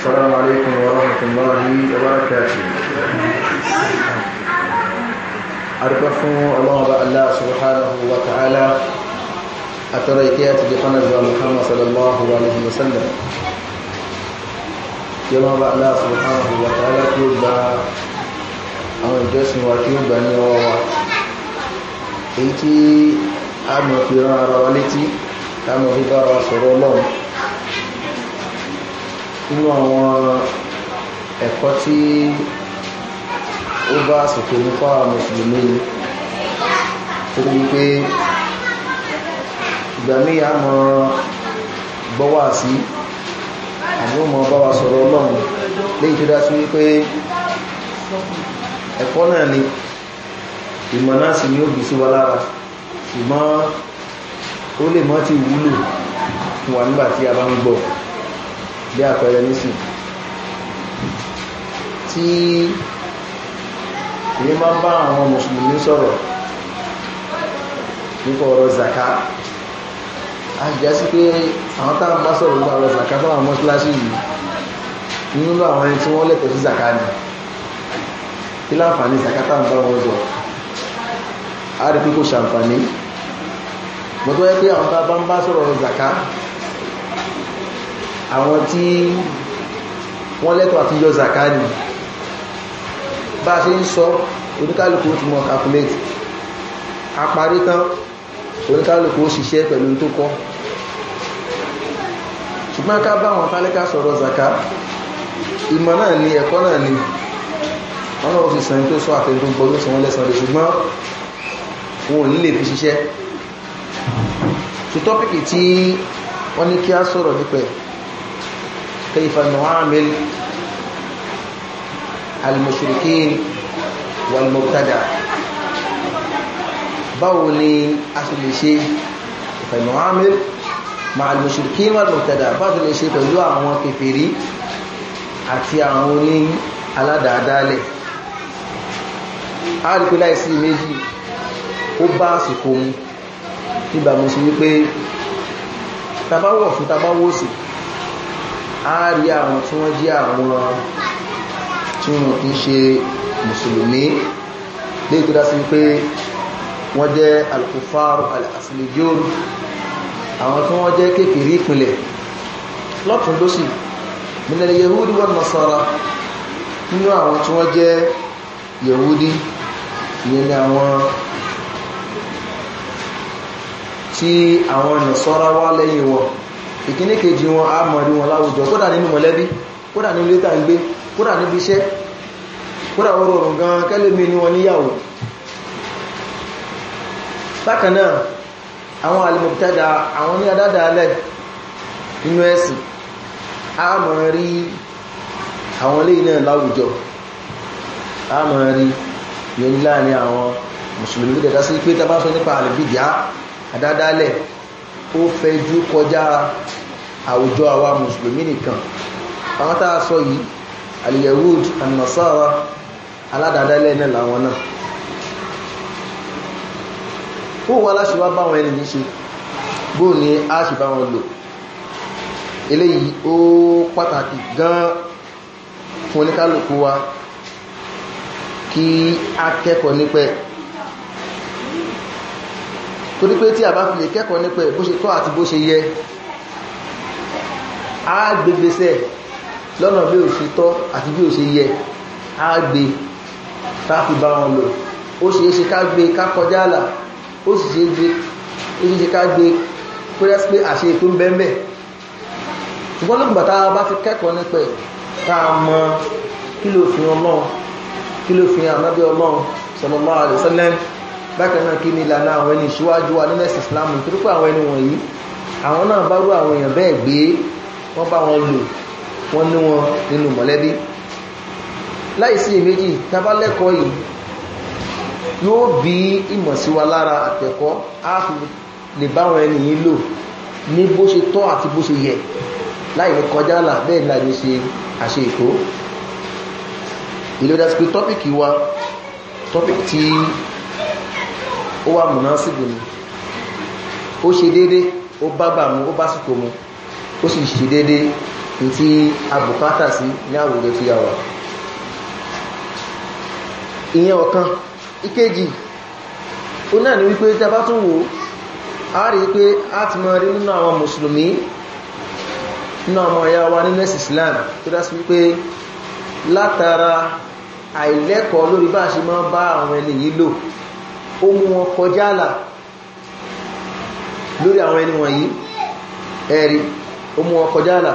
السلام عليكم ورحمة الله وبركاته اربحوا الله الله سبحانه وتعالى أتريكيات بقناة محمد صلى الله عليه وسلم يوم الله سبحانه وتعالى كيوبا أو الجسم وكيوبا نيووا إيتي امر في رارا والتي أمو في دارا سرولون nínú àwọn ẹ̀kọ́ tí ó bá sọ̀tò ní fáwọn mùsùlùmí ni tó ní pé ìgbà míì á mọ gbọ́wà sí àbúrò mọ bá wa sọ̀rọ̀ ọlọ́run léyìí tó dá wípé ẹ̀kọ́ náà ni ìmọ̀ náà sì ní òbí sí wa lára ṣùgbọ́n ó lè mọ́ ti wúlò fún wa nígbà tí a bá ń gbọ́ bí àpẹẹrẹ nísìn tí èyí máa bá àwọn mùsùlùmí sọ̀rọ̀ nípa ọ̀rọ̀ zaka a jẹ́ sí pé àwọn táà bá sọ̀rọ̀ nípa ọ̀rọ̀ zaka fún àwọn mọ́síláṣí yìí nínú àwọn ẹni tí wọ́n lẹ́tọ̀ọ́ sí zaka ni kí láǹfààní zaka táà bá wọn sọ a rí pé kò ṣàǹfààní mọ́tọ́ yẹ pé àwọn táà bá ń bá sọ̀rọ̀ zaka àwọn tí wọ́n lẹ́tọ̀ àti yọ zaka ni bá ṣe ń sọ oníkálùkù ti mọ̀ calculate àparí tán oníkálùkù ó ṣiṣẹ́ pẹ̀lú tó kọ́ ṣùgbọ́n ká bá wọn tálẹ́ká sọ̀rọ̀ zaka ìmọ̀ náà ni ẹ̀kọ́ náà ni wọ́n náà fi sàn tó sọ àfẹ́gbọ́n gbọ́ ló sọ wọ́n lẹ́sàn rẹ̀ ṣùgbọ́n wọn ò ní lè fi ṣiṣẹ́ tó tọ́pìkì tí wọ́n ní kí á sọ̀rọ̀ nípẹ̀ كيف نعامل المشركين والمبتدع báwo ni a ṣe lè ṣe pẹ̀lú amir ma'al mushrikin wal mubtada bá ṣe lè ṣe pẹ̀lú àwọn kèfèrí àti àwọn oní aládàádálẹ̀ a rí pé láìsí méjì ó bá àsìkò mu nígbà mo ṣe wípé tabawọ̀ fún tabawọ̀ sí á rí àwọn tí wọ́n jẹ́ àwọn tí wọ́n kìí ṣe mùsùlùmí lè tó dá sí pé wọ́n jẹ́ alkufaru alasilijoro àwọn tí wọ́n jẹ́ kékeré ìpìnlẹ̀ lọ́tún lósì minal yahudi wan nasara nínú àwọn tí wọ́n jẹ́ yahudi ìyẹn ni àwọn tí àwọn nasara wá lẹ́yìn wọn ìkíní kejì wọn a mọ̀ rí wọn láwùjọ kódà nínú mọ̀lẹ́bí kódà nínú létà ń gbé kódà níbi iṣẹ́ kódà wọ́n rọrùn gan kẹ́lómi ní wọn níyàwó bákan náà àwọn alìmọ̀tẹ́dà àwọn ní adádàálẹ̀ nínú ẹ̀sìn a mọ̀ rí àwọn ilé náà láwùjọ a mọ̀ rí yóò ní láàrin àwọn mùsùlùmí ó fẹjú kọjá àwùjọ àwa mùsùlùmí nìkan àwọn tá a sọ yìí aliyahud anasara aládàádálẹ̀ náà làwọn náà ó wà láṣíwá báwọn ẹni yìí ṣe bó ní a ṣe bá wọn lò eléyìí ó pàtàkì gan fún oníkálùkù wa kí akẹ́kọ̀ọ́ nípẹ́ torí pé tí a bá fi lè kẹ́kọ̀ọ́ nípa ẹ̀ bó ṣe tọ́ àti bó ṣe yẹ á gbégbésẹ̀ lọ́nà bí ó ṣe tọ́ àti bí ó ṣe yẹ á gbé tá fi bá wọn lò ó ṣe é ṣe ká gbé ká kọjá àlà ó sì ṣe gbé ó ṣe ṣe ká gbé kóyá sí pé àṣe ètò ń bẹ́ẹ̀ ṣùgbọ́n lóògbà tá a bá fi kẹ́kọ̀ọ́ nípa ẹ̀ tá a mọ kí ló fi ọlọ́run kí ló fi ànábì ọlọ́run sallallahu alaihi bákan náà kí ni ìlànà àwọn ẹni ìṣíwájú wa nínú ẹ̀sìn Islam nítorí pé àwọn ẹni wọ̀nyí àwọn náà bá rú àwọn èèyàn bẹ́ẹ̀ gbé wọ́n bá wọn lò wọ́n ní wọn nínú mọ̀lẹ́bí láìsí èméjì tábá lẹ́kọ̀ọ́ yìí yóò bí ìmọ̀ sí wa lára àtẹ̀kọ́ á fi lè báwọn ẹni yìí lò ní bó ṣe tọ́ àti bó ṣe yẹ láì ní kọjá là bẹ́ẹ̀ láì ní ṣe àṣe ètò ìlú ìdásípé tọ́pìkì wa tọ́pìkì tí ó wà múnásìbò ni ó ṣe déédé ó bágbà mu ó básìkò mu ó sì ṣe déédé tí abùkátà sí ní àwùjọ tí a wà ìyẹn ọ̀kan ìkejì ó náà ní wípé tí a bá tún wò á rí pé a ti mọ rí nínú àwọn mùsùlùmí nínú àwọn ọ̀yá wa nínú ẹ̀sìn Islam tó dá sí wípé látara àìlẹ́kọ̀ọ́ lórí bá a ṣe máa bá àwọn ẹni yìí lò ó mú wọn kọjá àlà lórí àwọn ẹni wọ̀nyí ẹ̀rí ó mú wọn kọjá àlà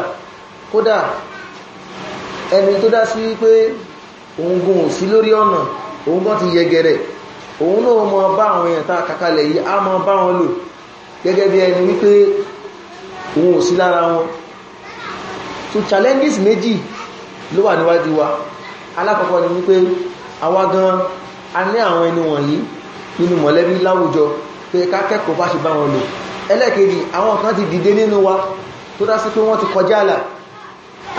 kódà ẹni tó dá sí wípé òun gùn sí lórí ọ̀nà òun gan ti yẹgẹrẹ òun náà mọ bá àwọn èèyàn tá kàkalẹ̀ yìí á mọ bá wọn lò gẹ́gẹ́ bí ẹni wípé òun ò sí lára wọn so challenges méjì ló wà níwájú wa alákọ̀ọ́kọ́ ni wípé àwa gan a ní àwọn ẹni wọ̀nyí nínú mọ̀lẹ́bí láwùjọ pé ká kẹ́kọ̀ọ́ bá ṣe bá wọn lò ẹlẹ́kejì àwọn kan ti dìde nínú wa tó dá sí pé wọ́n ti kọjá àlà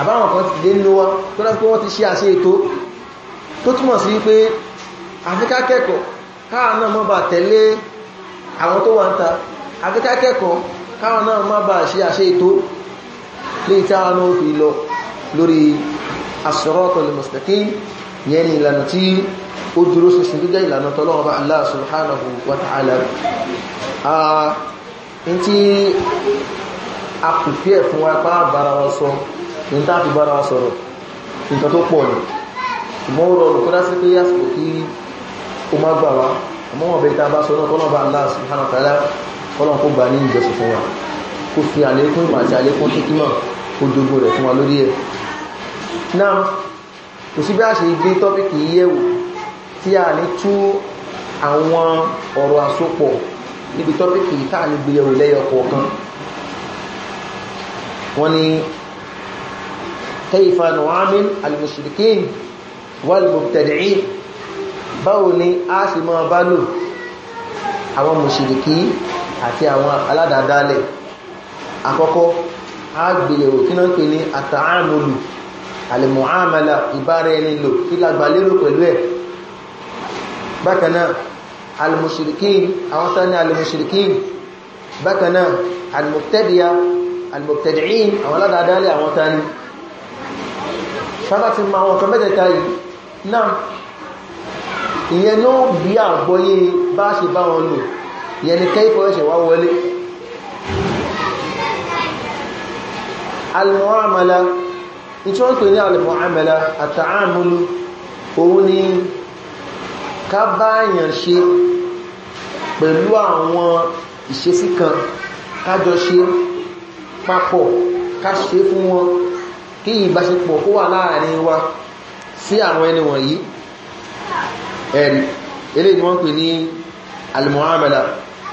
àbáwọn kan ti dìde nínú wa tó dá sí pé wọ́n ti ṣe àṣẹ ètò tó túmọ̀ sí pé àfikà kẹ́kọ̀ọ́ káà náà mọ́ bá ó dúró ṣinṣin tó jẹ́ ìlànà tọ́lọ́wọ́ bá Allah subhanahu wa ta'ala in tí a kù fí ẹ̀ fún wa bá bára wa sọ ní tá fi bára wa sọ̀rọ̀ nǹkan tó pọ̀ ní ṣùgbọ́n ó rọrùn kó dásí pé yásìkò kí ó má gbà wá àmọ́ ọ̀bẹ̀ ìta bá sí bí a ṣe gbé tọ́pìkì yẹ̀wò tí a ní tú àwọn ọ̀rọ̀ àsopọ̀ níbi tọ́pìkì tá à ní gbéyẹ̀wò lẹ́yọ kọ̀ọ̀kan wọ́n ní kayfa nu'amil al-mushrikin wal mubtadi'in báwo ni a sì máa bá lò àwọn mùsùlùkí àti àwọn aládàádálẹ̀ àkọ́kọ́ a gbéyẹ̀wò kí náà pè ní àtàámọ̀lù àlèmọ̀ ìbára ẹni lò kí lágbàlérò pẹ̀lú ẹ̀ bákanáà almushrikin àwọn tán ní almushrikin bákanáà almubtadiya almubtadi'in àwọn aládádálẹ̀ àwọn tán ní sábàtí ma wọn kan mẹ́tẹ̀ta yìí náà ìyẹn ló bí àgbọ́yé bá ṣe bá wọn lò ìyẹn ni kẹ́ ìfọ́ẹ̀ṣẹ̀ wá wọlé almuamala ìtí wọ́n pè ní almuamala àtàámúlú òun ni ká báyàn ṣe pẹ̀lú àwọn ìṣesí kan kájọ ṣe papọ̀ ká ṣe fún wọn kí ìbáṣepọ̀ kó wà láàrin wa sí àwọn ẹni wọ̀nyí ẹ̀rì eléyìí wọ́n pè ní almuamala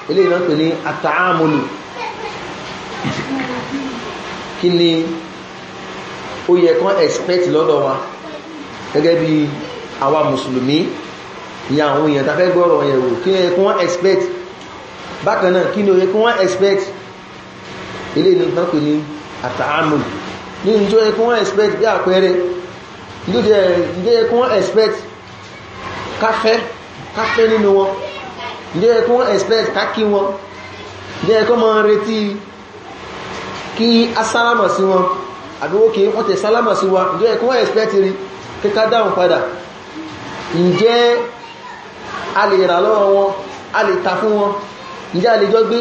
eléyìí wọ́n pè ní àtàámùlù kí ni ó yẹ kán expect lọ́dọ̀ wa gẹ́gẹ́ bí àwa mùsùlùmí ìyà àwọn èèyàn tafẹ́ gbọ́rọ̀ yẹn wò kí ẹ kún wọ́n expect bákan náà kí ni ó yẹ kún wọ́n expect ilé ìlú tán pè ní àtàámù ní ìjọ yẹ kún wọ́n expect bí àpẹẹrẹ ìjọ yẹ kún wọ́n expect káfẹ́ káfẹ́ nínú wọn ìjọ yẹ kún wọ́n expect kákí wọn ìjọ yẹ kún wọ́n retí kí asálámà sí wọn àbíwókè wọ́n tẹ̀ sálámà sí wa ìjọ yẹ kún wọ́n expect rí kíká dáhùn padà ǹjẹ́ a lè rà lọ́wọ́ wọn a lè ta fún wọn ǹjẹ́ a lè jọ gbé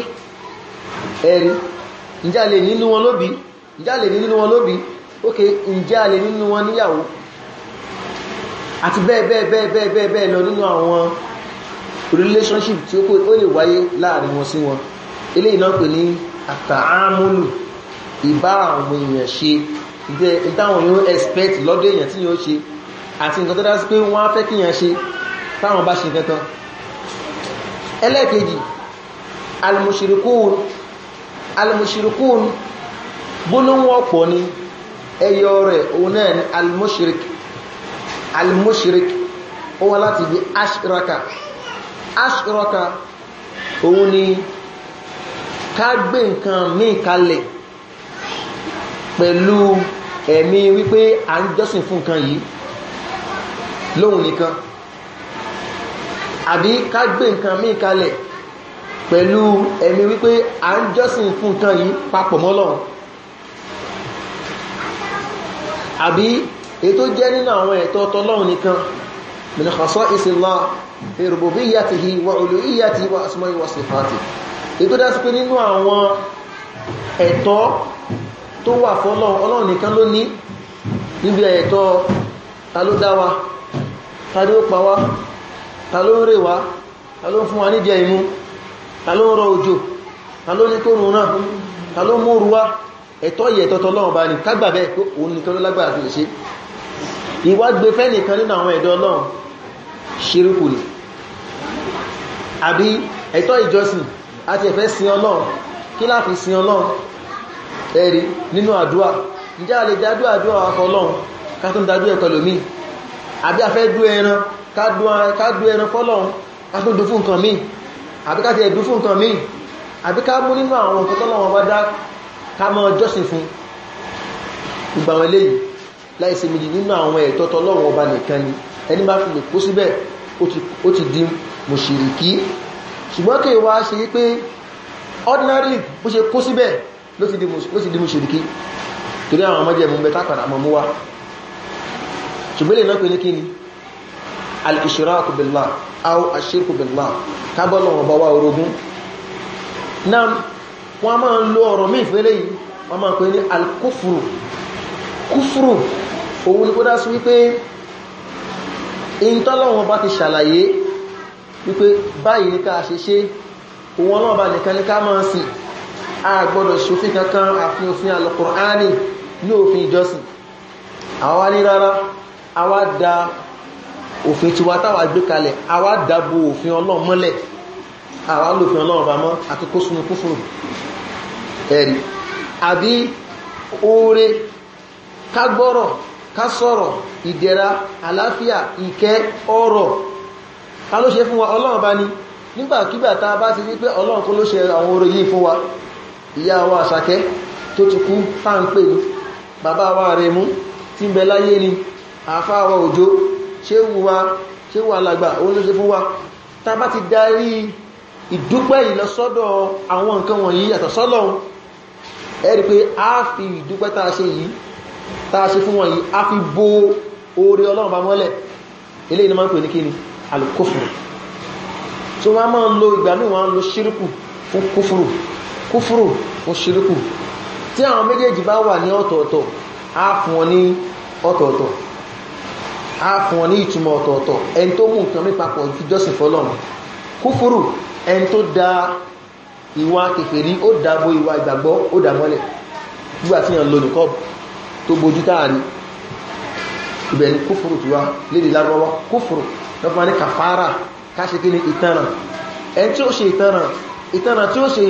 ẹ̀rí ǹjẹ́ a lè nínú wọn lóbi ǹjẹ́ a lè nínú wọn lóbi ok ǹjẹ́ lè nínú wọn níyàwó àti bẹ́ẹ̀ bẹ́ẹ̀ bẹ́ẹ̀ bẹ́ẹ̀ bẹ́ẹ̀ bẹ́ẹ̀ lọ nínú àwọn relationship tí ó lè wáyé láàrin wọn sí wọn eléyìí náà pè ní àtàámúlù ìbá àwọn èèyàn ṣe ìdáwọn yóò expect lọ́dọ̀ èèyàn tí yóò ṣe àti nǹkan tó dá sí pé wọ́n á fẹ́ kíyàn ṣe táwọn bá ṣe kẹtọ́ ẹlẹ́ẹ̀kejì almushirikun almushirikun gbólóhùn ọ̀pọ̀ ni ẹyọ rẹ̀ òun náà ni almushirik almushirik ó wá láti bí ashraka ashraka òun ni ká gbé nǹkan míì kalẹ̀ pẹ̀lú ẹ̀mí wípé à ń jọ́sìn fún nǹkan yìí lóhun nìkan àbí ká gbé nǹkan míì kalẹ̀ pẹ̀lú ẹ̀mí wípé a ń jọ́sìn fún nǹkan yìí papọ̀ mọ́lọ́run àbí ètò jẹ́ nínú àwọn ẹ̀tọ́ tọ́lọ́run nìkan min khasa'isilla fi rububiyyatihi wa uluhiyyatihi wa asma'ihi wa sifatihi ètò dá sí pé nínú àwọn ẹ̀tọ́ tó wà fọ́lọ́run ọlọ́run nìkan ló ní níbi ẹ̀tọ́ ta ló dá wa ta ló pa wá ta ló ń rè wá ta ló ń fún wa ní jẹ ìmú ta ló ń rọ òjò ta ló ní kóòrùn náà ta ló mú ruwa ẹ̀tọ́ yẹ tọ́tọ́ lọ́wọ́ bá ní kágbà bẹ́ẹ̀ pé òun nìkan ló lágbára fi lè ni àbí ẹ̀tọ́ ìjọsìn àti ẹ̀fẹ́ sin Ọlọ́run kí la fi sin Ọlọ́run ẹ̀rí nínú àdúà ǹjẹ́ a lè dádú àdúà akọ Ọlọ́run ká tún dádú ẹ̀kọ́ lómi àbí afẹ́ dú ẹran kádù ẹran fọ́lọ́run kásùndù fún nǹkan míì àbí ká ti ẹ̀dù fún nǹkan míì àbí ká mú nínú àwọn nǹkan tọ́lọ́run bá dá ká mọ́ jọ́sìn fún gbogbo àwọn eléyìí láìsí méjì nínú àwọn ẹ̀tọ́ tọ́lọ́run ọba nìkan ni ẹni bá fi lè kó síbẹ̀ ó ti di mùṣìríkí ṣùgbọ́n kí wá ṣe wípé ordinary bó ṣe kó síbẹ̀ ló ti di mùṣìríkí torí àwọn ọmọdé ẹ̀mú mẹ́ta padà mọ̀ mú wa ṣùgbọ́n lè náà pé ní kí ni al-ishraku billah aw ashirku billah kábọ́lọ̀ ọba wa orogún náà wọ́n máa ń lo ọ̀rọ̀ míì fẹ́lẹ̀ yìí wọ́n máa pè ní al-kufru kúfùrù òun ni kó dá sí wípé ìntọ́lọ́wọ́n bá ti ṣàlàyé wípé báyìí ní ká ṣe ṣe òun ọlọ́wọ́ bá nìkan òfin tiwa táwa gbé kalẹ̀ àwa dábò òfin ọlọ́run mọ́lẹ̀ àwa lòfin ọlọ́run bá mọ́ àkókò sunu kúfùrù ẹ̀rí àbí oore ká gbọ́rọ̀ ká sọ̀rọ̀ ìdẹ̀ra àlàáfíà ìkẹ́ ọrọ̀ ká ló ṣe fún wa ọlọ́run bá ní nígbàkígbà tá a bá ti rí pé ló ṣe àwọn wa ìyá wa àṣàkẹ́ tó ti wa rẹ̀ mú tí ń wa òjò ṣéwù wa ṣéwù alàgbà òun ló ṣe fún wa tá bá ti darí ìdúpẹ́ yìí lọ sọ́dọ̀ àwọn nǹkan wọ̀nyí yàtọ̀ sọ́lọ́run ẹ pé a fi ìdúpẹ́ tá a ṣe yìí tá a ṣe fún wọn yìí a fi bo oore ọlọ́run bá mọ́lẹ̀ eléyìí ni máa ń pè ní kíni alùkófùrù tó wá máa ń lo ìgbà míì wọ́n lo ṣíríkù fún kófùrù kófùrù fún ṣíríkù tí àwọn méjèèjì bá wà ní ọ̀tọ̀ọ̀tọ̀ á fún ọ̀tọ̀ọ̀tọ̀ á fún ọ ní ìtumọ̀ ọ̀tọ̀ọ̀tọ̀ ẹni tó mú nǹkan mẹ́pa pọ̀ ìfijọ́sìn fọlọ́run kúfúrù tó da ìwà kèfèrí ó dàbò ìwà ìgbàgbọ́ ó dàmọ́lẹ̀ nígbà tí yàn lò nìkọ́ tó bójú táàrí ibẹ̀ ni kúfúrù tiwa lédè lárọ́wọ́ kúfúrù lọ́pàá ní kàfàárà káṣe kí ni ìtanràn ẹni tí ó ṣe ìtanràn ìtanràn tí ó ṣe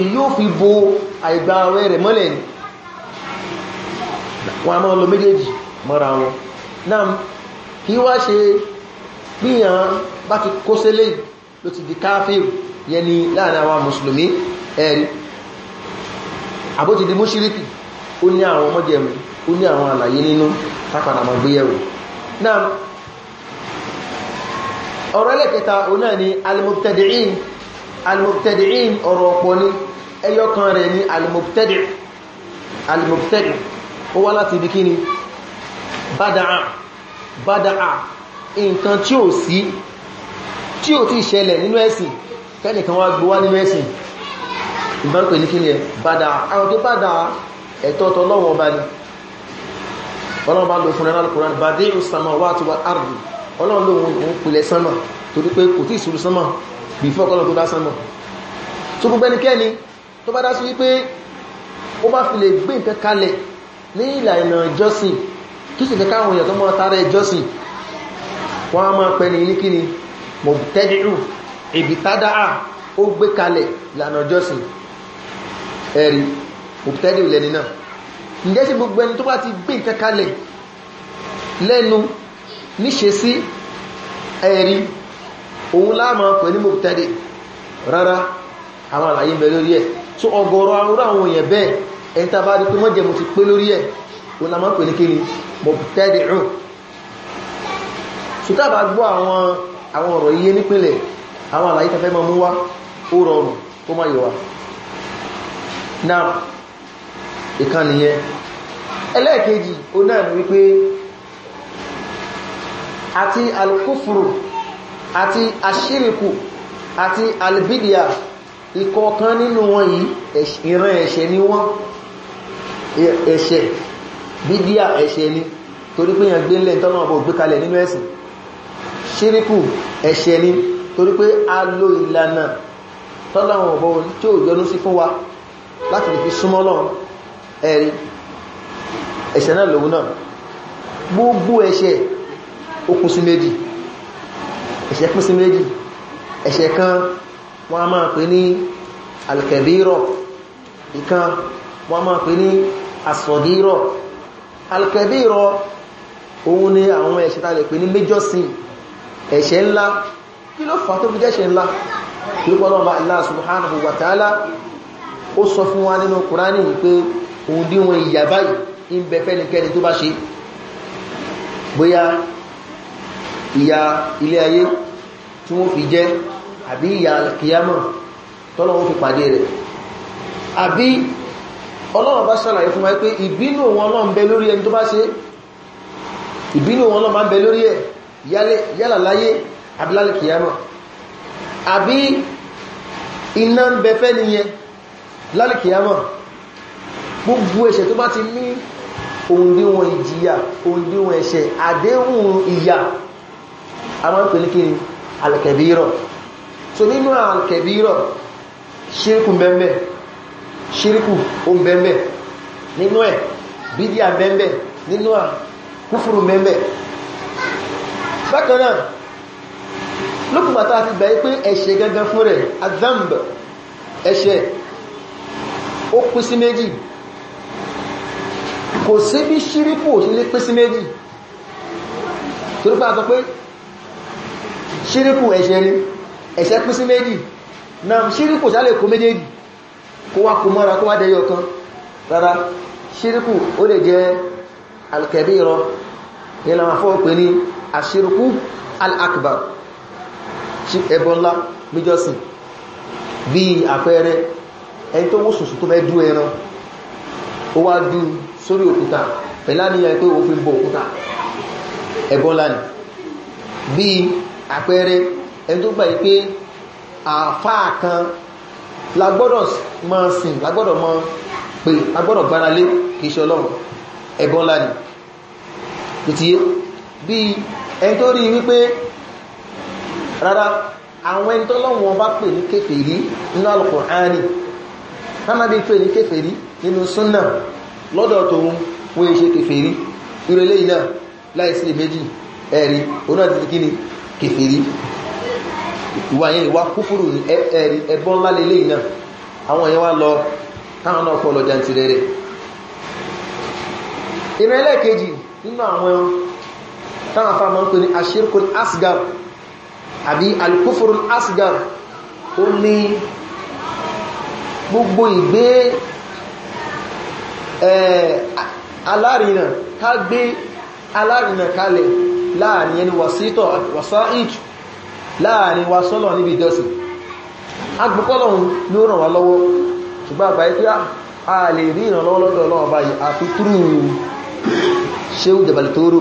náà kí wá ṣe píyàn bá ti kó sílé ló ti di káfíìrù yẹn ni láàrin àwọn mùsùlùmí ẹ̀rí àbótí di mùṣírìkì ó ní àwọn ọmọdéẹ̀mù ó ní àwọn àlàyé nínú tápàdà máa náà ọ̀rọ̀ ẹlẹ́kẹta òun náà ni al ọ̀rọ̀ ọ̀pọ̀ ni ẹyọkan rẹ̀ ni al ó wá láti ibi bada'a bada'a nǹkan tí ò sí tí ò ti ṣẹlẹ̀ nínú ẹ̀sìn kẹ́nìkan wá gbówá nínú ẹ̀sìn ìbárúkọ̀ ní kíni ẹ̀ bada'a àwọn tó bada'a ẹ̀tọ́ tọ́lọ́wọ́ ọba ni ọlọ́run bá lò fún ẹ̀rọ alukùnrin badi'u samawati wal ardi ọlọ́run ló ń pìlẹ̀ sánmà torí pé kò tí ìṣòro sánmà bí fọ́kọ́lọ́ tó dá sánmà tó gbogbo ẹnikẹ́ni tó bá dá sí wípé ó bá fi lè gbé ìjọsìn tó sì kẹ́kẹ́ àwọn èèyàn tó mọ́ tààrẹ ìjọsìn wọ́n a máa pẹ́ ní ní kíni mọ̀bùtẹ́dìrù ìbìtádáà ó gbé kalẹ̀ lànà ìjọsìn ẹ̀rí mọ̀bùtẹ́dìrù lẹ́ni náà ǹjẹ́ sí gbogbo ẹni tó bá ti gbé nǹkan kalẹ̀ lẹ́nu níṣe sí ẹ̀rí òun láàmà pẹ̀ ní mọ̀bùtẹ́dì rárá àwọn àlàyé bẹ lórí ẹ̀ tó ọgọ́rọ̀ àwọn èèyàn bẹ́ẹ̀ ẹni tàbá rí pé mọ́jẹ̀mù ti pé lórí ẹ̀ òun láàmà pẹ̀ ní kíni mọ̀tẹ́dìrù sùtàbà gbọ́ àwọn àwọn ọ̀rọ̀ iye nípìnlẹ̀ àwọn àlàyé tafẹ́ ma mú wá ó rọrùn kó má yíwa náà ìkan nìyẹn ẹlẹ́ẹ̀kejì ó náà ní wípé àti alkúfùrù àti aṣíríkù àti albidia ìkọ̀ọ̀kan nínú wọn yìí ìran ẹ̀ṣẹ̀ torí pé yàn gbé ńlẹ̀ tọ́nà ọ̀bọ̀ gbé kalẹ̀ nínú ẹ̀sìn ṣíríkù ẹ̀ṣẹ̀ ni torí pé a lo ìlànà tọ́nà ọ̀bọ̀ tí ó yọnú sí fún wa láti lè fi súnmọ́ Ọlọ́run ẹ̀rí ẹ̀ṣẹ̀ náà lòun náà gbogbo ẹ̀ṣẹ̀ ó kún sí méjì ẹ̀ṣẹ̀ kún sí méjì ẹ̀ṣẹ̀ kan wọ́n a òun ni àwọn ẹ̀ṣẹ̀ tá lè pè ní major sin ẹ̀ṣẹ̀ ńlá kí ló fà tó fi jẹ́ṣẹ̀ ńlá kí ó pọ́lọ́mà Allah subhanahu wa ta'ala ó sọ fún wa nínú Kùránì wípé òun dí wọn ìyà báyìí ń bẹ fẹ́nikẹ́ni tó bá ṣe bóyá ìyà ilé ayé tí wọ́n fi jẹ́ àbí ìyà kìyàmọ̀ tọ́lọ́wọ́n fi pàdé rẹ̀ àbí Ọlọ́run bá ṣàlàyé fún wa pé ìbínú wọn Ọlọ́run bẹ lórí ẹni tó bá ṣe ìbínú wọn lọ máa ń bẹ lórí ẹ̀ yálà láyé àbílálẹ̀ kìyàmọ̀ àbí iná ń bẹ fẹ́ nìyẹn lálẹ̀ kìyàmọ̀ gbogbo ẹ̀ṣẹ̀ tó bá ti ní òǹdíwọ̀n ìjìyà òǹdíwọ̀n ẹ̀ṣẹ̀ àdéhùn ìyà a máa ń pè ní kí alkẹ̀bírọ̀ so nínú alkẹ̀bírọ̀ ṣíríkù bẹ́ẹ̀bẹ́ ṣíríkù ó bẹ́ẹ̀bẹ́ nínú ẹ̀ bídíà bẹ́ẹ̀bẹ́ nínú kúfùrù mẹ́mẹ́ bákanáà lókùnbàtà ti bẹ̀ẹ́ pé ẹ̀ṣẹ̀ gangan fún rẹ̀ azamb ẹ̀ṣẹ̀ ó pín sí méjì kò sí bí ṣírípò sí lé pín sí méjì torípa àtọ́ pé ẹ̀ṣẹ̀ rí ẹ̀ṣẹ̀ pín sí méjì na ṣírípò sálẹ̀ kó méjèèjì kó wá kó mọ́ra kó wá dẹyọ kan rárá ṣírípò ó lè jẹ́ alkẹbíran yẹn lọ́wọ́ fún òpin ní àṣírùkú al'akbar sí ẹbọ ńlá méjọ́sìn bí àpẹẹrẹ ẹni tó wọ́sùsù tó fẹ́ dú ẹran ó wá dú sórí òkúta pẹ̀lá ní ẹgbẹ́ òfin bọ òkúta ẹbọ ńlá ni bí àpẹẹrẹ ẹni tó gbà pé àfáà kan lagbọ́dọ̀ máa sìn lagbọ́dọ̀ máa pè lagbọ́dọ̀ gbáralé kìí ṣe ọlọ́run ẹ̀bọ́n ńlá ni ìtìyé bí ẹni tó rí wípé rárá àwọn ẹni tó lọ́wọ́n bá pè ní kèfèrí nínú Al-Qur'ani nánábí pè ní kèfèrí nínú súnnà lọ́dọ̀ tóun wọ́n ṣe kèfèrí ìrẹ̀lẹ̀ iná láìsí méjì ẹ̀rí oná ni kèfèrí ìwà yẹn ìwà kúfùrù ẹ̀rí ẹ̀bọ́n ńlá lélẹ̀ iná àwọn ìrìn ẹlẹ́ẹ̀kejì nínú àwọn ẹran táwọn afá máa ni ní ashirkul asgar àbí alkufurul asgar ó ní gbogbo ìgbé alárìnà ká gbé alárìnà kalẹ̀ láàrin ẹni wàsítọ̀ wàsáìd láàrin wa níbi ìjọsìn agbùkọ́lọ̀un ni ó ràn wá lọ́wọ́ ṣùgbọ́n àbáyé pé a lè rí ṣéhùn jẹ̀bàlì tóóró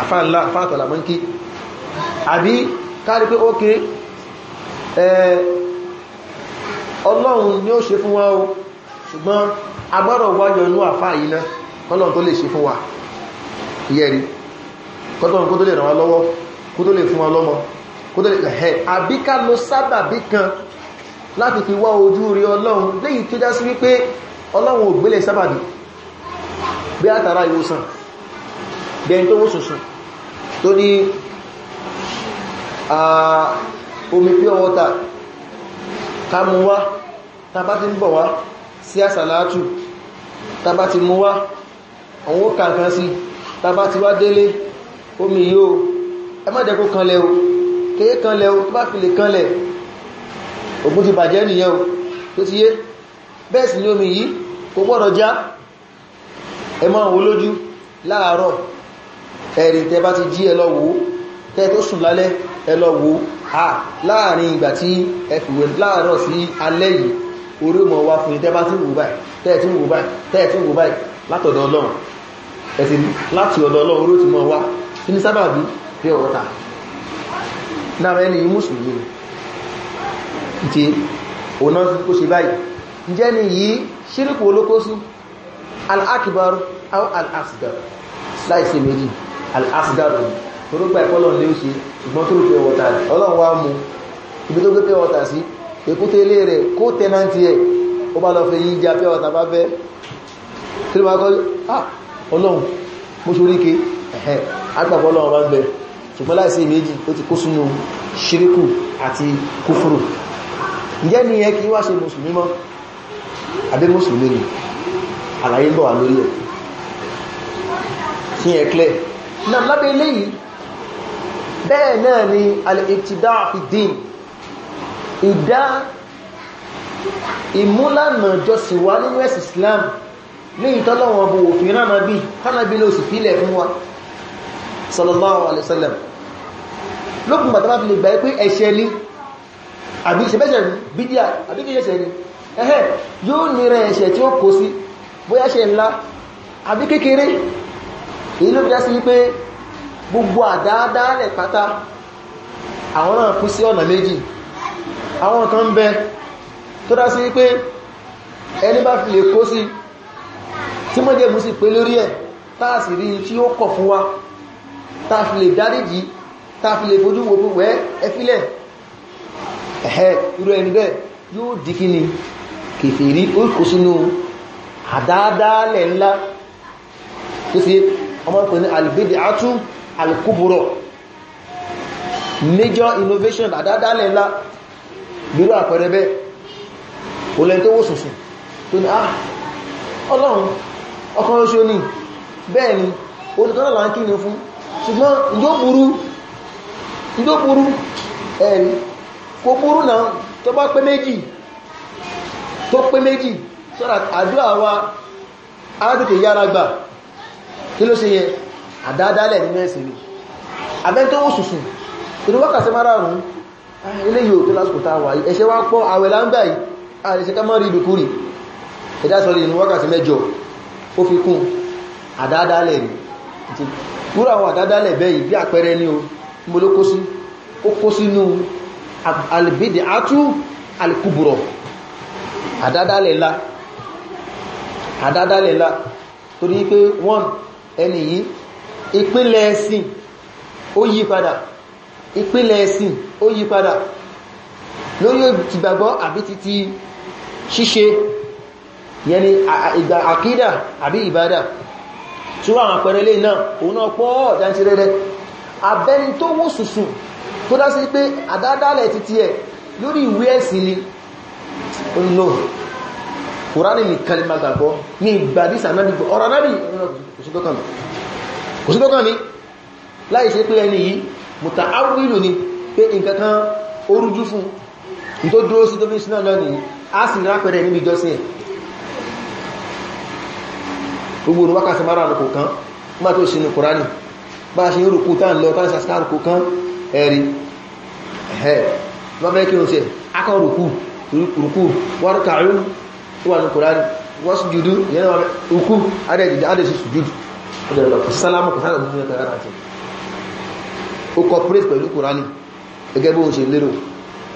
àfáànlá àfáàtọ̀lá mọ́ kí àbí káàrí pé ó kéré ọlọ́run ni ó ṣe fún wa o ṣùgbọ́n agbọ́dọ̀ wáyọ̀ inú àfáà yìí ná kọ́lọ̀n tó lè ṣe fún wa yẹ́rí kọ́lọ̀n kó tó lè ràn wá lọ́wọ́ kó tó lè fún wa lọ́mọ kó tó lè ẹ̀hẹ́ àbí ká lo sábàbí kan láti fi wá ojú rí ọlọ́run léyìí tó já sí wípé ọlọ́run bí àtàrà ìwòsàn bẹ́ẹ̀ tó wóṣùsùn tó ní omi pure water ká mú wá tàbá ti ń bọ̀ wá sí àsàlátù tàbá ti mú wá àwọn ó kàǹkan sí tàbá ti wá délé omi yóò ẹ má jẹ́kó kanlẹ̀ o kéé kanlẹ̀ o tó bá fi lè kanlẹ̀ ògùn ti bàjẹ́ nìyẹn o tó ti yé bẹ́ẹ̀ sì ni omi yìí kò gbọ́dọ̀ já ẹ máa wo lójú láàárọ̀ ẹ̀rìn tẹ bá ti jí ẹ lọ wò tẹ tó sùn lálẹ́ ẹ lọ wò à láàrin ìgbà tí ẹ fìwẹ̀ láàárọ̀ sí alẹ́ yìí orí mọ̀ wá fún tẹ bá ti báyìí tẹ ti wò báyìí tẹ ti wò báyìí látọ̀dọ̀ ọlọ́run ẹ̀sì láti ọ̀dọ̀ ọlọ́run orí ni sábàbí pé ọ̀tà lára ẹni yìí mùsùlùmí ti òun ni yìí ṣíríkù olókó sí al-akbar aw al-asgar láìsí méjì al-asgar ni torúgbà ìpọ́lọ̀ lé ṣe ṣùgbọ́n tó rúfẹ́ wọ́ta rẹ̀ ọlọ́run wá mú ibi tó gbé wọ́ta sí èkúté ilé rẹ̀ kó tẹ́nàntì ẹ̀ ó bá lọ fẹ́ yí já pẹ́ wọ́ta bá fẹ́ tí ó bá kọ́ ah, ọlọ́run mo ṣoríke ẹ̀hẹ́ agbàpọ̀ ọlọ́run bá ń bẹ ṣùgbọ́n láìsí méjì ó ti kó sínú ṣíríkù àti kúfúrù ǹjẹ́ ni ẹ kí wá ṣe àbí mùsùlùmí ni àlàyé ń bọ̀ wà lórí ẹ̀ sí ẹ̀klẹ̀ náà lábẹ́ ilé yìí bẹ́ẹ̀ náà ni alìtìdá ìdín ìdá ìmúlànà jọsìn wá nínú ẹ̀sì Islam ní ìtọ́lọ́wọ̀n bó òfin rán nàbí kánàbí ló sì fílẹ̀ fún wa sallallahu alaihi wasallam lókùn bàtàbà fi lè gbà pé ẹ̀ṣẹ̀ ni àbí ìṣẹ́bẹ́ṣẹ̀ bídíà àbí kí ẹ̀ṣẹ̀ ni yóò nira ẹ̀ṣẹ̀ tí ó kó sí bóyá ṣe ńlá àbí kékeré èyí ló dá sí wípé gbogbo àdáadáalẹ̀ pátá àwọn náà kú sí ọ̀nà méjì àwọn kan ń bẹ tó dá sí wípé ẹni bá fi lè kó sí tí mọ́jẹ̀ mú sí pé lórí ẹ̀ táàsì rí tí ó kọ̀ fún wa táà fi lè dáríjì táà fi lè fojú wo gbogbo ẹ ẹfílẹ̀ ẹ̀hẹ́ irú ẹni bẹ́ẹ̀ yóò dí kí ni kèfèrí ó kó sínú àdáadáalẹ̀ ńlá tó sì ọmọ pè ní albidi alkúbùrọ̀ major innovation àdáadáalẹ̀ ńlá àpẹẹrẹ bẹ́ olẹ́ tó wó tó ní ah, ọlọ́run oṣù ní bẹ́ẹ̀ ni kí ni fún ṣùgbọ́n kò náà tó bá so that àdúrà wa alátètè yára gbà kí ló ṣe yẹ àdádálẹ̀ nínú ẹ̀sìn ni abẹ́ tó wọ́n sùsùn inú wákàtí márààrún ilé yóò tó lásìkò tá a wà ẹ̀ṣẹ̀ wá pọ̀ àwẹ̀ láńgbà yìí àrẹ̀ṣẹ́ ká mọ́ rí ìdùkúrì ẹ̀dá sọ́rí inú wákàtí mẹ́jọ ó fi kún àdádálẹ̀ ni ti kúrò àwọn àdádálẹ̀ bẹ́yìí bí àpẹẹrẹ ní o mo ló kó sí ó kó sínú albidi atú alkuburo àdádálẹ̀ àdádálẹ̀ lá torí pé wọ́n ẹni yìí ìpínlẹ̀ ẹ̀sìn ó yí padà ìpínlẹ̀ ẹ̀sìn ó yí padà lórí ti gbàgbọ́ àbí ti ti ṣíṣe yẹni ìgbà àkídà àbí ìbádà tí wọ́n àwọn àpẹẹrẹlé náà òun náà pọ́ ọ̀dántí rẹ̀rẹ̀ abẹ́ni tó wó sùsùn tó dá sí pé àdádálẹ̀ títí ẹ̀ lórí ìwé kùránì ni máa gbàgbọ́ ní ìgbàdísà náà dìgbò ọ̀rọ̀ náà kò sí tókàn mi láì ṣe pé ẹni yìí mùta áwìlù ni pé nǹkankan orújú fún ní tó dúró sí tó fi sínáà lọ́nìí a sì rápẹrẹ níbi ìjọsìn ẹ̀ gbogbo òun wákàtí mara àrùkù kan má tó sínú kùránì bá ṣe ń rùkú tán lọ tán sàṣkà àrùkù kan ẹ̀rí ẹ̀ẹ́ lọ́fẹ́ kí o ṣe tó wà ní kòránì wọ́n sì jùdú ìyẹn náà òkú adẹ́dìdá adẹ́sì sùjúdù ọdọ̀lọ́pọ̀ sálámù kò sálámù ní ẹgbẹ̀rẹ̀ àti ó cooperate pẹ̀lú kòránì gẹ́gẹ́ bó ṣe lérò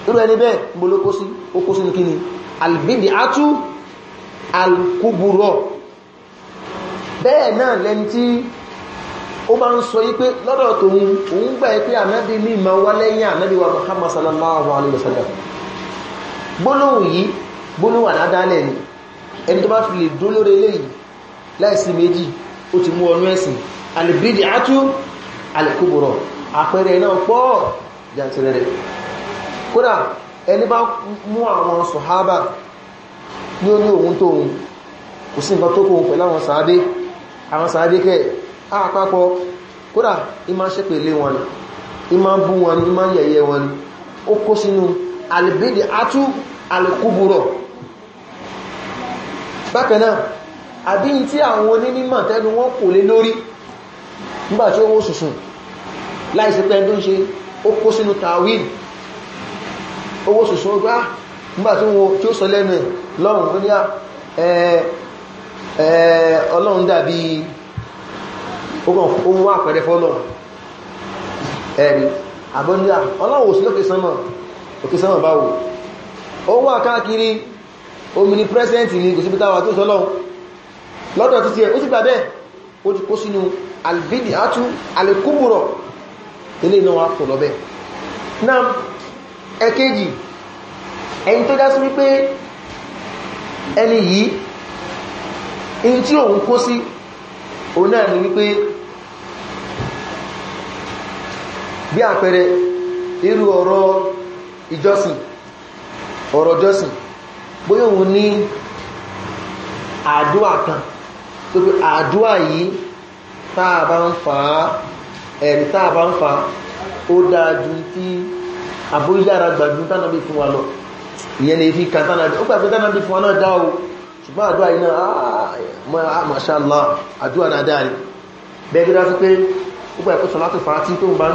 irú ẹni bẹ́ẹ̀ gbolo kó sí ó kó sí ní kíni albidi atú alkúburọ̀ bẹ́ẹ̀ náà lẹni tí ó bá ń sọ yí pé lọ́dọ̀ tòun òun gbà yí pé ànábì mi máa wá lẹ́yìn ànábì wa Muhammad sallallahu alaihi wasallam gbólóhùn yìí gbóníwà ládálẹ̀ ni ẹni tó bá fi lè dó lórí eléyìí láìsí méjì ó ti mú ọnú ẹ̀sìn alìbídì átú alìkúbùrọ̀ àpẹẹrẹ náà pọ̀ jàntìrẹ̀ rẹ̀ kódà ẹni bá mú àwọn sọ̀hábà ní ó ní òun tóun kò sí nǹkan tó kóun pẹ̀lú àwọn sàádé àwọn sàádé kẹ́ àpapọ̀ kódà ìmá ṣépè lé wọn ìmá bú wọn ìmá yẹ̀yẹ́ wọn ó kó sínú alìbídì átú alìkúbùrọ̀ bákan náà àbí tí àwọn onímọ̀ tẹ́nu wọn kò lé lórí nígbàtí ó wó sùsùn láìsí pẹ́ tó ń ṣe ó kó sínú tawil owó sùsùn ó gbá ah! nígbàtí wọn tí ó sọ lẹ́nu lọ́rùn tó ní à ah! ọlọ́run dàbí ohun àpẹẹrẹ fọ́lọ́run ẹ̀rí àbọ́ndà ah! ọlọ́run òsìlókè sánmà òkè sánmà báwò ó wà káàkiri omi ni president ni kò síbi táwà tó sọ́lọ́un lọ́dọ̀ títí o ó sì o ó ti kó sínú albidi atú alikúbùrọ̀ ilé iná wa kò lọ́bẹ̀ náà ẹ̀kejì ẹni tó dá sí wípé ẹni yìí in tí òun kó sí o náà ni wípé bí àpẹẹrẹ irú ọ̀rọ̀ ìjọsìn ọ̀rọ̀ ìjọsìn bóyá òun ní àdúà kan tó pé yìí táà bá ń fà á ẹ̀rí bá ń fà á ó dáa tí àbóyára gbàgbé tánàbí fún wa lọ ìyẹn lè fi kàn tánàbí ó gbàgbé tánàbí fún wa náà dá o ṣùgbọ́n àdúà yìí náà ah, dáadáa bẹ́ẹ̀ sí pé ó tó ń bá ń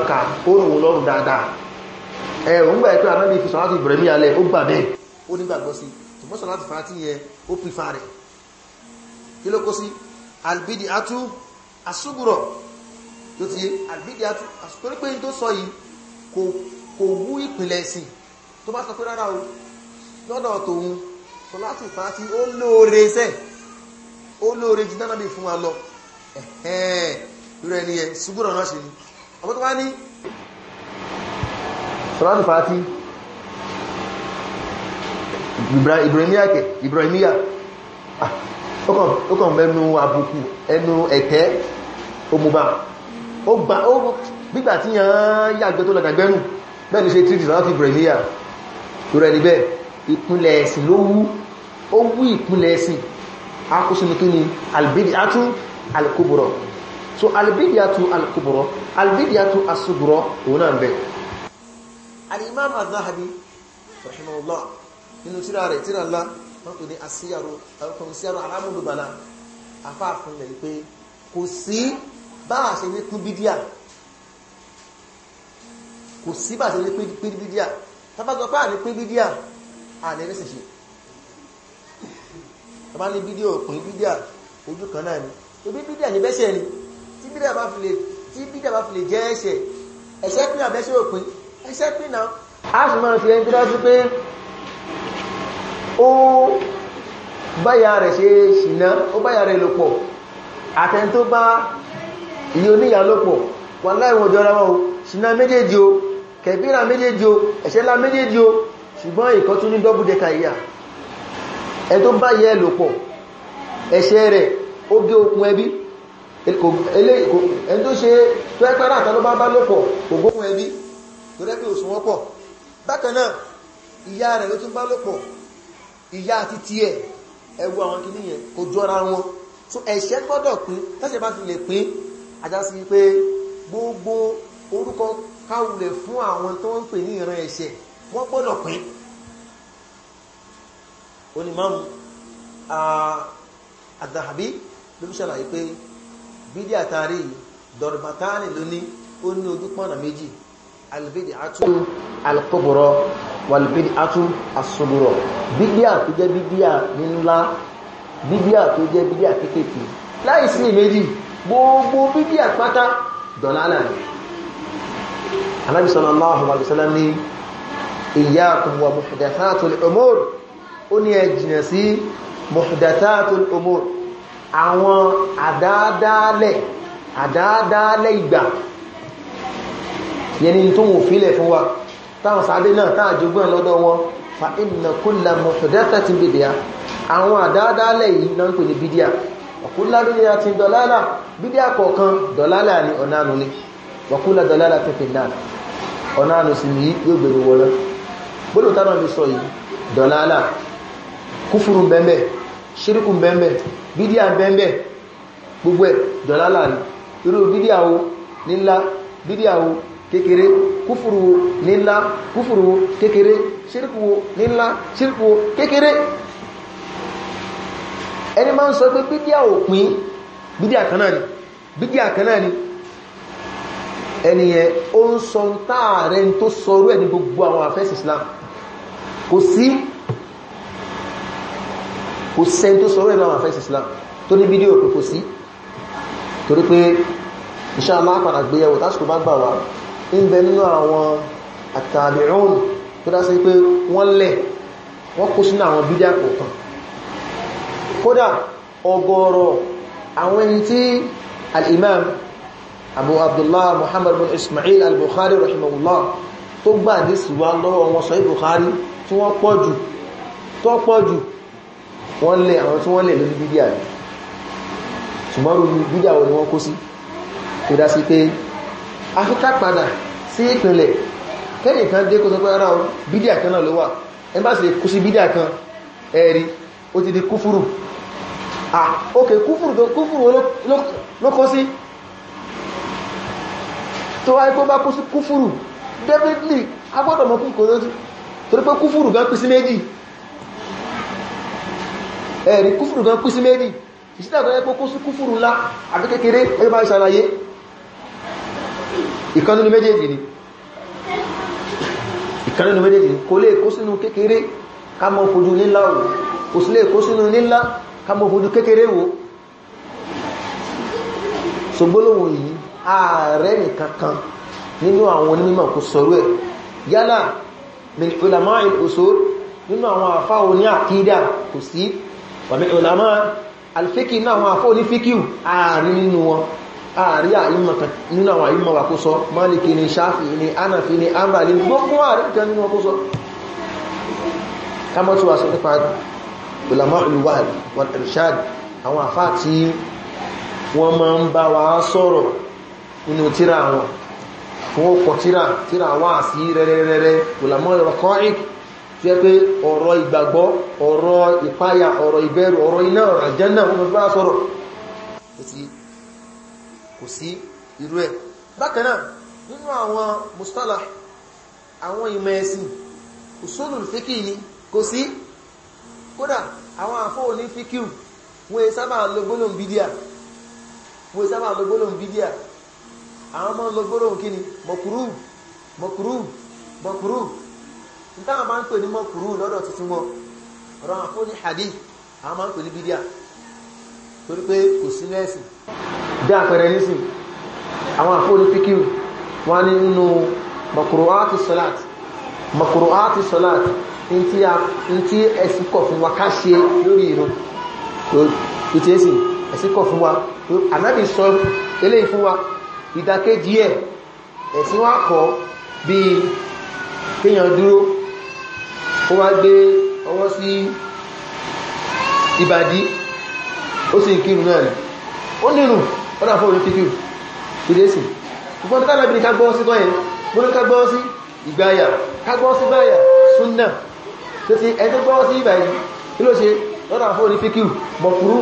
ó rùn lọ́rùn dáadáa ṣùgbọ́n sọ̀rọ̀ láti fàá tí yẹ ó pìfà rẹ̀ kí ló kó sí albidi atú asúgùrọ̀ tó ti albidi atú asúgùrọ̀ pé tó sọ yìí kò wú ìpìlẹ̀ ẹ̀sìn tó bá sọ pé rárá o lọ́dọ̀ tòun sọ̀rọ̀ láti fàá tí ó lóore iṣẹ́ ó lóore jù dáná bí fún wa lọ ẹ̀hẹ́n rẹ̀ ni ẹ̀ ṣùgbọ́n náà ṣe ni ọmọ tó bá ní sọ̀rọ̀ láti ìbìrìmíyà kẹ ìbìrìmíyà ó kàn mẹ́nu àbùkù ẹnu ẹ̀tẹ́ omùbá ó gbà ó gbígbà tí yàn yàgbẹ́ tó lọ́dàgbẹ́rù bẹ́ẹ̀ ni ṣe tírìtì láti ìbìrìmíyà tó rẹ̀ níbẹ̀ ìpínlẹ̀ ẹ̀sìn ló wú ó wú ìpínlẹ̀ ẹ̀sìn akúsùnmí kí ni albidi atún alkuburo so albidi atún alkuburo albidi atún asuburo òun náà bẹ̀ al-imam az-zahabi rahimahullah nínú tíra rẹ̀ tíra ńlá wọ́n pè ní asíyàrò ọkùnrin síyàrò alámúlùbàlà afáàfin rẹ̀ pé kò sí bá a ṣe ní pín bídíà kò sí bá a ṣe ní pín bídíà tábàgbọ́ pé à ní pín bídíà à ní ṣe tàbá ní bídíà òpin bídíà ojú kan náà ni ebi bídíà ní bẹ́sẹ̀ ni tí bídíà bá fi lè tí bídíà bá fi lè jẹ́ ẹ̀ṣẹ̀ ẹ̀ṣẹ̀ pín àbẹ́ṣẹ̀ òpin ẹ̀ṣẹ̀ pín náà a sì máa fi ẹni tó dájú pé ó báyà rẹ̀ ṣe ṣìná ó báyà rẹ̀ lò pọ̀ tó bá iye oníyà lò wà láìwọ̀n jọra wọn ṣìná méjèèjì o kẹ̀bíra méjèèjì o ẹ̀ṣẹ́lá méjèèjì o ṣùgbọ́n ìkọ́ tún ní dọ́bùdẹ́ka ìyà ẹ tó bá yẹ lò pọ̀ ẹ̀ṣẹ́ rẹ̀ ó gé okùn ẹbí ẹni tó ṣe tó ẹ́pẹ́ láta ló bá bá lò pọ̀ ògbóhun ẹbí tó rẹ́ bí òṣùwọ́n pọ̀ bákan náà ìyá rẹ̀ ló tún bá lò ìyá àti tiẹ̀ ẹwọ àwọn kìíní yẹn kò jọra wọn so ẹ̀ṣẹ̀ gbọ́dọ̀ pín tẹ́ṣẹ̀ bá fi lè pín àjásí pé gbogbo orúkọ káwulẹ̀ fún àwọn tó ń pè ní ìran ẹ̀ṣẹ̀ wọ́n gbọ́dọ̀ pín onímọ̀mù àdàbí ló fi ṣàlàyé pé bídí àtàrí dọ̀rọ̀bàtánì lóní ó ní ojú pọ̀nà méjì albid'atu alkubra walbid'atu asubra bídíà tó jẹ́ bídíà ńlá bídíà tó jẹ́ bídíà kéékèèké láì sí méjì gbogbo bídíà pátá dọ̀lálà ni anábi sallallahu alaihi wasallam ní iyyakum wa muhdathatul umur ó ní ẹ jìnà sí muhdathatul umur àwọn àdáadáalẹ̀ àdáadáalẹ̀ ìgbà yẹn ni tó wọ́n fílẹ̀ fún wa táwọn sàádé náà táà jogbọ́n lọ́dọ̀ wọn fa inna kulla muhdathatin bid'ah àwọn àdáadáalẹ̀ yìí náà ń pè ní bídíà ọ̀kúnlá lórí àti dọ̀lálà bídíà kọ̀ọ̀kan dọ̀lálà ni ọ̀nàánú ni ọ̀kúnlá dọ̀lálà tẹ́fẹ̀ náà ọ̀nàánú sì ní yóò gbèrò wọ́n náà gbọ́dọ̀ tánà mi sọ yìí dọ̀lálà kúfùrù bẹ́ẹ̀ ṣíríkù bẹ́ẹ̀ bídíà bẹ́ẹ̀ gbogbo ẹ̀ dọ̀lálà ni irú bídíà wo nílá bídíà wo kékeré kúfùrù nílá kúfùrù kékeré ṣírkù nílá ṣírkù kékeré ẹni máa ń sọ pé bídíà òpin bídíà kan náà ni bídíà kan náà ni ẹniyẹn ó ń sọ táàrẹ tó sọrú ẹni gbogbo àwọn àfẹ́sì Islam kò sí kò sẹ́n tó sọrú ẹni àwọn àfẹ́sì Islam tó ní bídíò pé kò sí torí pé insha Allah padà gbéyẹ̀wò tásìkò bá gbà wà ń bẹ nínú àwọn àtàbíùn tó dá sí pé wọ́n lẹ̀ wọ́n kó sínú àwọn bídíà kọ̀ọ̀kan kódà ọgọ́rọ̀ àwọn ẹni tí al-imam abu abdullah muhammad bin ismail al-bukhari rahimahullah tó gbà ní síwá lọ́wọ́ wọn sọ ìbùkhari tí wọ́n pọ̀ tó pọ̀ wọ́n lè àwọn tí wọ́n lè lórí bídíà afíkà padà sí ìpìnlẹ̀ kẹ́yìn kan dé kó sọ pé ara bídíà kan náà ló wà ẹ bá sì lè kú sí bídíà kan ẹ̀rí ó ti di kúfúrù ah ok kúfúrù tó kúfúrù ló kọ́ sí tó wáyé kó bá kú sí kúfúrù definitely agbọ́dọ̀ mọ̀ kúkò lójú torí pé kúfúrù gan pín sí méjì ẹ̀rí kúfúrù gan pín sí méjì ìsìdàgbọ́ ẹgbẹ́ kó sí kúfúrù ńlá àbí ẹgbẹ́ ìkanúnu méjèèjì ni ìkanúnu méjèèjì kò lè kó sínú kékeré ká mọ́ fojú nílá wò kò sí lè kó sínú nílá ká mọ́ fojú kékeré wò so gbólóhùn yìí ààrẹ nìkankan nínú àwọn onímọ̀ kò sọ̀rọ̀ ẹ̀ yálà min ulama al-usul nínú àwọn àfá oní àkídà kò sí wà min ulama al-fiqh náà àwọn àfá oní fíkíù ààrin nínú wọn ààrí àìmọ̀ kan nínú àwọn àìmọ̀ wà kó sọ Málìkì ni Ṣáfì ni Ánàfì ni Ámbàlì gbogbo ààrí kan nínú ọkó sọ kámọ́ tí wà sọ nípa ẹ pé ọ̀rọ̀ ìgbàgbọ́ ọ̀rọ̀ ìpáyà ọ̀rọ̀ ìbẹ̀rù ọ̀rọ̀ iná ọ̀rọ̀ àjẹ́nà wọ́n bá sọ̀rọ̀ kò sí irú ẹ̀ bákan náà nínú àwọn mustalah àwọn ìmọ̀ ẹ̀sìn usulul fíkì ni kò sí kódà àwọn fíkì wọ́n sábà lo bídíà wọ́n sábà lo bídíà àwọn ọmọ lo kí ni mọ̀kúrú mọ̀kúrú mọ̀kúrú nítawọn máa ń pè ní mọ̀kúrú lọ́dọ̀ tuntun wọn ọ̀rọ̀ àfọ́ ní hadith àwọn máa ń bí àpẹẹrẹ nísìn àwọn àfóònù píkìrù wọ́n ní nínú makuruati salat makuruati salat ní tí ẹ̀sìn kọ̀ fún wa ká ṣe lórí ìrun ìtì ẹ̀sìn ẹ̀sìn kọ̀ fún wa anábì sọ eléyìí fún wa ìdákéjì ẹ̀ ẹ̀sìn wa kọ̀ bí kéèyàn dúró ó wá gbé ọwọ́ sí ìbàdí ó sì kírun náà ó nírun wọ́n náà fún òní fíkìrù ìdésì ṣùgbọ́n títà lábìnrin ká gbọ́ sí tọ́ yẹn mo ní ká gbọ́ sí ìgbáyà ká gbọ́ sí gbáyà súnnà tó ti ẹni tó gbọ́ sí ìbàyí kí ló ṣe wọ́n náà fún òní fíkìrù mọ̀kúrú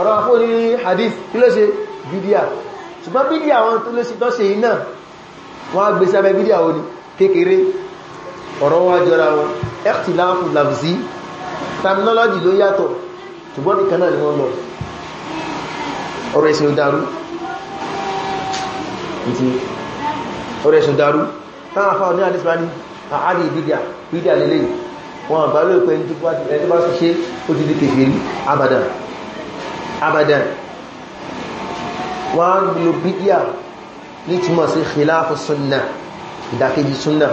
ọ̀rọ̀ fún òní hadith kí ló ṣe bídíà ṣùgbọ́n bídíà wọn tó ni kékeré ọ̀rọ̀ wọn jọra wọn ẹ̀kìtìláfù làbùsí terminology ló yàtọ̀ ṣùgbọ́n nìkan ọ̀rọ̀ ẹ̀sìn dárú ọ̀rọ̀ ẹ̀sìn dárú táwọn afá ní àdísìmá ní àádì ìbídíà bídíà lélẹ̀ wọn àbá ló pẹ́ ẹni bá ti di kèfèrí abadan abadan wọ́n lo bídíà ní túnmọ̀ sí khilafu sunna ìdàkejì sunna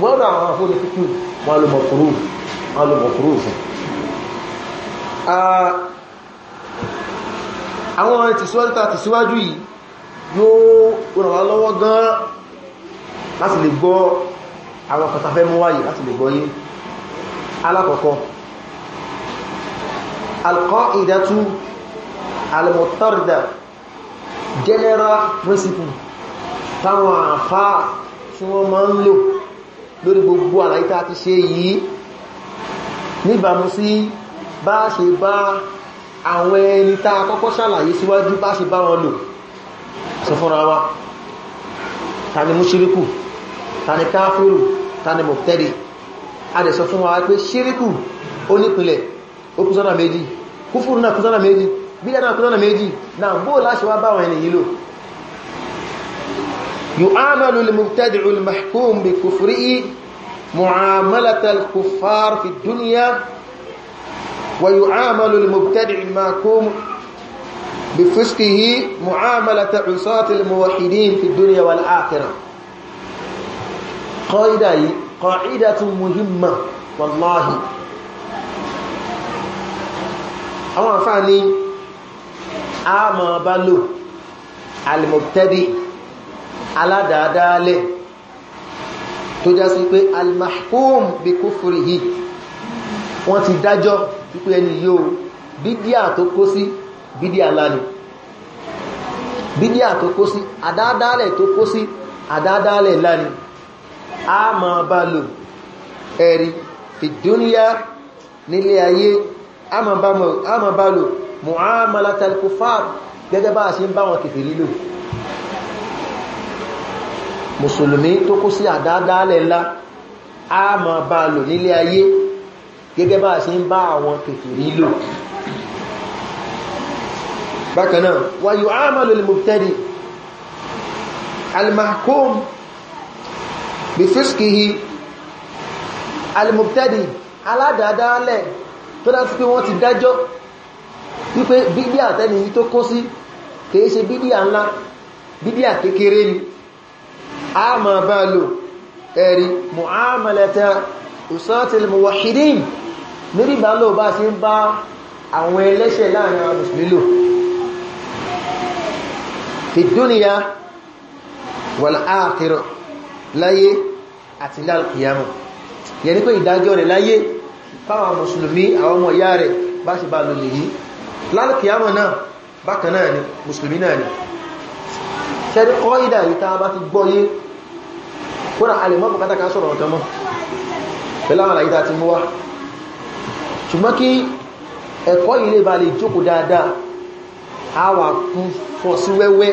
wọ́n rọ àwọn afọ́ ní kíkú wọ́n lo mọ̀kúrú wọ́n àwọn tìsíwájúta tìsíwájú yìí yóò ràn wá lọ́wọ́ gan láti lè gbọ́ àwọn kọtafẹ́ mú wáyé láti lè gbọ́ yé alákọ̀ọ́kọ́ alqaidatu almutarda general principle táwọn àfá tí wọ́n máa ń lò lórí gbogbo àlàyé ti ṣe yìí níbàmú sí bá ṣe bá àwọn ẹni tá a kọ́kọ́ ṣàlàyé síwájú bá ṣe bá wọn lò sọ fúnra wa ta ni múṣíríkù ta ni káfíru ta ni mọ̀tẹ́dì a dẹ̀ sọ fún wa pé ṣíríkù ó nípìnlẹ̀ ó kú sọ́nà méjì kúfùrù náà kú méjì bídà náà kú يعامل المبتدع المحكوم بكفره معاملة الكفار في الدنيا ويعامل المبتدع الماكوم بفسقه معاملة عصات الموحدين في الدنيا والآخرة قاعدة قاعدة مهمة والله àwọn àfáà ní a máa على lò alìmọ̀tẹ́dì المحكوم بكفره وانت sí wípé ẹni yóò bídíà tó kó sí bídíà ńlá ni bídíà tó kó sí àdádálẹ̀ tó kó sí àdádálẹ̀ ńlá ni a ma bá lò ẹ̀rí fìdúníyà nílé ayé a ma bá lò mu'amalatal kufar gẹ́gẹ́ bá a ṣe ń bá wọn kèfèrí lò mùsùlùmí tó kó sí àdádálẹ̀ ńlá a ma bá lò nílé ayé gẹ́gẹ́ bá ṣe ń bá àwọn kèfèrí lò bákan náà wa yu'amalu al-mubtadi al-mahkum bi fisqihi al-mubtadi aládàádáálẹ̀ tó dá sí pé wọ́n ti dájọ́ wípé bíbí àtẹ́ni yí tó kó sí kìí ṣe bíbí à bíbí à ni a bá lò ẹ̀rí mu'amalata usatil muwahhidin lórí ìbálò bá ṣe ń bá àwọn ẹlẹ́ṣẹ̀ láàrin àwọn mùsùlùmí lò fi dúnìyà wal akhirah láyé àti lálùkìyàmù yẹ ní pé ìdájọ́ rẹ̀ láyé fáwọn mùsùlùmí àwọn ọmọ ìyá rẹ̀ bá ṣe bá lò lè yí lálùkìyàmù náà bákan náà ni mùsùlùmí náà ni ṣẹ́rí kọ́ ìdá ìta bá ti gbọ́yé kúrò alìmọ́ bùkátà ká sọ̀rọ̀ ọ̀tọ́mọ́ pẹ̀lú àwọn àlàyé ta ṣùgbọ́n kí ẹ̀kọ́ yìí lè bá lè jókòó dáadáa a wà fọ́ sí wẹ́wẹ́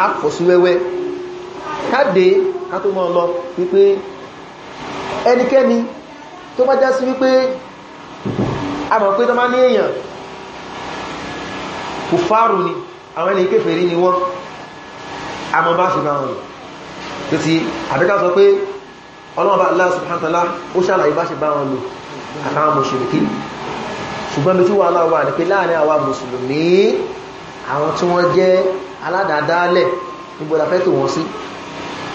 a fọ́ sí wẹ́wẹ́ káde ká tó mọ́ lọ wípé ẹnikẹ́ni tó bá já sí wípé a mọ̀ pé tó má ní èèyàn kò fárù ni àwọn ẹni kèfèrí ni wọ́n a mọ̀ bá ṣe bá wọn lò títí àbíká sọ pé ọlọ́ọ̀bá Allah subhanahu wa ta'ala ó ṣàlàyé bá ṣe bá wọn lò àtàwọn mùsùlùmí ṣùgbọ́n bí tí wà náà wà ní pé láàrin àwa mùsùlùmí àwọn tí wọ́n jẹ́ aládàádálẹ̀ nígbọ́dá fẹ́ tó wọ́n sí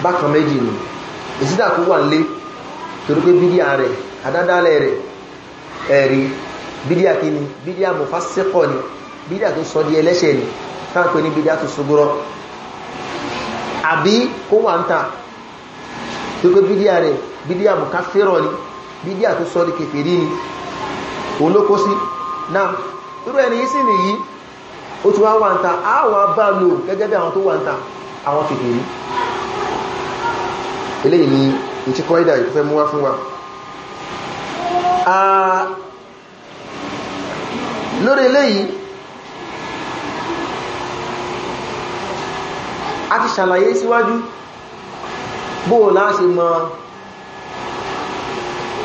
bákan méjì ni ìsídà kó wà nílé torí pé bídíà rẹ̀ àdádálẹ̀ rẹ̀ ẹ̀rí bídíà kí ni bídíà mọ̀fásẹ́kọ̀ ni bídíà tó sọ di ẹlẹ́ṣẹ̀ ni táàpẹ́ ní bídíà tó ṣogúrọ́ àbí kó wà ń ta torí pé bídíà rẹ̀ bídíà mọ̀káfẹ́rọ̀ ni bídíà tó sọ di kèfèrí ni òun ló kó sí náà irú ẹni yìí sì nìyí ó ti wá wà ń ta àwọn bá lò gẹ́gẹ́ bí àwọn tó wà ń ta àwọn kèfèrí eléyìí ni ìtíkọ́ ìdá ìfẹ́ mú wá fún wa lórí eléyìí a ti ṣàlàyé síwájú bóò láti mọ̀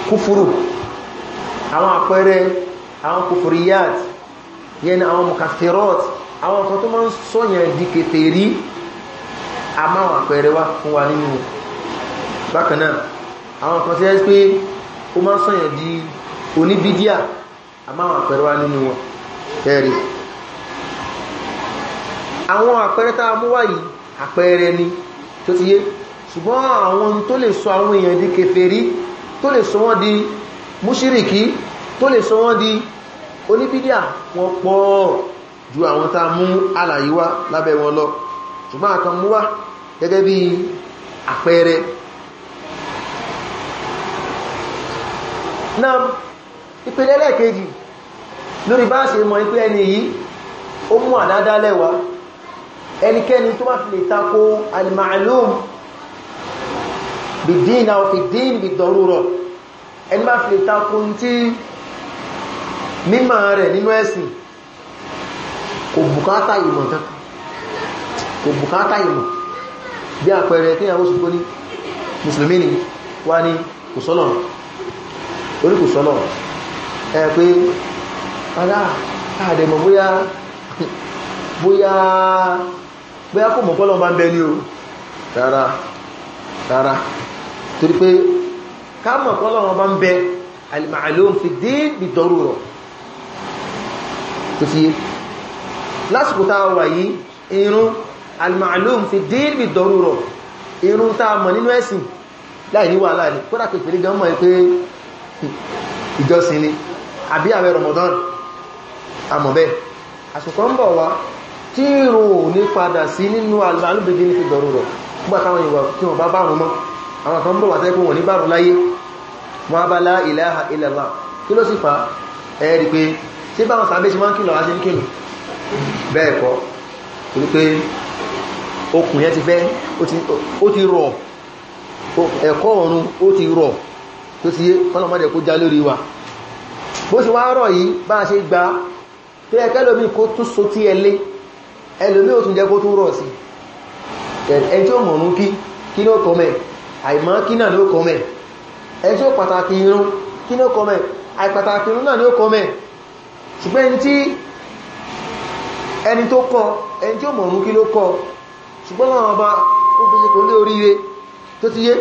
kúfúrù àwọn àpẹẹrẹ àwọn kúfúrìyàt yẹn ni àwọn mukafirot àwọn nǹkan tó máa ń sọ́yàn di kèfèrí àmáwọn àpẹẹrẹ wá fún wa nínú bákanáà àwọn nǹkan tí ẹ́ pé ó máa ń sọ́yàn di oníbídíà àmáwọn àpẹẹrẹ wá nínú wọn àpẹẹrẹ wá yìí àpẹẹrẹ ṣùgbọ́n àwọn tó lè sọ àwọn èèyàn di kèfèrí tó lè sọ wọ́n di múṣíríkì tó lè sọ wọ́n di oníbídíà wọ́n pọ̀ ju àwọn tá mú àlàyé wá lábẹ́ wọn lọ ṣùgbọ́n àkan mú wá gẹ́gẹ́ bí àpẹẹrẹ náà ìpínlẹ̀ lẹ́ẹ̀kejì lórí bá ṣe mọ̀ ipé ẹni yìí ó mú àdádálẹ̀ wá ẹnikẹ́ni tó bá fi lè tako al-ma'lum bìdín àwọn fìdín bìdọ̀rúrọ̀ ẹni máa fi takò tí mímọ̀ rẹ̀ nínú ẹ̀sìn kò bùkátà ìmọ̀ kan kò bùkátà ìmọ̀ bí àpẹẹrẹ tí àwọn òṣùpó ní mùsùlùmí ni wá ní kò sọ́nà orí kò sọ́nà ẹ pé ara àdẹ̀mọ̀ bóyá bóyá bóyá kò mọ̀kọ́lọ̀ bá ń bẹ ní o rárá rárá torí pé káàmọ̀ kọ́lọ́wọ́n bá ń bẹ al-ma'lum fi din bi darura tó fi lásìkò táa wà yìí irun al-ma'lum fi din bi darura irun táa mọ̀ nínú ẹ̀sìn láì ní wàhálà ní kódà pèpèrè gan mọ̀ pé ìjọsìn ni àbí àwẹ̀ Ramadan àmọ́ bẹ́ẹ̀ àsìkò ń bọ̀ wá tí irun ò ní padà sí nínú al fi din bi darura gbàtàwọn ìwà tí wọ́n bá bá wọn mọ́ àwọn kan bọ̀ wàtẹ́kùn wọn ní bàbù láyé wọn bá lá ilaha illallah kí ló sì fa ẹ̀ẹ́rì pé tí báwọn sàbẹ́ sí máa ń kìlọ̀ wá sí ń kìlọ̀ bẹ́ẹ̀ kọ́ torí pé okùn yẹn ti fẹ́ ó ti rọ̀ ẹ̀kọ́ ọ̀run ó ti rọ̀ tó ti yé ọlọ́mọdé kó já lórí wa bó ṣe wá rọ̀ yìí bá ṣe gba tí ẹlé kí kí tọ́mẹ́ àìmọ́ kí náà ló kọmẹ̀ ẹni tí ó pàtàkì irun kí ló kọmẹ̀ àìpàtàkì irun náà ló kọmẹ̀ ṣùgbọ́n ẹni tí ẹni tó kọ ẹni tí ó mọ̀rún kí ló kọ ṣùgbọ́n láwọn ọba ó fi ṣe kò lé oríire tó ti yé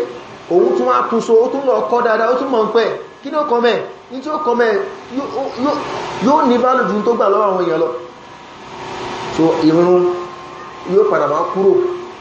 òun tún wá tún so ó tún lọ kọ́ dáadáa ó tún mọ̀ ń pẹ́ kí ló kọmẹ̀ ní tí ó yóò padà wá kúrò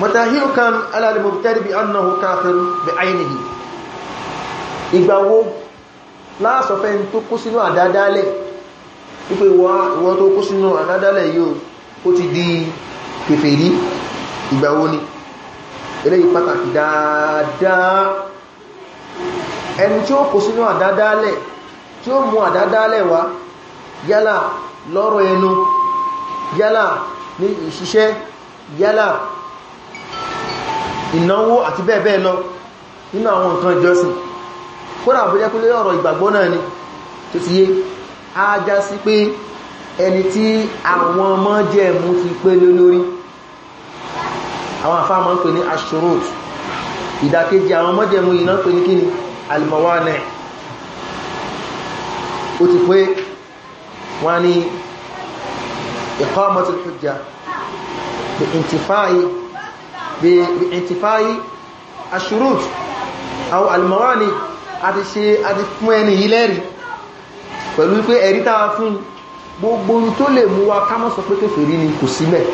mọ̀tàhíùkan alálìmọ̀bítẹ́rì bí annahu kafir bí ainihi ìgbàwó láàsọ̀fẹ́ tó kú sínú àdádálẹ̀ wípé ìwọ tó kú sínú àdádálẹ̀ yóò ó ti di kèfèrí ìgbàwó ni eléyìí pàtàkì dáadáa ẹni tí ó kú sínú àdádálẹ̀ tí ó mú àdádálẹ̀ wá yálà lọ́rọ̀ ẹnu yálà ní ìṣiṣẹ́ ìnáwó àti bẹ́ẹ̀ bẹ́ẹ̀ lọ nínú àwọn nǹkan ìjọsìn kódà bó jẹ́ pé lórí ọ̀rọ̀ ìgbàgbọ́ náà ni tó ti yé á já sí pé ẹni tí àwọn ọmọ jẹ́mú ti pé lórí àwọn àfáàmọ́ ń pè ní ashurut ìdàkejì àwọn ọmọ jẹ́mú iná pè ní kíni almawane ó ti pé wọ́n ni iqamatul hujja بانتفاء الشروط أو الموانع àti ṣe àti fún ẹni ilẹ́rì pẹ̀lú pé ẹ̀rí tàà fún gbogbo tó lè mú wa ká mọ́ sọ pé kèfèrí ni kò sí mẹ́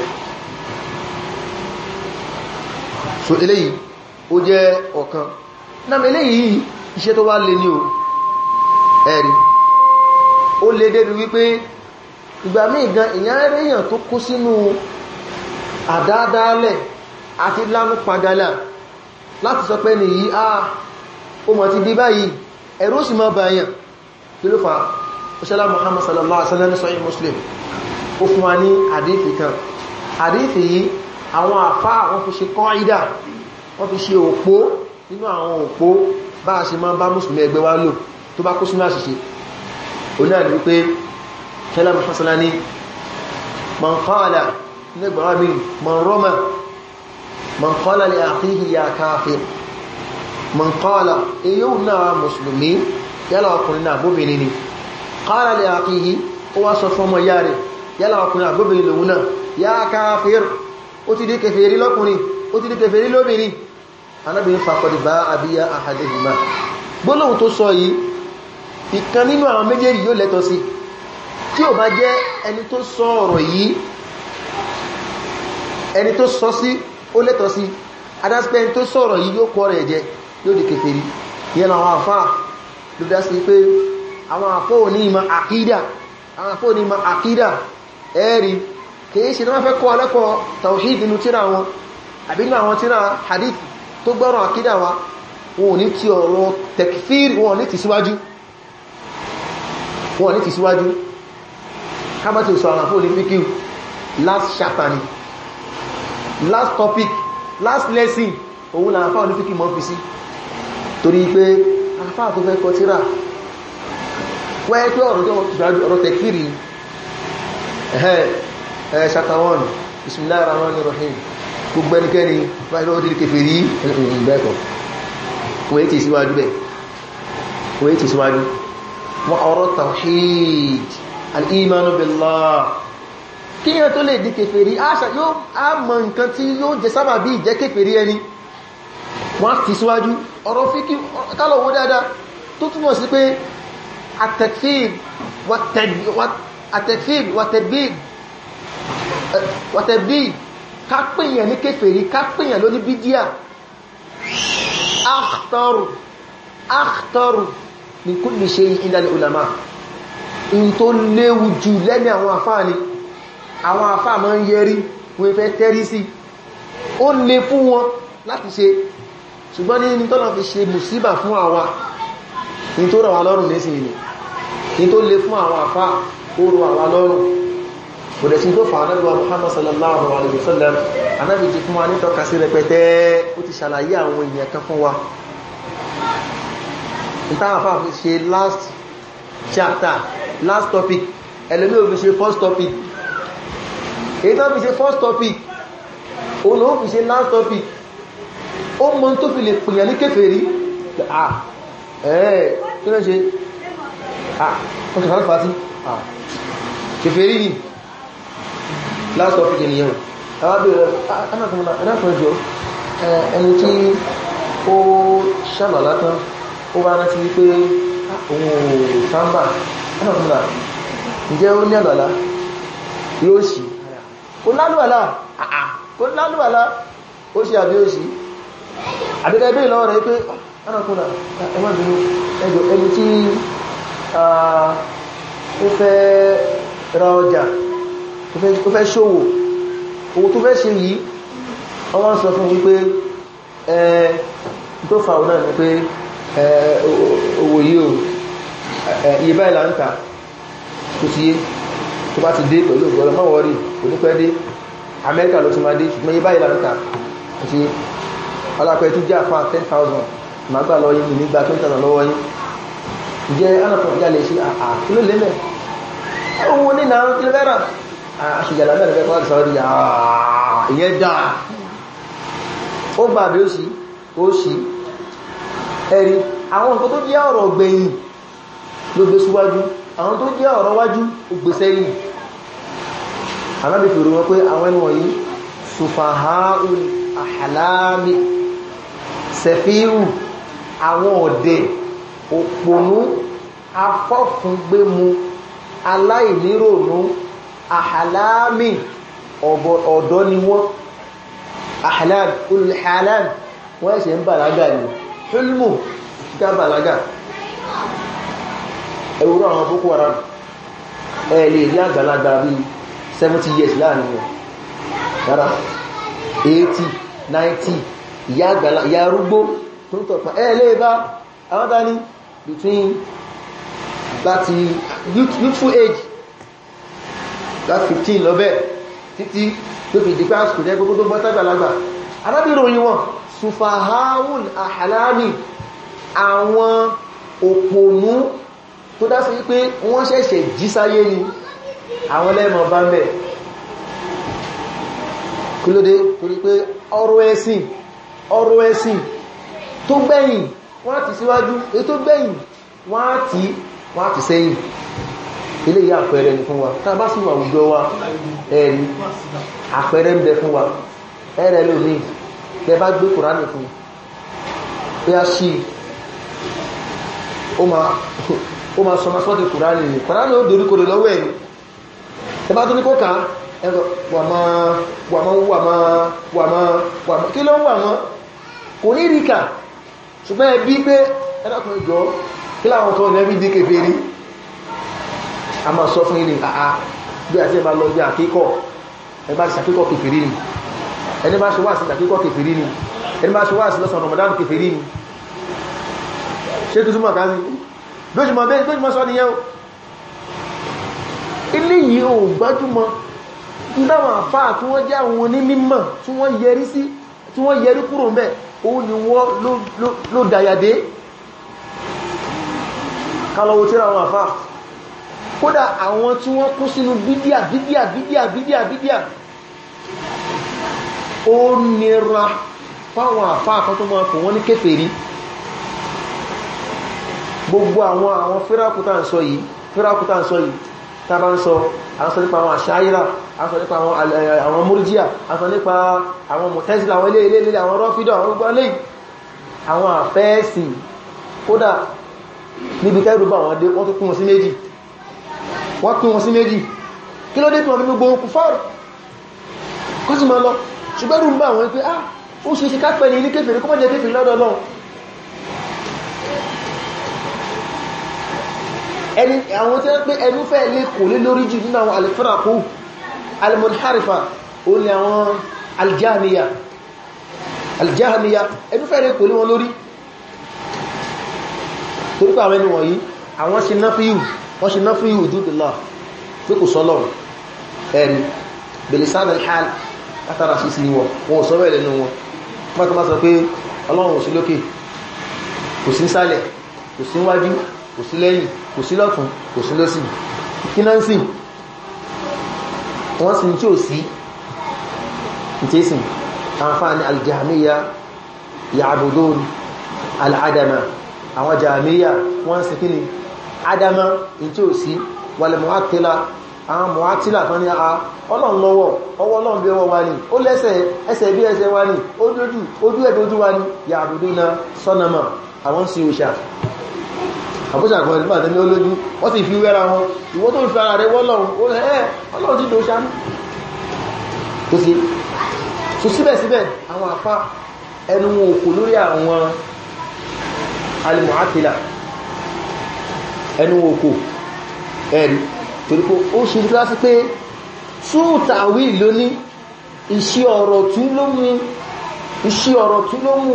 so eléyìí ó jẹ́ ọ̀kan náà eléyìí iṣẹ́ tó wá lè ní o ẹ̀rí ó lè débi wípé ìgbà míì gan ìyàn rèyàn tó kó sínú àdádálẹ̀ àti lánú pàgálà láti sọ pé nìyí a ah, o mọ̀ ti di báyìí ẹ̀rọ sì máa bàyàn kí ló fà òṣèlá Muhammad sallallahu alaihi wasallam sọ Muslim ó fún wa ní àdífì kan àdífì yìí àwọn àfá wọ́n fi ṣe kọ́ ìdá wọ́n fi ṣe òpó nínú àwọn òpó bá a ṣe máa bá mùsùlùmí ẹgbẹ́ wa lò tó bá kó sínú àṣìṣe o náà ní wípé Muhammad sallallahu alaihi wasallam man qala nígbàmí man rọ́mà man qala li akhihi ya kafir man qala èyí ò náà mùsùlùmí yálà ọkùnrin náà bóbìnrin ni qala li akhihi ó wá sọ fún ọmọ ìyá rẹ̀ yálà ọkùnrin àgbóbìnrin lòun náà ya kafir ó ti di kèfèrí lọ́kùnrin ó ti di kèfèrí lóbìnrin anábìnrin fàkọ̀dì bá àbíyá àhàdìmá gbólóhùn tó sọ yìí ìkan nínú àwọn méjèèjì yóò lẹ́tọ̀ sí tí ò bá jẹ́ ẹni tó sọ ọ̀rọ̀ yìí ẹni tó sọ sí ó lẹ́tọ̀ sí adáspẹ́ tó sọ̀rọ̀ yìí yóò kọ́ rẹ̀ jẹ yóò di kèfèrí yẹn àwọn àfá ló dá sí pé àwọn àfó ní ìmọ̀ àkídà àwọn àfó ní ìmọ̀ àkídà ẹ̀rí kìí ṣe náà fẹ́ kọ́ alẹ́kọ̀ọ́ tawhid nínú tíra wọn àbí nínú àwọn tíra hadith tó gbọ́rọ̀ àkídà wa wọn ò ní ti ọ̀rọ̀ tekfir wọn ní ti síwájú wọn ní ti síwájú kábàtì ìṣọ́ àwọn àfó ní fíkíw last chapter ni last topic last lesson òun là àfáà onífíkì mọ́ fi sí torí pé àfáà tó fẹ́ kọ tíra wẹ́ẹ́ pé ọ̀rọ̀ tó ọ̀rọ̀ tẹ̀kìrì ẹ̀hẹ́ chapter one bismillah rahman rahim gbogbo ẹnikẹ́ni báyìí lọ́wọ́ délé kẹfẹ́ rí ìgbẹ́kọ̀ wọ́n ti síwájú al-imanu kíyàn tó lè di kèfèrí àṣà yóò á mọ nǹkan tí yóò jẹ sábà bí ìjẹ́ kèfèrí ẹni wọ́n fi síwájú ọ̀rọ̀ fíkí kálọ̀wọ́ dáadáa tó túnmọ̀ sí pé àtẹ̀kfíìn wàtẹ̀bí kápẹ̀yàn ní kèfèrí kápẹ̀yàn ló ní bídíà akhtaru akhtaru ní kulli ulama in tó léwu jù lẹ́ni àwọn àfà máa ń yẹrí wọ́n fẹ́ tẹ́rí sí ó lè fún wọn láti ṣe ṣùgbọ́n ní tọ́nà fi ṣe mùsíbà fún àwa ní tó rọ̀ wá lọ́rùn lẹ́sìn ni ní tó lè fún àwọn àfà ó rọ̀ àwa lọ́rùn kò dẹ̀ sí tó fà ánàbíwá Muhammad sallallahu alaihi wasallam anábì ti fún wa ní tọ́ka sí rẹpẹtẹ ó ti ṣàlàyé àwọn èèyàn kan fún wa ìtàwàfà fi ṣe last chapter last topic ẹlẹ́mí òfin ṣe first topic èyí tó fi ṣe first topic òun ló fi ṣe last topic ó mọ́ tó fi lè pèyàn ní kéfèrí ah ẹ̀ẹ́ kí ló ṣe ah ó kẹfà lọ́pàá sí ah kéfèrí ni last topic ènìyàn àwọn abẹ́rẹ́ anákùnrin ah, jọ ẹni tí ó ṣàlọ́lá tán ó bá rántí wípé ah, òun ò sáńbà anákùnrin ǹjẹ́ ó ní àlọ́lá yóò sì kò lálùwàlá àà ah, ah. kò lálùwàlá ó ṣe àbí ó ṣe àbíkẹ́ bí ìlọ́wọ́ rẹ̀ pé ẹnàkúnlá ẹmọ́bìnú ẹjọ́ ẹni tí ó fẹ́ ra ọjà ó fẹ́ ṣòwò owó tó fẹ́ ṣe yìí ọwọ́ sọ fún wípé ẹ tó fà náà ni pé owó yìí ò yìí báyìí là ń tà kò sí yé tó bá ti dé pẹ̀lú ògbọ́n mọ́ wọ́rí kò ní pẹ́ dé amẹ́ríkà ló ti máa dé ṣùgbọ́n yí báyìí lánàá àti alápẹ́ tó jẹ́ ten thousand màá gbà lọ yín twenty thousand lọ́wọ́ yín jẹ́ alàpọ̀ ìyá lè ṣe àà kí ló ní kí ló fẹ́ rà àṣìjàlá mẹ́rin fẹ́ kọ́ ìyẹn ó gbà bí ó sì ó sì ẹ̀rí àwọn nǹkan tó jẹ́ ọ̀rọ̀ ló gbé síwájú àwọn tó jẹ́ ọ̀rọ̀ wájú ògbèsẹ́ yìí alábìfèrè wọn pé àwọn ẹni wọ̀nyí sùfàháùn àhàlámi sẹ̀fíhù àwọn ọ̀dẹ̀ òpònú afọ́fúngbému aláìnírònú àhàlámi ọ̀dọ́ ni wọ́n àhàlámi olùhàlámi wọ́n ẹ̀ṣẹ̀ ń bàlágà ni hulmu ẹwúrọ̀ àwọn boko haram ẹ lè rí àgbàlagbà bí 70 years láàrin rẹ̀ rárá 80 90 ìyá àgbàlá ìyá arúgbó tó ń tọ̀pá ẹ lè bá àwọn dání between láti youthful age láti 15 lọ́bẹ̀ títí tó fi dìpá àsìkò jẹ́ gbogbo gbogbo tàgbàlagbà arábìnrin òyìn wọn sufahawun ahalami àwọn òpònú tó dá sí wípé wọ́n ṣẹ̀ṣẹ̀ jísáyé ni àwọn lẹ́mọ̀ bá ń bẹ̀ kí ló dé torí pé ọ̀rọ̀ ẹ̀sìn ọ̀rọ̀ ẹ̀sìn tó gbẹ̀yìn wọ́n ti síwájú èyí tó gbẹ̀yìn wọ́n ti wọ́n ti sẹ́yìn ilé yìí àpẹẹrẹ ni fún wa tá bá sì wà àwùjọ wa ẹ̀rí àpẹẹrẹ ń ó máa ó máa sọmọ sọ́tì kùránì ní kùránì ó dorí kodò lọ́wọ́ ẹ̀rù ẹ bá tún ní kó kà á ẹgbẹ́ wà máa wà máa wà máa wà máa wà máa kí ló ń wà wọn kò ní rí kà ṣùgbọ́n ẹbí pé ẹlọ́kùnrin jọ kí láwọn tó ní ṣe Ramadan kèfèrí ni ṣé tuntun mọ̀ ká lójúmọ̀ bẹ́ẹ̀ lójúmọ̀ sọ nìyẹn ilé yìí ò gbájúmọ̀ ìdáwọn àfáà tí wọ́n jẹ́ àwọn onímọ̀ tí wọ́n yẹrí sí tí wọ́n yẹrí kúrò mẹ́ òun ni wọ́n ló dàyàdé kálọ̀wò tí ra àwọn àfáà kódà àwọn tí wọ́n kún sínú bídíà bídíà bídíà bídíà bídíà ó nira fáwọn àfáà kan tó máa kò wọ́n ní kéfèrí gbogbo àwọn àwọn fírákútà ń sọ yìí fírákútà ń sọ yìí tàbá ń sọ àṣọ nípa àwọn àṣáyíra àṣọ nípa àwọn múrjíà àṣọ nípa àwọn mọ̀tẹ́sílà àwọn ilé ilé ilé àwọn rọ́fídọ̀ àwọn gbogbo alẹ́ àwọn àfẹ́ẹ̀sì kódà níbi tẹ́rù bá wọn dé wọ́n tó kún wọn sí méjì wọ́n kún wọn sí méjì kí ló dé tí wọ́n fi gbogbo okùn fáàrù kó sì máa lọ ṣùgbẹ́rù ń bá wọn pé ah ó ṣe ṣe kápẹ́ ní ilé kéfèrè kó mọ́ jẹ́ kéfèrè lọ́dọ̀ náà ẹni àwọn tí wọ́n pé ẹnu fẹ́ lè kò lé lórí jù nínú àwọn alifirako alimunharifa ó ní àwọn aljahaniya aljahaniya ẹnu fẹ́ lè kò lé wọn lórí torípa àwọn ẹni wọ̀nyí àwọn ṣe ná fíyù wọ́n ṣe ná fíyù dúdùlá pé kò sọ́lọ̀ ẹni belisan alhal látara sí sí wọn kò sí sálẹ̀ wájú kò sí lẹ́yìn kò sí lọ́tún kò sí lọ́sì kí náà sìn wọ́n sì tí ò sí tí sìn àǹfààní aljamiya ya'budun al'adama àwọn jamiya wọ́n sì kí ni adama tí ò sí wàlẹ̀ mu'attila àwọn mu'attila kan ní a ah, ọlọ́run lọ́wọ́ ọwọ́ ọlọ́run bí ọwọ́ àwọn sí òṣà àbúṣà kan nígbà tẹ́lẹ̀ olójú wọ́n sì fi wẹ́ra wọn ìwọ́n tó ń fi ara rẹ̀ wọ́lọ́run ọlọ́run ti dòṣà ní tó sí so síbẹ̀síbẹ̀ àwọn apá ẹnu wọn kò lórí àwọn alìmọ̀átìlà ẹnu wọn kò ẹ̀rì torípò ó ṣe rí lásí pé túùtàwí lóní iṣẹ́ ọ̀rọ̀ tún ló mú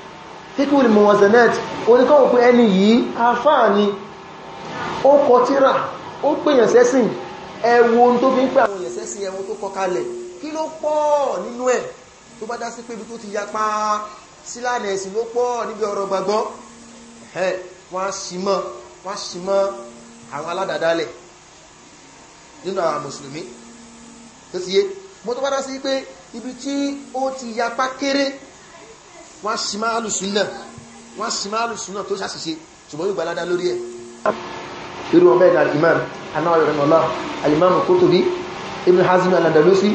fíkúlì mọ̀wọ̀sẹ̀nẹ́t oníkọ́wọ̀ pé ẹni yìí afáà ni ó kọ tíra ó pèyàn sẹ́sìn ẹwọ tó fi ń pè àwọn èèyàn sẹ́sìn ẹwọ tó kọ kalẹ̀ kí ló pọ̀ nínú ẹ̀ tó bá dá sí pé tó ti yapa sílànà ẹ̀sìn ló pọ̀ níbi ọ̀rọ̀ gbàgbọ́ wọ́n á sì mọ́ àwọn aládàdálẹ̀ nínú àwọn mùsùlùmí tó ti yé mo tó bá dá sí pé ibi tí ó ti yapa kéré wọ́n sì máa lùsùnà wọ́n sì máa lùsùnà tó ṣàṣìṣe ṣùgbọ́n yóò gbalada lórí ẹ̀ irú ọmọ ẹ̀dà imam anáwọ̀ ìrìnàlá alimam Qurtubi ibn Hazm al-Andalusi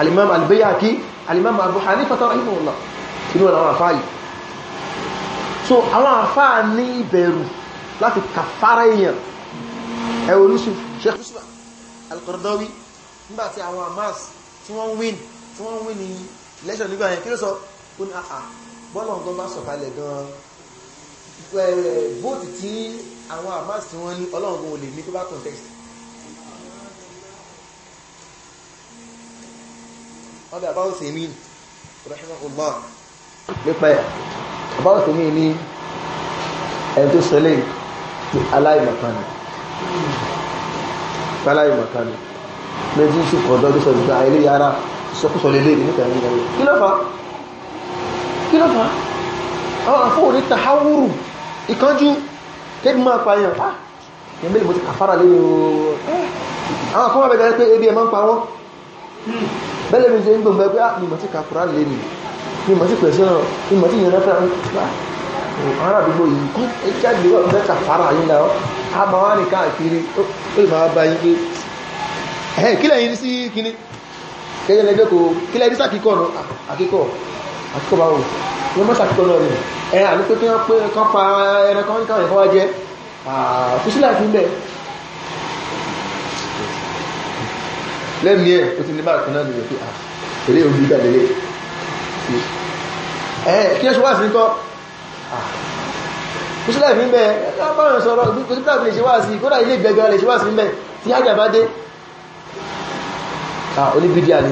alimam al-Bayhaqi alimam Abu Hanifa rahimahullah inú àwọn àfáà so àwọn àfáà ní ìbẹ̀rù láti kàfàrà èèyàn ẹwọ olùsù Sheikh Yusuf al-Qaradawi nígbàtí àwọn amas tí wọ́n win tí wọ́n win ní lẹ́ṣọ̀ nígbà yẹn kí ló sọ ó ní àà ah, ah, bọ́lá ọ̀gán bá sọ̀kalẹ̀ gan bóòtù tí àwọn Hamas tí wọ́n ní ọlọ́run kò lè ní tó bá context wọ́n bẹ̀ àbáwọ̀ sèmi rahimahullah nípa ẹ̀ àbáwọ̀ sèmi ní ẹni tó sọlé aláìmọ̀kánì aláìmọ̀kánì méjì ṣùkọ̀ ọ̀dọ́ tó sọ ìgbà ilé yàrá sọkúsọ lélẹ́yìn nípa ẹ̀yìn kí ló fà á kí ló fà àwọn àfóòrí tàháwùrù ìkánjú kéèdì máa pa èèyàn ah ẹ̀mẹ́lì mo ti kàfàrà lórí ooo eh! àwọn akọ́wà bẹ̀rẹ̀ pé ebi ẹ̀mọ́ ń pa wọ́n hmm. bẹ́lẹ̀ mi ṣe ń gbọmọ ẹgbẹ́ ni ah! mo ti kàfàrà lórí ni mo ti pẹ̀sẹ̀ náà ni mo ti yẹn lẹ́fẹ́ ara àdúgbò yìí kọ́ ẹjá ìgbé a máa wá ní káàkiri ó lè máa bá yín pé ẹ̀ kílẹ̀ yìí sí kíní kẹ́yẹ́ lẹ́gbẹ́ kò kílẹ̀ yìí sí àkíkọ̀ àtúkọ̀ bá wò wọ́n mọ́ sàtúkọ̀ lọ rẹ̀ ẹran àní pé kí wọ́n pé kán pa ẹran kan níkàwọn ẹ̀kọ́ wá jẹ́ àkúsílẹ̀ fi bẹ̀ lẹ́mìí ẹ̀ ó ti ní báyìí kan náà nìyẹn pé à èlé òbí gbà lélẹ̀ ẹ̀ kí ẹ ṣe wá sí kọ́ kúsílẹ̀ fi bẹ̀ báwọn sọ̀rọ̀ kúsílẹ̀ fi lè ṣe wá sí kódà ilé ìgbẹ̀gbẹ̀ lè ṣe wá sí bẹ̀ tí ájà bá dé oníbídíà ni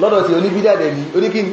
lọ́dọ̀ tí oníbídíà dẹ̀ ni oníkíni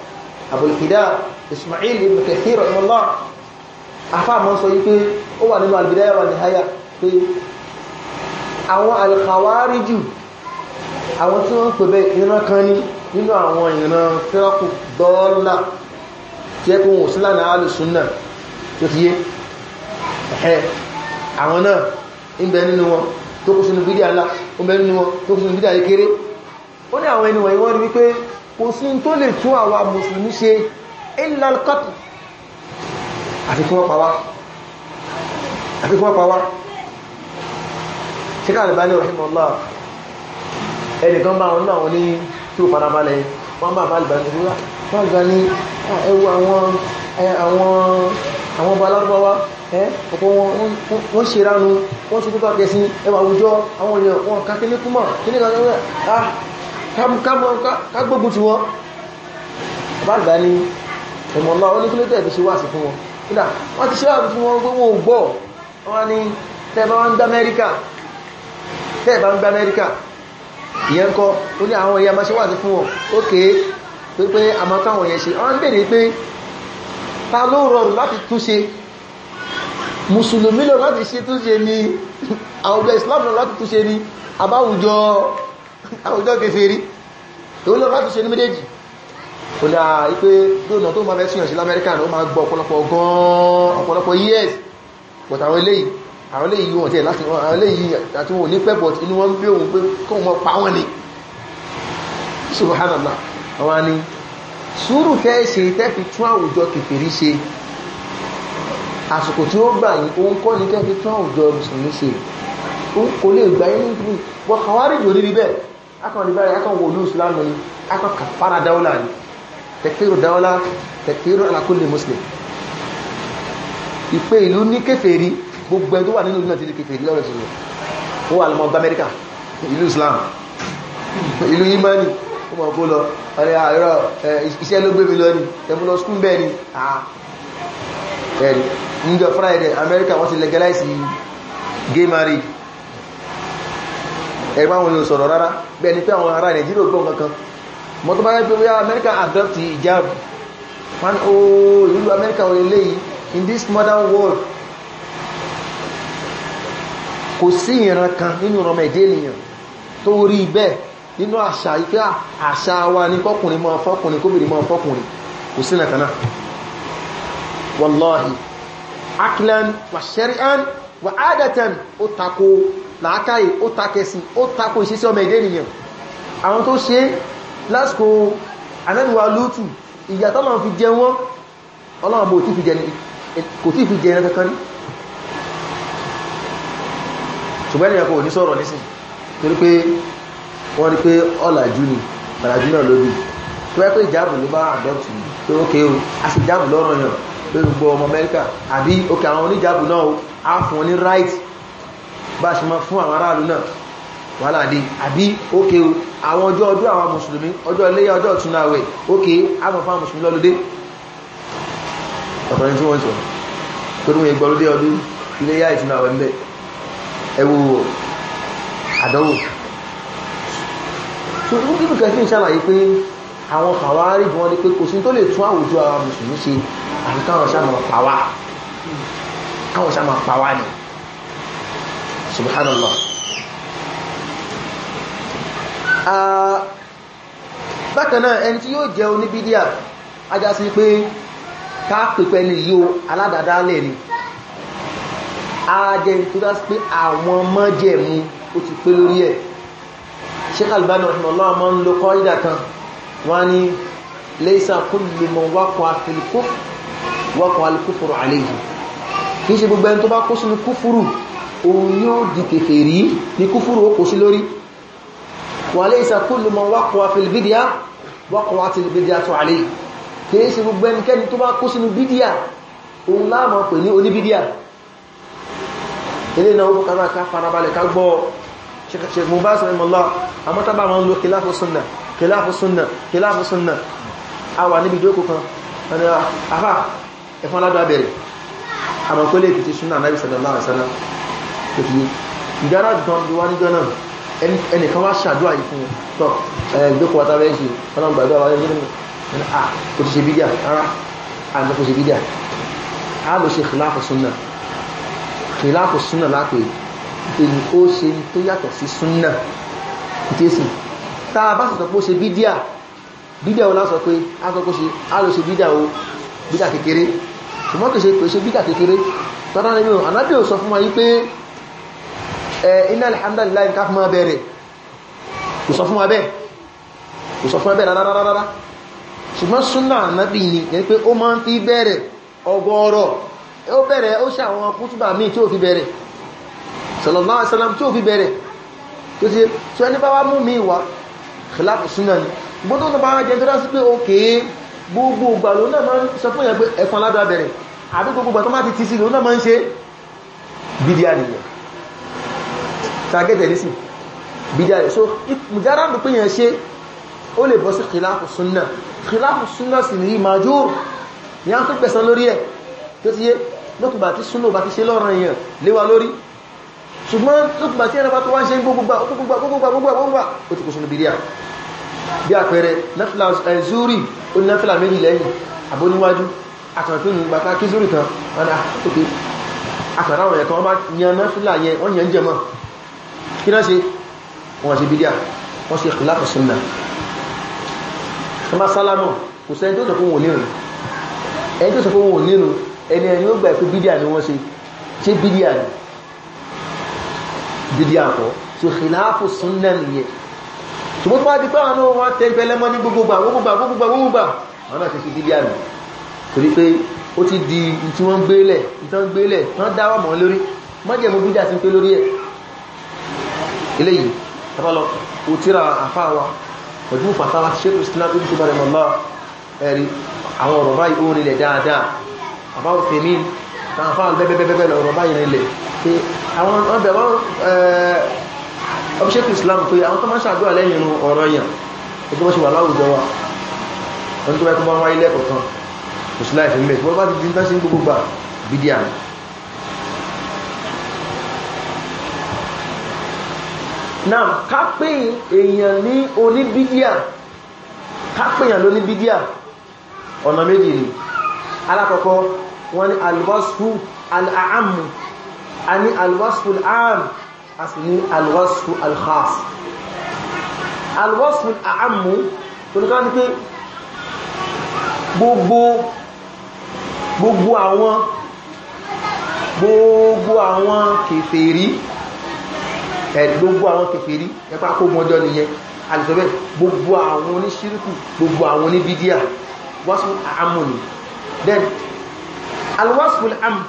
Abul Fida Ismail ibn Kathir rahimahullah Afa mọ́ sọ yìí pé ó wà nínú al-Bidaya wa Nihaya pé àwọn al-Khawariju àwọn tí wọ́n ń pè bẹ́ ìran kan ní nínú àwọn ìran fẹ́ọ̀kù dọ́ọ́lá tí ẹ kún òsílà náà alùsùnnà tó fi yé ẹ̀ àwọn náà ń bẹ nínú wọn tó kó sínú bídíà ńlá ń bẹ nínú wọn tó kó sínú bídíà kékeré ó ní àwọn ẹni wọ̀nyí wọ́n rí kò sí tó lè tún àwa mùsùlùmí ṣe ìlàlkọ́tù àti kí wọ́n pa wá àti kí wọ́n pa wá ṣe káàlù bá ní ọ̀hìmọ̀lá ẹnìkan bá wọn náà wọn ní tí ó fara balẹ̀ wọ́n bá bàbá ìgbàlúwà ah, wọ́n gbà ní kágbógun ti wọ́n bàbá ní ẹ̀mọ̀ náà oníkúlẹ́tẹ̀ fi ṣe wáàsí fún wọn kódà wọ́n ti ṣe wáàsí fún wọn gbogbo ògbọ́ wọ́n ni tẹ́bà ń gbá amẹ́ríkà tẹ́bà ń gbá amẹ́ríkà ìyẹn kọ́ ó ní àwọn èèyàn máa ṣe wáàsí fún wọn ókè pé àmọ́ táwọn yẹn ṣe wọ́n bèèrè pé ta ló rọrùn láti túnṣe mùsùlùmí lọ láti ṣe túnṣe ni àwùjọ islam lọ àwùjọ kèfèrí tó lọ́rọ̀ láti ṣe ní méjèèjì ó dá ipé lónà tó máa fẹ́ síyàn sí lamẹ́ríkà ó máa gbọ́ ọ̀pọ̀lọpọ̀ gan ọ̀pọ̀lọpọ̀ years but àwọn eléyìí àwọn eléyìí wọn tẹ̀ láti àwọn eléyìí àti wọn ò ní pẹ́ but inú wọn bí òun pé kó wọn pa wọn ni subhanallah àwọn ni sùúrù tẹ́ ṣe tẹ́ fi tún àwùjọ kèfèrí ṣe àsìkò tí ó gbà yìí òun kọ́ ni tẹ́ fi tún àwùjọ mùsùlùmí ṣe òun kò lè gbà yín nítorí wọ́n kàwárí jò rírí bẹ́ẹ̀ akan rí báyìí akan wòlú islam ni akan kàfàrà dáwọ́lá ni tẹ̀kìrò dáwọ́lá tẹ̀kìrò alákùnlé muslim ìpé ìlú ní kèfèrí gbogbo ẹ̀ tó wà nínú ìlú náà ti di kèfèrí lọ́rẹ̀ sọ̀rọ̀ ó wà lọ́mọ amẹ́ríkà ìlú islam ìlú yimani ó mọ̀ kó lọ ọ̀rẹ́ àárọ̀ iṣẹ́ ló gbé mi lọ ni ẹ̀mú lọ skún bẹ́ẹ̀ ni ẹ̀rí níjọ friday amẹ́ríkà wọ́n ti legalize gay marriage ẹ̀gbọ́n àwọn yóò sọ̀rọ̀ rárá bẹ́ẹ̀ ni pé àwọn ará nàìjíríà gbọ́n kankan mọ́ tó bá yẹ pé wíyá amẹ́ríkà adopt hijab wọn ó oh, ìlú amẹ́ríkà wọlé léyìí in this modern world kò sí ìran kan nínú ọmọ èdè ènìyàn tó rí bẹ́ẹ̀ nínú àṣà ipé ah, àṣà wa ní kọkùnrin mọ́ fọ́kùnrin kóbìnrin mọ́ fọ́kùnrin kò sí nàkaná wallahi aklan wa shari'an wà ádẹ́tẹ̀m ó tako làákàyè ó takẹsì ó tako ìṣẹ́sí ọmọ èdè ènìyàn àwọn tó ṣe lásìkò anábíwá lótù ìyà tọ́lọ̀ fi jẹ wọ́n ọlọ́run bó tí fi jẹ ẹni kankan ní ṣùgbọ́n ènìyàn kò ní sọ̀rọ̀ nísìn torí pé wọ́n rí pé ọ̀làjú ni ọ̀làjú náà lóbi tó wẹ́ pé ìjáàbù ló bá àdọ́tù tó ó kéwù a sì jáàbù lọ́rọ̀ yàn lórí gbogbo ọmọ amẹ́ríkà àbí òkè àwọn oníjàbù náà á fún wọn ní right bá ṣe mọ́ fún àwọn aráàlú náà wàhálà dé àbí òkè àwọn ọjọ́ ọdún àwọn mùsùlùmí ọjọ́ iléyà ọjọ́ ìtúnú àwẹ̀ òkè àwọn mùsùlùmí lọ́lódé ọ̀tọ̀ ni tí wọ́n ń bẹ̀ àwọn kàwárí wọn ni pé kò sí tó lè tún àwùjọ àwọn mùsùlùmí ṣe àti káwọn sàmà pàwà káwọn sàmà pàwà ni subhanallah bákanáà ẹni tí yóò jẹ́ oníbídíà ajásí pé ká pẹ̀pẹ̀ ní yíò aládàdálẹ̀ ni ajẹ́ tó dá sí pé àwọn mọ́jẹ̀mú ó ti pé lórí ẹ̀ Sheikh Albani ọ̀sán ọlọ́ọ̀mọ́ ń lo kọ́ ìdà wọ́n ní laysa kullu man waqa'a fil kufr waqa'a al kufru alayhi kìí ṣe gbogbo ẹni tó bá kó sínú kúfúrù òun yóò di kèfèrí ní kúfúrù ó kó sí lórí wa laysa kullu man waqa'a fil bid'ah waqa'atil bid'atu alayhi kìí ṣe gbogbo ẹnikẹ́ni tó sheikh mubaz rahimahullah àmọ́ tá bá wọn lo khilafu sunna khilafu sunna khilafu sunna a wà níbi ìjókòó kan ẹni àfà ẹ̀fọn aládọ́ abẹ̀rẹ̀ àmọ́ kó lè fi ti sunna anábì sallallahu alaihi wasallam kò fi ìdára gan ló wá níjọ́ náà ẹnìkan wá ṣàdúrà yìí fún un tọ́ ìjókòó wa tábẹ́ ṣe ọlọ́run gbàdúrà wa yẹn nínú à kò ti èyí ó ṣe tó yàtọ̀ sí súnà ìtẹ́sìn tá a bá sọ̀tọ̀ pé ó ṣe bídíà bídíà ó lásọ pé a sọ pé a lọ ṣe bídíà ó bídíà kékeré ṣùgbọ́n kì í ṣe pé ṣe bídíà kékeré tọ́lá ní mìíràn anábì ò sọ fún wa yí pé ẹ iná alhamdulillah ká fún wa bẹ̀rẹ̀ kò sọ fún wa bẹ́ẹ̀ kò sọ fún wa bẹ́ẹ̀ rárá rárá ṣùgbọ́n súnà anábì ni yẹn pé ó máa ń fi bẹ̀rẹ̀ ọgọ́rọ̀ ó bẹ̀rẹ̀ ó ṣe àwọn kútùbà míì tí ó fi bẹ̀rẹ̀ sallallahu alaihi wasallam tí ó fi bẹ̀rẹ̀ tó ti tó ẹni bá wá mú mi wá kìláàpù súnà ni gbọ́dọ̀ tó bá wá jẹ́ tó dá sí pé òkè gbogbo ìgbà ló náà máa ń sọ fún ìyẹn pé ẹ̀kan ládùá bẹ̀rẹ̀ àbí gbogbo ìgbà tó máa ti ti sí so mùjára ń pè yẹn ṣe ó lè bọ́ sí kìláàpù súnà kìláàpù súnà sì ní ìmájú ní à ń pè pẹ̀sán lórí ẹ̀ tó ti yé lókùnbà tí lórí ṣùgbọ́n lókùnbà tí ẹnàbà tó wá ń ṣe gbogbogbà gbogbogbà ó ti kò sínú bìríà bí àpẹẹrẹ eh, zuri ó ní náfílà méjì lẹ́yìn àbóníwájú àtàkùnrin gbàtà kí zuri ah, kan wọ́nà tókè àtàràwọ̀ ẹ̀kan wọ́n bá yan náfílà yẹn wọ́n yẹn jẹmọ́ kí náà ṣe wọ́n ṣe bìríà wọ́n ṣe kìláàfù súnnà ọmọ sálámù kò sẹ́ni tó sọ fún wọn nínú ẹni tó sọ fún wọn nínú ẹni ẹni ó gbà pé bìdíà ni dídí àkọ́ so khilafu sunna nìyẹn ṣùgbọ́n tó bá di pé àwọn ọmọ wọn tẹ ìbẹ̀lẹ́mọ́ ní gbogbogbà gbogbogbà gbogbogbà gbogbogbà wọn náà ṣe ṣe dídí àná torí pé ó ti di tí wọ́n gbélẹ̀ ìtàn gbélẹ̀ tán dáwọ́ mọ́ lórí mọ́jẹ̀mú bídà sí pé lórí ẹ̀ eléyìí tabalọ òtíra àfáwa pẹ̀lú fàtàwà ṣékù islam ibi tó bá rẹ̀ mọ́lá ẹ̀rí àwọn ọ̀rọ̀ báyìí ó rìnlẹ̀ dáadáa àbáwọ̀ fèmí táwọn fáwọn bẹ́ẹ̀bẹ́ẹ̀bẹ́ẹ̀ lọ́rọ̀ báyìí rẹ̀ lẹ̀ pé àwọn ọbẹ̀ wọn ọmọṣẹ́kù Islam pé àwọn tó máa ṣàdúrà lẹ́yìn ọ̀rọ̀ yàn ẹgbẹ́ wọ́n ṣe wà láwùjọ wa wọ́n tó bá wáyé lẹ́kọ̀ọ̀kan kò sí láìfẹ́ mẹ́ wọ́n bá ti dín tásí gbogbo gbà bídí àmì náà ká pé èèyàn ní oníbídíà ká pé ọ̀nà méjì ni alákọ̀ọ́kọ́ wọ́n ní alwasfu al'amu a ní alwasfu al'am a sì ní alwasfu al'khas alwasfu al'amu tó ní káwọn ní pé gbogbo gbogbo àwọn gbogbo àwọn kèfèrí gbogbo àwọn kèfèrí ẹ̀pá kó mọ́jọ́ nìyẹn alìsọ́bẹ̀ gbogbo àwọn oníṣírìkù gbogbo àwọn oníbídíà wọ́n sún àmúni then alwasful am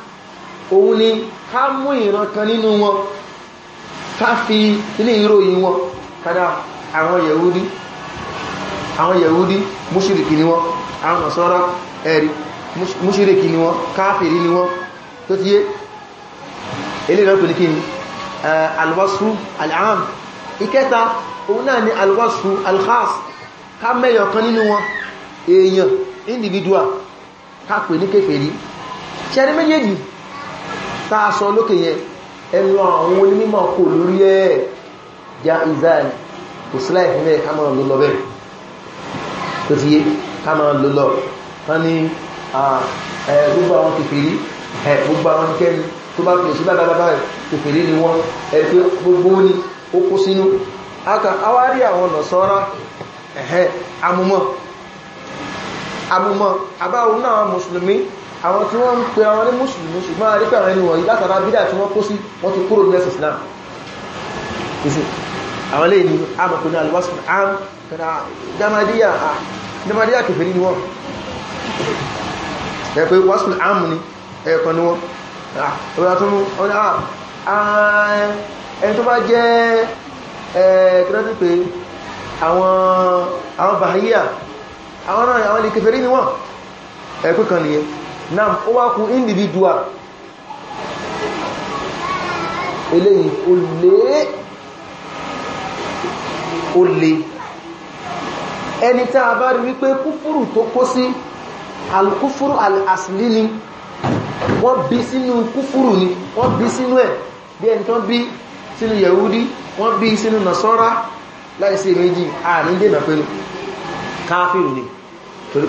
òun ni ká mú ìran kan nínú wọn ká fi ilé ìròyìn wọn kada àwọn yahudi àwọn yahudi mùsùlùkì ni wọ́n àwọn nasara ẹ̀rí mùsùlùkì ni wọ́n káfìrí ni wọ́n tó tíye ilé náà pẹ̀lú kí ni eh, alwasfu al'am ìkẹta òun náà ni alwasfu alkhas ká mẹ́yọ̀ kan nínú wọn èèyàn individual ká pè ní kéfèrí ṣẹ́rí méjèèjì tá a sọ lókè yẹn ẹnu àwọn onímọ̀ kò lórí ẹ̀ já ìzáàlì kò síláì fún ẹ̀ ká máa lò lọ bẹ́ẹ̀ tó ti yé ká máa lò lọ wọ́n ní gbogbo àwọn kìfìrí gbogbo àwọn kẹ́ni tó bá fèsì bábábá kìfìrí ni wọ́n ẹ̀ gbogbo ní ó kó sínú awárí àbáwọn náà mùsùlùmí àwọn tí wọ́n ń pe àwọn ní mùsùlùmí ṣùgbọ́n a rí pé àwọn ẹni wọ̀nyí látara bídà tí wọ́n kó sí wọ́n ti kúrò ní ẹ̀sìn Islam kìsì àwọn lè ní àmàkù ní alwasfin am kàrà jamadiyya a jamadiyya kèfèrí ni wọ́n ẹ̀pẹ́ wasfin am ni ẹ̀ẹ̀kan ni wọ́n ẹni tó bá jẹ́ kìrọ́tí pé àwọn bahayya àwọn náà àwọn lè kèfèrí ni wọ́n ẹ̀pẹ́ kan nìyẹn náà ó wá kú individual eléyìí ó lé ó lé ẹni tá a bá rí wípé kúfúrù tó kó sí alkúfúrú al'asìlì ni wọ́n bí sínú kúfúrù ni wọ́n bí sínú ẹ̀ bí ẹni tó bí sínú yahudi wọ́n bí sínú nasọ́rá láìsí méjì ààrin dènà pẹ̀lú káfíù ni torí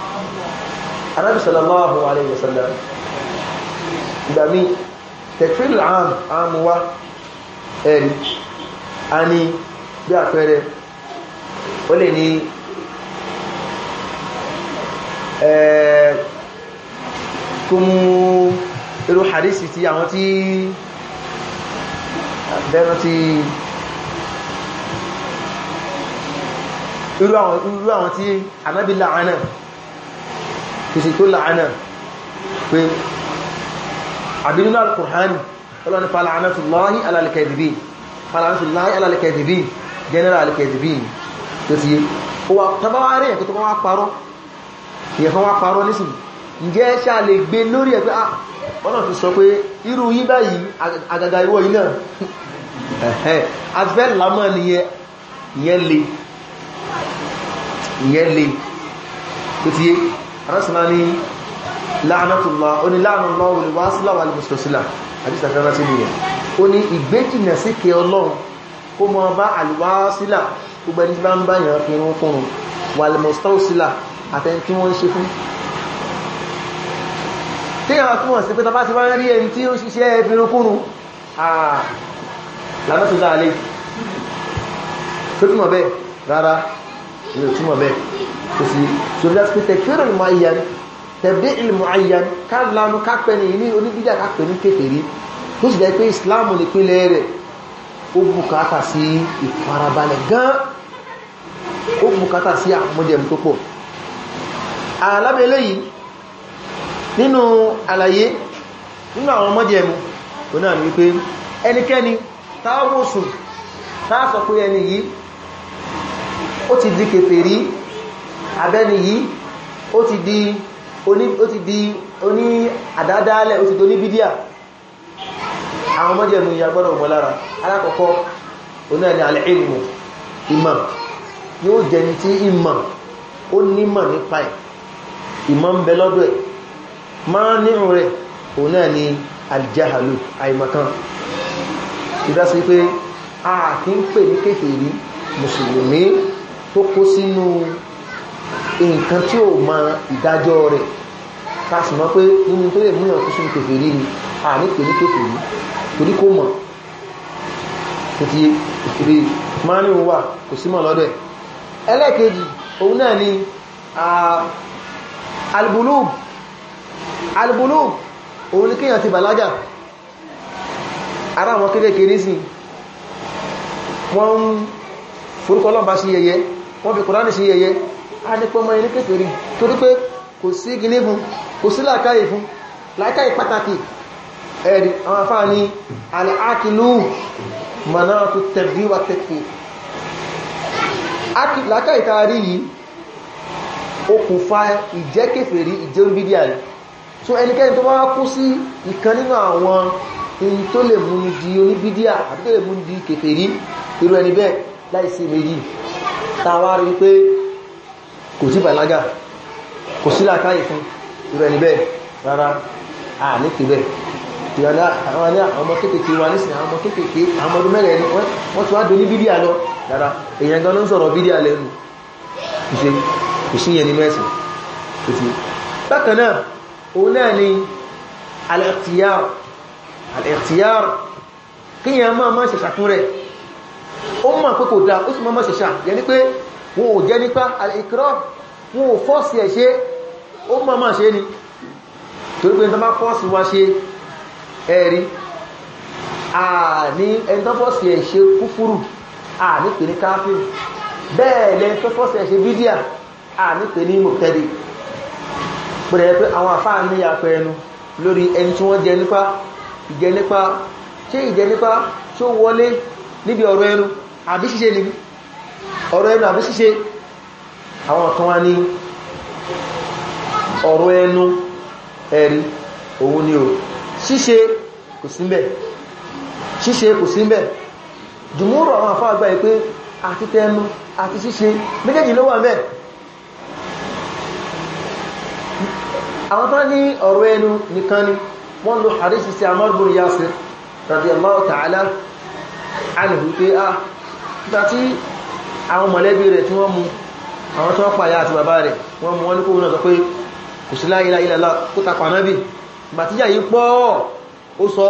anábì sallallahu alayhi wa sallam ìgbà mi tẹ̀kfìrì àm àmú wa ẹ̀rí a ní bí àpẹẹrẹ ó lè ní tó mú irú hadisi ti àwọn tí bẹ́ẹ̀rọ ti irú àwọn tí anábìlá ànáà kìí ṣe tó làánà pé àbí nínú alkùrhánì ọlọ́ni falanatullahi alalikẹ̀dìbí falanatullahi alalikẹ̀dìbí general alikẹ̀dìbí tó ti wà tàbáwà rẹ̀ tó wá parọ́ ìyẹ̀fán wá parọ́ nísìn ǹjẹ́ ṣá lè gbé lórí ẹ̀ pé ah wọ́n náà fi sọ pé irú yí báyìí arásìmá ní láàánàtùlá ó ní láàánàlá olùwá síláwà alìmùsùlùsílà àdísà fẹ́ràn sí nìyẹn ó ní ìgbéjìnà síkẹ ọlọ́run kó mọ bá àlùwá sílà gbogbo ẹni tí bá ń bá yàn fi rún ní òtúmọ̀ bẹ́ẹ̀ kò sí sórí láti pé tẹ̀kírò ìmọ̀ ayẹn tẹ̀bí ìlmọ̀ ayẹn ká lanu ká pẹ́ ní ní oníbídà ká pẹ́ ní kékeré tó sì jẹ́ pé ìsìláàmù nípínlẹ̀ rẹ̀ ó bùkátà sí ìfarabalẹ̀ gan ó bùkátà sí àmúdẹ̀mú tó pọ̀ alábẹ́lẹ́ yìí nínú àlàyé nínú àwọn ọmọdé ẹmu kò náà ní wípé ẹnikẹ́ni táwọn ó ti di kèfèrí abẹ́ni yìí ó ti di oní ó ti di oní àdádálẹ̀ ó ti di oníbídíà àwọn ọmọdé ẹ̀mù ìyà gbọ́dọ̀ mọ́ lára alákọ̀ọ́kọ́ oní ẹni al-ilmu ìmọ̀ yóò jẹni tí ìmọ̀ ó nímọ̀ nípa ẹ̀ ìmọ̀ ń bẹ lọ́dọ̀ ẹ̀ máa nírùn rẹ̀ òun náà ni àìmọ̀kan ìdásí pé a kì ń pè ní kéfèrí mùsùlùmí tó kó sínú nǹkan tí ò mọ ìdájọ́ rẹ̀ ká sì mọ̀ pé nínú tó lè múyàn kó sínú kèfèrí ni àní pèlú kèfèrí torí kò mọ̀ kò ti ìfèrí wà kò símọ̀ lọ́dọ̀ ẹlẹ́ẹ̀kejì òun náà ni albulub albulub òun ni kíyàn ti bàlágà ara àwọn kérékèré sí wọ́n ń forúkọ ọlọ́mbá sí yẹyẹ wọ́n fi kùránì sí yẹyẹ a ní pọ́mọ ẹni kékeré torí pé kò sí gíní fún kò sí làákàyè fún làákàyè pàtàkì ẹ̀rì àwọn afáà ní alákìlú manatu tẹ̀bí wa tẹ̀kì làákàyè tààrí yìí okùnfà ìjẹ́kèfèrí ìjẹ́rúbídíà rẹ̀ so ẹnikẹ́ni tó bá kú sí ìkan nínú àwọn in tó lè mú oníbídíà àti láìsí méjì tàwà rí pé kò sí bàlágà kò sí làkáyì fún irú ẹni bẹ́ẹ̀ rárá à ní kì bẹ́ẹ̀ ìrànlá àwọn ní ọmọ kéèkèé wà nísìn àwọn ọmọ kéèkèé àwọn ọdún mẹ́rẹ̀ ẹni wọ́n ti wá do ní bídíà lọ rárá èyàn gan ló ń sọ̀rọ̀ bídíà lẹ́nu ni al-ikhtiyar al-ikhtiyar kíyàn máa máa ṣẹ̀ṣàtún rẹ̀ ó mọ̀ pé kò dá ó sì mọ́ mọ́ ṣẹ̀ṣà yẹ ní pé wọn ò jẹ́ nípa ìkírọ́ wọn ò fọ́ọ̀sì ẹ̀ ṣe ó mọ́ mọ́ ṣe ni torí pé ẹni fọ́ọ̀sì wá ṣe ẹ̀rí àní ẹni tó fọ́ọ̀sì ẹ̀ ṣe kúfúrù àní pè ní káfí bẹ́ẹ̀ lẹ́ni tó fọ́ọ̀sì ẹ̀ ṣe bídíà àní pè ní mọ̀tẹ́dì pẹ̀lẹ̀ pé àwọn àfáà ní yàpẹ̀ ẹnu lórí ẹni tí wọ́n jẹ nípa níbi ọ̀rọ̀ ẹnu àbí ṣíṣe níbi ọ̀rọ̀ ẹnu àbí ṣíṣe àwọn kan wá ní ọ̀rọ̀ ẹnu ẹ̀rí òun ni o ṣíṣe kò símbẹ̀ ṣíṣe kò símbẹ̀ jùmúrò àwọn àfáà gbà pé àti tẹnu àti ṣíṣe méjèèjì ló wà ńbẹ̀ àwọn tán ní ọ̀rọ̀ ẹnu nìkan ni wọ́n lo hadith sí Amr bin Yasir radiyallahu ta'ala àná wípé ah nígbà tí àwọn mọ̀lẹ́bí rẹ̀ tí wọ́n mú àwọn tí wọ́n pàyà àti bàbá rẹ̀ wọ́n mú wọ́n ní kóhùn náà sọ pé kò sí láyé láyé lọ́la kó tapà náàbì ìgbà tíjà yìí pọ́ ó sọ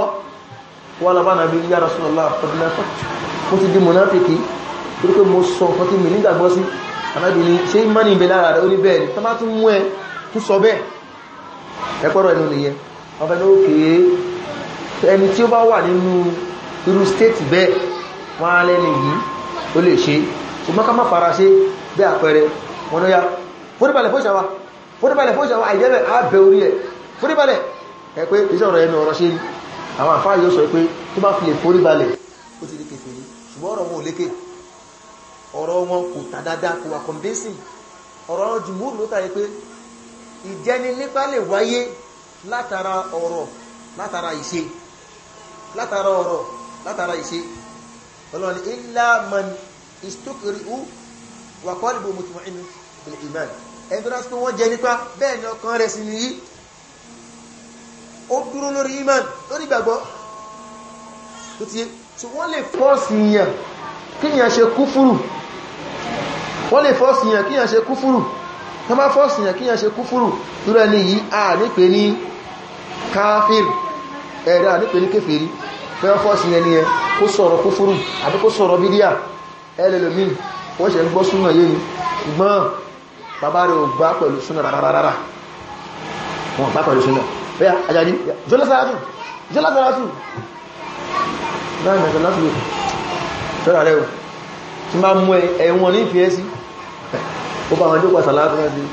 wọ́n lọ bá nàbí yá Rasulullah fọdúnlẹ́fọ́ mo ti di mọ̀náfìkì torí pé mo sọ nǹkan tí mi nígbàgbọ́ sí ànábì ni ṣé mọ́nì ìbẹ̀ lára rẹ̀ ó ní bẹ́ẹ̀ ni tọ́ bá tún mú ẹ tún sọ bẹ́ẹ̀ ẹ̀pọ̀rọ̀ ẹnu nìyẹn ọ̀fẹ́ ní òkè ẹni tí ó bá wà nínú irú stéètì bẹ́ẹ̀ wọ́n á lẹ́nu yìí ó lè ṣe ṣùgbọ́n ká má fara ṣe bí àpẹẹrẹ wọn ya fúnibàlẹ̀ fóṣàwà fúnibàlẹ̀ fóṣàwà àìjẹ́bẹ̀ àbẹ̀ orí ẹ̀ fúnibàlẹ̀ ẹ pé iṣẹ́ ọ̀rọ̀ ẹnu ọ̀rọ̀ ṣe rí àwọn àfáà yóò sọ pé tó bá fi lè fúnibàlẹ̀ ó ti di kèfèrí ṣùgbọ́n ọ̀rọ̀ wọn ò lékè ọ̀rọ̀ wọn kò tà dáadáa kò wà kọ̀m̀bẹ́sìn ọ̀rọ̀ jùmúrù ló tàyẹ pé ìjẹni nípa lè wáyé látara ọ̀rọ̀ látara ìṣe látara ọ̀rọ̀ látara ìṣe ọlọ́ni illa man istukri'u wa qalbu mutma'innun bil iman ẹni tó dá sí pé wọ́n jẹ nípa bẹ́ẹ̀ ni ọkàn rẹ̀ sí nìyí ó dúró lórí iman lórí ìgbàgbọ́ tó ti tí wọ́n lè fọ́ọ̀sì yàn kíyàn ṣe kúfúrù wọ́n lè fọ́ọ̀sì yàn kíyàn ṣe kúfúrù tó má fọ́ọ̀sì yàn kíyàn ṣe kúfúrù lórí ẹni yìí a nípe ní káfíìrì ẹ̀rẹ́ a nípe ní kéfèrí fẹ́ọ́fọ́sì yẹn ni ẹ kó sọ̀rọ̀ kúfúrú àbí kó sọ̀rọ̀ bídíà ẹlẹ́lòmí wọ́n ṣe ń gbọ́ súnà yé ni ṣùgbọ́n bàbá rẹ̀ ò gbá pẹ̀lú súnà rárára wọn gbá pẹ̀lú súnà bẹ́yà ajájí jọ́lásàrátù jọ́lásàrátù láàrín ẹ̀sẹ̀ láti lè ṣọ́ra rẹ̀ o tí máa mú ẹ̀wọ̀n ní ìfẹ́ sí ó bá wọn jókòó àsàlátù náà sí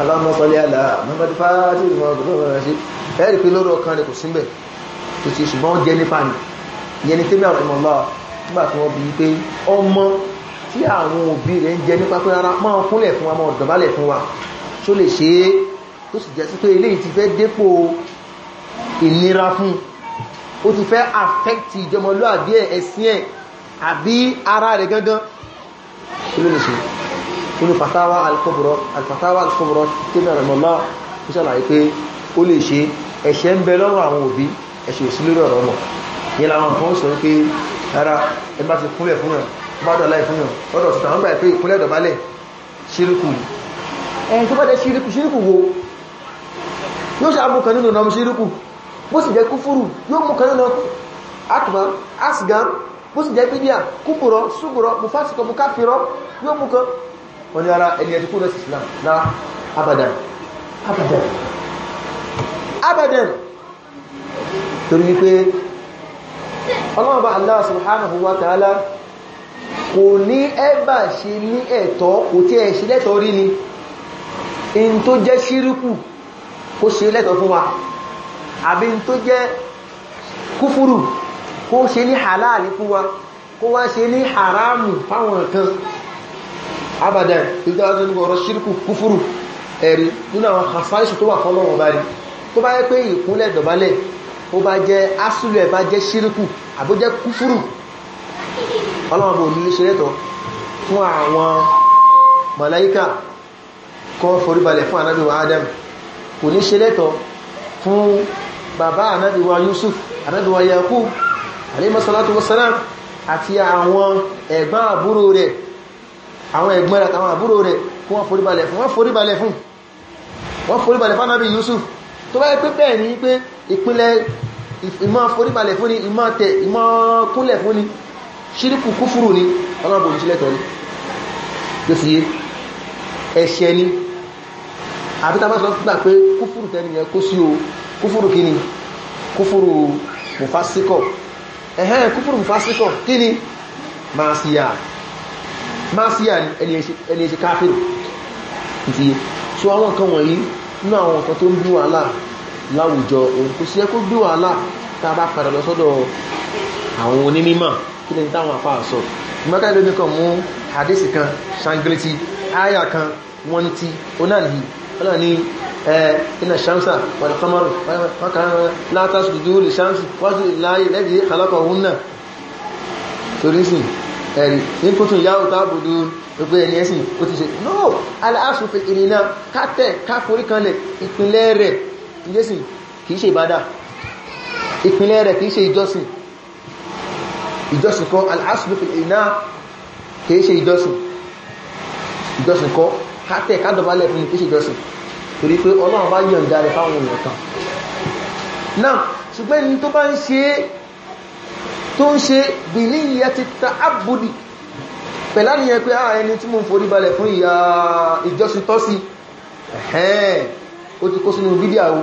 aláàmọ́sọ́lẹ́ àlà mọ́bàdífà tí ìmọ̀ ọ̀gbọ̀n rẹ̀ sí ẹ̀rì pé lórí ọkàn rẹ̀ kò síbẹ̀ tó ti ṣùgbọ́n ó jẹ́ nípa nì ìyẹn ni tẹ́lẹ̀ ọ̀rọ̀ ìmọ̀lá nígbà tí wọ́n bi pé ọmọ tí àwọn òbí rẹ̀ ń jẹ nípa pé rárá máa kúnlẹ̀ fún wa máa dọ̀bálẹ̀ fún wa tó lè ṣe é tó sì jẹ́ sí pé eléyìí ti fẹ́ dépò ìnira fún ó ti fẹ́ affect ìjọmọlúàbí ẹ̀ ẹ̀sìn ẹ̀ àbí ara rẹ̀ gangan tó lè ṣe nínú fatawa al-kubra al-fatawa al-kubra tẹ́lẹ̀ ọ̀rọ̀ ìmọ̀lá ó ṣàlàyé pé ó lè ṣe ẹ̀ṣẹ̀ ń bẹ lọ́rùn àwọn òbí ẹ̀ṣẹ̀ òsì lórí ọ̀rọ̀ ọ̀nà yẹn làwọn kan sọ pé ara ẹ bá ti kúnlẹ̀ fún yàn bá dọ̀lá ìfún yàn ọ̀dọ̀ ti tàwọn báyìí pé ìkúnlẹ̀ dọ̀bálẹ̀ ṣíríkù ẹni tó bá jẹ́ ṣíríkù ṣíríkù wo yóò ṣe abúkan nínú ọmọ ṣíríkù bó sì jẹ́ kúfúrù yóò mú kan nínú akùnmọ́ asìgán bó sì jẹ́ pídíà kúkùrọ ṣúgbùrọ mufásitọ mukafirọ yóò mú kan wọ́n ni ara ẹni ẹ̀dùkú rẹ̀ islam na abadan abadan abadan torí wípé ọlọ́ọ̀bá Allah subhanahu wa ta'ala kò ní ẹbà ṣe ní ẹ̀tọ́ kò tí ẹ̀ ṣe lẹ́tọ̀ rí ni in tó jẹ́ ṣíríkù kó ṣe lẹ́tọ̀ fún wa àbí in tó jẹ́ kúfúrù kó ṣe ní halali fún wa kó wá ṣe ní haramu fáwọn kan abadan ìdájọ́ nígbà ọ̀rọ̀ ṣíríkù kúfúrù ó bá jẹ́ asúlù ẹ̀ bá jẹ́ ṣíríkù àbójẹ́ kúfúrù ọlọ́run bò nílé ṣerétọ̀ fún àwọn màláíkà kọ́ foríbalẹ̀ fún anábíwa adam kò ní ṣerétọ̀ fún bàbá anábíwa yusuf anábíwa yakub alẹ́mọ́sánátù wasalam àti àwọn ẹ̀gbọ́n àbúrò rẹ̀ àwọn ẹ̀gbọ́n rẹ̀ àtàwọn àbúrò rẹ̀ fún wọn foríbalẹ̀ fún wọn foríbalẹ̀ fún wọn foríbalẹ̀ fún anábí yusuf tó bá yẹ pé bẹ́ẹ̀ ni pé ìpínlẹ̀ ìmọ̀ foríbalẹ̀ fún ni ìmọ̀ tẹ̀ ìmọ̀ kúnlẹ̀ fún ni ṣíríkù kúfúrù ni ọlọ́bùn ìṣílẹ̀tọ̀ ni ló sì yé ẹ̀ṣẹ̀ ni àbíta máa sọ gbà pé kúfúrù tẹ́ni yẹn kó sí o kúfúrù kí ni kúfúrù mufasíkọ̀ ẹ̀hẹ́n kúfúrù mufasíkọ̀ kí ni máa síyà máa síyà ẹni ẹ̀ṣẹ̀ káfíìrù ìtìyẹ so àwọn kan wọ̀nyí nínú àwọn kan tó ń bí láwùjọ kò sí ẹkú gbé wàhálà tá a bá padà lọ sọ́dọ̀ àwọn onímọ̀ kí ni táwọn apá sọ ìmọ́ká ìlú nìkan mú hadisi kan ṣangiriti aya kan wọ́n ti onáàlì wọ́n ní iná ṣamsa wàlùkọ́mọ́rù látàṣù jùlù ṣamsi wájú láyé lẹ́bí kàlápà òun náà torí sí ẹ̀rì ní kó tún yáò tábùdú gbogbo ẹni ẹ̀sìn ó ti ṣe no aláàṣù fi ìrìnà kátẹ̀ káforí kanlẹ̀ ìpínlẹ̀ rẹ̀ ìjẹ́sìn kìí ṣe ìbádà ìpìlẹ̀ rẹ̀ kìí ṣe ìjọsìn ìjọsìn kọ́ alásùlùfì iná kìí ṣe ìjọsìn ìjọsìn kọ́ kátẹ̀ kádọ̀bálẹ̀ fún kìí ṣe ìjọsìn torí pé ọlọ́run bá yọ̀ǹda rẹ̀ fáwọn èèyàn kan náà ṣùgbọ́n ní tó bá ń ṣe tó ń ṣe bìlí ìyẹ́ ti ta ábùdì pẹ̀lá nìyẹn pé àà ah, ẹni tí ó ti kó sínú bídíà o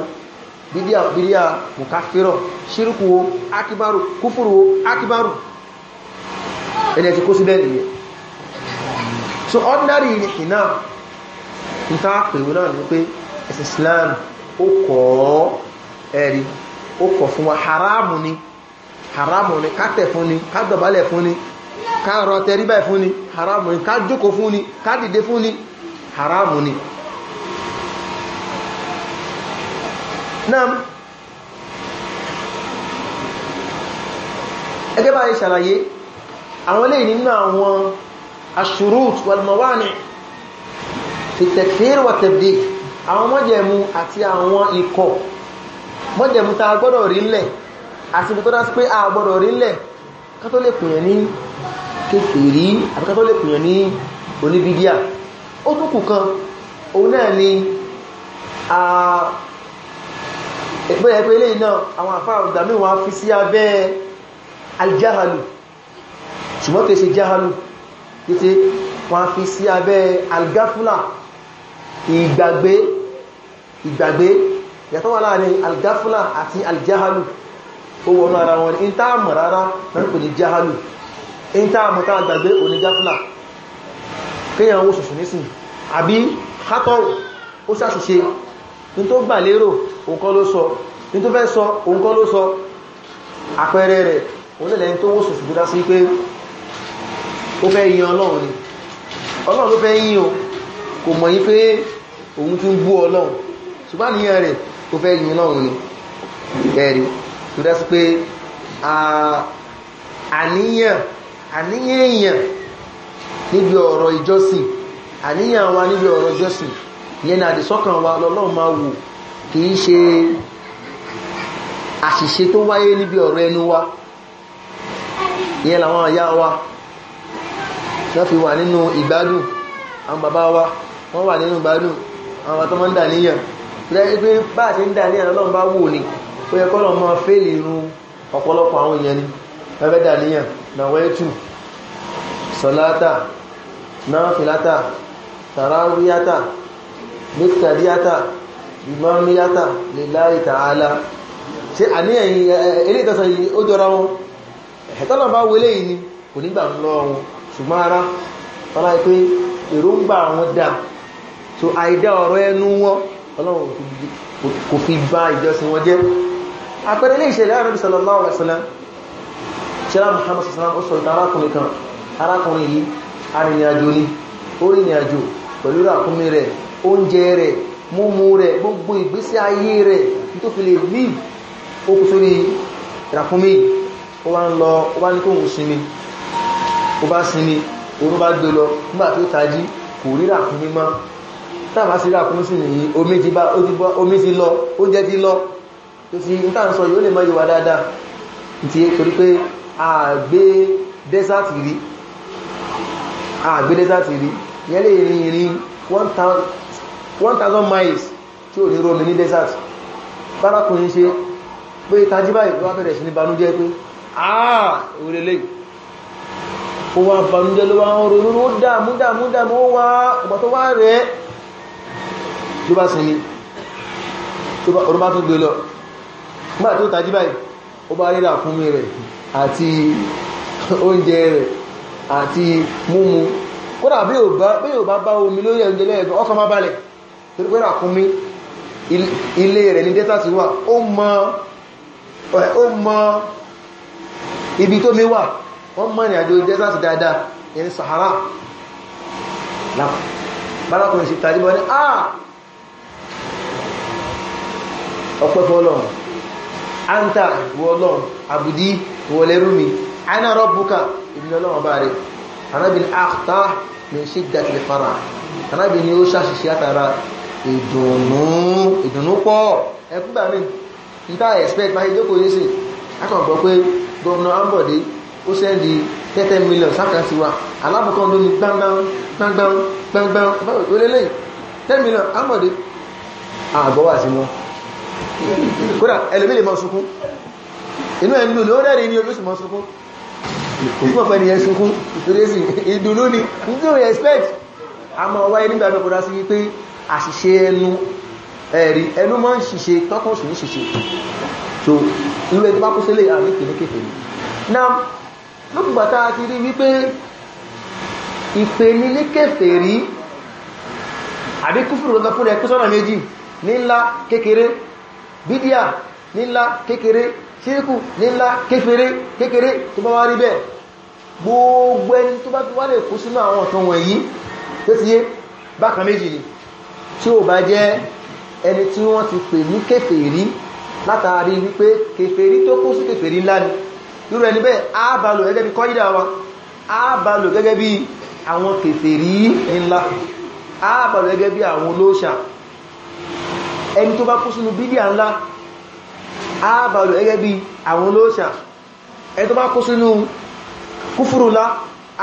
bídíà bídíà mùkáfírọ̀ ṣírùkù o akíbárù kúfùrù o akíbárù ẹni ẹ̀ ti kó síbẹ̀ nìyẹn so ordinary ni kìnnà ń tá pèwé náà ní pé ẹ̀sìn Islam ó kọ́ ẹ̀rí ó kọ̀ fún wa haramu ni haramu ni ká tẹ̀ fún ni ká dọ̀bálẹ̀ fún ni ká rọ tẹríbẹ̀ fún ni haramu ni ká jókòó fún ni ká dìde fún ni haramu ni náà ẹgẹ́ bá ń ṣàlàyé àwọn lè nínú àwọn ashurut walmawani fi takfir wa tabdil àwọn mọ́jẹ̀mú àti àwọn ikọ̀ mọ́jẹ̀mú ta gbọ́dọ̀ rí lẹ̀ àti ibi tó dá sí pé a gbọ́dọ̀ rí lẹ̀ ká tó ní kéfèrí ó tún kan òun náà ni ẹgbẹ́ ẹgbẹ́ ilé náà àwọn àfá ọ̀dà mí wọ́n fi sí abẹ́ aljahalu ṣùgbọ́n kèsè jahalu títí wọ́n fi sí abẹ́ algafula ìgbàgbé ìgbàgbé yàtọ̀ wà láàrin algafula àti aljahalu ó wọ́n ara wọn in tá mọ̀ rárá náà kò ní jahalu in tá mọ̀ tá gbàgbé ò ní gafula kíyàn wọ́n sùsù nísìn àbí hátọ́ ó sàṣìṣe ní tó gbà lérò òǹkan ló sọ ní tó fẹ́ sọ òǹkan ló sọ àpẹẹrẹ rẹ̀ onílẹ̀ tó wó sùsù dúdá sí pé ó fẹ́ yin ọlọ́run ni ọlọ́run ló fẹ́ yin o kò mọ̀ yí pé òun tún bú ọlọ́run ṣùgbọ́n níyàn rẹ̀ ó fẹ́ yin ọlọ́run ni ẹ̀rí dúdá sí pé àníyàn àníyàn èèyàn níbi ọ̀rọ̀ ìjọsìn àníyàn wa níbi ọ̀rọ̀ yẹn ni àdìsọ́kàn wa lọ́lọ́run máa wò kìí ṣe àṣìṣe tó wáyé níbi ọ̀rọ̀ ẹnu wa yẹn làwọn àyá wa wọ́n fi wà nínú ìgbádùn àwọn bàbá wa wọ́n wà nínú ìgbádùn àwọn tó mọ́ ń dà níyàn pé bá àti ń dà níyàn lọ́lọ́run bá wò ní ó yẹ kọ́lọ̀ mọ́ fèèlì irun ọ̀pọ̀lọpọ̀ àwọn èèyàn ni ẹgbẹ́ dà níyàn nàwẹ́tù sọ̀látà náà fìlátà tàràwíyátà mẹ́tàdíyàtà ìmọ̀míyàtà lillahi ta'ala ṣe àníyàn ilé ìtọ́sàn yìí ó jọra wọn ẹ̀tọ́nà bá wọlé yìí ni kò nígbà ń lọ wọn ṣùgbọ́n ara tọ́lá pé èròǹgbà wọn dà so àìdá ọ̀rọ̀ ẹnu wọn ọlọ́run kò fi bá ìjọsìn wọn jẹ́ àpẹẹrẹ ilé ìṣẹ̀lẹ̀ àrùn sallallahu alaihi wasallam ṣẹlá muhammad sallallahu alaihi pẹ̀lú ràkúnmí rẹ̀ oúnjẹ rẹ̀ múmu rẹ̀ gbogbo ìgbésí ayé rẹ̀ tó fi lè rí okùn sórí ràkúnmí ó wá ń lọ ó wá ní kóhun sinmi ó bá sinmi orú bá gbé lọ nígbà tó tají kò rí ràkúnmí mọ́ táàmà sí ràkúnmí sí nìyí omi ti lọ oúnjẹ ti lọ tó ti ń tà ń sọ yóò lè mọ́ yíwa dáadáa ti torí pé àgbé dẹ́sàtì rí àgbé dẹ́sàtì rí yẹn lè rìn ìrìn 1000 miles tí ò ní romi ní desert bárakùnrin ṣe pé tají báyìí ló wá bẹ̀rẹ̀ sí ní banújẹ́ pé àà òrèlè ó wá banújẹ́ ló wá ń ronú ó dàmú dàmú dàmú ó wá ọgbà tó wá rẹ̀ tó bá sinmi tó bá tún gbé lọ nígbà tó tají báyìí ó bá rírà fún mi rẹ̀ àti oúnjẹ rẹ̀ àti múmu kódà bí yóò bá bá omi lórí ẹ̀rùn jẹ́lẹ̀ ẹ̀gbọ́n ọkọ̀ má balẹ̀ torí pé ràkúnmí ilé rẹ̀ ní dẹ́ta ti wà ó mọ ibi tó mi wà wọ́n mọ́ ní àjò dẹ́ta ti dáadáa yẹn ní Sahara bárakùnrin sí tàbí wọ́n ní àà ọpẹ́ fọ́lọ́run anta wọ́lọ́run àbùdí wọ́lẹ́rú ana rabbuka ìbìnà ọlọ́run bá rẹ̀ anábìnrin àkútà ní ṣídà ilẹ̀ fara anábìnrin ó ṣàṣìṣe látara ìdùnnú ìdùnnú pọ̀ ẹkúgbà mi níta expect máa ṣe jókòó yìí sí akọ̀gbọ́ pé gómìnà ambode ó sẹ́ndì tẹ́tẹ́ mílíọ̀n sákàtí wa alábùkọ́ ló ní gbangban gbangban gbangban ó lélẹ̀ tẹ́ mílíọ̀n ambode àgbọ́wà sí wọn kódà ẹlòmílì mọ́ sunkún inú ẹ̀ ń dùn ní ó rẹ́rìn ní olóṣù mọ́ sunkún ìgbọ́n pẹ̀lú yẹn sunkún ìtòrésì ìdùnnú ni tí ó expect a máa wáyé nígbà mẹ́kọ̀ dá sí wípé àṣìṣe ẹnu ẹ̀rí ẹnu máa ń ṣìṣe tọ́kùn sí ní ṣìṣe so irú ẹni bá kó sílẹ̀ àmì kìíní kéfèé náà lókùngbà tá a ti rí wípé ìpè ní ní kéfèé rí àbí kúfùrù gangan fún ẹ kó sọ́nà méjì nílá kékeré bídíà nílá kékeré ṣíríkù nílá kékeré kékeré tó bá wá rí bẹ́ẹ̀ gbogbo ẹni tó bá fi wá lè kú sínú àwọn ọ̀tọ̀ wọ̀nyí tó ti yé bákan méjì ni tí ó bá jẹ́ ẹni tí wọ́n ti pè ní kèfèrí látàrí wípé kèfèrí tó kú sí kèfèrí ńlá ni irú ẹni bẹ́ẹ̀ á gẹ́gẹ́ bí kọ́ídà wa á gẹ́gẹ́ bí àwọn kèfèrí ńlá á gẹ́gẹ́ bí àwọn olóòṣà ẹni tó bá kú sínú bídíà ńlá ààbàlù gẹ́gẹ́ bí àwọn olóòṣà ẹ tó bá kó sínú kúfùrùlá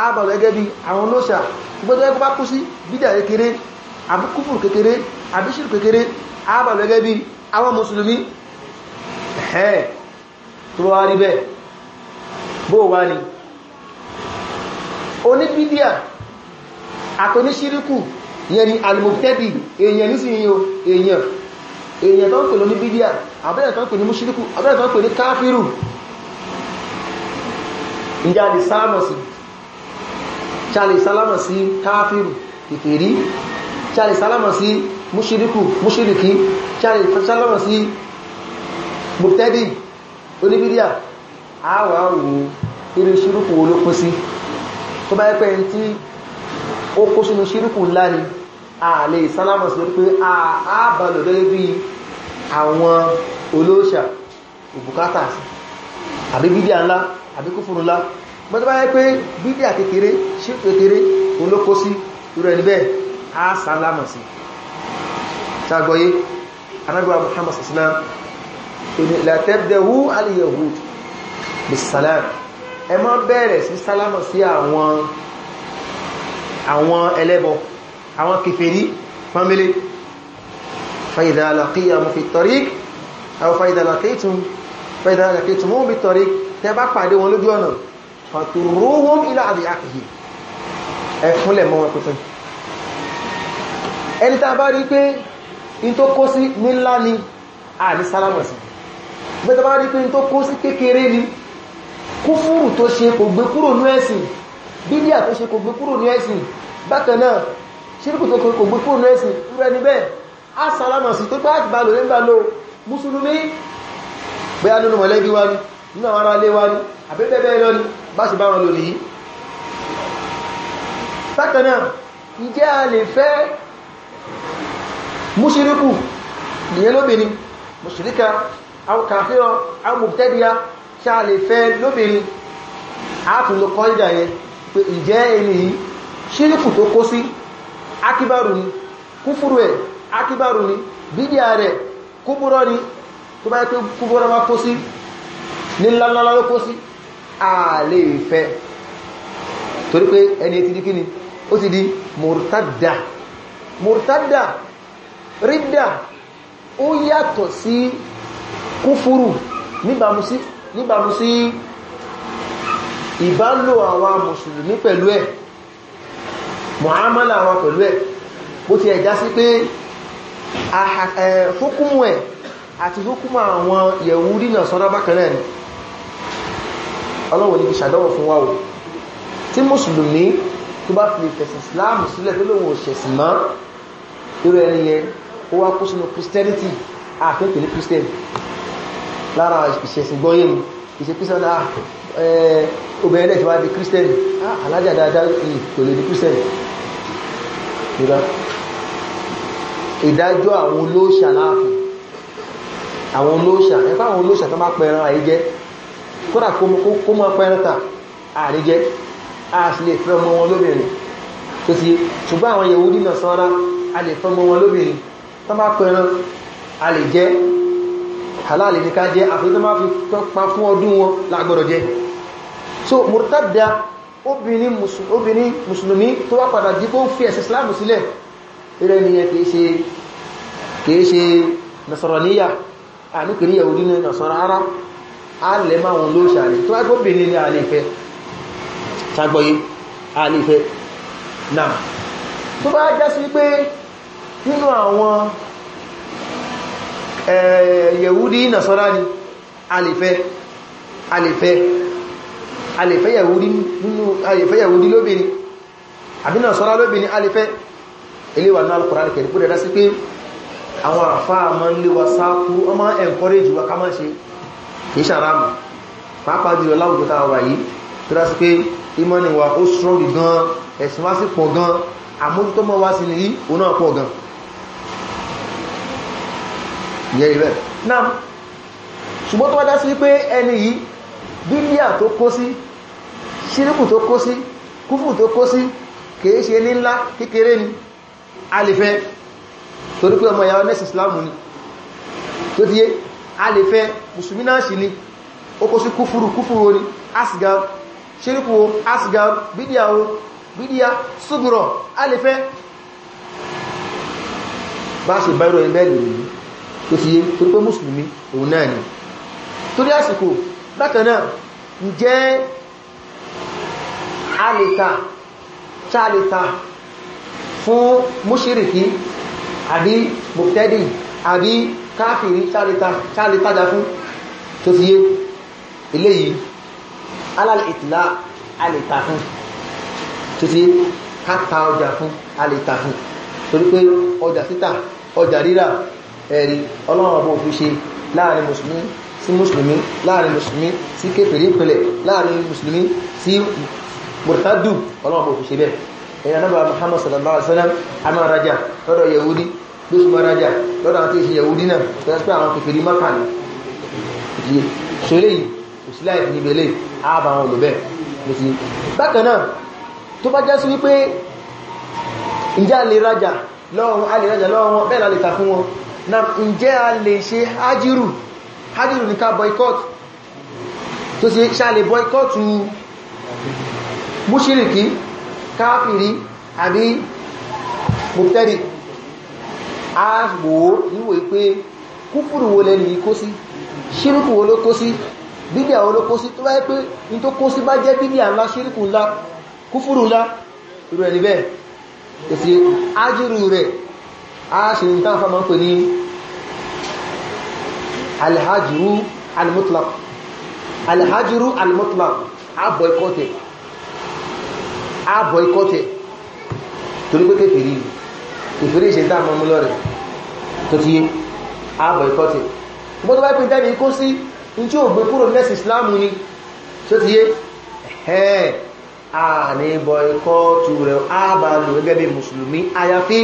ààbàlù gẹ́gẹ́ bí àwọn olóòṣà gbogbo ẹgbẹ́ bá kó sí bídà kékeré àbí kúfùrù kékeré àbí ṣìrù kékeré ààbàlù gẹ́gẹ́ bí àwọn mùsùlùmí ẹ̀ tó wá rí bẹ́ẹ̀ bó wá ní èèyàn tó ń pè ló ní bídíà àbẹ́yàn tó ń pè ní mùṣírikù àbẹ́yàn tó ń pè ní káfírù ìjà lè sálámà sí chálẹ̀ sálámà sí káfírù kèfèrí chálẹ̀ sálámà sí mùṣírikù mùṣírikí chálẹ̀ sálámà sí mùtẹ́dì oníbídíà àwà wò irú ṣírùkù olókún sí tó bá yẹ pé ẹni tí ó kó sínú ṣírùkù ńlá àlè ìsálámọ̀ sí pé àbálò gẹ́gẹ́ bí àwọn olóòṣà òbùkátà sí àbí bídíà ńlá àbí kúfùrù ńlá mọ́tí bá yẹ pé bídíà kékeré ṣe kékeré òun ló kó sí irú ẹni bẹ́ẹ̀ á sálámọ̀ sí ṣàgbọ́yé anábíwá Muhammad sassana látẹ́bdẹ̀wú aliyahud bisalam ẹ má bẹ̀rẹ̀ sí sálámọ̀ sí àwọn ẹlẹ́bọ̀ọ́ àwọn kèfèrí pọ́nbélé فإذا لقيهم في الطريق أو فإذا لقيتم فإذا لقيتموهم في الطريق tẹ́ bá pàdé wọn lójú ọ̀nà fàtòróhùn ilá àdìyàkìyì ẹ̀fúnlẹ̀ mọ́ wọn pẹ̀tẹ̀ ẹni tàbá rí pé in tó kó sí nílá ni àní sálámọ̀sí bí tàbá rí pé in tó kó sí kékeré ni kúfúrù tó ṣe kò gbé kúrò ní ẹ̀sìn bídíà tó ṣe kò gbé kúrò ní ẹ̀sìn bákan ṣírìkù tó kò gbé fóònù ẹ̀sìn rẹ̀ níbẹ̀ á sàlámà sí tó pàtàkì bá lò ní bá lò mùsùlùmí bẹ́yà nínú mọ̀lẹ́bí wa ní nínú àwọn ará ilé wa ní àbẹ́bẹ́bẹ́ lọ ní bá ṣe bá wọn lò nìyí bákanà ìjẹ́ a lè fẹ́ lóbìnrin a lè fẹ́ lóbìnrin àtùnlọ́kọ́ ìjà yẹn pé ìjẹ́ ènìyàn ṣírìkù tó kó sí akíbárù ni kúfúrú ẹ̀ akíbárù ni bídíà rẹ̀ kúbúrọ́ ni tó bá yẹ pé kúbúrọ́ wá kó sí ní ńláńlá ló kó sí ààlè ìfẹ́ torí pé ẹni ti di kíni ó ti di murtada murtada rídà ó yàtọ̀ sí kúfúrú níbàmú sí níbàmú sí ìbálò àwọn mùsùlùmí pẹ̀lú ẹ̀ mọ̀hámọ́lá wọn pẹ̀lú ẹ̀ bó ti ẹ̀já sí pé hukumu ẹ̀ àti hukumu àwọn yẹ̀wúrí náà sọ́rọ̀ bákanẹ̀ ni ọlọ́wọ̀n ní ṣàdọ́wọ̀ fún wáwọ̀ tí mùsùlùmí tó bá fi fẹ̀sìn Islam sílẹ̀ tó lóun Christianity àfẹ́kẹ̀ ní Christian lára ìṣẹ̀sìn gbọ́yé mu ìṣẹ́ Christian ah, obìnrin ẹ̀ tí wá ah, lè ìdájọ́ àwọn olóòṣà láàfin àwọn olóòṣà ẹ̀fà àwọn olóòṣà tó máa pẹran àìjẹ́ kódà kó mọ́ pẹran tà àríjẹ́ a sì lè fẹ́ ọmọ wọn lóbìnrin tó ti ṣùgbọ́n àwọn Yẹhudi náà sọ́ra a lè fẹ́ ọmọ wọn lóbìnrin tó máa pẹran a lè jẹ́ halali ní ká jẹ́ àfi tó máa fi pa fún ọdún obìnrin mùsùlùmí tó wá padà jí kó fi ẹ̀sìn islam sílẹ̀ rẹ̀ nìyẹn kìí ṣe kìí ṣe nasaraniya àníkìrí yahudi ní nasara ara alẹ́ máa wọn ló ṣàrí tó wá gómìnrin ní àlèfẹ́ ṣagbọ́yé àlèfẹ́ náà tó bá já sí pé nínú àwọn eh, yahudi nasara ni àlèfẹ́ a lè fẹ́ Yahudi lóbìnrin àbí Nasara lóbìnrin a lè fẹ́ eléwà náà Al-Qur'an kẹrì kúrẹ̀ dásí pé àwọn àfáà ma ń léwa sáàkú ọmọ encourage wa ká má ṣe kìí ṣàrámù pàápàá jùlọ láwùjọ tàà wà yìí tó dásí pé imani wa ó strong gan sí gan àmójútó mọ́ wá sí ní yìí òun náà pọ̀ gan ìyẹ́ ìbẹ̀ náà ṣùgbọ́n tó wá dásí pé ẹni yìí bíbíà tó kó sí ṣíríkù tó kó sí kúfù tó kó sí kìí ṣe ní ńlá kékeré ni a lè fẹ́ torí pé ọmọ ìyàwó nẹ́sì islamu ni tó tíye a lè fẹ́ musulmi náà sì ni ó kó sí kúfùrù kúfùrù orí asgam ṣíríkù asgam bídíà o bídíà ṣúgbùrọ̀ a lè fẹ́ bá ṣe báyọ̀ ẹgbẹ́ lòrì tó tíye torí pé a lè ta tá a lè ta fún mùṣírìkí àbí mọ̀tẹ́dì àbí káàkiri tá a lè tajà fún tó fi yé eléyìí alal ìtìlá a lè ta fún tó fi káta ọjà fún a lè ta fún torí pé ọjà títà ọjà rírà ẹ̀rí ọlọ́run ọba òfin ṣe láàrin mùsùlùmí sí mùsùlùmí láàrin mùsùlùmí sí kéfèrí ìpìlẹ̀ láàrin mùsùlùmí sí murtadu ọlọ́wọ́ bó fi ṣe bẹ́ẹ̀ ẹ̀yà náà muhammad sallallahu alaihi wasallam a máa rajà lọ́dọ̀ yahudi ló sì máa rajà lọ́dọ̀ àti ìṣe yahudi náà tó yẹ pé àwọn kékeré má kà ní ìdíye ṣeré yìí kò sí láì níbi eléyìí á bá wọn lò bẹ́ẹ̀ ló ti bákan hajiru hajiru ní boycott tó ṣe ṣá lè boycott múṣíríkì káàkiri àbí mọ̀tẹ́rì a wò ó níwò pé kúfùrù wo lẹ́nu yìí kó sí ṣíríkù wo ló kó sí bídíà wo ló kó sí tó bá yẹ pé ní tó kó sí bá jẹ́ bídíà ńlá ṣíríkù ńlá kúfùrù ńlá irú ẹni bẹ́ẹ̀ èsì ájírù rẹ̀ a ṣe ní tán fọ́mọ́ pè ní alhajiru almutlaq alhajiru almutlaq a boycott it ààbọ̀ ikọ́ tẹ̀ torí pé kèfèrí kèfèrí ìṣẹ̀dá àmọ́múlọ rẹ̀ tó ti yé ààbọ̀ ikọ́ tẹ̀ mọ́ tó bá pín tẹ́ni kó sí ní tí ó gbé kúrò nẹ́sì islamu ni tó ti yé ẹ̀ẹ́ àní bọ̀ ikọ́ tù rẹ̀ ààbà gẹ́gẹ́ bí mùsùlùmí àyàfi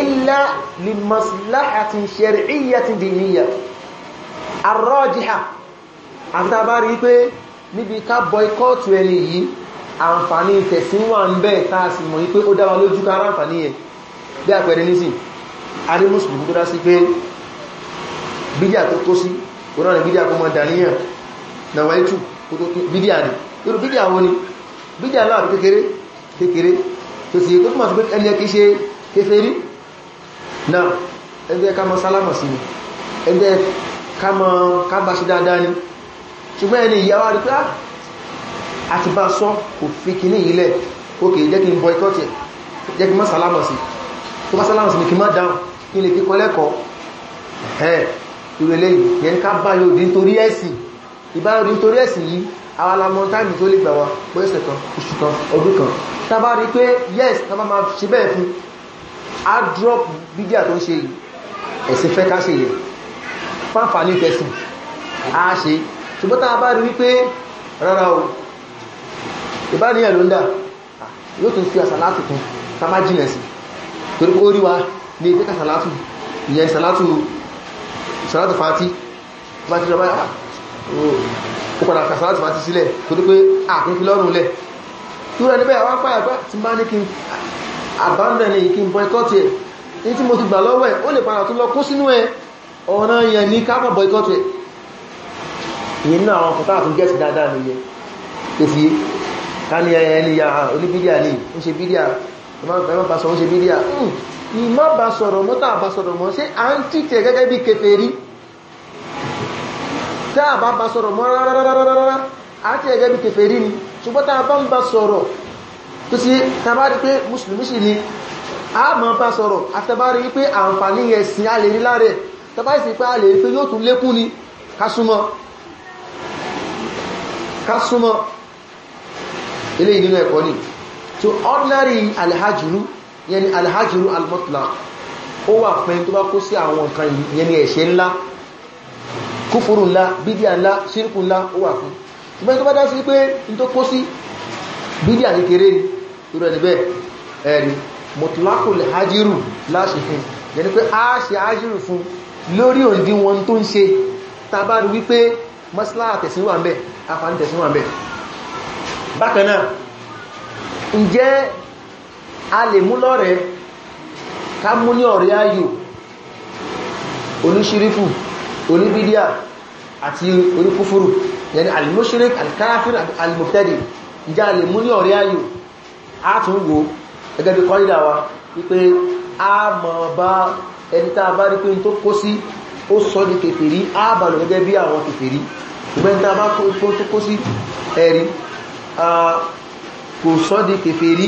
illa li maslahatin shar'iyyatin diniyya àǹfààní tẹ̀sí wà ń bẹ́ táà sì mọ̀ wípé ó dáwà lójú kára àǹfààní ẹ̀ bí àpẹẹrẹ nísìn adé mùsùlùmí tó dá sí pé bídíà tó tó sí onáà bídíà kó mọ dàníyàn nàwàítù bídíà ni irú bídíà wo ni bídíà náà tó kékeré kékeré tó sì tó túnmọ̀ sí pé ẹni ẹkí ṣe kéferí náà ẹgbẹ́ ká mọ sálámà sí ni ẹgbẹ́ ká mọ ká bá ṣe dáadáa ni ṣùgbọ́n ẹni ìyàwó àdúgbò àti bá sọ kò fi kìíní yìí lẹ̀ ókè jẹ́ kí n boycott ẹ̀ jẹ́ kí n má sálámà sí tó bá sálámà sí ni kí n má dáhùn kí n lè kíkọ lẹ́kọ̀ọ́ ẹ̀ ìrẹ̀lẹ̀ yẹn ká bá yóò dín torí ẹ̀sìn ìbáyọ̀ dín torí ẹ̀sìn yìí awalamọ táìmì tó lè gbà wá pẹ́sẹ̀ kan oṣù kan ọdún kan tàbá rí pé yes tàbá ma ṣe bẹ́ẹ̀ fún drop bídíà tó ń ṣe yìí ẹ̀sìn fẹ́ ká ṣe yẹ fáfà ní tẹ̀sìn a ṣe ṣùgbọ́n tàbá rí wípé rárá o ìbá ní ẹ̀lú ń dà yóò tún fi àsàlátù tún ká má jìnà sí torí pé ó rí wa ní ìfẹ́ kàsàlátù ìyẹn sàlátù sàlátù fati fati rẹ̀ báyà ó padà kàsàlátù fati sílẹ̀ torí pé àkínfin lọ́rùn lẹ̀ tó rẹ̀ níbẹ̀ àwọn apá àgbà ti máa ní kí boycott ẹ̀ ní tí mo ti gbà lọ́wọ́ ẹ̀ ó lè padà tún lọ kó sínú ẹ̀ ọ̀nà yẹn ní ká má boycott ẹ̀ ìyẹn náà àwọn kọ̀tà àtúngẹ́sì Kan káni ẹni ya oní bídíà ní ó ṣe bídíà ẹmọ́bà sọ̀rọ̀ ó ṣe bídíà hmm, ìmọ́bà sọ̀rọ̀ mọ́ tàbà sọ̀rọ̀ mọ́ sí à ń títẹ̀ gẹ́gẹ́ bí kèfèrí tàbà bá sọ̀rọ̀ mọ́ rárárárárá à ń títẹ̀ gẹ́gẹ́ bí kèfèrí ni ṣùgbọ́n tàbà ń bá sọ̀rọ̀ tó sí tàbá rí pé mùsùlùmí sì ni a mọ́ bá sọ̀rọ̀ àtàbá rí pé àǹfààní ẹ̀sìn a lè rí ilé ìnínú ẹ̀kọ́ ni so ordinary alhajjuru yẹn ni alhajjuru almutlaq ó wà fẹ́ tó bá kó sí àwọn nǹkan yẹn ni ẹ̀ṣẹ̀ ńlá kúfúrú ńlá bídíà ńlá sírkù ńlá ó wà fún ṣùgbọ́n tó bá dá sí pé n tó kó sí bídíà kékeré ni irú ẹni bẹ́ẹ̀ ẹ̀rí mutlaqul hajiru láṣẹ fún yẹni pé a ṣe hajiru fún lórí òǹdí tó ń ṣe tàbá wípé masláà tẹ̀síwà ń bẹ̀ afánitẹ̀síwà ń bẹ̀ bákanáà ǹjẹ́ a lè mú lọ́rẹ̀ ká mú ní ọ̀rẹ́ ayò oníṣírífù oníbídíà àti oníkúfúrù yẹni alìmọ́ṣírí alìkáráfíìn alìmọ̀tẹ́dì ǹjẹ́ a lè mú ní ọ̀rẹ́ ayò a tún wo gẹ́gẹ́ bí kọ́rídà wa wípé a mọ̀ bá ẹni tá a bá rí pé tó kó sí ó sọ ní kèfèrí a bá gẹ́gẹ́ bí àwọn kèfèrí ìgbẹ́ni tá a bá kó sí ẹ̀rí kò sọ́ di kèfèrí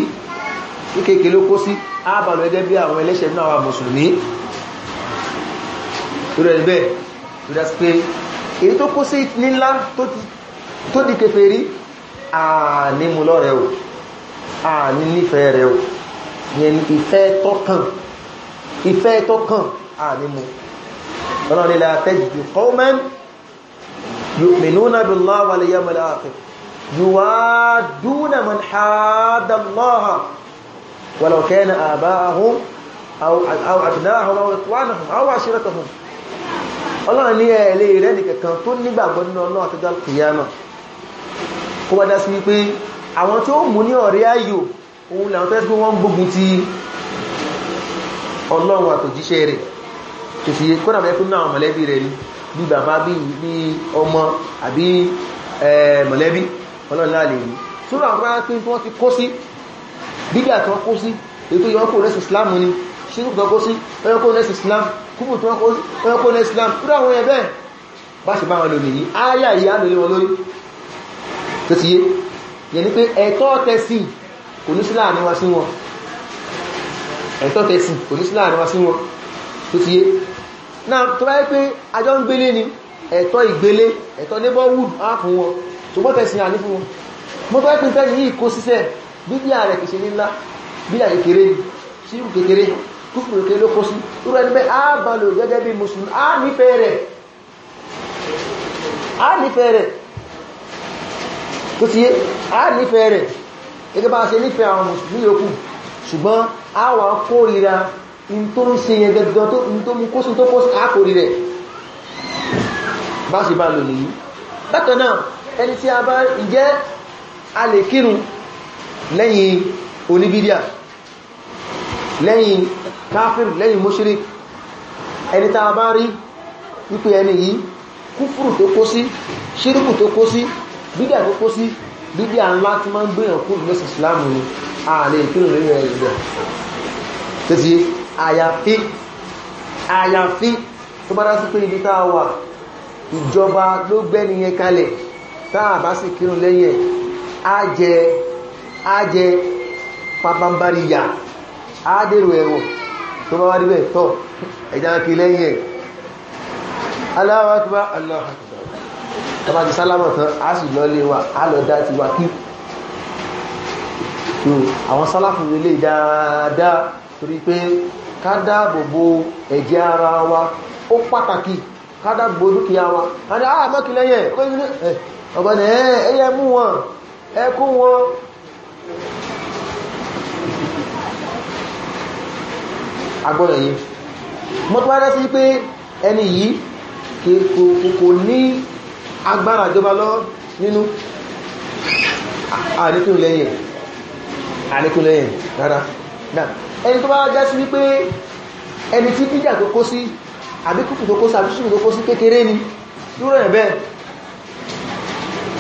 kéèkéé ló kó sí ábàlù ẹgẹ́ bí àwọn ẹlẹ́ṣẹ̀ náà wà mùsùlùmí rẹ̀ bẹ́ẹ̀ rẹ̀ pé èyí tó kó sí nílá tó di kèfèrí ànímúlọ́ rẹ̀ o àní nífẹ̀ẹ́ rẹ̀ o ìfẹ́ tọ́kàn ìfẹ́ tọ́kàn ànímú ọlọ́rìnlẹ̀ àtẹ́jì qawman yu'minuna billahi wal yawmil akhir yuwaduna man hadda Allah walau kana aba'ahum aw aw abna'ahum aw ikhwanahum aw ashiratuhum Ọlọ́run ní ẹ̀lẹ́ rẹ̀ nìkẹ̀kan tó nígbàgbọ́ nínú Ọlọ́run tó dán kìyàmà kó wá dá sí wípé àwọn tí ó mú ní ọ̀rẹ́ ayò òun làwọn tẹ́sí wọ́n gbógun ti Ọlọ́run àtòjíṣẹ́ rẹ̀ tó fi kódà mẹ́kún náà mọ̀lẹ́bí rẹ̀ ní bàbá bí ọmọ àbí mọ̀lẹ́bí ọlọ́lá lè rí tó rà wọ́n pín tí wọ́n ti kó sí bídíà tí wọ́n kó sí ètò ìyọ́kò lẹ́sì islam ni ṣírùkù tó kó sí ọyọ́kò lẹ́sì islam kúbù tó ọyọ́kò lẹ́sì islam tó rà wọ́n yẹ bẹ́ẹ̀ bá ṣe bá wọn lò nìyí áyà yìí á lò lé wọn lórí tó ti yé yẹ ni pé ẹ̀tọ́ tẹ̀sìn kò ní sí láàrin wa sí wọn ẹ̀tọ́ tẹ̀sìn kò ní sí láàrin wa sí wọn tó ti yé náà tó bá yẹ pé ajọ́ ń gbélé ni ẹ̀tọ́ ìgbélé ẹ̀tọ́ neighborhood á fún wọn ṣùgbọ́n tẹ̀sìn àní fún wọn mo tọ́ pín tẹ́yìn yìí kó síṣẹ́ bídíà rẹ̀ kìí ṣe nílá bídíà kékeré sí kékeré kúfùrù kékeré ló kó sí irú ẹni bẹ́ẹ̀ á bá lò gẹ́gẹ́ bí mùsùlùmí á nífẹ̀ẹ́ rẹ̀ á nífẹ̀ẹ́ rẹ̀ tó ti yé á nífẹ̀ẹ́ rẹ̀ gẹ́gẹ́ bá ṣe nífẹ̀ẹ́ àwọn mùsùlùmí yòókù ṣùgbọ́n á wà kórìíra in tó ń bá lò nìyí bákan ẹni tí a bá ìjẹ́ a lè kírun lẹ́yìn oníbídíà lẹ́yìn káfíìn lẹ́yìn mọ́ṣírík ẹni tá a bá rí wípé ẹni yìí kúfùrù tó kó sí ṣíríkù tó kó sí bídíà tó kó sí bídíà ńlá tí máa ń gbéyàn kúrò lẹ́sìn islam ni a lè kírun ìgbà títí àyàfi àyàfi tó bá sí pé ibi tá wà ìjọba ló gbẹ́niyẹn kalẹ̀ táà bá sì kírun lẹ́yìn ẹ̀ ájẹ ájẹ pàbàmbaríyà ádèrò ẹ̀wọ̀n tó bá wá rí bẹ̀ tọ́ ẹ̀dá kí lẹ́yìn ẹ̀ Allahu Akbar Allahu Akbar tọba ti sálámọ̀ tán á sì lọ lé wa á lọ dá ti wa kí àwọn sáláfù lè dáadáa torí pé ká dáàbò bo ẹ̀jẹ̀ ara wa ó pàtàkì ká dáàbò dúkìá wa ká dáàbò mọ́kí lẹ́yìn ẹ̀ ọ̀gbọ́n ẹ̀ ẹ̀yẹ mú wọn ẹ kó wọn agbọ́nà yìí mọ́ tó wáyé sí pé ẹni yìí kò ní agbára ìjọba lọ nínú àníkún lẹ́yìn àníkún lẹ́yìn rárá náà ẹni tó bá já sí wípé ẹni tí bíjà tó kó sí àbíkùkù tó kó sí àbíkùkù tó kó sí kékeré ni lúrọ̀ ẹ̀ bẹ́ẹ̀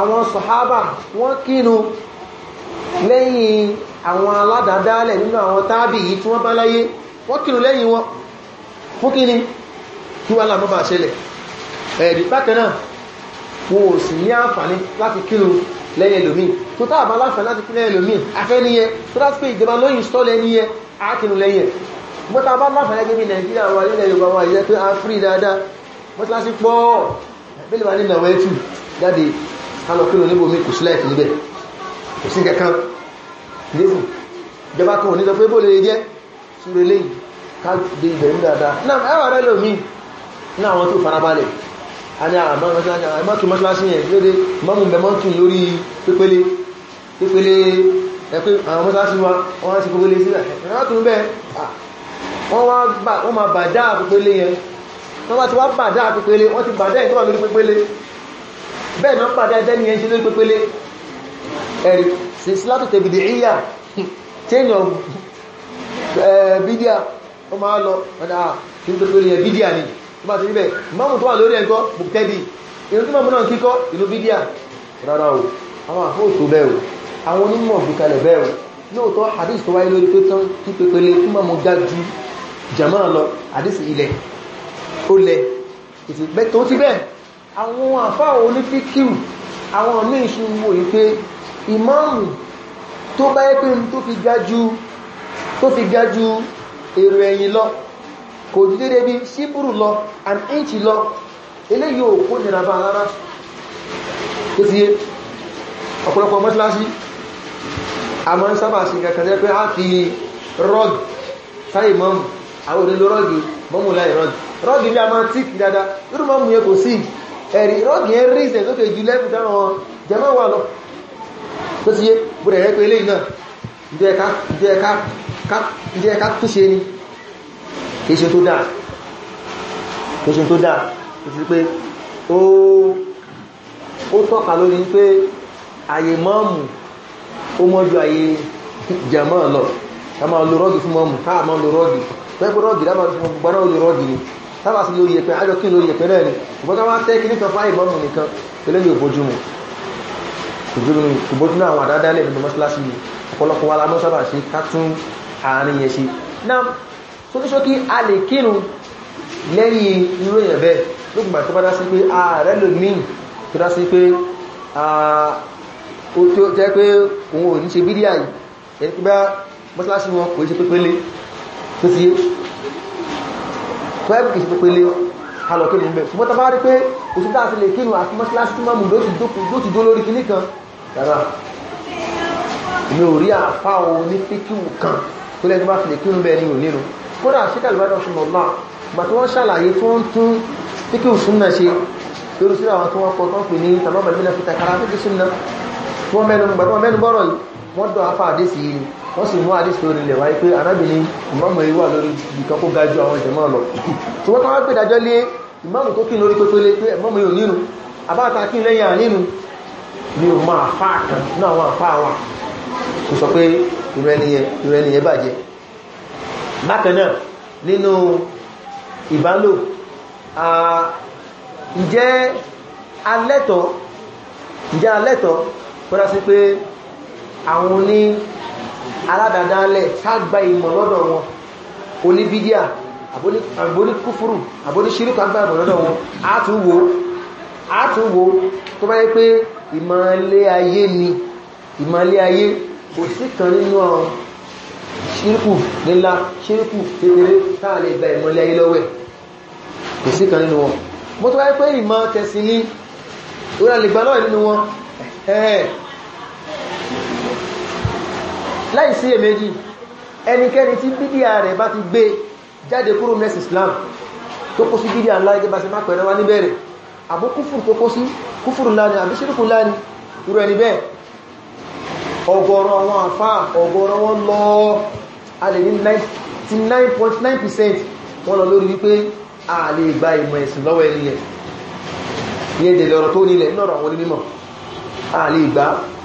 àwọn sọ̀hábà wọ́n kínu lẹ́yìn àwọn aládàádálẹ̀ nínú àwọn tábì yìí tí wọ́n bá láyé wọ́n kínu lẹ́yìn wọn fún kíni kí wá láàmọ́ bá ṣẹlẹ̀ ẹ̀rí bákanáà wọn ò sì ní àǹfààní láti kínu lẹ́yìn ẹlòmí tó táàbà láǹfààní láti kínu lẹ́yìn ẹlòmí afẹ́ níyẹ tó dá sí pé ìjọba lóyìn stọ́ lẹ́níyẹ á kínu lẹ́yìn mọ́ta bá láfà lẹ́gbẹ́ bí nàìjíríà wà nílẹ̀ yorùbá wà ìyẹ́ pé a fírí dáadáa mọ́tíláṣí pọ́ bílíwà ní nàwẹ́tù jáde kálọ̀ kí oníbò mi kò sílẹ̀ níbẹ̀ kò sí kankan lẹ́sù ìjọba kan ní sọ pé bóòlẹ̀ jẹ́ súnrẹ̀ lẹ́yìn káàkiri ìbẹ̀rún dáadáa náà ẹwà rẹ̀ lò mí ní àwọn tó farabalẹ̀ a ní àmọ́ mọ́sílásí yẹn lóde mọ́mù mẹ́mọ́tún lórí pépélé pépélé ẹ̀pẹ́ àwọn mọ́sílásí wa wọ́n ti pépélé sílẹ̀ ẹ̀rọ́tún bẹ́ẹ̀ wọ́n ma bàdá pépélé yẹn wọ́n ti wá bàdá pépélé wọ́n ti bàdá ẹ̀ tó wà lórí pépélé bẹ́ẹ̀ náà ń pàdé ẹjẹ́ ní ẹjẹ́ lórí pépélé ẹ̀rì sí sílátò tẹ̀bìdì ìyà tẹ́yìn ọ̀gbù bídíà ó máa lọ ọ̀dá kí n pépélé ẹ̀ bídíà ni ó bá ti níbẹ̀ mọ́mù tó wà lórí ẹ̀kọ́ bùkẹ́dì ìlú tí mọ́mù náà kíkọ́ ìlú bídíà rárá o àwọn àfóòtò bẹ́ẹ̀ o àwọn onímọ̀ gbìkalẹ̀ bẹ́ẹ̀ o lóòótọ́ àdìsí tó wáyé lórí pé tán kí pépélé kí mọ́mù já ju jàmáà bẹ́ẹ̀ àwọn àfá olífíkíù àwọn ọ̀nà ìṣúwò ìpé ìmáàmù tó bá yẹ́ pé tó fi gájú tó fi gájú èrò ẹ̀yìn lọ kò jú dédé bí síbúrù lọ an inch lọ eléyìí ò kó nìra bá rárá tó ti yé ọ̀pọ̀lọpọ̀ mọ́síláṣí a máa ń sábà sí kàkàrẹ́ pé a fi rọ́gì sáyì mọ́mù àwọn olólo rọ́gì mọ́mù láì rọ́gì rọ́gì ní a máa tíkì dáadáa irú mọ́mù yẹ kò síkì ẹ̀rí rọ́gì ẹ̀ rí ìsẹ̀ sókè jù lẹ́bù dáwọn jẹmọ́ wà lọ tó ti yé búrẹ̀ rẹ̀ pé eléyìí náà ìdí ẹ̀ká tó ṣe ni kìí ṣe tó dáa kìí ṣe tó dáa títí pé ó tọ́ka lórí pé àyè mọ́ọ̀mù ó mọ́jú àyè jẹmọ́ lọ ká máa lo rọ́gì fún mọ́ọ̀mù ká máa lo rọ́gì tẹ́kù tábà sí lórí ẹ̀pẹ̀ àjọ kí lórí ẹ̀pẹ̀ náà ni ìbọ́ta wá tẹ́ kìníkan fáì bọ́ọ̀mù nìkan pẹ̀lẹ́ yóò bójúmu ìbójúmu àwọn àdádálẹ̀ nínú mọ́síláṣí ọ̀pọ̀lọpọ̀ wa la mọ́ sábà ṣe ká tún àárín yẹn ṣe náà tó ní ṣókí a lè kírun lẹ́yìn irú èèyàn bẹ́ẹ̀ lókùnbà tó bá dá sí pé ààrẹ lò míì tó dá sí pé twelve kìí ṣe pépele kálọ̀ kí ni bẹ́ẹ̀ ṣùgbọ́n tá a bá rí pé oṣù tá a ti lè kírun àti mọ́ṣáláṣí tí mọ́mù ló ti dó lórí kinní kan rárá mi ò rí àfa òní fíkìwù kan tó lẹ́nu bá fi lè kírun bẹ́ẹ̀ ni ò nínú kódà ṣíkàlù bá dọ̀ṣùn mọ̀lá gbà tí wọ́n ṣàlàyé tí wọ́n tún fíkìwù súnà ṣe lórí sí àwọn tí wọ́n kọ́ tán pè ní tàbí ọmọ ìlú náà fi takara fíkì súnà tí wọ́n mẹ́nu gbà mẹ́nu bọ́rọ̀ yìí wọ́n dọ̀ àfa àdé sí yìí wọ́n sì mú àdíṣò orílẹ̀ wáyé pé arábìnrin ìmáàmù yìí wà lórí ìkan kó ga ju àwọn jàmáà lọ tí wọ́n tán wá pè dájọ́ lé ìmáàmù tó kí lórí pépélé pé ìmáàmù yìí ò nínú àbáta kí lẹ́yìn ànínú ni ò máa fà kan ní àwọn àfà wa kò sọ pé ìrẹ́niyẹ bàjẹ́ bákan náà nínú àwọn oní aládàdálẹ̀ ká gba ìmọ̀ lọ́dọ̀ wọn oníbídíà àbóníkúfúrù àbóníṣírí ká gba ìmọ̀ lọ́dọ̀ wọn átúwò átúwò tó bá yẹ pé ìmọ̀lé ayé ni ìmọ̀lé ayé kò sí kan nínú àwọn ṣíríkù nílá ṣíríkù kékeré táà lè gba ìmọ̀lé ayé lọ́wẹ̀ kò sí kan nínú wọn mo tó bá yẹ pé ìmọ̀ tẹ̀sí ní orí àlègbà náà nínú wọn ẹ̀ẹ́ láì sí èméjì ẹnikẹ́ni tí bídíà rẹ̀ bá ti gbé jáde kúrò mẹ́sì islam tó kó sí bídíà ńlá ẹgbẹ́ bá sí máa pẹ̀rẹ́ wá níbẹ̀rẹ̀ àbó kúfùrù tó kó sí kúfùrù láni àbí ṣírùkù láni irú ẹni bẹ́ẹ̀ ọ̀gọ̀rọ̀ àwọn àfá ọ̀gọ̀rọ̀ wọn lọ a lè ní 99.9% wọn lọ lórí wípé a lè gba ìmọ̀ ẹ̀sìn lọ́wọ́ ẹni yẹn ní èdè lọ́rọ̀ tó nílẹ̀ lọ́rọ̀ àwọn onímọ̀ a lè gbá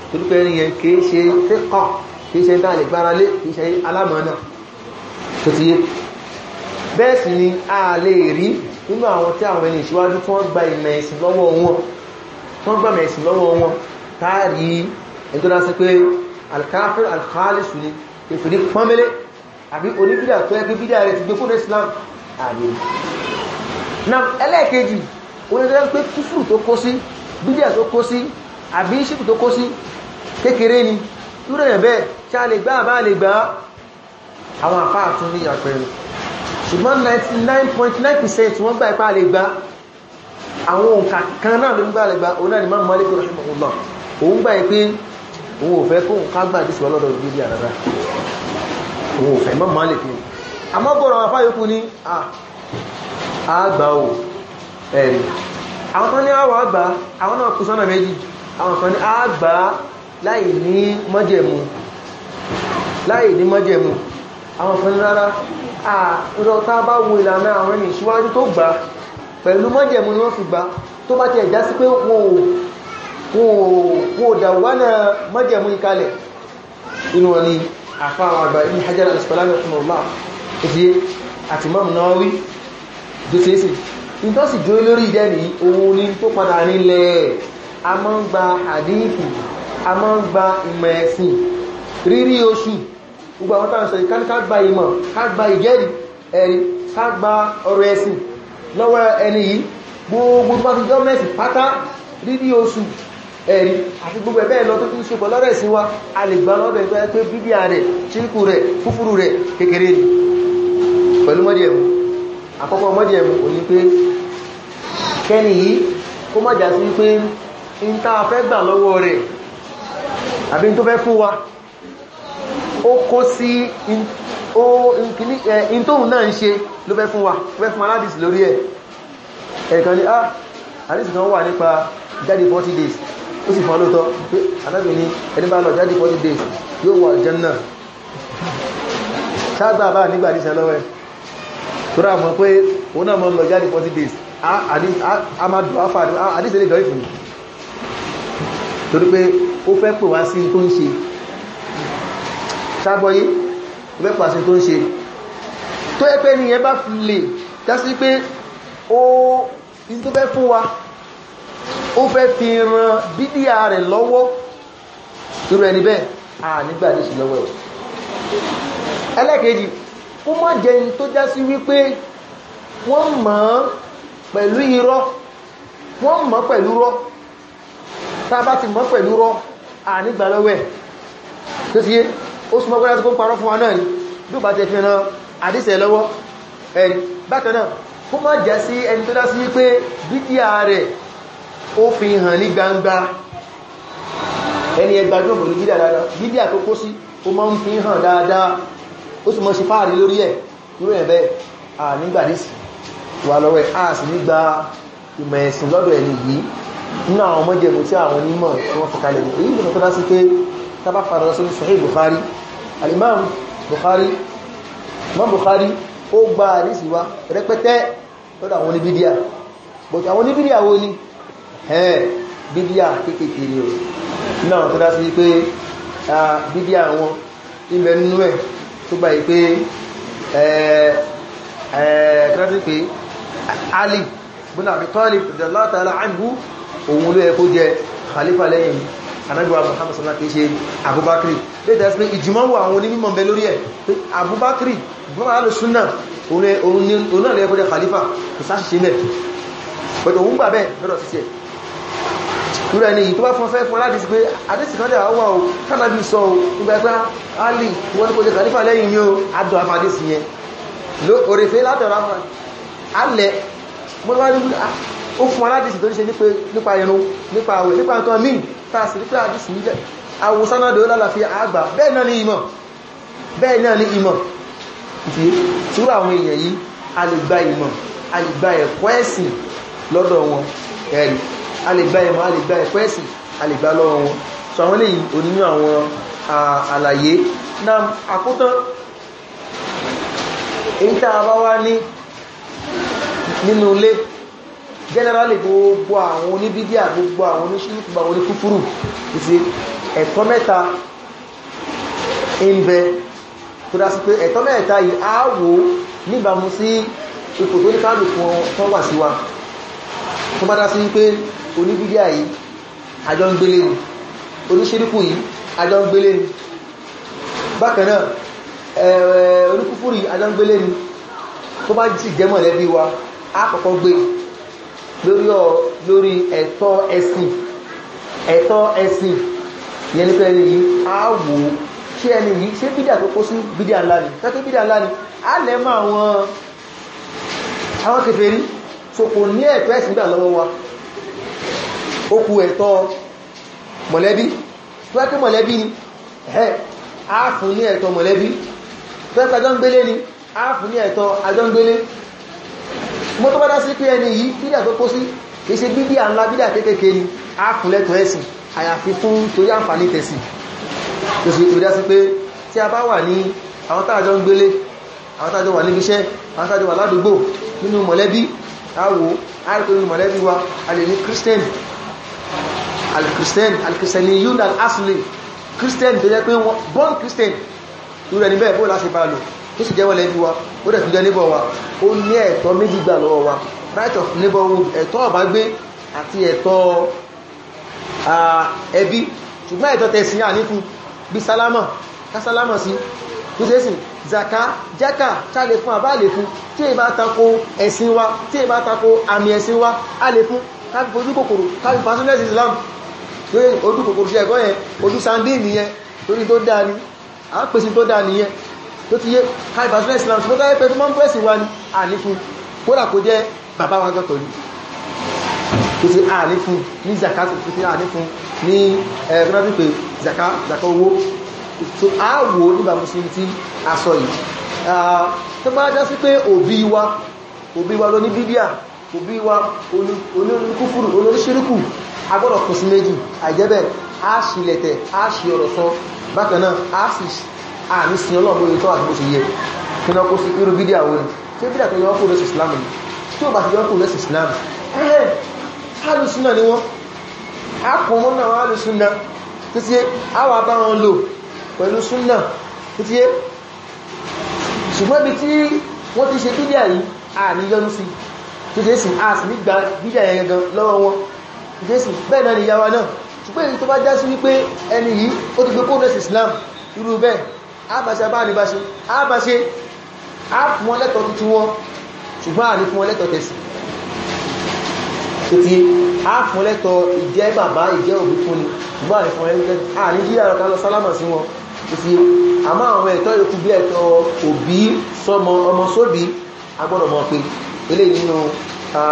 torípẹ́ ẹni yẹn kìí ṣe fẹ́kọ̀ọ́ kìí ṣe dáa lè gbára lé kìí ṣe alámọ̀ọ́nà tó ti yé bẹ́ẹ̀ sì ni a lè rí nínú àwọn tí àwọn ẹni ìṣíwájú tí wọ́n gba ìmọ̀ ẹ̀sìn lọ́wọ́ wọn tí wọ́n gba ìmọ̀ ẹ̀sìn lọ́wọ́ wọn táàrí ẹni tó dá sí pé alkafir alkhalisu ni ìfìdí pọ́nmẹ́lé àbí ṣá lè gbá àbá lè gbá àwọn àpá àtún ní àpẹẹrẹ ṣùgbọ́n 99.9% wọ́n gbà ipá lè gbá àwọn òǹkà kan náà ló ń gbà lè gbá òun náà ni máa mọ́lé kúrò ṣùgbọ́n òun náà òun gbà pé òun ò fẹ́ kó òǹkà gbà jù sọ lọ́dọ̀ ìbílẹ̀ àdára òun ò fẹ́ mọ́ mọ́lé kúrò àmọ́ bọ̀rọ̀ àwọn afáyókù ní àgbà ò ẹ̀rì àwọn tán ní àwọ̀ àgbà àwọn náà kú sọ́nà méjì àwọn kan ní àgbà láì ní mọ́jẹ̀mú láì ní mọ́jẹ̀mú àwọn kan rárá àrọ́ta bá wo ìlànà àwọn ẹni ìṣíwájú tó gbà pẹ̀lú mọ́jẹ̀mú ni wọ́n fi gbà tó bá ti ẹ̀já sí pé wọ́n dàwánà mọ́jẹ̀mú ìkalẹ̀ inú wọn ni àfáwọn àgbà ní hajjára ìsìpẹ̀lámi ọ̀túnmọ̀lá ìdíyé àti mọ́m náà rí jùsẹ́sì in tó sì jóó lórí ìdẹ́ ní ohun ní tó padà nílẹ̀ a mọ́ ń gba àdínkù a mọ́ ń gba ìmọ̀ rírí oṣù gbogbo àwọn tàbí sọ ìkáníká gba ìmọ̀ ká gba ìjẹ́rì ẹ̀rí ká gba ẹ̀sìn lọ́wọ́ ẹni yìí gbogbo pàtí gọ́ọ̀mẹ́sì pátá rírí oṣù ẹ̀rí àti gbogbo ẹ̀bẹ́ lọ tó tún ṣe pọ̀ lọ́rẹ̀ sí wa a lè gbà pé rẹ̀ rẹ̀ kékeré pẹ̀lú àkọ́kọ́ pé kẹ́ni yìí kó mọ́jà sí pé ń ó kó sí in tóhun náà ń ṣe ló fẹ́ fún wa fẹ́ fún aládìs lórí ẹ̀ ẹ̀kan ní ah àdìs kan wà nípa jáde 40 days ó sì fún alótọ́ pé adábì ní ẹni bá lọ jáde 40 days yóò wà jẹ́nà ṣágbà bá nígbà àdìsẹ́ lọ́wọ́ ẹ̀ tó rà mọ́ pé òun náà mọ́ lọ jáde 40 days a máa dùn áfà àdìsẹ́ lè dọ́ ìfún torí pé ó fẹ́ pè wá sí tó ń ṣe ṣágbọ́yé mẹ́pàṣẹ tó ń ṣe tó yẹ pé nìyẹn bá fi lè dásí pé ó ní tó fẹ́ fún wa ó fẹ́ fi ran bídíà rẹ̀ lọ́wọ́ irú ẹni bẹ́ẹ̀ à nígbà ní ìṣìlọ́wọ́ ẹ̀ ẹlẹ́kejì kó má jẹ́ ní tó dásí wípé wọ́n mọ̀ pẹ̀lú irọ́ wọ́n mọ̀ pẹ̀lú rọ́ tá a bá ti mọ̀ pẹ̀lú rọ́ à nígbà lọ́wọ́ ẹ̀ tó ti yé ó súnmọ́ gbọ́dá tó kó ń parọ́ fún wa náà ni bí ó bá ti fi ran àdísẹ̀ lọ́wọ́ ẹ̀rí bákan náà kó má jẹ́ sí ẹni tó dá sí pé bídíà rẹ̀ ó fi hàn ní gbangba ẹni ẹgbàgbọ́n pẹ̀lú bídíà dáadáa bídíà tó kó sí ó máa ń fi hàn dáadáa ó sì mọ́ ṣe fáàrí lórí ẹ̀ irú ẹ̀ bẹ́ẹ̀ à lọ́dọ̀ ẹni yìí nínú àwọn ọmọdé tí àwọn onímọ̀ tí wọ́n fi kalẹ̀ èyí lè tó dá sí pé tábà fara sórí Sahih Bukhari alimam Bukhari imam Bukhari ó gba àrísì wa rẹpẹtẹ lọ́dọ̀ àwọn oníbídíà but àwọn oníbídíà wo ni ẹ̀ẹ́ bídíà kéèkéèké ni o náà tó dá sí wípé bídíà wọn ilẹ̀ nínú ẹ̀ tó gbà yí pé ẹ̀ẹ́ pé Ali bin Abi Talib radiyallahu ta'ala anhu òun ló yẹ kó jẹ khalifa lẹ́yìn anábíwá Muhammad sọ́nà kìí ṣe Abubakar léta ẹ́sì pé ìjìmọ̀ wà àwọn onímọ̀ bẹ lórí ẹ̀ pé Abubakar gbọ́nà alùsúnà òun náà lẹ́yẹ kó jẹ́ khalifa kò sáṣìṣe mẹ́ pẹ̀lú òun gbà bẹ́ẹ̀ lọ́dọ̀ sí ẹ̀ ìrẹ̀ ni ìtọ́bá fún ọfẹ́ fún aládìsí pé adẹ́sìkọ́dẹ̀ àwọ́ o tánàbí sọ o nígbà ẹgbẹ́ alì wọ́n ní kò jẹ́ kàlífà lẹ́yìn yóò adọ́ afádẹ́sì yẹn lóòrèfé látọ̀rọ̀ alẹ́ mọ́lá ó fún aládìsì tó ní ṣe nípa irun nípa àwẹ̀ nípa nǹkan míì tá a sì nípa àdìsì níjẹ́ àwòsánádò lálàáfíà àgbà bẹ́ẹ̀ náà ni ìmọ̀ bẹ́ẹ̀ náà ni ìmọ̀ tí túrò àwọn èèyàn yìí a lè gba ìmọ̀ a lè gba ẹ̀kọ́ ẹ̀sìn lọ́dọ̀ wọn ẹ̀rì a lè gba ìmọ̀ a lè gba ẹ̀kọ́ ẹ̀sìn a lè gba lọ́wọ́ wọn so àwọn lè onínú àwọn àlàyé na àkótán èyí tá a bá wá ní nínú ilé generally gbogbo àwọn oníbídíà gbogbo àwọn oníṣúlùkù àwọn oníkúfúrù ìsì ẹ̀tọ́ mẹ́ta ń bẹ tó dá sí pé ẹ̀tọ́ mẹ́ta yìí á wò níbàmú sí ipò tó ní kálùkù tó wà sí wa tó bá dá sí pé oníbídíà yìí àjọ ń gbélé ni oníṣúlùkù yìí àjọ ń gbélé ni bákan náà eh, oníkúfúrù yìí àjọ ń gbélé ni tó bá sì jẹ́ mọ̀lẹ́bí wa á kọ́kọ́ gbé ni lórí ọ lórí ẹ̀tọ́ ẹ̀sìn ẹ̀tọ́ ẹ̀sìn yẹn ní pẹ́ẹ́lí yìí á wò ó ṣé ẹni yìí ṣé bídà tó kó sí bídà ńlá ni tẹ́tí bídà ńlá ni á lẹ̀ mọ́ àwọn àwọn kèfèrí so kò ní ẹ̀tọ́ ẹ̀sìn gbà lọ́wọ́ wa ó kù ẹ̀tọ́ mọ̀lẹ́bí tó wá kí mọ̀lẹ́bí ni ẹ̀ á fún ní ẹ̀tọ́ mọ̀lẹ́bí tó wá kí ni á fún ní ẹ̀tọ́ adọ́ngbélé ṣùgbọ́n tó bá dá sí pé ẹni yìí bídà tó kó sí kìí ṣe bídà ńlá bídà kékèké ni a kùn lẹ́tọ̀ ẹ̀sìn àyàfi fún torí àǹfààní tẹ̀sìn tó sì tó dá sí pé tí a bá wà ní àwọn táàjọ ń gbélé àwọn táàjọ wà níbi iṣẹ́ àwọn táàjọ wà ládùúgbò nínú mọ̀lẹ́bí àwò àìkò nínú mọ̀lẹ́bí wa a lè ní christian al-christian al-christian asli christian tó jẹ́ pé wọ́n born christian irú ẹni bẹ́ẹ̀ bó láti bá lò tó sì jẹ́wọ́ lẹ́bí wa ó dẹ̀ tún jẹ́ neighbor wa ó ní ẹ̀tọ́ méjì gbà lọ́wọ́ wa right of neighborhood ẹ̀tọ́ àbágbé àti ẹ̀tọ́ ẹbí ṣùgbọ́n ẹ̀tọ́ tẹ̀sìn àníkù bí sálámà kásálámà sí kúsẹ́sìn zaka jaka chale fún àbá lè fún tí è bá tako ẹ̀sìn wa tí è bá tako àmì ẹ̀sìn wa a lè fún káàkiri fojú kòkòrò káàkiri fasúnlẹ̀sì Islam tó yẹ ojú kòkòrò sí ẹ̀gọ́ yẹn ojú sandin nìyẹn torí tó dáa ni a pèsè tó dáa nìyẹn tó ti yé káìbàsílẹ̀ islam tó tọ́yẹ́ pẹ̀lú mọ́n pẹ̀sì wa ní ànífún kódà kó jẹ́ bàbá wa gan pẹ̀lú tó ti ànífún ní zakat tó ti ànífún ní ẹ̀rọ́dún pé zakat owó tó àwò nígbà mùsùlùmí tí a sọ yìí ah, tó bá dá sí pé òbí wa òbí wa ló ní bíbíà òbí wa olóríkúfúrú olóríṣiríkù agbọ́dọ̀ kùsùn méjì àìjẹ́bẹ̀ á ṣìlẹ̀tẹ̀ á ṣì ọ̀rọ̀ sọ bákan náà á sì àmì ah, sí ọlọ́run lórí tọ́ àti bó ṣe yẹ kí wọ́n kó sí irú bídíà wọn ṣé bídíà tó yọ kó lẹ́sì islam ni tí ó bá ti yọ kó lẹ́sì islam ẹ̀hẹ́ alùsùnà ni wọ́n a kò wọ́n náà alùsùnà títí àwa bá wọn lò pẹ̀lú súnà títí ṣùgbọ́n ibi tí wọ́n ti ṣe bídíà yìí àmì yọnu sí títí sì a sì nígbà bídíà yẹn gangan lọ́wọ́ wọn títí sì bẹ́ẹ̀ náà ni yàwá náà ṣùgbọ́n èyí tó bá já sí wípé ẹni yìí ó ti gbé kó lẹ́sì islam irú bẹ́ẹ̀ àbáṣe abánibaṣe àbáṣe àfún wọn lẹ́tọ̀ tuntun wọn ṣùgbọ́n àní fún wọn lẹ́tọ̀ tẹ̀sí títí àfún lẹ́tọ̀ ìjẹ́ fún ni ṣùgbọ́n àní fún wọn lẹ́tọ̀ àní yíyà rẹ̀ kálọ sálámà sí wọn títí àmọ́ àwọn ẹ̀tọ́ yòókù bí ẹ̀tọ́ òbí sọmọ ọmọ sóbí agbọ́dọ̀ mọ̀ pé eléyìí nínú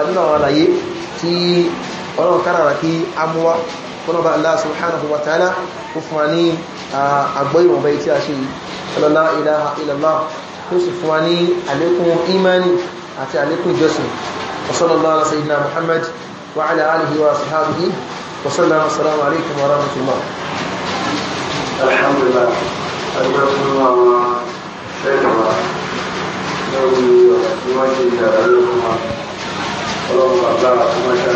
nínú àwọn àlàyé Allah subhanahu wa ta'ala ó fún wa ní àgbọ́ ìwọ̀nba tí a ṣe ọlọ́lá ilaha illallah tó sì fún wa ní àlékún imani àti àlékún ìjọsìn wasallallahu ala sayyidina muhammad wa ala alihi wa sahabihi wasallam assalamu alaikum wa rahmatullah alhamdulillah alhamdulillah wa shaidawa lórí ìwájú ìdára lókun wa ọlọ́run bàbá àkúmọ́ṣà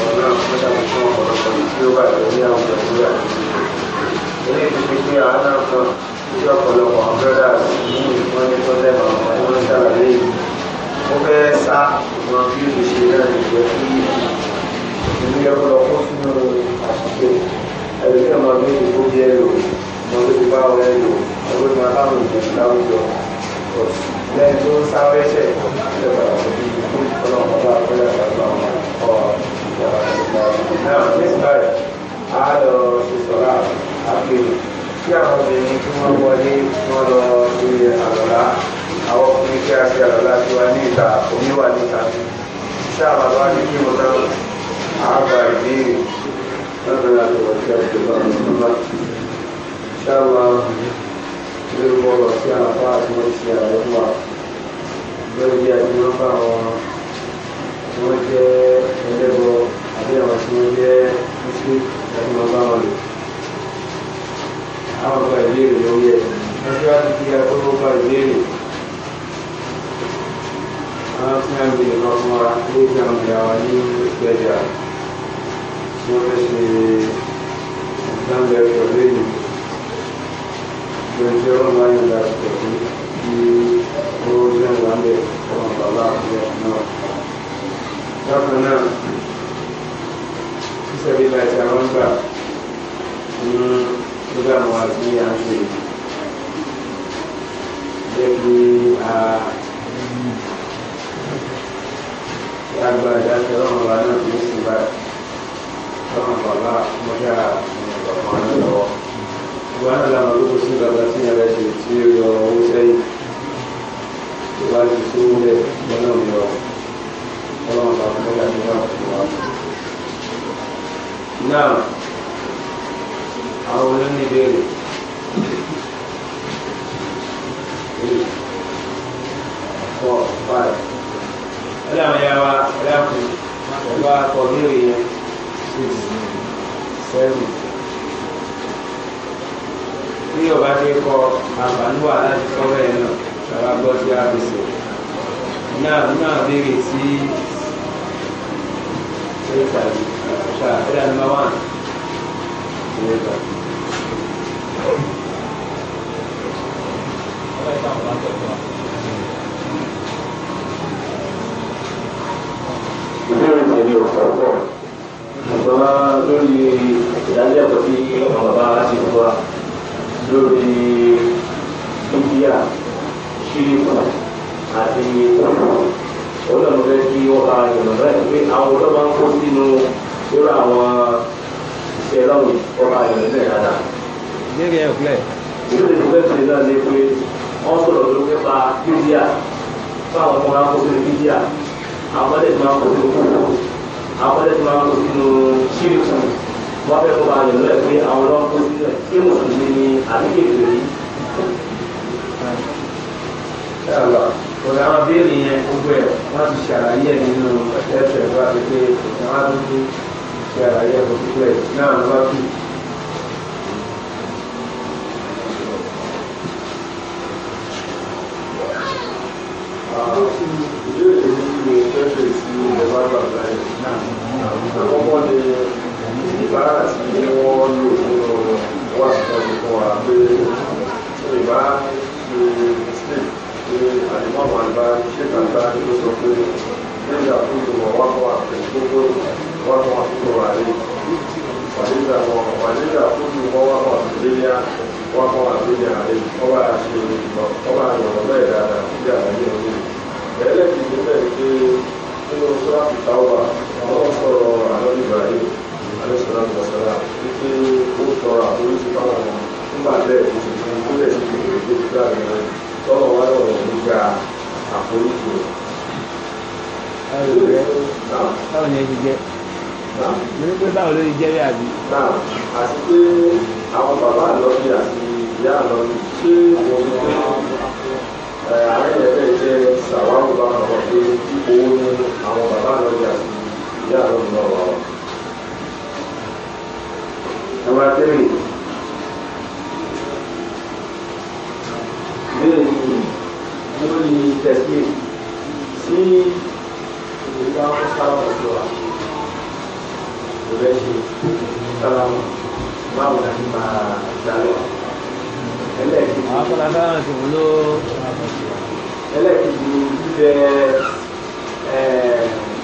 ọ̀rọ̀ tí ó bá ìrẹ̀lẹ́ àwọn ìjọba àti ìjọba ilé ìdíje pé àwọn náà sọ sí ọ̀pọ̀lọpọ̀ àwọn bẹ́rẹ̀ àti ìlú ìfún ní pọ́lẹ́mù àwọn ọmọ ní sàlàyé yìí ó fẹ́ sá ìmọ̀ bí ó ṣe náà lè jẹ́ kí ìlú ọ̀pọ̀lọpọ̀ sínú àṣìṣe ẹlẹ́sẹ̀ máa bí ìdìbò bí ẹ lò mọ ló ti bá ọ ẹ lò ọgbẹ́ máa láwọn ìdìbò láwùjọ lẹ́yìn tó á lọ ṣe sọ̀rọ̀ àpèrè kí àwọn obìnrin tí wọ́n wọlé wọ́n lọ ṣe àlọ́lá àwọn ọkùnrin kí a ṣe àlọ́lá tí wọ́n ní ìta oníwà níta tí àwọn bá ní kí wọn náà àgbà ìbéèrè lọ́dọ̀ láti wọ́n ṣe àjọba ìjọba ṣáwa lórí bọ́ọ̀lù sí àlàfà àti wọ́n ṣe àlọ́wà lórí bí àti wọ́n bá wọn tí wọ́n jẹ́ àbí àwọn tí wọ́n jẹ́ mùsùlùmí ẹ̀sìn ọba wọn lò àwọn ọba ìbéèrè lórí ẹ̀ lọ́jọ́ àti kí akọ́kọ́ ọba ìbéèrè àwọn tí wọ́n béèrè lọ fún wa ní ìgbà ìgbà wa ní ìgbẹ́jà tí wọ́n fẹ́ ṣe ìdáǹdẹ̀ ọ̀rọ̀ lẹ́yìn lórí ọ̀rọ̀ láyé ìgbà pẹ̀lú bí ó jẹ́ ìgbà ń bẹ̀ ọ̀rọ̀ bàbá àti ẹ̀ náà. bákan náà sẹ́ríkà tí a wọ́n gbà ní nígbà wọn àti àṣẹ jẹ́ kí a yàgbà ìdájọ́ ọmọ wa náà tó sì bá ọmọ bàbá mọ́ṣá ọmọ náà lọ́wọ́ wọn náà làwọn olóko sí bàbá tí yàrá ẹ̀ṣẹ̀ tí ó yọ owó sẹ́yìn tó bá ti tó lẹ̀ lọ́nà mi lọ ọlọ́run bàbá mọ́ṣá ní wà fún wa náà àwọn oníbèrè eight four five ọlẹ́ àwọn ẹ̀yà wa ọlẹ́ àkùn ọgbà akọ ìbéèrè yẹn six seven bí ọba ṣe kọ àǹfààní wà láti kọ́ bẹ́ẹ̀ náà ṣàbá gbọ́ sí àbẹ̀sẹ̀ náà náà béèrè sí eight thirty. إلى الموانئ ìbéèrè tèmi ò fọ́ pọ̀ nínú àwọn iṣẹ́ lọ́wọ́ ọba ìrìn náà dáadáa. ìbéèrè ẹ̀ òkúlẹ̀. ìbéèrè tó fẹ́ẹ́ náà ni pé wọ́n sọ̀rọ̀ ló nípa bíbíà fáwọn ọmọ akó sínú bíbíà àwọn ọmọdé ti máa ń kó sínú kókó àwọn ọmọdé ti máa ń kó sínú ṣírìkù wọ́n fẹ́ kó ba ìrìn náà pé àwọn ọlọ́run kó sínú ẹ̀ kí mùsùlùmí ni àbí kéèké yìí. Ọ̀rọ̀ àwọn béèrè yẹn gbogbo ẹ̀ wọ́n ti ṣàlàyé ẹ̀ nínú ẹ̀ṣẹ̀ ìwádìí pé ìjọba tó ní ṣe àlàyé ẹ̀kọ́ pípẹ́ náà ló bá kù. ìbéèrè mi ni fẹ́fẹ́ sí ilẹ̀ bá gbà láyé àkọ́kọ́ ni ìbára tí wọ́n lò nínú wà sọ́dún fún wa pé ìbá ṣe mistake pé àdìmọ́ àwọn àgbà ṣèkàtà فإذا كنتم ووقع في الكفر وقع الكفر عليه وإذا وإذا كنتم ووقع في الدنيا وقع الدنيا عليه طبعا شيء طبعا والله إذا أنا أنا ẹlẹ́kìtì bẹ́ẹ̀ pé nínú sọ́ọ̀tì táwà àwọn sọ̀rọ̀ àlọ́lù ibrahim alẹ́sọ̀rọ̀ àgbàsára wípé ó tọrọ àforíjì fáwọn nígbà bẹ́ẹ̀ kò sì fi kúlẹ̀ sí ìgbèrè tó dára rẹ̀ tọ́lọ̀ wá lọ́rọ̀ nígbà àforíjì rẹ̀ báwo ni ẹ ti jẹ mo ní pé báwo ló ti jẹ bí àbí. àti pé àwọn bàbá àlọ́bí àti ìyá àlọ́bí ṣé wọ́n ní pé àárín ẹ̀fẹ́ jẹ́ sàwárò bá kọ̀ọ̀kan pé owó ní àwọn bàbá àlọ́bí àti ìyá àlọ́bí náà wà wọ́n. Number three. Bẹ́ẹ̀ni, lórí tẹ̀sí sí ya ku saba da zuwa da shi salam ba mu da shi ba dalewa ẹlẹ́ẹ̀kejì ẹlẹ́ẹ̀kejì bíbẹ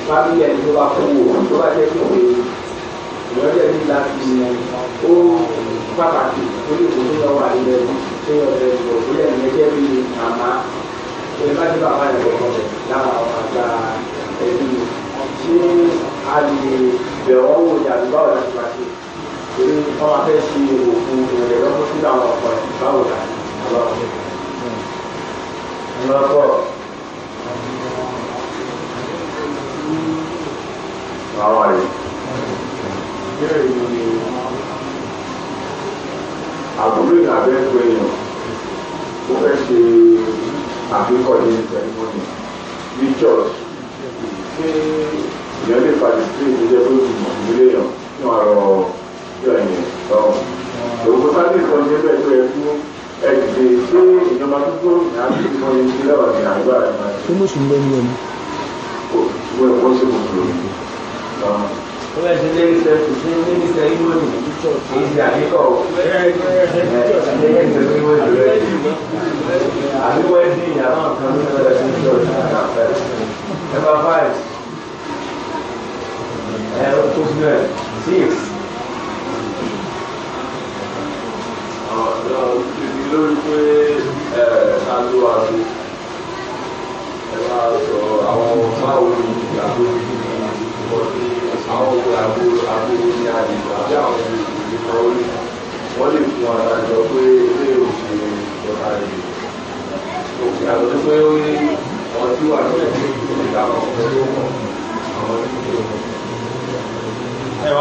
fámílì ẹni tó bá kú wò tó bá jẹ́ pé ìwọ́n jẹ́ bí láti ó pàtàkì ó lè kó tó wà nílẹ̀ tó yọ ọ̀rẹ́ ìwọ̀ ó lẹ́nu ẹgbẹ́ bí màmá ṣé a lè bẹ̀rọ̀ wò ní àdúgbò àwọn láti máa ṣe torí wọ́n máa fẹ́ ṣe òkú ìrìnlẹ̀ lọ́kọ́ sí àwọn ọ̀pọ̀ ẹ̀ báwo la àwọn ọ̀pọ̀ ẹ̀ lọ́kọ̀ àwọn àyè bẹ́ẹ̀ ni àbúrò ìdàbẹ́ pé èèyàn ó fẹ́ ṣe àfikọ́ ní sẹ́rímọ́nì ní church ṣé ìyẹn lè padì sí ìdíjẹ́ tó ti mọ̀ nílé yàn fún àrọ̀ yọ ẹ̀yìn lọ́wọ́. òwò sáré sọ ní ẹgbẹ́ tó yẹ fún ẹ̀dìdè number five ẹ o tó sílẹ̀ six. ìdí lórí pé ẹ ká ló wá sí ẹ bá sọ àwọn báwo ni ìgbàgbọ́ ìgbọ́ ní àwọn àgbo àgbo ní àdìgbà bí àwọn ìgbìmọ̀ orí wọ́n lè fún adájọ́ pé ilé òfin ìjọba rẹ̀ òfin àgbẹ̀ pé ó ní. ẹwà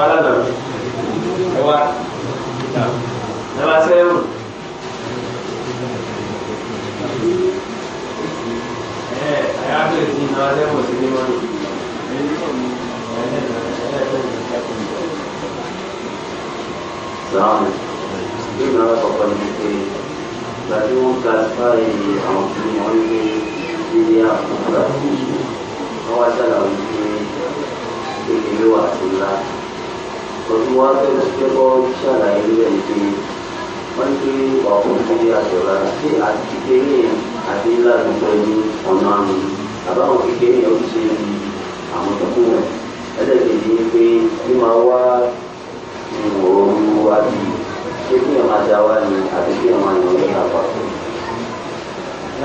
lánàá ẹwà ẹwà sẹ́yìn ẹ ayáfẹ́ sí iná lẹ́wọ̀n sí níwọ̀n Sáàmù, bí ìnáwó kọ̀ọ̀kan ní pé, ìgbà tí wọ́n ga sí báyìí àwọn kìnìún ní ṣe àkókò wọn wá ṣàlàyé pé èmi wà tó la ọdún wa fẹ́ kẹ́kọ̀ọ́ ṣàlàyé rẹ̀ pé wọ́n ní ọ̀hún ti àṣọra sí àti kékeré àti ládùúgbò ní ọ̀nà àmì àbáwọn kékeré yẹn ó ṣe ní àwọn ìtọ́kùn rẹ̀ ẹlẹ́gbẹ̀ẹ́ ni pé bí máa wá ìwòrán wá bí ṣé kí ẹ̀ máa dá wá ní àti kí ẹ̀ máa yàn ní àpapọ̀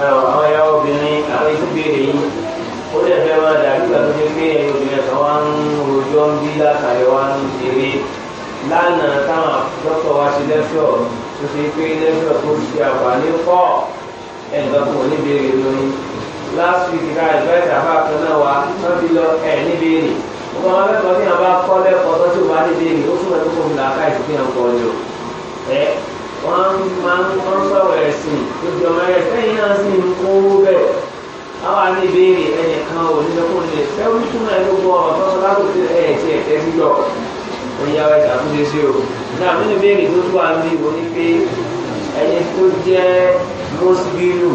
àwọn ẹ̀yà obìnrin àwọn ìtúbéèrè yìí ó lè fẹ́ máa dàbí ìgbà tó ṣe pé ẹ̀yìn obìnrin kan wá ń rojọ́ ń bí látàrí wá ń ṣeré lánàá táwọn dókítà wá ṣe lẹ́fẹ̀ọ́ tó ṣe pé lẹ́fẹ̀ọ́ tó ṣe àǹfààní pọ̀ ẹ̀ǹkan kò ní béèrè lórí last week ká ìgbẹ́sẹ̀ àbáàkan náà wá wọ́n fi lọ ẹ̀ ní béèrè gbogbo àwọn akẹ́kọ̀ọ́ ní àbá kọ́ lẹ́kọ̀ọ́ tó ṣe wà ní béèrè ó túnbọ̀ tó kọ́ wọ́n máa ń wọ́n sọ̀rọ̀ ẹ̀sìn lójú ọmọ rẹ̀ sẹ́yìn náà sì ń kó bẹ́ẹ̀ àwọn àmì ìbéèrè ẹnì kan ò ní lọ́kùn lè fẹ́rù túmọ̀ ẹ̀ ló gbọ́ ọ̀tọ́ sọ lákòókò ẹ̀ ti ẹ̀tẹ́ sílọ̀ oyin àwọn ẹ̀ka tó lè ṣe o náà àmì ìbéèrè tó tó àmì ìwò ni pé ẹni tó jẹ́ mọ́sibílù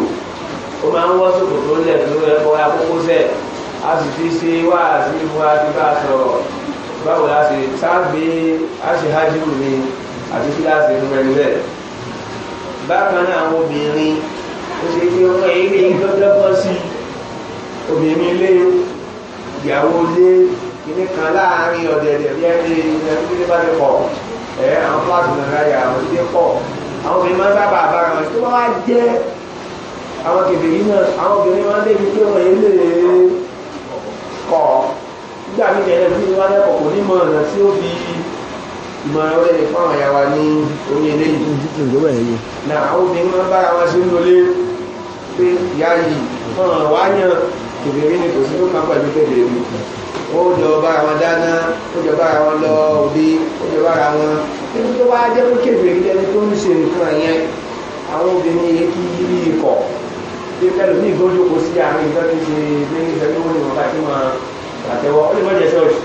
ó máa ń wọ́n sòkò tó lẹ̀ tó ẹ̀kọ́ akókó sẹ̀ a sì fi ṣe wá àti ìfún àti bá a sọ̀rọ̀ báwo la ṣe sáà gbé a ṣe hájú bákan náà àwọn obìnrin ó ṣe pé ọmọ ilé gbọ́dọ̀ bọ́ sí obìnrin ilé ìyàwó ilé kìíní kan láàárín ọ̀dẹ̀dẹ̀ bí ẹni ìdẹ́gbẹ́lẹ́ bá ti pọ̀ ẹ̀ àwọn fúláàtì nàìjíríà yà àwọn ilé pọ̀ àwọn obìnrin máa ń bá bàbá ara wọn tó bá wá jẹ́ àwọn kèfèrí náà àwọn obìnrin máa ń débi pé wọ́n ilé kọ̀ nígbà míì ẹ̀rẹ́ bí wọ́n á lẹ́kọ̀ọ́ kò ní mọ̀ ọ̀nà tí ó fi ìmọ̀ràn wọ́n lè fún àwọn ìyàwó ní orí eléyìí na àwọn obìnrin máa bára wọn sínú olé pé ìyá yìí fọ́nà wá yàn kèbèrè ní kò sí tó kàn pẹ̀lú kèbèrè ó jọ bára wọn dáná ó jọ bára wọn lọ òde ó jọ bára wọn níbi tó wá jẹ́ pé kèbèrè jẹ́ni tó ń ṣe nǹkan yẹn àwọn obìnrin yẹn kí yí ikọ̀ bí pẹ̀lú ní ìgbójókòó sí àárín ìgbọ́n ti ṣe ní ìṣẹ́jú wọn ni wọ́n bá ti máa pàtẹ́wọ́ ó lè mọ̀ jẹ́ ṣọ́ọ̀ṣì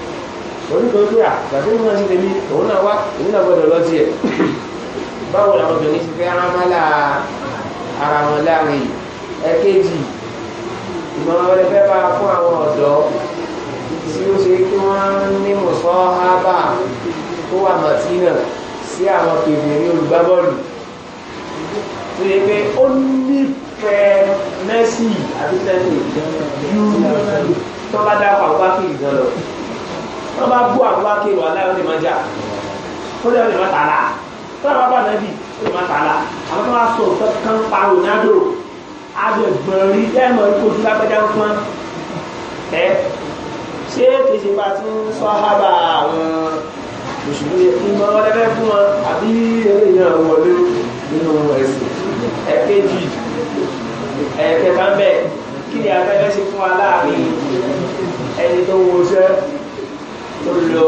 onítorí pé àgbàdo ní wọn ti tẹ̀lé òun náà wá èyí náà gbọdọ̀ lọ tiẹ̀ báwo làwọn obìnrin ti fẹ́ arámálà ara wọn láàrin ẹ̀kejì ìmọ̀ràn rẹ fẹ́ bá fún àwọn ọ̀dọ́ tí ó ṣe kí wọ́n ní mọ̀sán ábà tó wà màtínà sí àwọn kèbèrè olùgbábọ́ọ̀lù tó yẹ pé ó nífẹ̀ẹ́ mẹ́sì àbí sẹ́yìn ju tọ́ládàpọ̀ àgbákì ìdánlọ́ wọ́n bá bú àwọn akéwà aláyọ̀ lè máa jà ó lè máa tààlà tó lè máa bá nàbì ó lè máa tààlà àwọn tó máa sọ òótọ́ kan pa Ronaldo agbègbè rí dẹ́mọ̀ ojú lágbájá ń pọ́n ẹ ṣé kìí ṣe bá ti ń sọ ábà àwọn òṣùwọ̀n yẹ kí n mọ ọlẹ́fẹ́ fún wọn àbí eré yẹn wọlé nínú ẹ̀sìn ẹ̀kejì ẹ̀kẹta ń bẹ̀ kí ni abẹ́rẹ́ ṣe fún wa láàrin ẹni tó ń wọṣẹ́ ó lo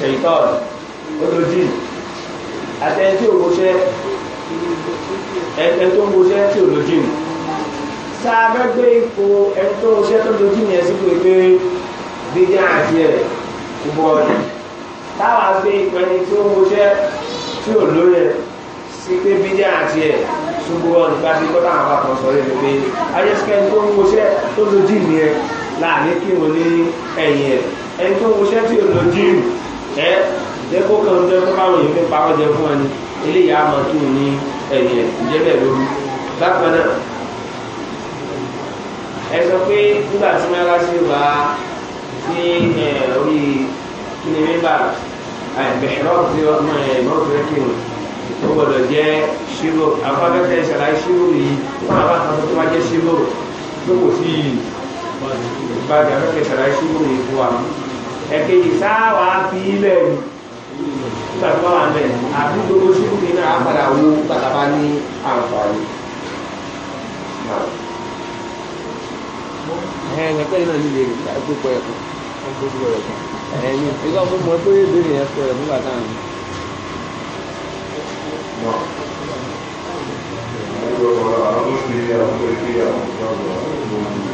ṣèyítọ́ọ̀nù ó lo dín àtẹni tí ò wọṣẹ́ ẹni tó ń wọṣẹ́ tí ò lo dín tá a fẹ́ gbé ipò ẹni tó ń wọṣẹ́ tó lo dín yẹn sípò pé gbígbé àti ẹ̀ kò bọ̀ ọ̀nà táwa gbé ipò ẹni tó ń wọṣẹ́ tí ò lóye sí pé bídíà àti ẹ̀ ṣùgbọ́n nípa ti kọ́ táwọn àpapọ̀ sọ̀rọ̀ ẹ̀ pé ayẹ́sìkẹ́ tó ń wọṣẹ́ tó lo dín yẹn láàrin kí wọn ní ẹ̀yìn ẹ̀ ẹni tó wọṣẹ́ tí ò lọ jíìmù ẹ ìjẹ́kó kan jẹ́ kó báwọn èèyàn fi parọ́ jẹ fún ẹni eléyìí á máa tó ní ẹ̀yìn ẹ̀ ìjẹ́ bẹ́ẹ̀ lórí bákan náà ẹ sọ pé nígbà tí mẹ́ra sí wà sí orí kíni mímbà bẹ̀rọ̀ tí ọmọ ẹ̀ mọ́tòrẹ́ kí wọn ó gbọ́dọ̀ jẹ́ ṣírò àwọn afẹ́fẹ́ ìṣẹ̀lá ṣírò yìí fún àwọn àtàkùn tó wá jẹ́ ṣírò tó kò sí yìí ba da kake tara shi ne kuwa ẹ̀kẹ́ ìsáwà fi ilẹ̀ nígbà tó wà lẹ̀ àdúgbò ṣùgbọ́n ní náà padà wo bàtàbá ní àǹfààní. ẹ̀hìn ẹ̀kọ́ yìí náà nílé gbogbo ẹ̀kọ́ gbogbo ẹ̀kọ́ ẹ̀hìn ìgbà fún mọ pé ìbéèrè yẹn sọ ẹ̀ nígbà táwọn. Gracias.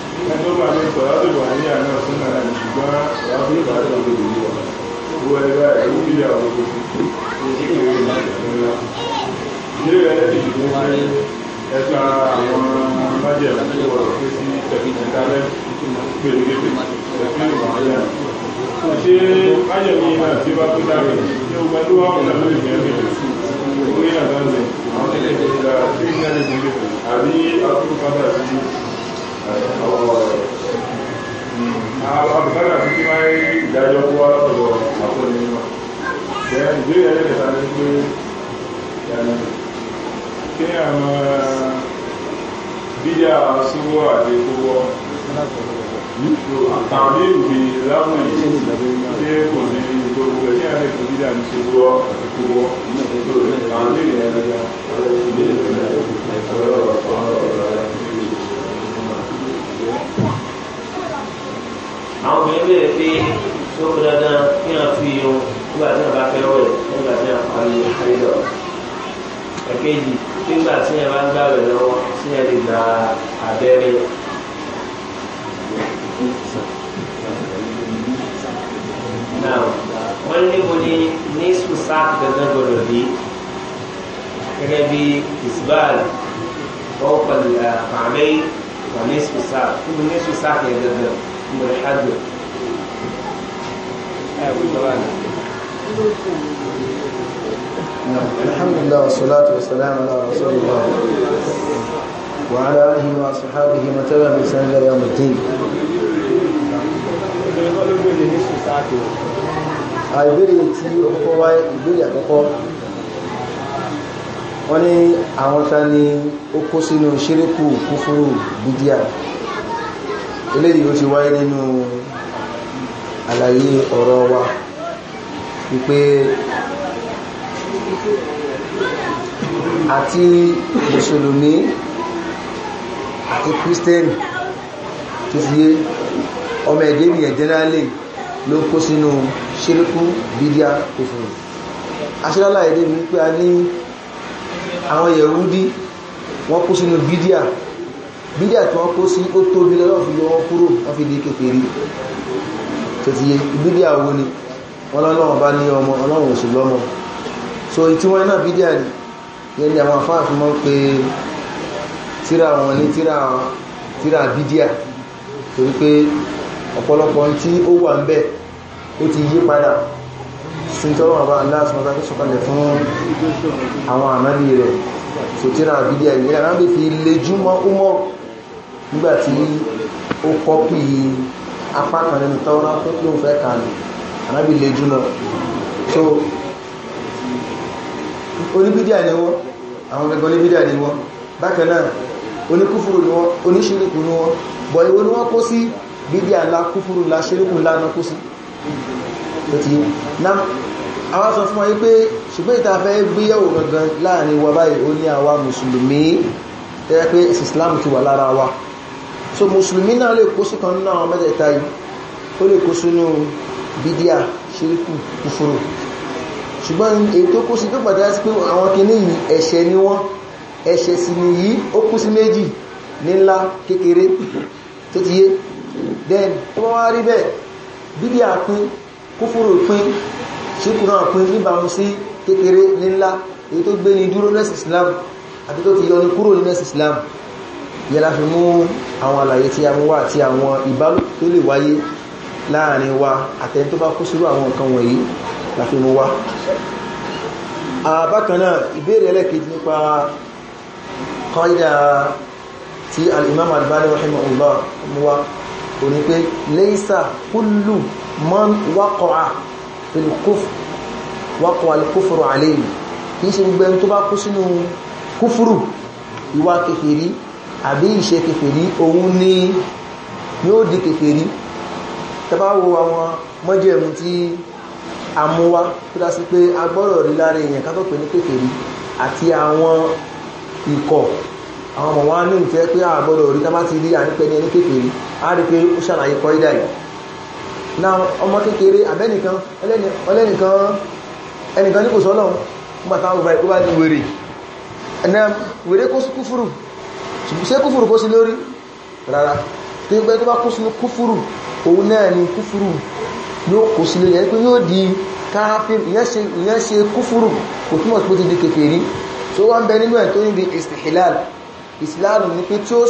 ẹjọ́ máa ní sọ̀rọ̀dù wàníyà náà fún náà ní ṣùgbọ́n sọ̀rọ̀dù ìbàdàn òde òde wà wọ ẹgbẹ́ ẹ̀rú bílẹ̀ àwọn ilé rẹ̀ ti dìbò pé ẹ̀ka àwọn májèlá tó wọ̀ pé sí tẹ̀kìtì kálẹ̀ pèlékèké tẹ̀kìtì wàníyà ṣe májèlá yìí náà ti bá tó dáre ní ogun tó wà wọn náà lórí ìgbẹ́ orí àgbáńdẹ̀ àwọn tẹ̀kìtì kálẹ̀ tí ó ń yára ìgbẹ́ àbí akókò padà sí àbùkátà tí kí máa rí ìdájọ́ tó wá lọ́tọ̀ọ̀ àkọlé náà bẹ́ẹ̀ ìbéèrè ẹlẹ́kẹta ní pé kí ni àwọn bídíà síwọ́ àti ìkówọ́ àtàwọn ìlú láwọn èyí tí kò ní ni àwọn bídíà àwọn obìnrin bèrè pé tó kó dandan kí wọn fi irun nígbà tí wọn bá fẹ́ wẹ̀ nígbà tí wọn parí àyẹ̀lọ. ẹ̀kejì nígbà tí wọn bá ń gbà wẹ̀ lọ́wọ́ tí wọn lè gba abẹ́rẹ́. náà wọ́n ní níbo ni ní sùsáàkì dandan gbọdọ̀ bí gẹ́gẹ́ bí isbal fọ́ọ̀pọ̀ àmẹ́yìn wà ní èsù sáà níbo ní èsù sáà yẹ gẹ́gẹ́ níbo ní hajj ẹ kú jọba ní. alhamdulillah wa salatu wa salam ala rasulillah wa ala alihi wa ashabihi wa tabi'a bi ihsan ila yawm al-din àìbéèrè tí ó wọ́n ní àwọn ta ni ó kó sínú ṣíríkù kúfúrú bídíà eléyìí ó ti wáyé nínú àlàyé ọ̀rọ̀ wa wípé àti mùsùlùmí àti kírísítẹ́nì tó fi yé ọmọ ẹ̀dẹ́ ènìyàn jẹ́nàálẹ̀ ló kó sínú ṣíríkù bídíà kúfúrú aṣílálà èdè wípé a ní àwọn yẹ̀rúdí wọ́n kó sínú bídíà bídíà tí wọ́n kó sí ó tóbi lọ́wọ́ fi yọ wọ́n kúrò wọ́n fi di kékeré tó ti yẹ bídíà wo ni wọ́n lọ́wọ́ bá ní ọmọ ọlọ́run òsù lọ́mọ so ìtí wọ́n náà bídíà ni yẹn ni àwọn afáàfin mọ́ pé tíra wọn ní tíra tíra bídíà torí pé ọ̀pọ̀lọpọ̀ tí ó wà ń bẹ̀ ó ti yí padà sí tọ́rọ àbá aláàsùnmọ́ta tó sọ̀kalẹ̀ fún àwọn ànábì rẹ̀ sòtíra àbídí àìlẹ́ ànábì fi lejú mọ́ Umar nígbàtí ó kọ́pì apá kan nínú tọ́rọ tó lóun fẹ́ kà ní ànábì lejú náà so oníbídíà ni wọ́n àwọn gẹ́gẹ́ oníbídíà ni wọ́n bákan náà oníkúfùrù ni wọ́n oníṣíríkù ni wọ́n bọ̀ ìwọ́n ni wọ́n kó sí bídíà ńlá kúfùrù ńlá ṣíríkù ńlá náà kó sí tó ti ná àwọn sọ fún wa yí pé ṣùgbọ́n ìta fẹ́ gbéyàwó gangan láàrin wa báyìí ó ní àwa mùsùlùmí tẹ́yẹ pé ẹ̀sìn islam ti wà lára wa so mùsùlùmí náà lè kó sí kan nínú àwọn mẹ́tẹ̀ẹ̀ta yìí ó lè kó sínú bídíà ṣíríkù kúfúrú ṣùgbọ́n èyí tó kó sí tó padà sí pé àwọn kìíní yìí ẹ̀ṣẹ̀ ni wọ́n ẹ̀ṣẹ̀ sì ni yìí ó kú sí méjì nílá kékeré tó ti yé then tó wá rí bẹ́ẹ̀ bídíà pín kúfúrú pín ṣíkù náà pín níbàmú sí kékeré ní ńlá èyí tó gbé ní dúró lẹ́sì islam àti tó ti yọ ní kúrò ní lẹ́sì islam yẹ la fi mú àwọn àlàyé tí a mú wá àti àwọn ìbálò tó lè wáyé láàrin wa àtẹni tó bá kó sírú àwọn nǹkan wọ̀nyí la fi mú wá àbákanáà ìbéèrè ẹlẹ́kejì nípa kọ́ídà tí al-imam albani rahimahullah mú wá òní pé laysa kullu man waqa'a fil kufr waqa'a al kufru alayhi kìí ṣe gbogbo ẹni tó bá kú sínú kúfúrù ìwà kèfèrí àbí ìṣe kèfèrí òun ni yóò di kèfèrí tẹbá wo àwọn mọ́jẹ̀mú tí a mú wá tó dá sí pé a gbọ́rọ̀ rí lára èèyàn ká tó pè ní kèfèrí àti àwọn ikọ̀ ọmọ wa ní ìfẹ́ pé a gbọ́rọ̀ rí rí à ń pè ní ẹni kèfèrí a rí pé ó ṣàlàyé kọ́ ìdá yìí na ọmọ kékeré abẹ́nìkan ẹlẹ́nìkan ẹnìkan ní kò sọ́lọ̀ gbàtà ọgbà ní wèrè ẹ̀nà wèrè kó sí kúfúrù ṣe kúfúrù kó sí lórí rárá tí ó gbẹ́ tó bá kó sí kúfúrù òun náà ni kúfúrù yóò kó sí lórí ẹgbẹ́ yóò di káàfírì ìyẹn ṣe kúfúrù kò túnmọ̀ tó ti di kékeré tó wá ń bẹ nínú ẹ̀ tó ní di istihilal islam ní pé tí ó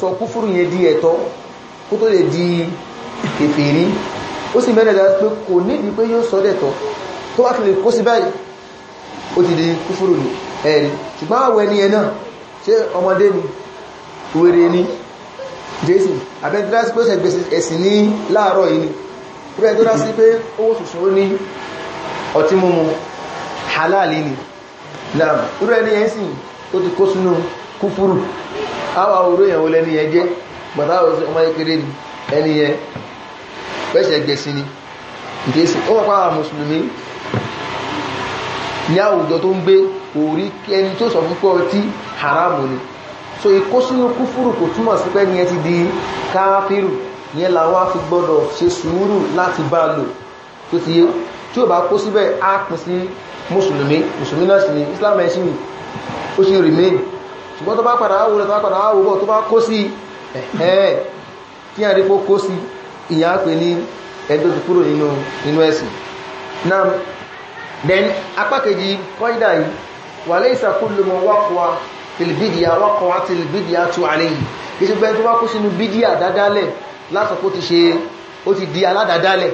sọ kúfúrù yẹn di ẹ̀tọ́ kó tó lè di kèfèrí ó sì mẹ́rẹ̀ dára pé kò nídìí pé yóò sọ́dẹ̀ tọ́ tó wá fi lè kó sí báyìí ó ti di kúfúrú ní ẹ̀rí ṣùgbọ́n àwọ̀ ẹni ẹ̀ náà ṣe ọmọdé ni wèrè ni jésù abẹ́ntírásí pé ẹ̀sìn ní láàárọ̀ yìí ni abẹ́ntírásí gbàtàwò sí ọmọ ìkéré ni ẹni yẹn pẹ́sẹ̀ gẹ̀ẹ́sì ni ìdésì ó wọ́n pàwà mùsùlùmí ní àwùjọ tó ń gbé orí ẹni tó sọ fúnpọ̀ tí haramu ni so ikó sínú kúfúrù kò túmọ̀ sí pé yẹn ti di káfírù yẹn làwọn fi gbọ́dọ̀ ṣe sùúrù láti bá lò tó ti yé tí ó bá kó síbẹ̀ á pín sí mùsùlùmí mùsùlùmí náà sì ni Islam ẹ̀ṣin ó sì rìmẹ́ẹ̀nì ṣùgbọ́n tó bá padà áwò tó bá padà áwò tó bá kó sí ẹ̀hẹ́ kí a rí pó kó sí ìyá pè ní ẹjọ́ ti kúrò nínú nínú ẹ̀sìn náà then apá kejì kọ́ídà yìí wà lè ìsàkúlù mọ́ wákọ̀wá tìlìbídìá wákọ̀wá tìlìbídìá tó àlẹ́ yìí kì í ṣe gbẹ́ni tó wá kó sínú bídìá dádálẹ̀ lásọ̀kó ti ṣe ó ti di aládàádálẹ̀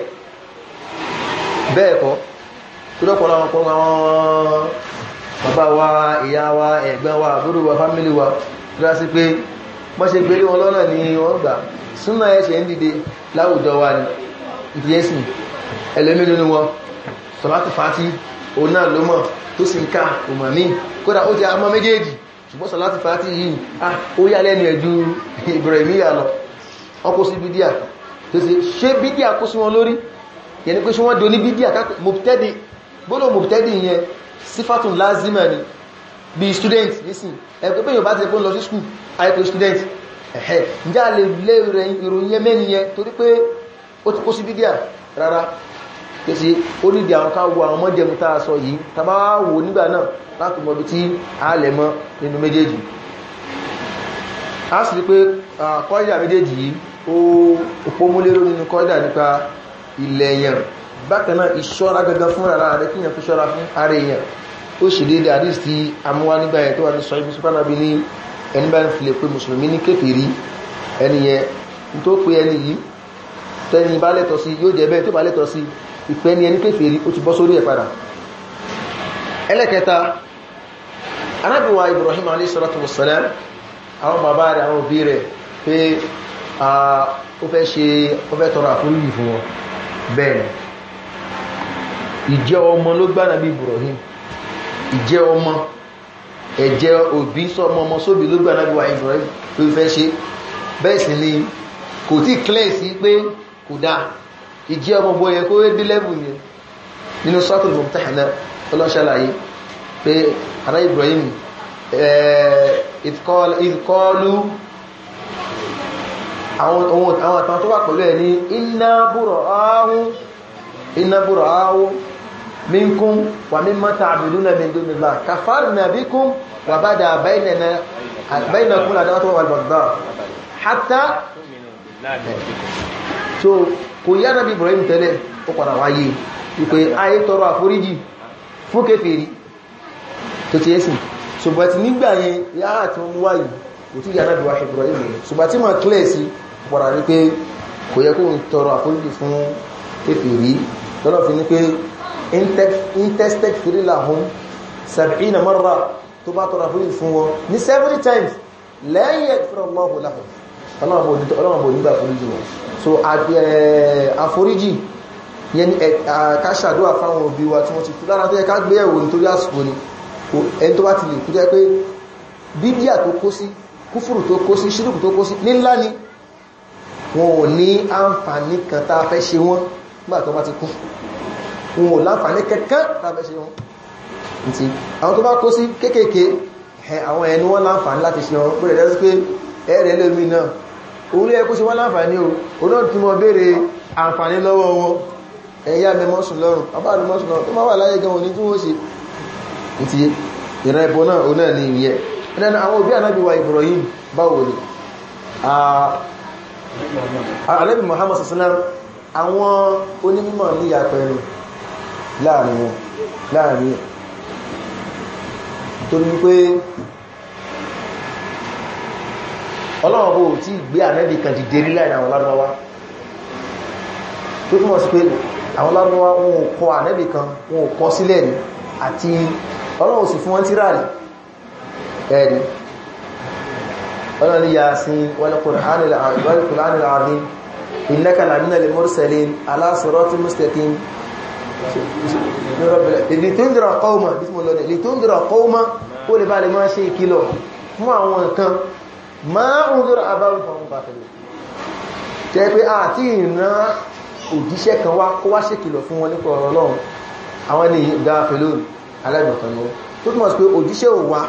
bẹ́ẹ̀ kọ́ tó dọ́pọ̀ láwọn kan àwọn bàbá wa ìyá wa ẹ̀gbọ́n wa àbúrò wa fámílì wa tó dá pé bọ́ ṣe gbélé wọn lọ́nà ni wọ́n gbà súnà ẹ̀ṣẹ̀ ń dìde láwùjọ wa ni ìdíyẹ́sìn ẹlẹ́mìnú ni wọn sọ̀láti fàtí òun náà ló mọ̀ tó sì ń ká òmà míì kódà ó ti àmọ́ méjèèjì ṣùgbọ́n sọ̀láti fàtí yìí ah, ó yà lẹ́nu ẹ̀dù ìbìrẹ̀míyà lọ ọkọ̀ sí bídíà tó sì ṣe bídíà kó sí wọn lórí ni be student nísìn ẹ̀kọ́ pé yorùbá ti ẹ̀kọ́ lọ sí school àìkò student ẹ̀hẹ́ ǹjẹ́ a lè lé ìròyìn yẹ mẹ́rin yẹ torí pé ó ti kó sí bídíà rárá pèsè ó àwọn ká wo àwọn mọ́jẹ̀mú tá sọ yìí tàbá wò nígbà náà láti tí a lẹ̀ mọ́ nínú méjèèjì a sì rí pé kọ́ídà méjèèjì yìí ó nínú kọ́ídà nípa ilẹ̀ bákan náà ìṣọ́ra gangan fún ó ṣe dédé àdís tí a mú wá nígbà ẹ̀ tó wà ní sọ ibi súpánábi ní ẹni bá ń fi lè pé mùsùlùmí ní kéfèrí ẹni yẹn ní tó pé ẹni yìí tẹ́ni bá lẹ́tọ̀ sí yóò jẹ́ bẹ́ẹ̀ tó bá lẹ́tọ̀ sí ìpẹ́ ni ẹni kéfèrí ó ti bọ́ sórí ẹ̀ padà ẹlẹ́kẹta ànábì wa Ibrahim alayhi salatu wassalam àwọn bàbá rẹ̀ àwọn òbí rẹ̀ pé ó fẹ́ ṣe ó fẹ́ tọrọ àforíjì fún wọn bẹ́ẹ̀ ìjẹ́ ọmọ ló gbá nàbí Ibrahim ìjẹ́ ọmọ ẹ̀jẹ̀ òbí sọmọ ọmọ sóbi ló gbà náà bí wà ìfọ̀rẹ́ ló fẹ́ ṣe bẹ́ẹ̀ sì ni kò tí clear sí pé kò dáa ìjẹ́ ọmọ bọ̀ yẹ kó wé dé level yẹn nínú sọ́tò Mumtahana ọlọ́ṣàlàyé pé ará Ibrahim ìkọlù àwọn àtàwọn tó wà pẹ̀lú ẹ̀ ní iná búrọ̀ áhùn منكم ومما تعبدون من دون الله كفرنا بكم وبدا بيننا بينكم العداوة والبغضاء حتى so kò yá nàbí Ibrahim tẹ́lẹ̀ ó padà wáyé ìpé ayé tọrọ àforíjì fún kéfèrí tó ti ẹ́sìn ṣùgbọ́n ti nígbà yẹn yá àti wọ́n wáyé kò tí yá nàbí wá ṣe Ibrahim ṣùgbọ́n tí ma kílẹ̀ sí padà rí pé kò yẹ kó tọrọ àforíjì fún kéfèrí lọ́lọ́fin ní pé intestectory lahun sab'ina marra tó bá tọrọ àforíjì fún wọn ní seventy times lẹ́yìn ẹ̀fẹ́ ọlọ́hùn lahun ọlọ́wọ̀n bò nígbà àforíjì wọn so àforíjì yẹn ká ṣàdúrà fáwọn òbí wa tí wọ́n ti kú lára tó yẹ ká gbé ẹ̀wò nítorí àsìkò ni ẹni tó bá ti lè kú jẹ́ pé bídíà tó kó sí kúfùrù tó kó sí ṣírùkù tó kó sí nílá ni wọn ò ní kan tá a fẹ́ ṣe wọ́n nígbà tó ti kú wọn ò láǹfààní kẹ́kẹ́ tàbí ṣe wọn tí àwọn tó bá kó sí kéékèèké àwọn ẹni wọ́n láǹfààní láti ṣe wọn bó rẹ̀ pé ẹ̀rẹ̀ lómi náà orí ẹkú sí wọ́n láǹfààní o oná tí mo béèrè àǹfààní lọ́wọ́ wọn ẹ̀yà mẹ́mọ́sùn lọ́rùn àbáàrí mọ́sùn lọ́rùn tó má wà láyé gan òní tí wọ́n ṣe ti ìran ẹ̀bọ̀ náà òun náà ní ìyẹ́ ẹ̀nà àwọn òbí ànábì wa Ibrahim báwo ni ànábì Muhammad sassanar àwọn onímọ̀ níyà pẹ̀lú láàrin wọn láàrin ẹ̀ torí wípé ọlọ́run bó tí gbé ànábì kan dìde rí láàrin àwọn lárúbáwá tó túnmọ̀ sí pé àwọn lárúbáwá wọn ò kọ ànábì kan wọn ò kọ sílẹ̀ ní àti ọlọ́run sì fún wọn tírà rí ẹni ọlọ́run ni yasin wal-Qur'ānil-'azim innaka lamina al-mursalin ala lìtúndìrà kọ́ọ̀mà bí mo lọ́dẹ̀ lìtúndìrà kọ́ọ̀mà ó lè bá lè máa ṣe ìkìlọ̀ fún àwọn nǹkan máa ń dúró àbáwọn ọmọ bàtẹ̀lẹ̀ tẹ́ pé àti ìran òjíṣẹ́ kan wá kó wá ṣèkìlọ̀ fún wọn nípa ọ̀rọ̀ Ọlọ́run àwọn ni gáfẹ́lú aláìmọ̀kan lọ tó túnmọ̀ sí pé òjíṣẹ́ ò wá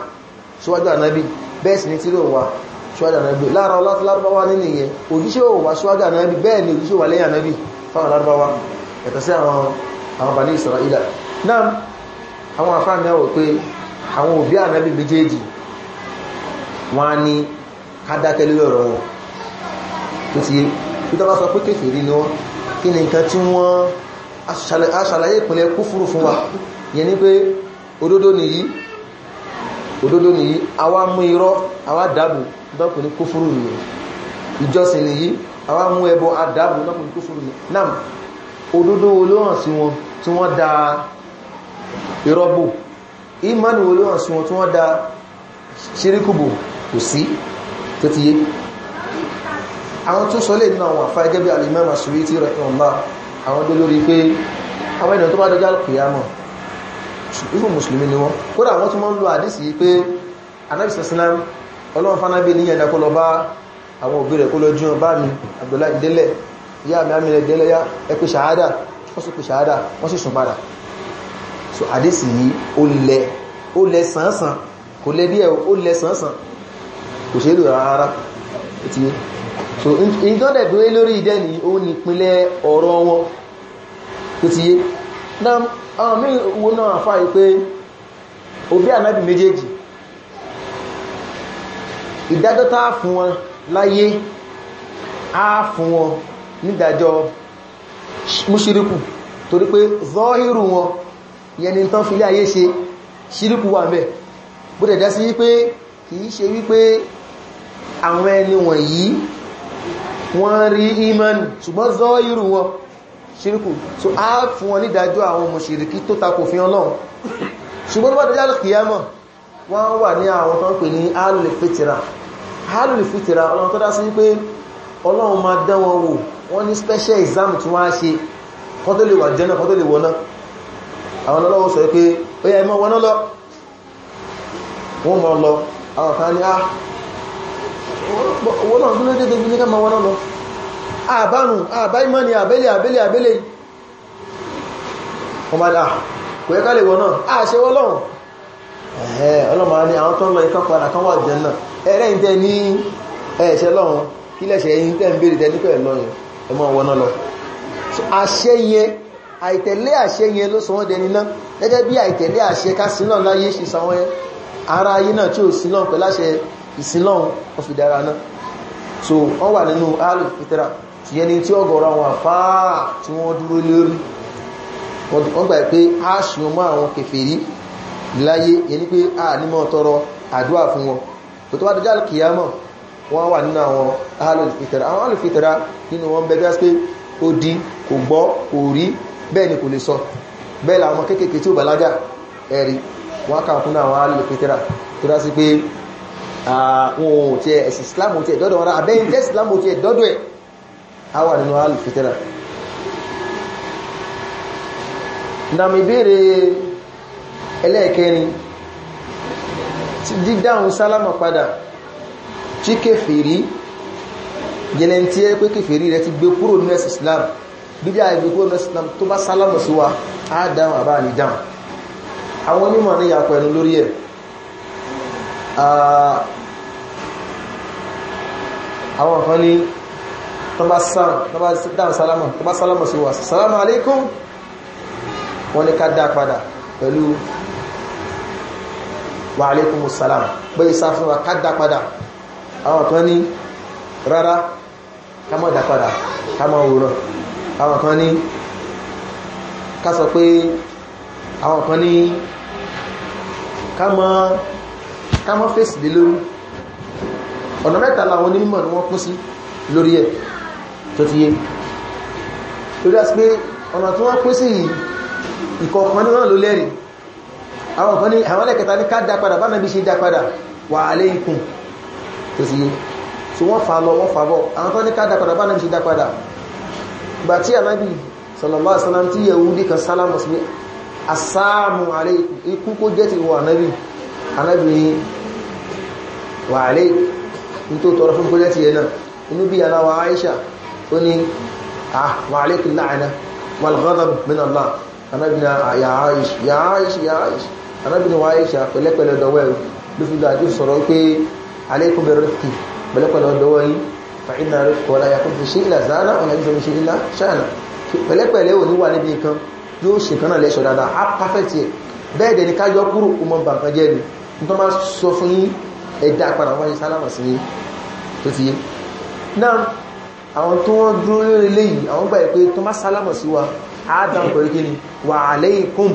ṣíwájú ànábì bẹ́ẹ̀ sì ni tí ó wá ṣíwájú ànábì lára ọlọ́tí lárúbáwá nínú ìyẹn òjíṣẹ́ ò wá ṣíwájú ànábì bẹ́ẹ̀ ni òjíṣẹ́ wà lẹ́yìn ànábì fáwọn lárúbáwá yàtọ̀ sí àwọn àwọn bani Israila náà àwọn afáà náà wò pé àwọn òbí ànábì méjèèjì wọ́n á ní kádákẹ́ lórí ọ̀rọ̀ wọn tó ti tó bá sọ pé kèfèrí ni wọ́n kí ni nǹkan tí wọ́n aṣàlàyé ìpínlẹ̀ kúfúrú fún wa yẹn ni pé òdodo nìyí òdodo nìyí àwa mú irọ́ àwa dábù dọ́pù ní kúfúrú nìyí ìjọsìn nìyí àwa mú ẹbọ adábù dọ́pù ní kúfúrú nìyí náà òdodo olóhàn sí wọn tí wọ́n da ìrọ́bù ìmánu olú àṣù wọn tí wọ́n da ṣíríkùbù kò sí tó ti yé àwọn tó sọ lè nínú àwọn àfá ẹgẹ́ bí alìmọ́mà sùúrí tí rẹ̀ ọ̀lá àwọn tó lórí pé àwọn ènìyàn tó bá dọjá kìyàmọ̀ ìfún mùsùlùmí ni wọ́n kódà wọ́n tún mọ́ ń lo àdísì pé anábìsẹ̀sílám ọlọ́run fánábí ní ẹ̀dà kó lọ bá àwọn òbí rẹ̀ kó lọ jíun bá mi Abdullahi délẹ̀ ìyá mi amílẹ̀ délẹ̀ yá ẹkù ṣàhádà wọ́n sì pè ṣàádà wọ́n sì sùn padà so àdísì yìí ó lẹ ó lẹ sànsàn kò lẹ díẹ̀ ó lẹ sànsàn kò ṣe é lò rárá ti so ìdọ́dẹ̀ tó wé lórí ìdẹ́ ni ó ní ìpínlẹ̀ ọ̀rọ̀ wọn tó ti yé náà àwọn mí wo náà àfá yìí pé òbí ànábì méjèèjì ìdájọ́ tá fún wọn láyé á fún wọn nídàjọ́ múṣíríkù torí pé zọ́hírù wọn yẹni tán fi lé ayé ṣe ṣíríkù wà mẹ́ bó dẹ̀dá sí wípé kìí ṣe wípé àwọn ẹni wọ̀nyí wọ́n rí imani ṣùgbọ́n zọ́hírù wọn ṣíríkù so a fún wọn nídájọ́ àwọn mùṣìríkí tó takò fi ọlọ́run ṣùgbọ́n tó bá dájá kìyàmọ̀ wọ́n wà ní àwọn tó ń pè ní alùlẹ̀ fìtìrà alùlẹ̀ fìtìrà ọlọ́run tó dá sí wípé ọlọ́run máa dán wọn wò wọ́n ní special exam tí wọ́n á ṣe kọ́ tó lè wà jẹ́ náà kọ́ tó lè wọ́ná àwọn ọlọ́wọ́ sọ pé ó yá ẹmọ́ wọ́ná lọ wọ́n mọ́ lọ àwọn kan ní ah wọ́n náà gúnlé dédé bí ní ká ma wọ́ná lọ àbánu àbá imọ́ ni àbẹ́lẹ̀ àbẹ́lẹ̀ àbẹ́lẹ̀ wọ́n bá dáa ah, kò yẹ ká lè wọ́ná àṣẹ wọ́lọ́run ẹ̀ẹ́ ọlọ́mọ kí lẹ́sẹ̀ yìí tẹ́ ń bèèrè tẹ́ nípẹ̀ lọ́yìn ẹ mọ́ wọná lọ àṣẹ yẹn àìtẹ̀lé àṣẹ yẹn ló sọ wọ́n dẹni ná gẹ́gẹ́ bí àìtẹ̀lé àṣẹ ká sílọ̀ láyé ṣe sàwọn ẹ ara ayé náà tí ò sílọ̀ pẹ̀láṣẹ ìsìnlọ̀ ọ̀fìdára náà so wọ́n wà nínú alùpùpùtẹ́ra tìyẹn ni tí ọgọ̀rọ̀ àwọn àfáà tí wọ́n dúró lórí wọ́n gbà pé a ṣùgbọ́n mọ́ àwọn kèfèrí láyé yẹn ni pé a nímọ̀ tọrọ àdúrà fún wọn tó tó bá dọjá kìyàmọ̀ wọ́n wà nínú àwọn alùfitara àwọn alùfitara nínú wọn bẹ́gbẹ́ pé ó di kò gbọ́ kò rí bẹ́ẹ̀ ni kò lè sọ bẹ́ẹ̀ làwọn kéèkéé tí ó bàlágà ẹ̀rí wọ́n kà àwọn alùfitara tó dá sí pé àwọn ohun tí Islam ti ẹ̀dọ́dọ̀ wọn abẹ́yìn tẹ́ Islam ti ẹ̀dọ́dọ̀ ẹ̀ á wà nínú alùfitara nàmì ìbéèrè padà tí kèfèrí yẹlẹ̀ tí ẹ pé kèfèrí rẹ ti gbé kúrò ní ẹ̀sìn Islam bídí àìgbé kúrò ní ẹ̀sìn Islam tó bá sálámù sí wa á dáhùn àbá ní dáhùn àwọn onímọ̀ ní yàpọ̀ ẹnu lórí ẹ̀ àwọn kan ní tọ́bá sálámù sí wa sálámù alaikum wọ́n ní ká dá padà pẹ̀lú wa alaikumus salam bẹ́ẹ̀ sá wa ká dá padà àwọn kan ní rárá ká má dá padà ká má wòrán àwọn kan ní ká sọ pé àwọn kan ní ká má fèsì lé lórí ọ̀nà mẹ́ta làwọn onímọ̀ ni wọ́n kún sí lórí ẹ̀ tó ti yé lórí àti pé ọ̀nà tí wọ́n kún sí ìkọ̀ọ̀kan ní wọ́n ló lẹ́rìí àwọn kan ní àwọn ẹlẹ́kẹta ní ká dá padà bá nàbí ṣe dá padà wa tó sì yé so wọ́n fà lọ wọ́n fà bọ̀ àwọn tó ní ká dápadà bá nàbí ṣe dápadà gbà tí ànábì sallallahu alaihi wasallam tí yahudi kan sálámù sí asáàmù àrẹ ikú kó jẹ́ ti wọ ànábì ànábì wà àrẹ nítò tọrọ fún kó jẹ́ ti yẹ náà inú bí aláwọ̀ aisha ó ní ah, wà àrẹ kìlá àná wal-ghadab min Allah ànábì na ah, ya aish ya aish ya ànábì wà aisha pẹ̀lẹ́pẹ̀lẹ́ dọwẹ́ ló fi sọ̀rọ̀ pé عليكم بالرفق بلكم لو دوي فإن الرفق ولا يكون في شيء إلا زانا ولا يكون في شيء إلا شانا pẹ̀lẹ́pẹ̀ lẹ́wò ní wà níbi nǹkan yóò ṣe kan náà lẹ́ṣọ̀ dáadáa á pàfẹ́tì ẹ̀ bẹ́ẹ̀ dẹ̀ ní ká yọ kúrò ọmọ bàǹkan jẹ́ ni nítorí máa sọ fún yín ẹ̀dá padà wáyé sálámà sí tó ti yé náà àwọn tó wọ́n dúró lórí léyìí àwọn gbà pé tó má sálámà sí wa á dáhùn pẹ̀lú kí ni wa alaykum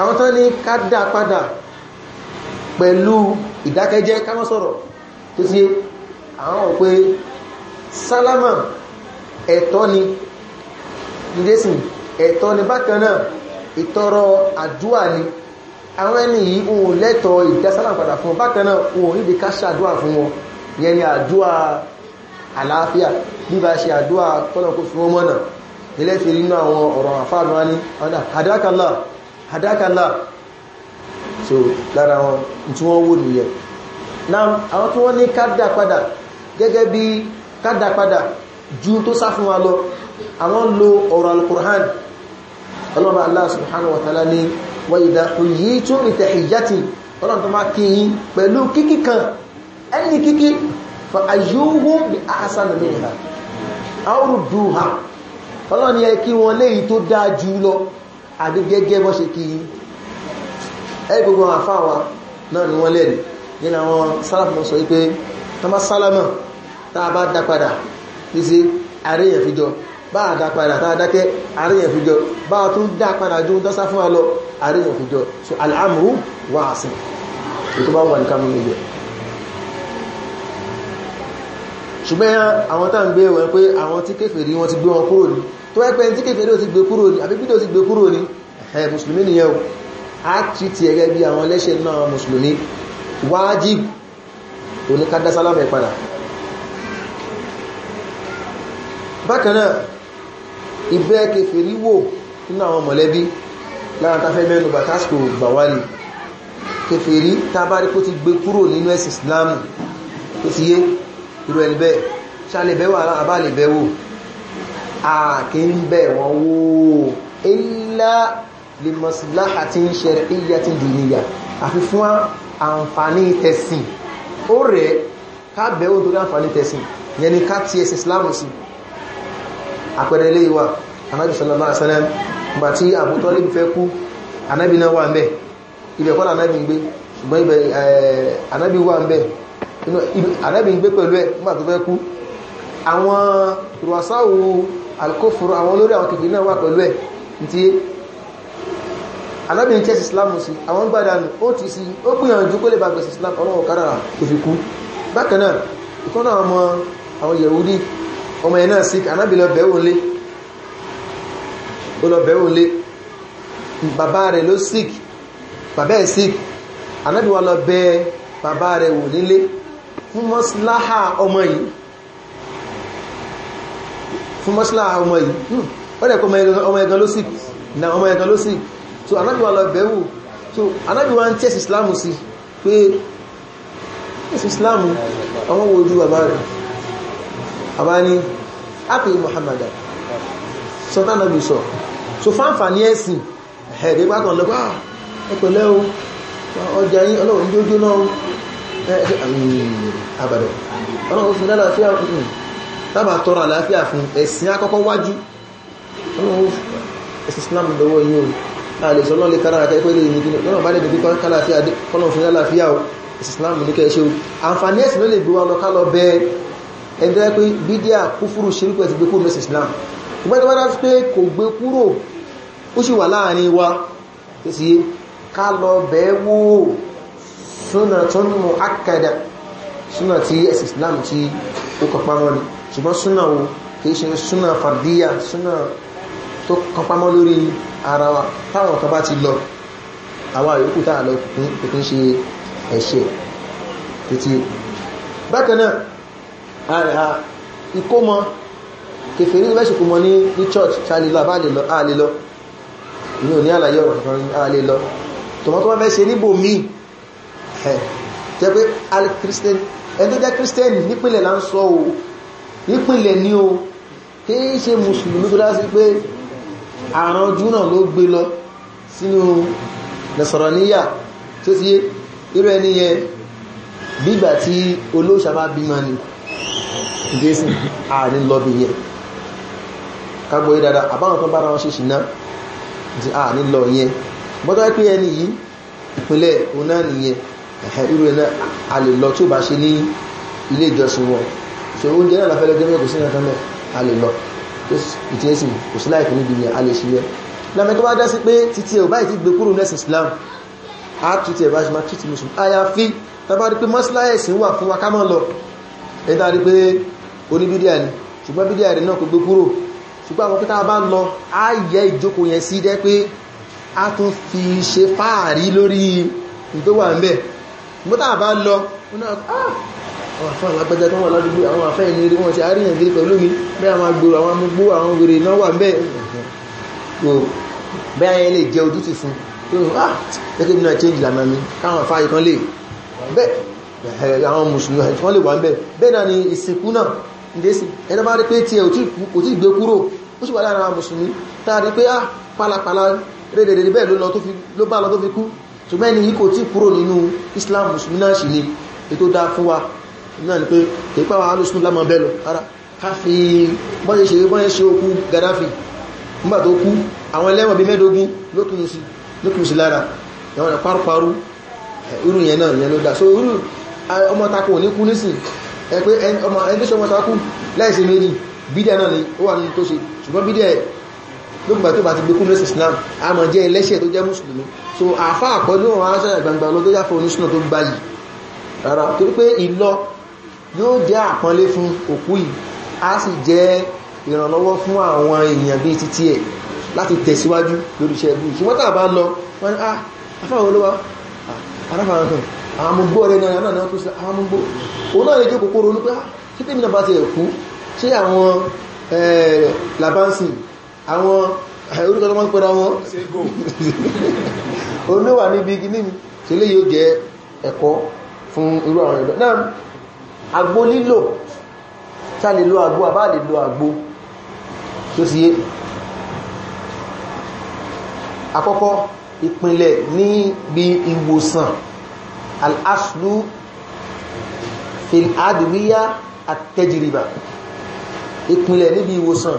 àwọn tán ní ká dá padà pẹ̀lú ìdákẹ́jẹ́ ká má sọ̀rọ̀ tó ti àwọn òpé sálámà ẹ̀tọ́ ni ìdésìn ẹ̀tọ́ ni bákan náà ìtọrọ àdúà ni àwọn ẹni yìí ohun lẹ́tọ̀ ìdásálà padà fún bákan náà ohun níbi ká ṣàdúà fún wọn yẹn ni àdúà àlàáfíà bíbá ṣe àdúà tọ́lọ̀kú fún wọn mọ́nà nílẹ̀ fi rí inú so lára wọn tí wọ́n wò nìyẹn náà àwọn tí wọ́n ní kádà padà gẹ́gẹ́ bí kádà padà ju tó sá fún wa lọ àwọn lo ọ̀rọ̀ alukur'an ọlọ́run Allah subhanahu wa ta'ala ní wa idha huyyitum bi tahiyyatin ọlọ́run tó máa kí yín pẹ̀lú kíkí ẹ́ gbogbo àwọn àfá wa náà ni wọ́n lẹ́nu nínú àwọn sálàfún sọ wípé tọ́mọ́ sálámà táa bá dá padà ní sí àríyàn fíjọ bá a dá padà táa dákẹ́ àríyàn fíjọ bá a tún dá padà ju dọ́sá fún wa lọ àríyàn fíjọ so al'amru wà á sí ètò bá wà ní kámú níbi ṣùgbọ́n àwọn tá ń gbé wọn pé àwọn tí kéfèrí wọn ti gbé wọn kúrò ní tó wáyé pé tí kéfèrí ò ti gbé kúrò ní àbí bídò ti gbé kúrò ní ẹ̀ mùsùlùmí nìyẹn àtìtì ẹ̀rẹ́ bí àwọn ẹlẹ́ṣẹ̀ náà mùsùlùmí wájib oníkádá sálámà ìpadà bákanáà ìbẹ́ kèfèrí wò nínú àwọn mọ̀lẹ́bí lára tafẹ́ mẹ́nu bà tásìkò gbàwálì kèfèrí tàbárí kó ti gbé kúrò nínú ẹ̀sìn islamu tó ti yé irú ẹni bẹ́ẹ̀ ṣàlẹ̀ bẹ́wà àbálẹ̀ bẹ́wò àkíńbẹ̀ wọn wó ilá lè mọ̀síláhà tí ń ṣe ìyá tí dìníyà àfi fún àǹfààní tẹ̀sìn ó rẹ̀ kábẹ̀ ó torí àǹfààní tẹ̀sìn yẹn ni ká tí ẹsẹ̀ islamu sí àpẹẹrẹ ilé ìwà anábì sallallahu alaihi Abu Talib fẹ́ kú anábì náà wà ń bẹ̀ ibẹ̀ kọ́ anábì ń gbé ṣùgbọ́n ibẹ̀ anábì eh, wà ń bẹ̀ anábì ń gbé anábìnrin tẹ́sì islamu sí àwọn gbádànù ó ti sí ó gbìyànjú kó lè bá gbèsè islam ọlọ́wọ̀ kára tó fi kú bákanáà ìkọ́nà ọmọ àwọn yahudi ọmọ ẹ̀ náà sí anábì lọ bẹ̀wò lé bàbá rẹ̀ ló sikh bàbá ẹ̀ sikh anábì wà lọ bẹ bàbá rẹ̀ wò nílé fún mọ́síláhà ọmọ yìí fún mọ́síláhà ọmọ yìí hmm, ó dẹ̀ kọ́ ọmọ ẹ̀gan ló sikh so anábì wa lọ bẹ̀wò so anábì wa ń tẹ́sì islam sí pé tẹ́sì islam àwọn wo ojú bàbá rẹ̀ bàbá ní ápè muhammad sọ́tà anábì sọ so fáǹfà ní ẹ̀sìn ẹ̀ẹ́dẹ́ gbàgbọ́n lọ́gbà ah, ẹ̀pẹ̀lẹ́ o ọjà yín ọlọ́run jójó náà àbàdàn ọlọ́run fún lálàáfíà fún tábà tọrọ àlàáfíà fún ẹ̀sìn àkọ́kọ́ wájú ọlọ́run ẹ̀sìn islam lọ́wọ́ yìí o àlèsọ́ ah, náà lè kára àkẹ́ pẹ́lú ìyìn gínú lọ́nà bá lè dùn kíkọ́ o àǹfààní ẹ̀sìn ló lè gbé wa lọ ká lọ bẹ ẹgbẹ́ pé bídíà kúfúrú ṣirúkú ẹ̀ ti gbé kúrò mẹ́sì Islam ìgbẹ́ tó bá dájú pé kò gbé kúrò ó sì wà láàrin wa tó sì ká lọ bẹ wò súnà tó ń mú akada súnà tí ẹ̀sìn Islam tí ó kọ̀pá mọ́ ni ṣùgbọ́n súnà ara wa táwọn kan bá ti lọ àwọn àyókù táà lọ kò kí ń ṣe ẹ̀ṣẹ̀ títí bákan náà ìkómọ kèfèrí lọ́ṣùkú mọ́ ní ní church ṣàlélọ́ àbálélọ́ àlélọ́ inú ní àlàyé ọ̀rọ̀ kan àlélọ́ tòmọ́tọ́ wọ́n fẹ́ ṣe níbò míì ẹ̀ jẹ́ pé alkristian ẹni tó jẹ́ christian nípìnlẹ̀ là ń sọ o nípìnlẹ̀ ní o kìí ṣe mùsùlùmí tó dá sí pé àrùn ojú náà ló gbé lọ sínú nasaraniya tó ti yé irú ẹni yẹn bígbà tí olóòṣà bá bímọ ni jésù ààrin lọ́bí yẹn kagbó yí dada àbáwọn tó bára wọn ṣe ṣìná ti ààrin lọ yẹn bọ́tọ́ pé ẹni yìí ìpínlẹ̀ ọ̀nà nìyẹn irú ẹ̀nà alè lọ tí ó bá ṣe ní ilé ìjọsìn wọn so oúnjẹ náà láfẹ́lẹ́ jẹ́ mẹ́kù sí ìrìnàtọ́mẹ́ alè lọ ìtìyẹ́sì kò sí láìpẹ́ níbi yẹn a lè ṣe yẹ lámẹ́ tó bá dá sí pé títí ẹ̀ báyìí ti gbé kúrò nẹ́sìn Islam a títí ẹ̀ bá ṣe máa títí musulmi àyàfi tàbá rí pé mọ́síláyẹ̀sì wà fún wa kámọ́ lọ ẹ̀dá rí pé oníbídíà ni ṣùgbọ́n bídíà rẹ̀ náà kò gbé kúrò ṣùgbọ́n àwọn pẹ́ta bá ń àwọn àfáà lágbájá tó wà ládùúgbò àwọn àfáà ẹni rí wọn ti àríyàn gírí pẹ̀lú mi bẹ́ẹ̀ àwọn agbèrò àwọn amúgbó àwọn wèrè náà wà bẹ́ẹ̀ o bẹ́ẹ̀ lè jẹ ojútì fún tó ń ah gẹ́gẹ́ bí change lànà mi kan lè bẹ́ẹ̀ àwọn mùsùlùmí kan lè wà ń bẹ́ẹ̀ bẹ́ẹ̀ ni ìsìnkú náà ìdésì ẹni bá rí pé tiẹ̀ kò tí gbé kúrò ó sì wà lára àwọn mùsùlùmí tá a rí pé ah pálapàla rédèrè bẹ́ẹ̀ ló bá nínú Islam mùsùlùmí náà sì ni ètò dáa fún wa náà ni pé kìí pàwọn alùsùn lámọ̀ bẹ́ lọ ara ká fi bọ́n ṣe bọ́n ṣe okú Gaddafi nígbà tó kú àwọn ẹlẹ́wọ̀n bí mẹ́dógún lókùn sí lára ẹ̀wọ̀n rẹ̀ paru irú yẹn náà yẹn ló dá so irú ọmọ takò ní kú nísìn ẹ pé ọmọ ẹgbẹ́sẹ̀ ọmọ takò láìsí méjì bídẹ̀ náà ni ó wà nínú tó ṣe ṣùgbọ́n bídẹ̀ lókùnbà tó bá ti gbékún lẹ́sì Islam a mọ̀ jẹ́ ẹlẹ́ṣẹ̀ tó jẹ́ mùsùlùmí so àfá àpọ́jú wọn á sẹ́rẹ̀ gbangba lọ tó jáfẹ́ oníṣúná tó gbayì rárá torí pé ìlọ yóò jẹ́ àpọ́nlé fún òkú yìí á sì jẹ́ ìrànlọ́wọ́ fún àwọn èèyàn bí títí ẹ̀ láti tẹ̀síwájú lórí iṣẹ́ ẹbí ṣùgbọ́n tàbá lọ wọ́n ni ah afáwọn olówá aráfàwọn kan àwọn amúgbó ọ̀rẹ́ náà náà náà tó sí àwọn amúgbó òun náà lè jẹ́ kòkòrò olúpẹ́ tí tèmi náà bá ti ẹ̀kú ṣé àwọn labansin àwọn orúkọ lọ́mọ́ pẹ̀lú àwọn olówà níbi gíní mi ṣe lè yóò jẹ́ ẹ̀kọ́ fún irú àwọn ẹ̀dọ́ náà àgbo lílò tá lè lo àgbo àbá lè lo àgbo tó sì yé àkọ́kọ́ ìpìnlẹ̀ níbi ìwòsàn al-aslu fil-adwiya at-tajriba ìpìnlẹ̀ níbi ìwòsàn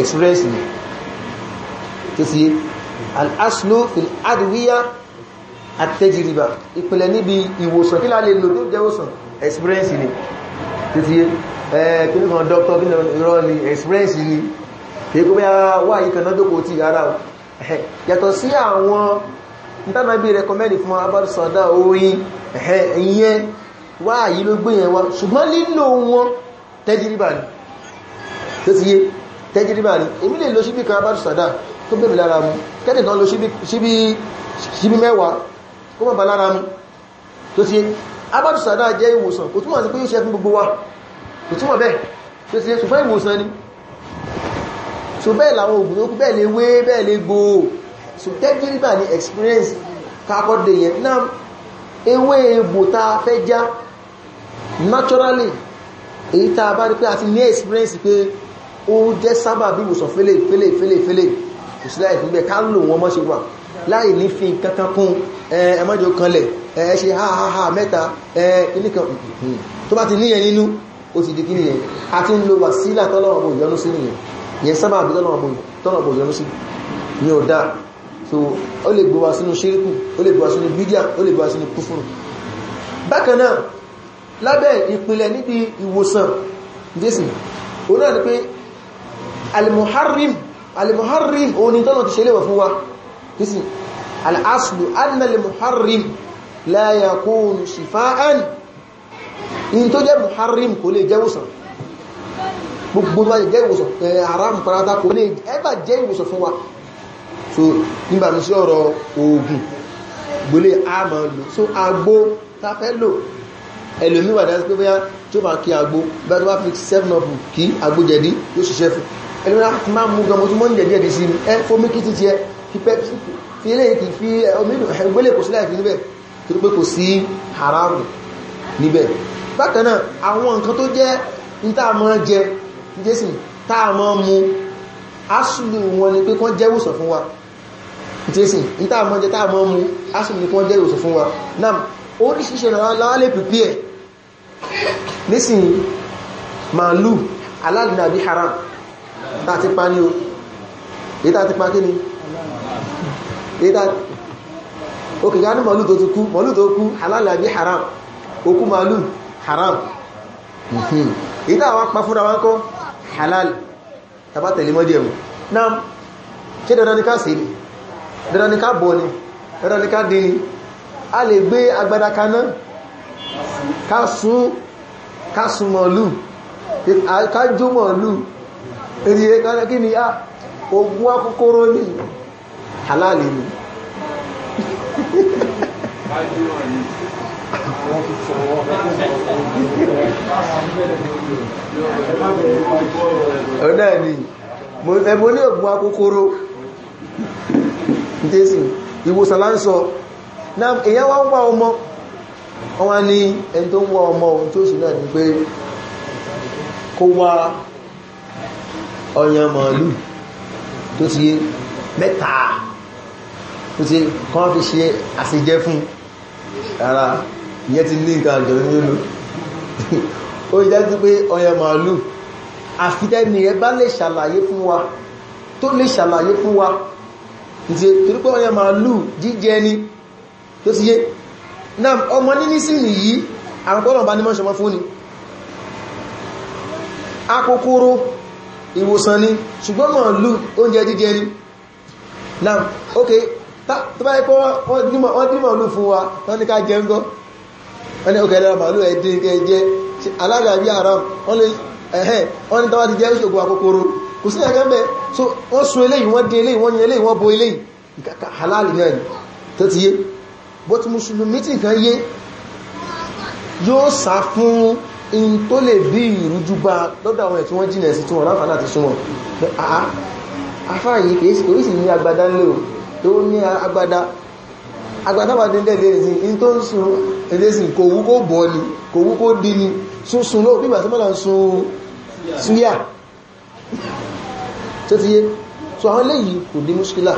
experience ni tó sì yé al-aslu fil-adwiya at-tajriba ìpìnlẹ̀ níbi ìwòsàn kí lá lè lò tó jẹ́ ìwòsàn experience ni títí kíní kan doctor kíní irọ́ ni experience ni kìí kó bẹ́yà wà yìí kan nájòkó tí ara yàtọ̀ sí àwọn ìtànàbí recommend fún abárisọ̀dá oyin ìyẹn wà yìí ló gbé yẹn wá ṣùgbọ́n lílò wọn tẹ́jìrìbà ni títí tẹ́jìrìbà ni èmi lè lo ṣíbí kan abárisọ̀dá tó bẹ̀mì lára mú kẹ́tì tán lo ṣíbí mẹ́wàá kó mọ̀ bá lára mú tó sí abadu sada jẹ́ ìwòsàn kò túnmọ̀ sí pé yóò ṣe fún gbogbo wa kò túnmọ̀ bẹ́ẹ̀ tó ti ṣùgbọ́n ìwòsàn ni so bẹ́ẹ̀ làwọn ògùn tó kú bẹ́ẹ̀ lè wé bẹ́ẹ̀ lè gbò so tẹ́gbìrìbà ni experience kakọ́dé yẹn náà ewé egbò ta fẹ́ já naturally èyí ta bá rí pé a ti ní experience pé ó jẹ́ sábà bí ìwòsàn fẹ́lẹ̀ fẹ́lẹ̀ fẹ́lẹ̀ fẹ́lẹ̀ kò sí láì fún bẹ́ẹ̀ ká lò wọ́n mọ́ ṣe wà láì ní fi kankan kún ẹmọ́jọ kanlẹ̀ ẹ ṣe ha ha ha mẹ́ta ẹ̀ẹ́kìníkan tó bá ti níyẹn nínú ó ti di kí nìyẹn a ti ń lo wàsílà tọ́lọ́wọ́ bò yọnú sí nìyẹn yẹn sábà bí tọ́lọ́wọ́ bò yọnú sí ní ọ̀dá so ó lè gbọ́wà sínú ṣíríkù ó lè gbọ́wà sínú bídíà ó lè gbọ́wà sínú kúfùrù bákan náà lábẹ́ ìpìlẹ̀ níbi ìwòsàn jésì ó náà ni pé alimuharrim alimuharrim òun ni tọ́lọ́ ti ṣe léwọ̀ fún wa nísìn al'aslu annal muharrim la yakunu shifa'an in tó jẹ́ muharrim kò lè jẹ́ ìwòsàn gbogbo tó jẹ́ ìwòsàn eh, haram parata kò lè ẹbà jẹ́ ìwòsàn fún wa so nígbà mi sí ọ̀rọ̀ oògùn gbélé àmà lò so agbó ta fẹ́ lò ẹlòmí wà dájú pé bóyá tí ó bá kí agbó bá tó bá fi 7 up kí agbó jẹ̀dí yóò ṣiṣẹ́ fún ẹlòmí láti máa mú gan mo tún mọ́ ní jẹ̀dí ẹ̀dí sí ẹ fómi kí títí ẹ fi pepsi fi eléyìí kì í fi omi ìgbélé kò sí láì fi níbẹ̀ torí pé haram níbẹ̀ bákan náà àwọn nǹkan tó jẹ́ ní tá a máa jẹ jésì tá a máa mu asùlù wọn ni pé kán jẹ́ ìwòsàn fún wa jésì ní a máa jẹ tá a máa mu asùlù ni kán jẹ́ ìwòsàn fún wa náà oríṣiṣẹ́ láwọn lè pìpì ẹ̀ nísìn màálù aládìnàbí haram tá a ti pa ní o èyí tá a ti pa kí ni ìdá òkè ká ní màálù tó ti kú màálù tó kú halal àbí haram okú màálù haram ìdá àwọn apá fúnra wọn kọ́ halal tàbá tẹ̀lé mọ́ díẹ̀mù náà ṣe dandan ní ká sí ni dandan ní ká bọ̀ ni dandan ní ká dín ni a lè gbé agbada kaná ká sún ká sún màálù ká jó màálù halali ni ọ̀dá ni ẹbọ ní ọ̀gbọ́n akókóró jésù ìwòsàn láńsọ náà èyàn wá ń wá ọmọ ọmọ mẹ́ta ó ti kọ́ fi ṣe àṣejẹ́ fún ara ìyẹn ti ní nǹkan àjọ nínú ó jẹ́ sí pé ọyẹ màálù àfitẹ́ni ẹ bá lè ṣàlàyé fún wa tó lè ṣàlàyé fún wa ìtì torípé ọyẹ màálù jíjẹ ni tó ti yé náà ọmọ níní sí nìyí àwọn pọ́lọ̀ bá ní mọ́ ṣọmọ fún ni akókóró ìwòsàn ni ṣùgbọ́n màálù oúnjẹ jíjẹ ni now ok tó bá yẹ pé wọ́n dín màálù fún wa wọ́n ní ká jẹ ń gọ́ wọ́n ní ok lọ́rọ̀ màálù ẹ̀ dín kẹ́ jẹ alága bí haram wọ́n ní ẹ̀hẹ́ wọ́n ní tọ́wọ́ ti jẹ́ ìṣògùn àkókòrò kò sí ẹ̀kẹ́ mẹ́ so wọ́n sun eléyìí wọ́n dín eléyìí wọ́n yìn eléyìí wọ́n bo eléyìí halal náà ni tó ti yé bọ́tí mùsùlùmí tí nǹkan yé yóò sá fún in tó lè bí ìrújú bá lọ́dọ̀ àwọn ẹ̀ tí wọ́n jìnà sí tí wọ́n láǹfà láti súnmọ́ afá yìí kìí sì kìí sì ní agbada ńlẹ̀ o tó ní agbada agbada bá dín dẹ́gbẹ̀ẹ́ sí in tó ń sun ẹlẹ́sìn kò wú kó bọ́ ni kò wú kó dí ni sunsun lóò bígbà tí mọ́lá sun súyà tó ti yé so àwọn eléyìí kò ní múṣkílà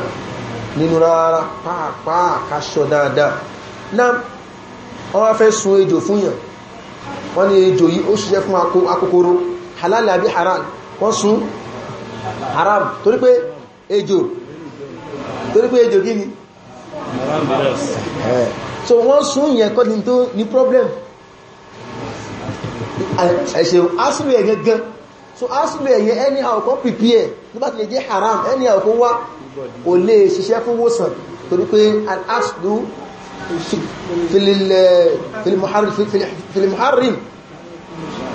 nínú rárá pàápàá kaṣọ dáadáa na wọ́n wá fẹ́ sun ejò fún yàn wọ́n ní ejò yìí ó ṣiṣẹ́ fún akókóró halal àbí haram wọ́n sun haram torí pé ejò torí pé ejò gíní eh. so wọ́n sún yẹn kọ́ ní tó ní problem ẹ̀ṣẹ̀ asìlú ẹ̀ gẹ́gẹ́ so asìlú ẹ̀ yẹn ẹni àwọ̀kọ́ prepare tó bá lè jẹ́ haram ẹni àwọ̀kọ́ wá kò lè ṣiṣẹ́ fún wòsàn torí pé an asìlú filimuharim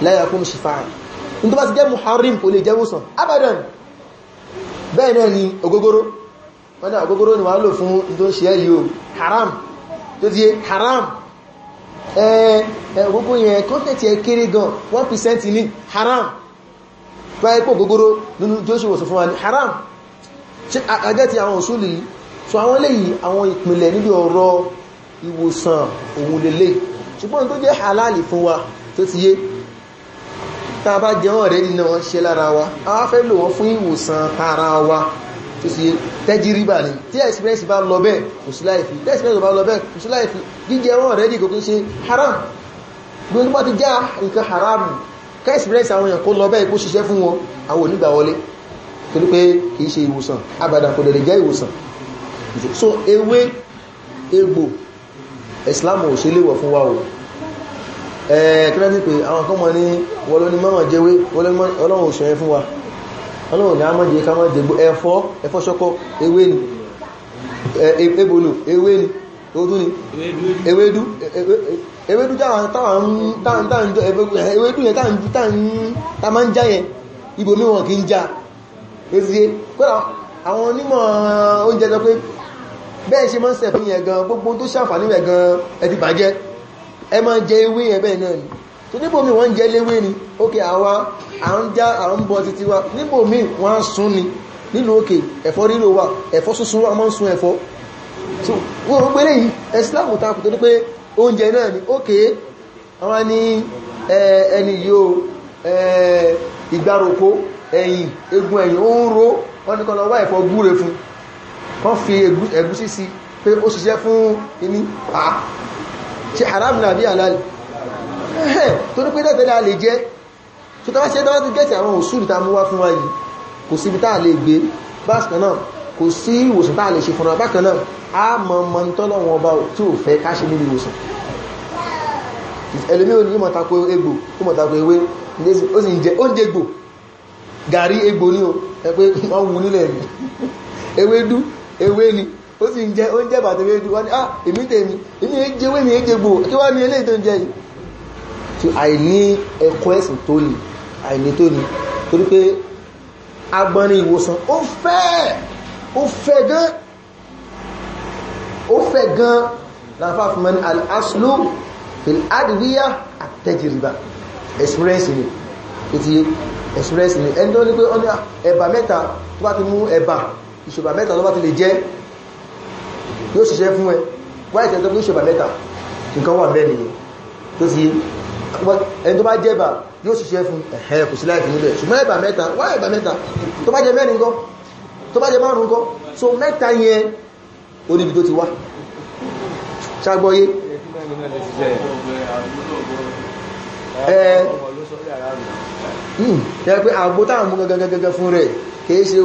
la yakun shifa'a ní jẹ́ muharim kò lè jẹ́ wòsàn abadan bẹ́ẹ̀ náà ni Ogogoro, wọ́n náà ogógóró ni wọ́n lò fún tó ń ṣe ẹ́ yìí haram tó ti haram ogógó yẹn kọ́ntẹ̀tì ẹ kéré gan 1% ní haram báyẹ̀ pọ̀ Ogogoro nínú joshua sọ fún wa ní haram agẹ́ ti àwọn òṣùlì so àwọn léyìí àwọn ìpìnlẹ̀ níbi ọ̀rọ̀ ìwòsàn òun lélẹ̀ ṣùgbọ́n tó jẹ́ tá a bá jẹ wọ́n rẹ̀ nínú wọn ṣe lára wa a wá fẹ́ lò wọ́n fún ìwòsàn ara wa tó sì tẹ́jì ríbà ní tí express bá lọ bẹ́ẹ̀ kò sí láìfi tí express bá lọ bẹ́ẹ̀ kò sí láìfi jíjẹ wọ́n rẹ̀ ní kò ṣe haram gbogbo bá ti já nǹkan haram ká express àwọn èèyàn kó lọ bẹ́ẹ̀ kó ṣiṣẹ́ fún wọn àwọn onígbà wọlé torí pé kìí ṣe ìwòsàn abàdàn kò dẹ̀lẹ̀ jẹ́ ìwòsàn so ewé egbò islam ò ṣe léwọ̀ fún wa o kílẹ́sì pé àwọn kan mọ̀ ní wọ́n ló ní mọ́mọ̀ jẹ́wé ọlọ́run òṣèré fún wa ọlọ́run ní a mọ́ jẹ́ ká mọ́ jẹ́gbó ẹ̀fọ́ ẹ̀fọ́ ṣọ́kọ́ ewé ni e, ebolo ewé ni oòdún ni ewédú e, e, ewédú táwọn jáyẹn ibò míwọn kí ń já ezie àwọn onímọ̀ oúnjẹ lọ pé bẹ́ẹ̀ ṣe mọ́ sẹ̀fún yẹn gan gbogbo tó ṣàǹfà níwẹ̀ gan ẹ̀dìbàjẹ́ ẹ máa jẹ ewé yẹn bẹ́ẹ̀ náà ni tó níbò mi wọ́n jẹ léwé ni ókè àwa à ń já à ń bọ́ títí wa níbò mi wọ́n á sún ni nílùú òkè ẹ̀fọ́ rírò wà ẹ̀fọ́ súnsún wà máa ń sun ẹ̀fọ́ so wọ́n rú pẹ́lẹ̀ yìí ẹ̀sìláàmù takù tó ní pé oúnjẹ náà ni ókè àwọn ni ẹni yóò ìgbàròkó ẹ̀yìn egun ẹ̀yìn ó ń ro wọ́n ní kọ́nà wá ẹ̀fọ́ gúre fún wọ́n fi ẹ̀gúsí sí pé ó ṣiṣẹ́ fún iní ṣe haram ní àbí halal torí pé tẹ́tẹ́lẹ́ a lè jẹ́ tó tọ́wá ṣe tọ́wá ti gẹ̀ẹ́sì àwọn òṣùlù tá mú wá fún wa yìí kò sí ibi tá a lè gbé bákan náà kò sí ìwòsàn tá a lè ṣe fúnra bákan náà a mọ̀ mọ̀ ń tọ́lọ̀ wọn ọba tí ò fẹ́ ká ṣe níbi ìwòsàn ẹlòmí ò ni ó sì ń jẹ oúnjẹ bàtẹ̀ méjì wọ́n ni ah èmi tèmi èmi èjẹ wé mi èjẹ gbò kí wá ní eléyìí tó ń jẹ yìí so àìní ẹ̀kọ́ ẹ̀sìn tó ní àìní tó ní torí pé agbọ́nrin ìwòsàn ó fẹ́ ó fẹ́ gan ó fẹ́ gan láfáàfimọ́ ní al-aslu fil adwiya at experience ni ètí experience ni ẹni tó ní pé ah, ẹbà mẹ́ta tó bá ti mú ẹbà ìṣòbà mẹ́ta tó bá ti lè jẹ́ yóò ṣiṣẹ́ fún ẹ wáyé tẹ́tọ́ yóò ṣẹ̀bà mẹ́ta nǹkan wà bẹ́ẹ̀ nìyẹn tó ti ẹni tó bá jẹ́bà yóò ṣiṣẹ́ fún ẹ̀hẹ́ kò sí láìfún níbẹ̀ ṣùgbọ́n ẹ̀bà mẹ́ta wáyé ẹ̀bà mẹ́ta tó bá jẹ mẹ́rin so mẹ́ta yẹn ó níbi tó ti wá ṣàgbọ́yé ẹ̀ hmm, pé mú fún rẹ̀ kìí ṣe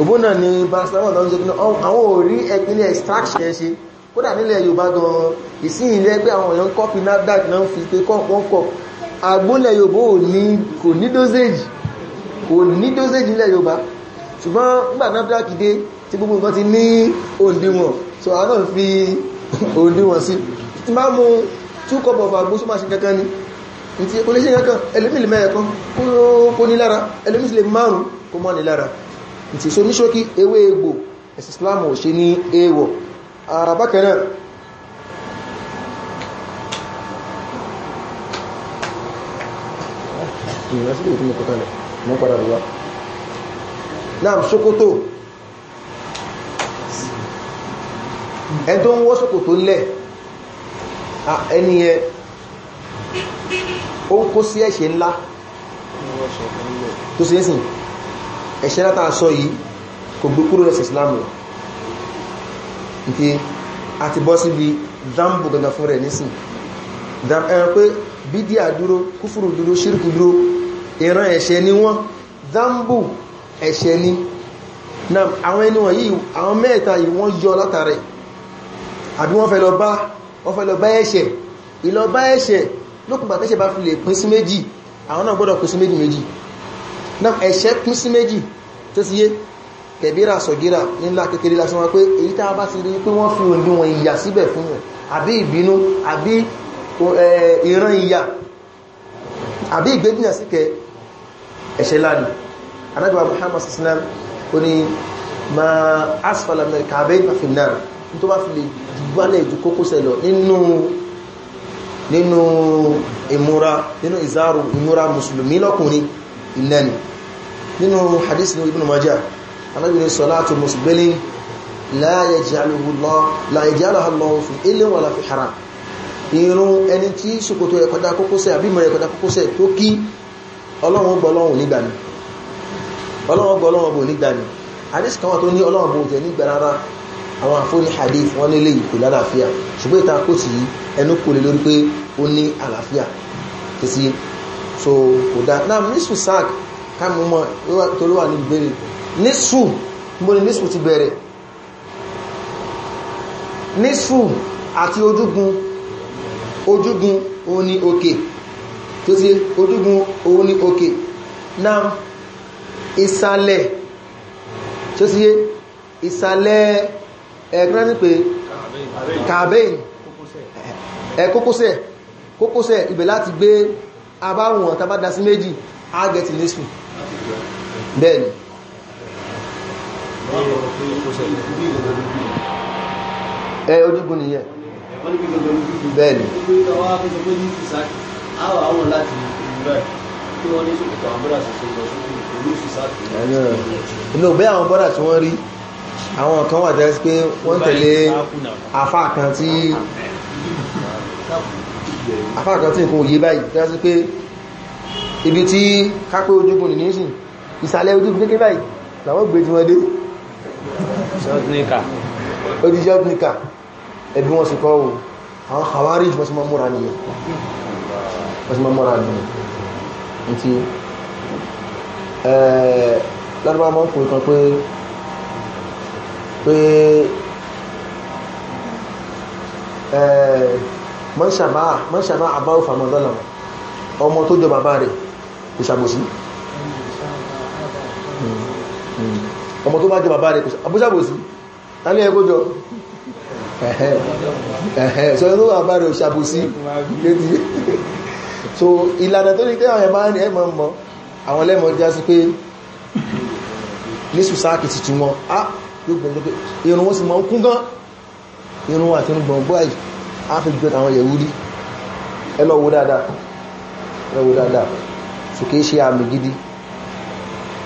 òbó náà ni barcelona lọ́n jẹ́ pínlẹ̀ àwọn orí ẹgbìnlẹ̀ extraction ẹ̀ ṣe kódà nílẹ̀ yorùbá gan ìsìn ilẹ̀ pé àwọn èèyàn kọ́ pinadac náà fi pé wọ́n kọ̀ agbólẹ̀ yorùbá kò ní dosage kò ní dosage nílẹ̀ yorùbá ṣùgbọ́n nígbà nafdac dé tí gbogbo nǹkan ti ní òǹdíwọ̀n so àwọn náà fi òǹdíwọ̀n sí tí máa mú two cup of agbo súnmọ́ ṣe kankan ni ní ti kò lè ṣe kankan ẹlòmíì lè mẹ́ẹ̀kan kó ní lára ẹlòmíì lè márùn-ún kó mọ́ ní lára ìtì so ní ṣókí ewé egbò ẹ̀sì Islam ò ṣe ní ewọ̀ àbákanáà ìrìnlẹ́sílẹ̀ ìtumọ̀ kọtàlẹ̀ mọ́ padà rúwá náà ṣókótó ẹ tó ń wọ́ ṣókótó lẹ̀ ah, ẹni ẹ ó ń kó sí ẹ̀ṣẹ̀ ńlá tó sí ẹ̀sìn ẹ̀ṣẹ̀ látà sọ yìí kò gbé kúrò lẹ́sẹ̀ islamu nke a ti bọ́ síbi zambu gana fún rẹ̀ nísìn ẹ̀rọ pé bídíà dúró kúfùrù dúró ṣírkù dúró ìran ẹ̀ṣẹ̀ ni wọ́n zambu ẹ̀ṣẹ̀ ni náà àwọn ẹni wọ̀nyí àwọn mẹ́ta yìí wọ́n yọ látàrẹ̀ àbí wọ́n fẹ́ lọ bá wọ́n fẹ́ lọ bá ẹ̀ṣẹ̀ ìlọ bá ẹ̀ṣẹ̀ lókùnbà tẹ́ṣẹ̀ náà ẹ̀ṣẹ̀ pín sí méjì tó sì yé kẹbíra sọ̀gíra nílá kékeré lásán wọn pé èyí tá a bá ti rí pé wọ́n fi òní wọn ìyà síbẹ̀ fún ẹ̀ àbí ìbínú àbí ìran ìyà àbí ìgbédìnà síkẹ ẹ̀ṣẹ̀ lánìí anájọba Muhammad sassanam ó ní ma asfala min al-ka'bayn fi an-nar tó bá fi lè dùgbálẹ̀ ìjú kókósẹ̀ lọ nínú nínú ìmúra nínú ìzáàrù ìmúra mùsùlùmí lọ́kùnrin ìnẹ́ni nínú hadith ní ibn majah anábìnrin salatu musbilin la yaj'alaha Allahu fi ilin wala fi haram irun ẹni tí ṣòkòtò ẹ̀ kọjá kókósẹ̀ àbí mọ̀ ẹ̀ kọjá kókósẹ̀ tó kí ọlọ́run gbọ́lọ́run nígbà ni ọlọ́run gbọ́lọ́run bò nígbà ni hadith kan wà tó ní ọlọ́run bò tẹ̀ nígbà rárá àwọn àfóní hadith wọ́n nílé ìkò lálàáfíà ṣùgbọ́n ìta kò sí ẹnu kò lè lórí pé ó ní àlàáfíà títí so kò dá náà mísù sáàkì táàmù mọ́ torí wà ní ìbéèrè nísù mo ni nísù ti bẹ̀rẹ̀ nísù àti ojúgun ojúgun òun ni òkè tó ti ojúgun òun ni òkè náà ìsàlẹ̀ tó ti ìsàlẹ̀ ẹ̀kùnrin ní pé kàbẹ́yìn ẹ̀kókósẹ̀ kókósẹ̀ ibẹ̀ láti gbé abáwọn tàbádásí méjì ágẹ̀tì nísù bẹ́ẹ̀ni ẹ onígun nìyẹn bẹ́ẹ̀ni inú bẹ́ àwọn bọ́dà tí wọ́n rí àwọn kan wà tẹ́ sí pé wọ́n tẹ̀lé àfáà kan tí àfáà kan tí nǹkan òye báyìí tẹ́ sí pé ibi tí kápẹ́ ojúgun ní nísìn ìsàlẹ̀ ojúgun kéèké báyìí làwọn gbé tí wọ́n dé odi jọ́bníkà ẹbí wọn sì kọ́ o àwọn kàwárí jù wọ́n mọ́ra nìyẹn nítí lọ́dọ́bá mọ́ kùn kan pé pé mọ́ṣàbá àbáwò fàmọ́dọ́là ọmọ tó jọ bàbá rẹ̀ kò ṣàbòsí hmm. ọmọ tó bá jẹ bàbá rẹ̀ kò ṣàbòsí tàbí ẹgbójọ so inú bàbá rẹ̀ ò ṣàbòsí lédi so ìlànà tó ní pé àwọn ẹ̀mà rẹ̀ mọ́ mọ́ àwọn lẹ́mọ̀ já sí pé ní sùsáàkì tuntun wọn á ah, yóò gbẹ̀rẹ̀ pé irun wọn sì mọ́ kún gan irun àti irun gbọ̀ngbọ́ àì á fi gbẹ̀rẹ̀ àwọn yẹ̀wúrí so kìí ṣe àmì gidi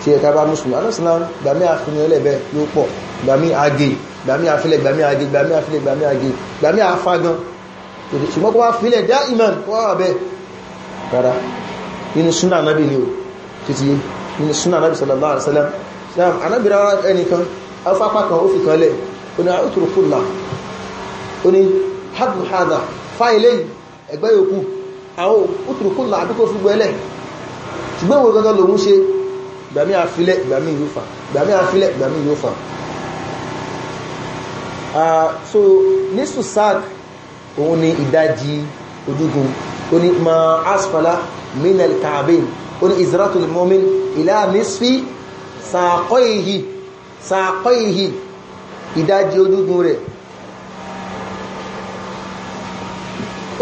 tí ẹ̀ta bá mùsùlùmí alọ́sìnà gbàmí àfihàn ẹlẹ́bẹ̀ ló pọ̀ gbàmí agé gbàmí àfilẹ̀ gbàmí agé gbàmí àfilẹ̀ gbàmí agé gbàmí àfagan ṣùgbọ́n kó wá filẹ̀ dá imam wá wà bẹ́ rárá nínú súnà anábì ni ó títí nínú súnà anábì sallallahu alaihi wasallam islam anábì rárá ẹnìkan afápá kan ó fi kan lẹ̀ ó ní àrùtùrù fúnlá ó ní hadu hada fáìlẹ́yìn ẹgbẹ́ yòókù àwọn òtùrù ṣùgbọ́n wo gangan lòun ṣe gbàmí àfilẹ̀ gbàmí yóò fà gbàmí àfilẹ̀ gbàmí yóò fà so ní susak òun ni ìdajì ojúgun ó ní ma asfala minel kaabin ó ní izratul mumin ila nisfi saqayhi saqayhi ìdajì ojúgun rẹ̀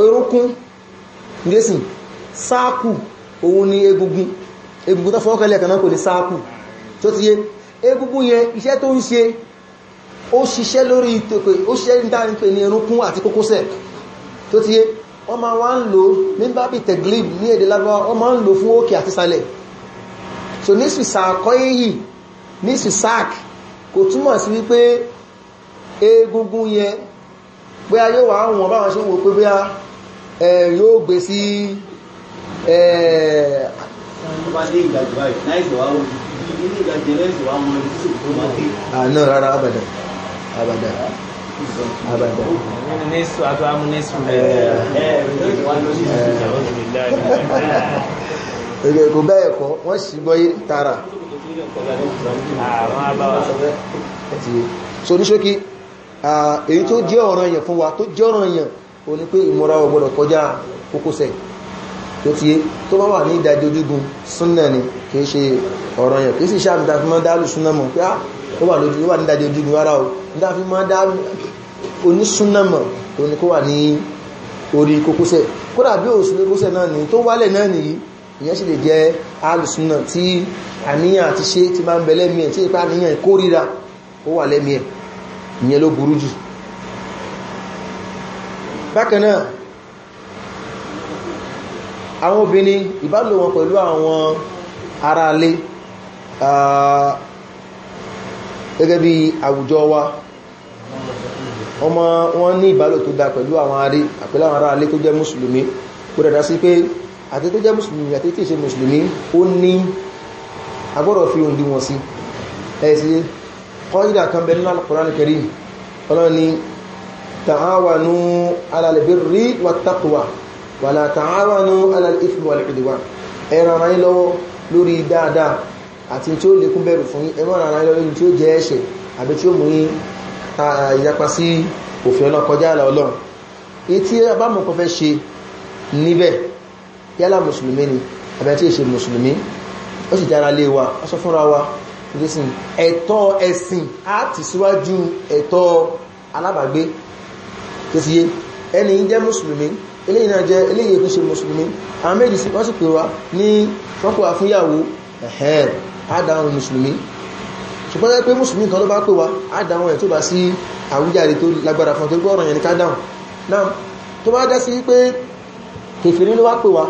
orúkún nísìn sáàkù òun ni egungun egungun tó fọ́ọ́kẹ́lẹ̀ kanáà kò lè sáàkù tó ti yé egungun yẹn iṣẹ́ tó ń ṣe ó ṣiṣẹ́ lórí ìtòkè ó ṣiṣẹ́ ìdárípe ní ẹrùnkún àti kókósẹ̀ tó ti yé wọ́n ma wá ń lò ní bábí tẹ̀glib ní èdè lágbàwá wọ́n ma ń lò so ní sísàkọ́ èyí ní sísàk kò túmọ̀ sí egungun yẹn bóyá é àánú rárá abàdà abàdà abàdà ẹ̀rẹ̀ kò bẹ́ẹ̀ kọ́ wọ́n sì gbọ́yé tààrà so ní ṣókí èyí tó jẹ́ ọ̀ranyàn fún wa tó jẹ́ ọ̀ranyàn o ní pé ìmúra wa gbọ́dọ̀ kọjá kókósẹ̀ tó ti yé tó bá wà ní ìdájọ́ ojúgun súnà ni kìí ṣe ọ̀rọ̀ yẹn kìí sì ṣe àmì tàbí mọ́ dálù súnà mọ̀ pé ah, ó wà lójú ó wà ní ìdájọ́ ojúgun ara o tàbí mọ́ dálù onísúnà mọ̀ tó ní kó wà ní orí kókósẹ̀ kódà bí òsù kókósẹ̀ náà ni tó wálẹ̀ náà nìyí ìyẹn sì lè jẹ́ alùsúnà tí àníyàn àti ṣe ti máa ń bẹ lẹ́mìí ẹ̀ tí ipa àníyàn ìkórira ó wà lẹ́mìí ẹ̀ ìyẹn ló burú jù bákan náà àwọn obìnrin ìbálò wọn pẹ̀lú àwọn ará ilé gẹ́gẹ́ bí àwùjọ wa ọmọ wọn ní ìbálò tó dá pẹ̀lú àwọn ará àpẹẹlẹ́ àwọn ará ilé tó jẹ́ mùsùlùmí kó dàdá sí pé àti tó jẹ́ mùsùlùmí àti tí ìṣe mùsùlùmí ó ní agbọ́rọ̀ fi ohun dí wọn sí ẹ̀sí kọ́jídà ta'awanu ala al-birri taqwa wala ta'awanu ala al-ithmi wal-'udwan ẹ ràn ara yín lọ́wọ́ lórí dáadáa àti tí ó lékún bẹ̀rù fún yín ẹ má ràn ara yín lọ́wọ́ lórí tí ó jẹ́ ẹ̀ṣẹ̀ àbí tí ó mú yín ìyapa sí òfin ọlọ́ kọjá àlà ọlọ́run èyí tí abámu kan fẹ́ ṣe níbẹ̀ yálà mùsùlùmí ni àbẹ́ tí mùsùlùmí ó sì dára lé wa ó sọ fúnra wa ẹ̀tọ́ ẹ̀sìn á ti síwájú ẹ̀tọ́ alábàgbé tí ẹni jẹ́ mùsùlùmí eléyìí náà jẹ́ eléyìí tó ṣe mùsùlùmí àwọn méjì sí wọ́n sì pè wá ní fọ́pọ̀ àfúnyàwó ẹ̀hẹ́n àdáwọn mùsùlùmí ṣùgbọ́n pé mùsùlùmí kan ló bá pè wá àdáwọn ẹ̀ tó bá sí àwújáre tó lágbára fún tó gbọ́ọ̀rọ̀ yẹn ní kádáwọn náà tó bá dá sí pé kèfèrí ló wá pè wá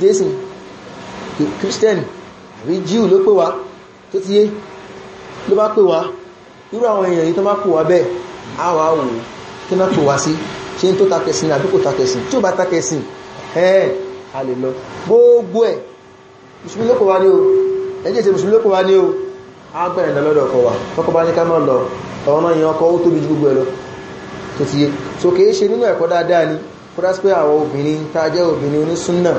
jésì kírísítẹ́nì àbí jíù ló pè wá tó ti yé ló bá pè wá irú àwọn èèyàn yìí tó bá pè wá bẹ́ẹ̀ á wà wò kí náà pè wá sí ṣe ń tó takẹsìn àbí kò takẹsìn tí ó bá takẹsìn ẹ̀ẹ́ a lè lọ gbogbo ẹ̀ mùsùlùmí lókò wá ní o ẹjẹ́ ìṣẹ́ mùsùlùmí lókò wá ní o a bẹ̀rẹ̀ lọ lọ́dọ̀ ọkọ̀ wa tọ́kọ bá ní ká máa lọ ọ̀rọ̀ náà yẹn ọkọ̀ ó tóbi ju gbogbo ẹ̀ lọ tó ti yé so kìí ṣe nínú ẹ̀kọ́ dáadáa ni kó dá sí pé àwọn obìnrin tá a jẹ́ obìnrin onísúnnà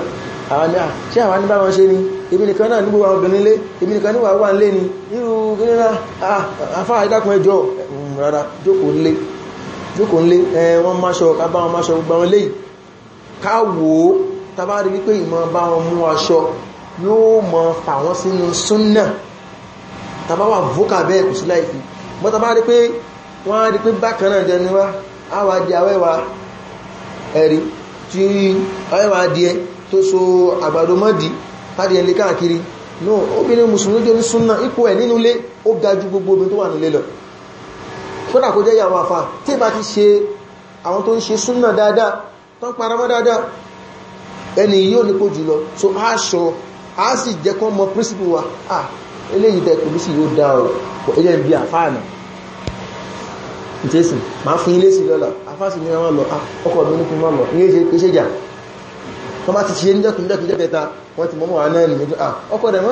àwọn ní à ṣé àwọn níbà wọn ṣe ni èmi nìkan náà nígbò àwọn obìnrin lé èmi nìkan níwà wà ń lé ni irú gínínà àfáà ìdákun ẹjọ́ rárá jókòó lé jókòó nlé wọ́n máṣọ ká bá wọn máṣọ gbogbo wọn léyìí ká wò ó tàbá rí wípé ìmọ̀ bá wọn mú aṣọ yóò mọ̀ fà wọ́n sínú súnnà tàbá wà vókà bẹ́ẹ̀ kò sí láìfi mọ́ tàbá rí pé wọ́n rí pé bákan náà jẹni wá àwà di awẹ́wà ẹ̀rí tí awẹ́wà adìẹ tó so àgbàdo mọ́dí tàbí ẹni káàkiri no obìnrin mùsùlùmí jẹ́ ní súnnà ipò ẹ̀ nínú ilé ó ga ju gbogbo obìnrin tó wà nílé lọ kódà kó jẹ́ yàwó àfà tí bá ti ṣe àwọn tó ń ṣe súnà dáadáa tó ń paramọ́ dáadáa ẹni yóò nípò jùlọ so a ṣọ a sì jẹ́ kọ́ mọ príncipù wa ah eléyìí tẹ́ pẹ̀lú yóò dá ọ̀rọ̀ kò ẹjẹ́ bí àfáànà ìtẹ́sìn fún ilé sí lọ́la ní lọ ọkọ̀ ní wọ́n bá ti ṣe ní jẹ́kẹta wọ́n ti mọ́mọ́ àná ẹni méjì ọkọ̀ rẹ̀ mọ́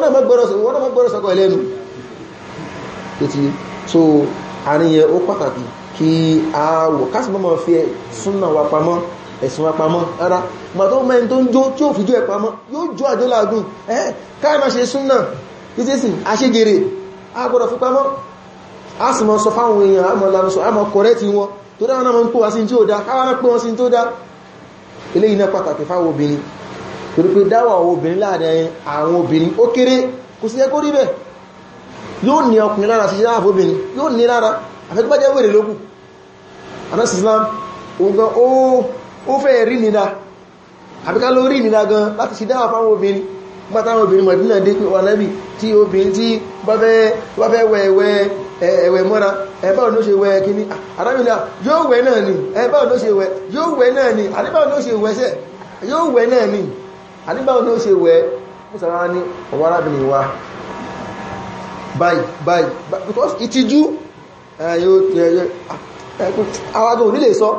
náà mọ́ gbọ́rọ̀ so àárín yẹn ó pàtàkì kí a wò káàsì mọ́ fi súnà wa pamọ́ ẹ̀sìn wa pamọ́ ara màtọ́ mẹ́rin tó ń jó tí ó fi jó ẹ̀ pamọ́ yóò jó àjó làágùn ẹ́ káàmà ṣe súnà títí sìn àṣegèrè a gbọ́dọ̀ fi pamọ́ a sì mọ́ sọ fáwọn èèyàn a mọ́ lánàṣọ a mọ́ kọ̀rẹ́ ti wọn tó dáwọn náà mọ́ ń pò wá sí tí ó dá káwọn pè wọn sí tó dá eléyìí náà pàtàkì fáwọn obìnrin torí pé dáwà obìnrin láàrin àwọn obìnrin ó kéré kò sí ẹkó rí bẹ́ẹ̀ yóò ní ọkùnrin lára ṣíṣẹ́ àbóbìnrin yóò ní lára àfẹ́gbẹ́jẹ́ wèrè lókù anas islam ogun ó fẹ́ rí nìna àbíká ló rí nida gan láti ṣe dáwà fáwọn obìnrin gbátáwọn ọ mọ̀dínà ṣe ah, ah, ṣe ni sàrá ní ọwọ́ arábìnrin wa báyìí báyìí because ìtìjú àwágbé ò nílè sọ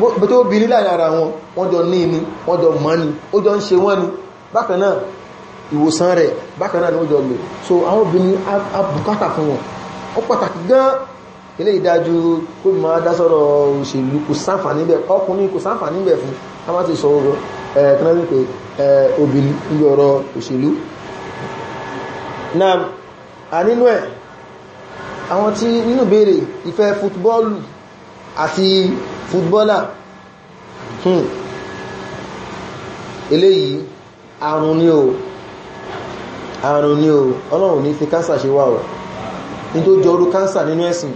bó tó bí nílà ara wọn wọ́n jọ ní ní wọ́n jọ mọ́ ní ó jọ ń ṣe wọ́n ní bákan náà ìwòsàn rẹ̀ bákan náà ni ó jọ lò so àwọn obìnrin abùkátà fún wọn ó pàtàkì gan ilé ìdájú kó bí máa dásọ́rọ̀ òṣèlú kò sáfà níbẹ̀ ọkùnrin kò sáfà níbẹ̀ fún a má ti sọ ọ̀rọ̀ ẹ̀ẹ́kùnrin pé obìnrin ń yọ̀rọ̀ òṣèlú na ànínú ẹ̀ àwọn tí nínú béèrè ìfẹ́ fútbọ́ọ̀lù àti fútbọ́là hmm. eléyìí àrùn ni o àrùn ni o ọlọ́run ní fi kánsà ṣe wà ọ̀ ní tó jọ orú kánsà nínú ẹ̀sìn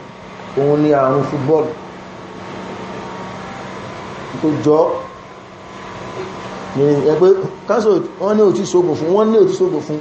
òun ni àrùn fútbọ́ọ̀lù tó jọ ẹgbẹ́ kánsà wọ́n ní wọ́n ní òtí sógùn fún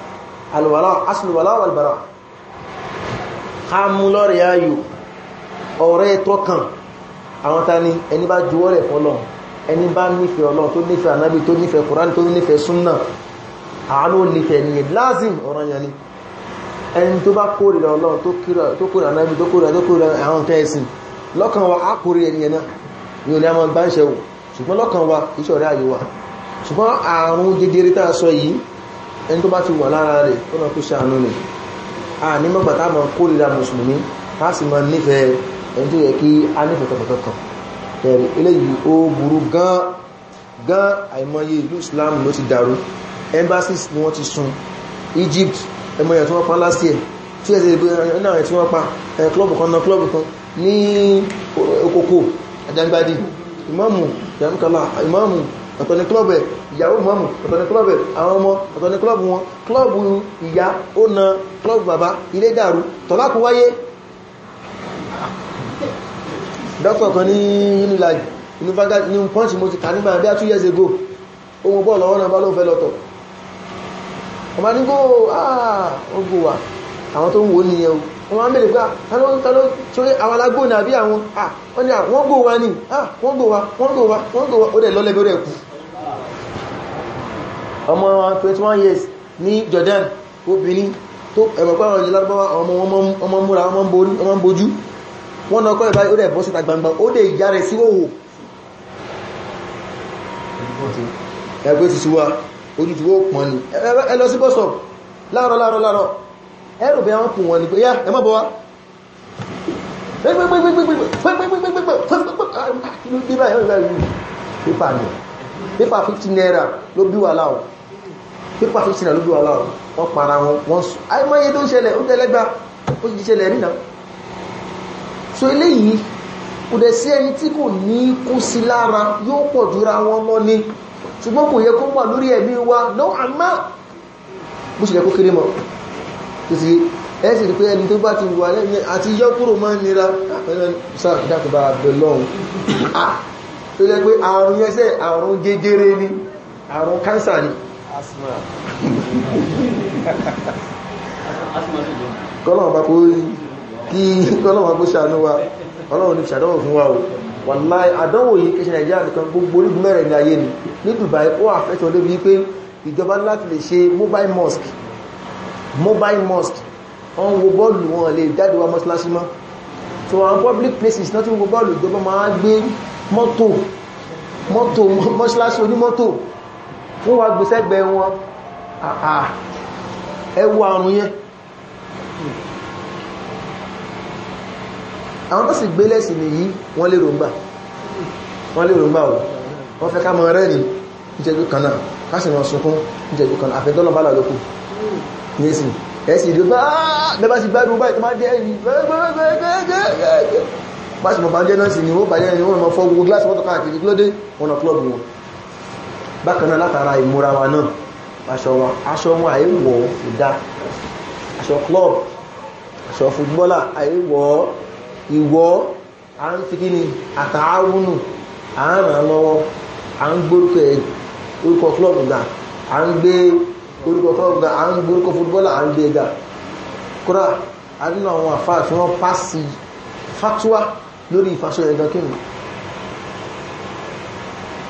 alùwàlá asùlùwàlá wàlbàrà ká mú lọ́rẹ̀ ayò ọ̀rẹ́ tọ́kàn àwọn ta ni ẹni bá juwọ́ rẹ̀ fọ́lọ̀ ẹni bá nífẹ̀ẹ́ ọlọ́ tó nífẹ̀ẹ́ anábì tó nífẹ̀ẹ́ kùrán tó nífẹ̀ẹ́ súnnà àánú nífẹ̀ẹ́ ni lázìm ọ̀rọ̀ yẹn ni ẹni tó bá kórìíra ọlọ́run tó kórìíra anábì tó kórìíra tó kórìíra àwọn tẹ́ ẹ̀sìn lọ́kàn wa á kórìíra ẹni ẹ̀nà ní olè àmọ́ gbáǹṣẹ́ wò ṣùgbọ́n lọ́kàn wa iṣẹ́ ọ̀rẹ́ àyè ṣùgbọ́n àrùn jẹjẹrẹ tá a sọ yìí ẹni tó bá ti wà lára rẹ̀ ọ̀nà kó ṣe àánú ni a ní mọ́gbàtà mọ́ kórìíra mùsùlùmí láti mọ́ nífẹ̀ẹ́ ẹni tó yẹ kí a nífẹ̀ẹ́ tọkàntọkàn tẹ̀rì eléyìí ó burú gan gan àìmọye ìlú Islam ló ti dàrú embassies ni wọ́n ti sun Egypt ẹmọ̀yàn tí wọ́n pa last year tí ẹ̀sẹ̀ ìgbé náà tí wọ́n pa klọ́bù kan náà klọ́bù kan ní okoko ajangbadi imamu yamkala imamu ọ̀tọ̀ ni klọ́bù ẹ̀ ìyàwó mọ́mù ọ̀tọ̀ klọ́bù ẹ̀ àwọn ọmọ ọ̀tọ̀ klọ́bù wọn klọ́bù ìyá ó na klọ́bù bàbá ilé dàrú tọ́lákù wáyé dọ́kọ̀ kan ní unilag ní punch mo ti kà nígbà bí a two years ago ohun bọ́ọ̀lù ọwọ́ bá ah, ah, ló fẹ́ lọ́tọ̀ wọ́n mẹ́rin àwọn alágbóònà àbí àwọn ah wọ́n gbò ah, wọ́n gbò ó dẹ̀ lọ́lẹ́bẹ̀rẹ̀ kù ọmọ 21 years ní Jordan obìnrin tó ẹ̀mọ̀pẹ́ ọ̀rọ̀ ìjọba lọ́gbọ́n ọmọ múra ọmọ bojú wọ́n náà kọ́ ìbá ó dẹ̀ bọ́ síta gbangba ó dẹ̀ ìyá rẹ̀ sí òwò ẹgbẹ́ ti ṣíwá ojú ti wó pọ̀n ní ẹ lọ sí bọ́sọ̀ láàrọ̀ láàrọ̀ láàrọ̀ pépà 15 naira ló bí wà láwọn pépà 15 naira ló bí wà láwọn wọ́n para wọn wọ́n sùn àìmọye tó ń ṣẹlẹ̀ ó tẹ́lẹ́gbà ó ti ṣẹlẹ̀ nínà so eléyìí kò dẹ̀ sí ẹni tí kò ní kú sí lára yóò pọ̀ jura wọn lọ ní ṣùgbọ́n kò yẹ kó wà lórí ẹ̀mí wa no àmá bó ṣe yẹ kó kéré mọ́ títí ẹ̀sì rí pé ẹni tó bá ti wà lẹ́yìn àti yọ́kúrò máa nira tó jẹ́ pé àrùn yẹsẹ̀ àrùn jẹjẹrẹ ni àrùn kánsà ni kọ́lọ̀wọ̀n bá wa ọlọ́run ní ṣàdánwò fún wa o wàláì àdánwò yìí kẹsẹ̀ nàìjíríà ni ní Dubai ó àfẹ́tọ̀ lé bí pé mobile mosque mobile mosque wọ́n wo bọ́ọ̀lù wọn lè jáde wa mọ́síláṣí mọ́ so àwọn public places náà tí wọ́n wo bọ́ọ̀lù ìjọba máa gbé mọ́tò mọ́tò mọ́ṣíláṣí onímọ́tò wọ́n wá gbé sẹ́gbẹ̀ wọn ẹwọ àrùn yẹn àwọn tó sì gbé lẹ́sìn nìyí wọ́n lè ròǹgbà wọ́n lè ròǹgbà ọ̀ wọ́n fẹ́ ká mọ rẹ́ ní ìjẹ́jú kan náà káṣì wọn sunkún ìjẹ́jú kan àfẹ́dọ́lọ́bá lọ́lọ́kù nísìn ẹ̀sì ìdí bá bẹ́bá sì gbádùn báyìí tó má dé ẹ̀yìn pàṣẹ mọ̀bá jẹ́ náà sì ni ó bàjẹ́ ni wọ́n mọ̀ fọ́ gbogbo ka mọ́tò káàkiri glódé ọ̀nà klọ́bù wọn bákan látara ìmúra wa náà aṣọ wọn aṣọ wọn àìwọ̀ ìdá aṣọ klọ́bù aṣọ fútbọ́là àìwọ̀ ìwọ̀ à ń fi kíni à ń ràn lọ́wọ́ à ga à ń gbé orúkọ klọ́bù ga à ń gbórúkọ ga lórí ìfàṣọ ẹ̀gàn kírun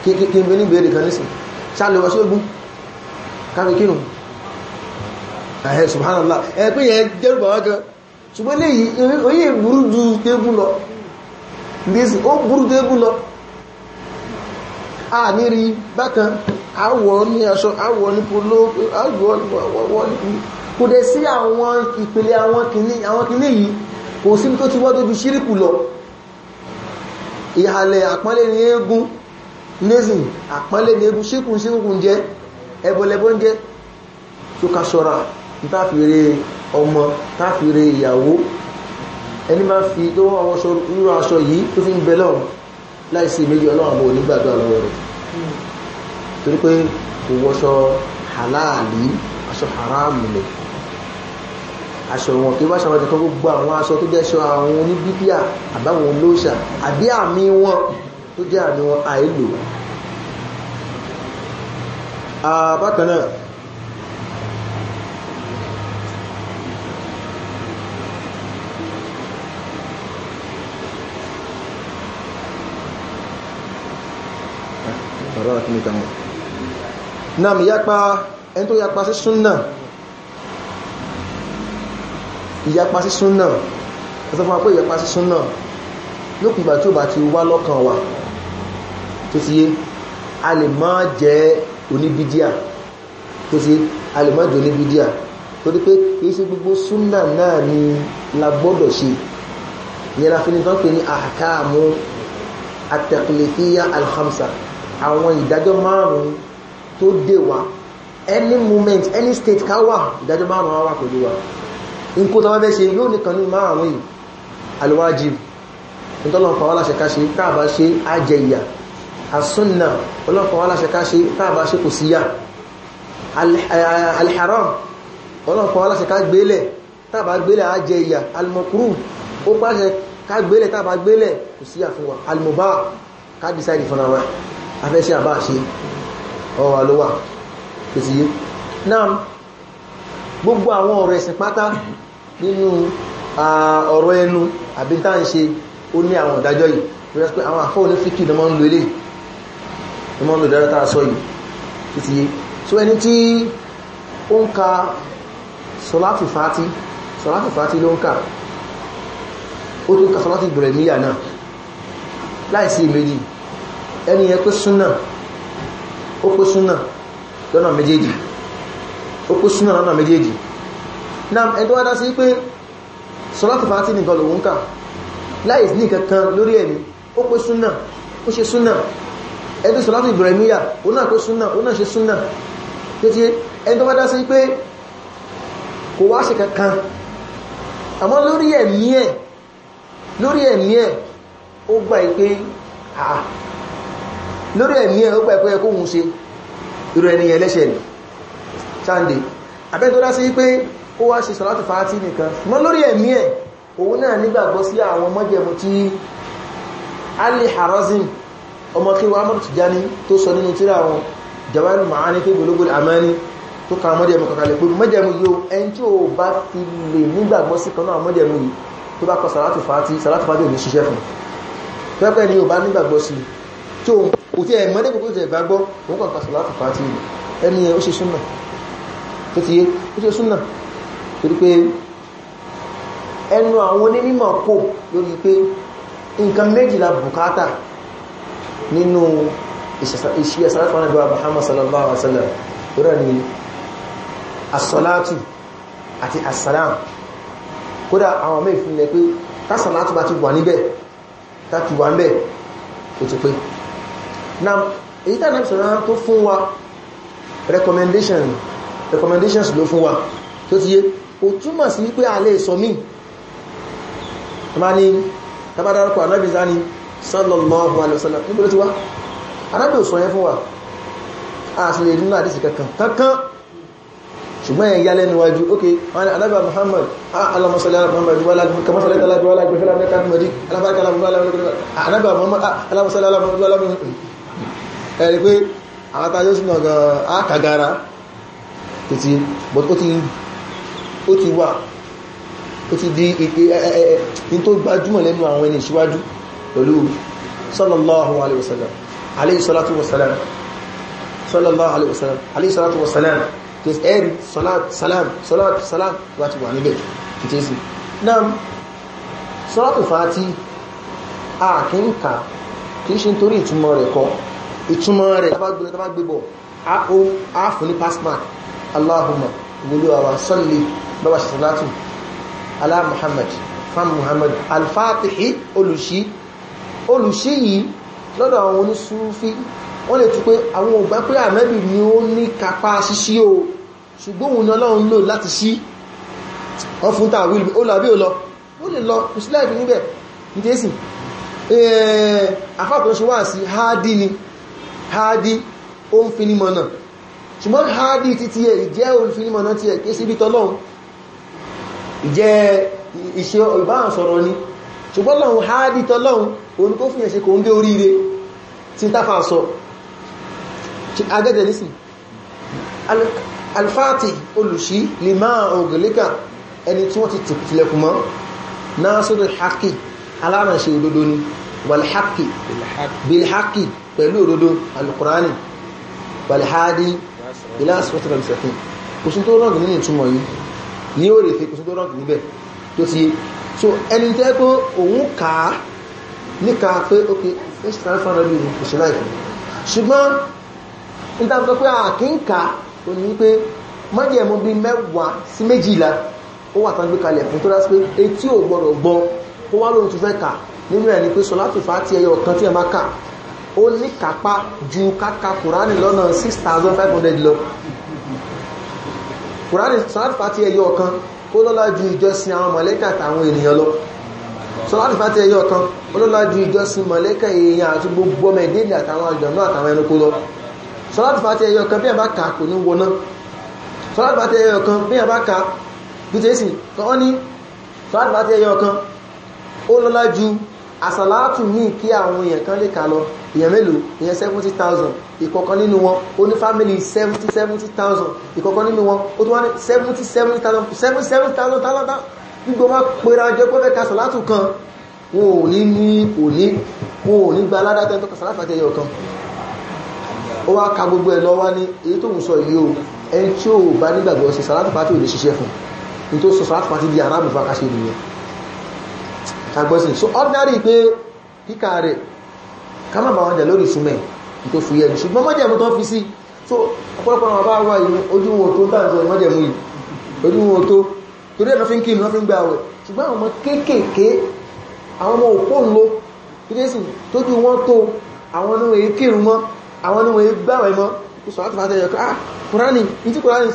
kí n bẹ ní ìbéèrè kan nísìn sáàlẹ̀ wọ́n sí ogun káàkiri kírun ẹ̀hẹ́ subhanallah ẹ̀ pé yẹn jẹ́rùbà wá gan ṣùgbọ́n lè yí oyè burú ju tébù lọ ndísì ó burú tébù lọ a ní rí bákan àwọ̀ ní aṣọ àwọ̀ ní polo àwọ̀ ní kò dẹ̀ sí àwọn ìpele àwọn kìíní yìí kò sí tó ti wá tó ju ṣíríkù lọ ìhàlẹ̀ àpọ́nlé ní eégún nísìn àpọ́nlé ní eégún síkùn síkùn jẹ́ ẹbọlẹbọ ń jẹ́ tó ká ṣọ́ra táfìrí ọmọ táfìrí ìyàwó ẹni máa fi tó àwọn irú aṣọ yìí tó fi ń bẹ lọ́rùn méjì ọlọ́run lọ́wọ́ rẹ̀ torí pé kò wọṣọ aṣọ wọn kí wọ́n aṣọ àwọn ìtọ́kọ́ gbogbo àwọn aṣọ tó jẹ́ aṣọ àwọn oníbíbíà àbáwọn olóòṣà àbí àmì wọn tó jẹ́ àmì wọn àìlò bákan náà ọ̀rọ̀ àti nìkan náà yapa ẹni tó yapa sí súnnà ìyapa sí súnà ẹ̀sọ́ fún wa pé ìyapa sí súnà lókùn ìgbà tí ó bá ti wá lọ́kàn wa tó ti yé a lè má jẹ́ oníbídíà tó ti a lè má jẹ́ oníbídíà torí pé kìí ṣe gbogbo súnà náà ni la gbọ́dọ̀ ṣe ìyẹn la fi ní tán pé ní àkáàmú àtẹ̀kùlẹ̀fíyà alhamsa àwọn ìdájọ́ márùn-ún tó dé wa any moment any state ká wà ìdájọ́ márùn-ún wà pẹ̀lú wa nkó tó wọ́n fẹ́ ṣe yóò nìkan ní márùn-ún yìí alwajib nítọ́lọ́pàá wọ́n láṣẹ ká ṣe káàbá ṣe ajẹ̀yà asúnnà ọlọ́pàá wọ́n láṣẹ ká ṣe káàbá ṣe kò síyà eh, alharam ọlọ́pàá wọ́n láṣẹ ká gbélẹ̀ tàbá gbélẹ̀ ajẹ̀yà almokru ó pàṣẹ ká gbélẹ̀ tàbá gbélẹ̀ kò síyà fún wa almoba ká náà gbogbo àwọn ọ̀rọ̀ ẹ̀sìn pátá nínú ọ̀rọ̀ ẹnu àbí tá ń ṣe ó ní àwọn ìdájọ́ yìí rẹ́ pé àwọn àfọ́ onífíkì ni wọ́n ń lo ilé ni wọ́n ń lo ìdájọ́ tá a sọ yìí títí yé so ẹni tí ó ń ka sọláàtì fàátì sọláàtì fàátì ló ń kà ó ẹni yẹn pé súnà ó pé súnà lọ́nà méjèèjì ó kó súnà lọ́nà méjèèjì na ẹ̀dọ́ wá dá sí pé sọ́lọ́tù fàátì nìkan lòun kà láì ní kankan lórí ẹni ó pé súnà ó ṣe súnà ẹ̀dọ́ sọ́lọ́tù Ibrahimiyya ó náà pé súnà ó náà ṣe súnà títí ẹ̀dọ́ wá dá sí pé kò wá ṣe kankan àmọ́ lórí ẹ̀mí ẹ̀ lórí ẹ̀mí ẹ̀ ó gbà ìpé lórí ẹ̀mí ẹ̀ ó gbà ìpé ẹkùn ṣe irú ẹni ẹlẹ́ṣẹ̀ ni sunday abẹ́ni tó dá sí pé ó wá ṣe sọ̀látù fàátì nìkan mọ́ lórí ẹ̀mí ẹ̀ òun náà nígbàgbọ́ sí àwọn mọ́jẹ̀mú tí Ali Harazim ọmọ kí wọ́n mọ́rù Tijani tó sọ nínú tíra àwọn jawari ma'ani pé gbogbo amani tó ka mọ́jẹ̀mú kọkàlẹ̀ pé mọ́jẹ̀mú yóò ẹn tí ó bá ti lè nígbàgbọ́ sí kan náà mọ́jẹ̀mú yìí tó bá ni ó bá nígbàgbọ́ sí tó kò tí ẹ̀ mọ́dẹ́gbogbo ìjẹ̀ ìgbàgbọ́ òun kọ̀ọ̀kan sọ̀látù fàátì ẹni ẹ̀ ó ṣe súnmọ̀ tó ti yé ó ṣe súnà torí pé ẹnu àwọn onímọ̀ kò lórí pé nǹkan méjìlá bùkátà nínú ìṣẹ́ sàráfàánàbíwá Muhammad sallallahu alaihi wasallam rẹ̀ ni asalatu, àti asalam. kódà àwọn mẹ́ ìfúnlẹ̀ pé salatu bá ti wà níbẹ̀ tàbí wà níbẹ̀ ó ti pé na èyí tàbí sọ̀rọ̀ tó fún wa recommendation recommendations ló fún wa tó ti yé ó túmọ̀ sí wípé a lè sọ míì tàbádárakọ̀ anábì záni sallallahu alaihi wasallam níbo ló ti wá anábì ò sọ yẹn fún wa a sì lè nínú àdísì kankan kankan ṣùgbọ́n yẹn yálẹ́ níwájú ok anábì muhammad alamọ́sọ̀lẹ́ muhammad kamọ́sọ̀lẹ́ alábì wà lágbẹ̀fẹ́ lábẹ́ká ní mọ̀dí alábàkà alábì wà lágbẹ̀fẹ́ alábì wà lágbẹ̀fẹ́ títí but ó ti ó ti wà ó ti di e, e, e, ní tó gbajúmọ̀ lẹ́nu àwọn ẹni ìṣíwájú pẹ̀lú sallallahu alaihi wasallam alayhi salatu wasalam sallallahu alaihi wasallam alayhi salatu wasalam kìí ẹ̀rì salat salam salat salam láti wà níbẹ̀ kìí sí náà salatu fati a kìí kà kìí ṣe nítorí ìtumọ̀ rẹ̀ kọ ìtumọ̀ rẹ̀ tàbá gbé bọ̀ a fún ní pass mark Allahumma wulu awa salli bawa salatu ala Muhammad fan Muhammad alfatihi olusi olusi yìí lọ́dọ̀ àwọn onísúfí wọ́n lè tún pé àwọn ògbà pé ànábì ni ó ní kápá sísí o ṣùgbọ́n òun ni Ọlọ́run lò láti sí wọ́n fún tàà wílì ó làbí ò lọ ó lè lọ ìsìlẹ̀ ìfì níbẹ̀ ní tẹ́sì àfáàkùnrin ṣe wà sí háàdí ni háàdí ó ń fi ní mọ̀ náà ṣùgbọ́n hádì títí ẹ̀ ìjẹ́ olùfinimọ̀ náà ti ẹ̀ kí sí bí tọ́lọ́un ìjẹ́ ìṣe olùbáhàn sọ̀rọ̀ ni ṣùgbọ́n lọ́un hádì tọ́lọ́un ohun tó fìyàn ṣe kò ń gé oríire tí tafà sọ agẹ́dẹ̀ nísìn alfáàtì olùṣí lè máa ògìlíkà ẹni tí wọ́n ti tilẹ̀kùn mọ́ náà sódò haki alárànṣe pẹ̀lú òdodo alukurani walhadi ilá àsìkòtòrò ìsẹ̀kùn kò sí tó rọ̀gì nínú ìtumọ̀ yìí ní ó rèé fi kò sí tó rọ̀gì níbẹ̀ tó ti so ẹni tẹ́ pé òun kà á níka pé ok first time found out you kò sí láìpẹ́ ṣùgbọ́n ní táwọn sọ pé àkínká ò ní pé májẹ̀mú bíi mẹ́wàá sí méjìlá ó wà tán gbé kalẹ̀ fún tó dá sí pé etí ò gbọ́dọ̀ gbọ́ kó wá lóhun tó fẹ́ kà nínú ẹ̀ ni pé sọlá tó fà á ó ní kápá ju káka kùránì lọ́nà 6500 lọ kùránì sọ́láàtì fàtí ẹyọ ọ̀kan ó lọ́lá ju ìjọsìn àwọn mọ̀lẹ́kà àtàwọn ènìyàn lọ sọ́láàtì fàtí ẹyọ ọ̀kan ó lọ́lá ju ìjọsìn mọ̀lẹ́kà èèyàn àti gbogbo ọmọ ẹ̀dẹ́dẹ̀ àtàwọn àjọ̀nú àtàwọn ẹranko lọ sọ́láàtì fàtí ẹyọ ọ̀kan bí a bá kà kò ní wọná sọ́láàtì fàtí ẹyọ ọ̀kan bí a bá kà bí tẹ́sì tọ́ ní sọ́láàtì fàtí ẹyọ ọ̀kan àsàlátù ní kí àwọn èèyàn kan lè kà lọ èèyàn mélòó èèyàn 70,000 ìkọ̀kan nínú wọn ó ní fámílì 70,000 ìkọ̀kan nínú wọn ó tó wá ní 77,000 77,000 tálátá gbogbo wá pèrà jẹ́ pẹ́fẹ́ ka sàlátù kan wọn ò ní ní òní wọn ò ní gba aládátẹ́ tó ka sàlátù àti ẹyọ kan ó wá ka gbogbo ẹ̀ lọ wá ní èyí tó ń sọ yìí o ẹni tí ó bá nígbàgbọ́ sí sàlátù pàtó ò lè ṣiṣẹ́ fún ní tó sọ sàlátù pàtó di arábùfà kásẹ̀ nìyẹn kagbọ́sìn so ordinary pé kíkà rẹ̀ ká má bá wọn jà lórí ìsúnmẹ̀ tó fi ẹni ṣùgbọ́n mọ́jẹ̀mú tó fi sí so ọ̀pọ̀lọpọ̀ àwọn bá wà yìí ojú wọn tó tàbí mọ́jẹ̀mú yìí ojú wọn tó torí ẹ̀fẹ́ fi ń kí ìlú wọn fi ń gba àwẹ̀ ṣùgbọ́n àwọn ọmọ kéékèèké àwọn ọmọ òpó ńlò jésù tójú wọn tó àwọn ọmọ èyí kírun mọ́ àwọn ọmọ èyí ah kùránì ní tí kùránì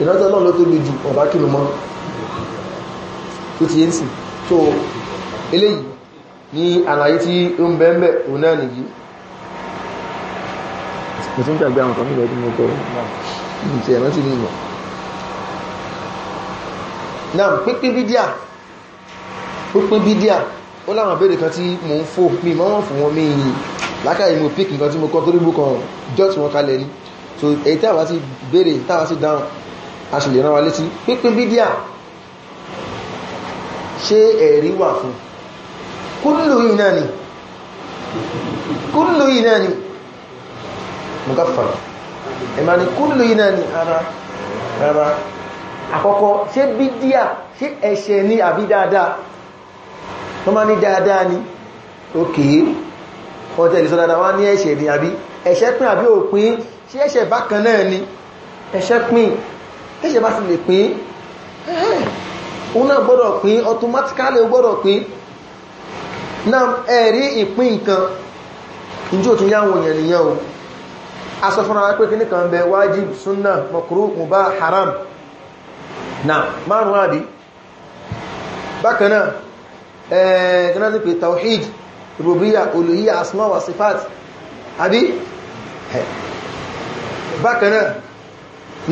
ìrántí ọlọ́run ló tóbi jù ọ̀bá kìlò mọ́ tó ti yé sí tó eléyìí ní àlàyé tí ó ń bẹ́ẹ̀mẹ́ òun náà nìyí mo tún gbàgbé àwọn kan nígbà tí mo kọ́ ní ti ẹ̀rántí ní ìmọ̀ náà pínpín bídíà pínpín bídíà ó láwọn àbẹ́rẹ̀ kan tí mo ń fò mí mọ́ wọ́n fún wọn mí lákàrí mo pík nǹkan tí mo kọ́ tó rí bú kan jọ́ tí wọ́n kalẹ̀ ní so èyí táwa sí béèrè dáhùn a sì lè rán wa létí pínpín bídíà ṣé ẹ̀rí wà fún kúlù yìí náà ni kúlù yìí náà ni mọ́gáfàrà ẹ̀mà ni kúlù yìí náà ni ara rárá àkọ́kọ́ ṣé bídíà ṣé ẹ̀ṣẹ̀ ni àbí dáadáa wọ́n máa ní dáadáa ni ókè wọ́n tẹ́lẹ̀ sọ wá ní ẹ̀ṣẹ̀ ni àbí ẹ̀ṣẹ̀ pín àbí òpin ṣé ẹ̀ṣẹ̀ bákan náà ni ẹ̀ṣẹ̀ pín tẹ́yẹ bá ti lè pín òun náà gbọ́dọ̀ pín automatically ó gbọ́dọ̀ pín náà ẹ̀rí ìpín nǹkan ìjú òtún yáwọn èèyàn nìyàn o a sọ fún ara pé kí nìkan bẹ wájib súnnà mọ̀kúrú haram na márùn-ún àdí bákanáà ẹ̀ẹ́gbẹ́nàtí pé rubiya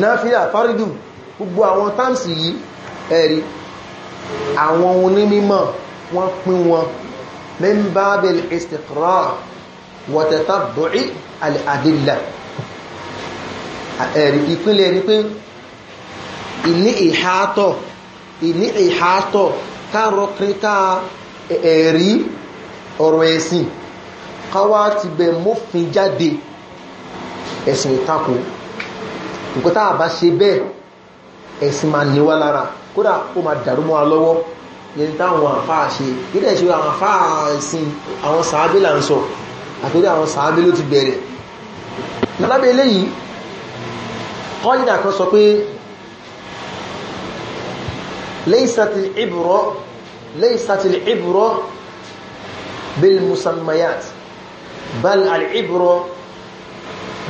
náfíà fárídù gbogbo àwọn táàmsì yìí ẹ̀rí àwọn onímímọ̀ wọ́n pín wọn mẹ́mbà bẹ̀lẹ̀ istikra wọ̀tẹ̀tà bọ̀í al'adìlá ẹ̀rí ìpínlẹ̀ ní pé ìní ìhátọ̀ ìní ìhátọ̀ káàrọ̀ kíríká ẹ̀rí ọ̀rọ̀ ẹ̀sìn káwá ti bẹ̀ mọ́fin jáde ẹ̀sìn ìtakùn nǹkan tá a bá ṣe bẹ́ẹ̀ ẹ̀sìn máa ní wá lára kódà ó máa dàrú mọ́ wa lọ́wọ́ yẹn táwọn àfáà ṣe nílẹ̀ ṣe àwọn àfáà ẹ̀sìn àwọn sàábé là ń sọ àtòrí àwọn sàábé ló ti bẹ̀rẹ̀ lábẹ́ eléyìí kọ́lìdà kan sọ pé lẹ́ìsàtìlì ìbùrọ̀ lẹ́ìsàtìlì musammayat bal al ìbùrọ̀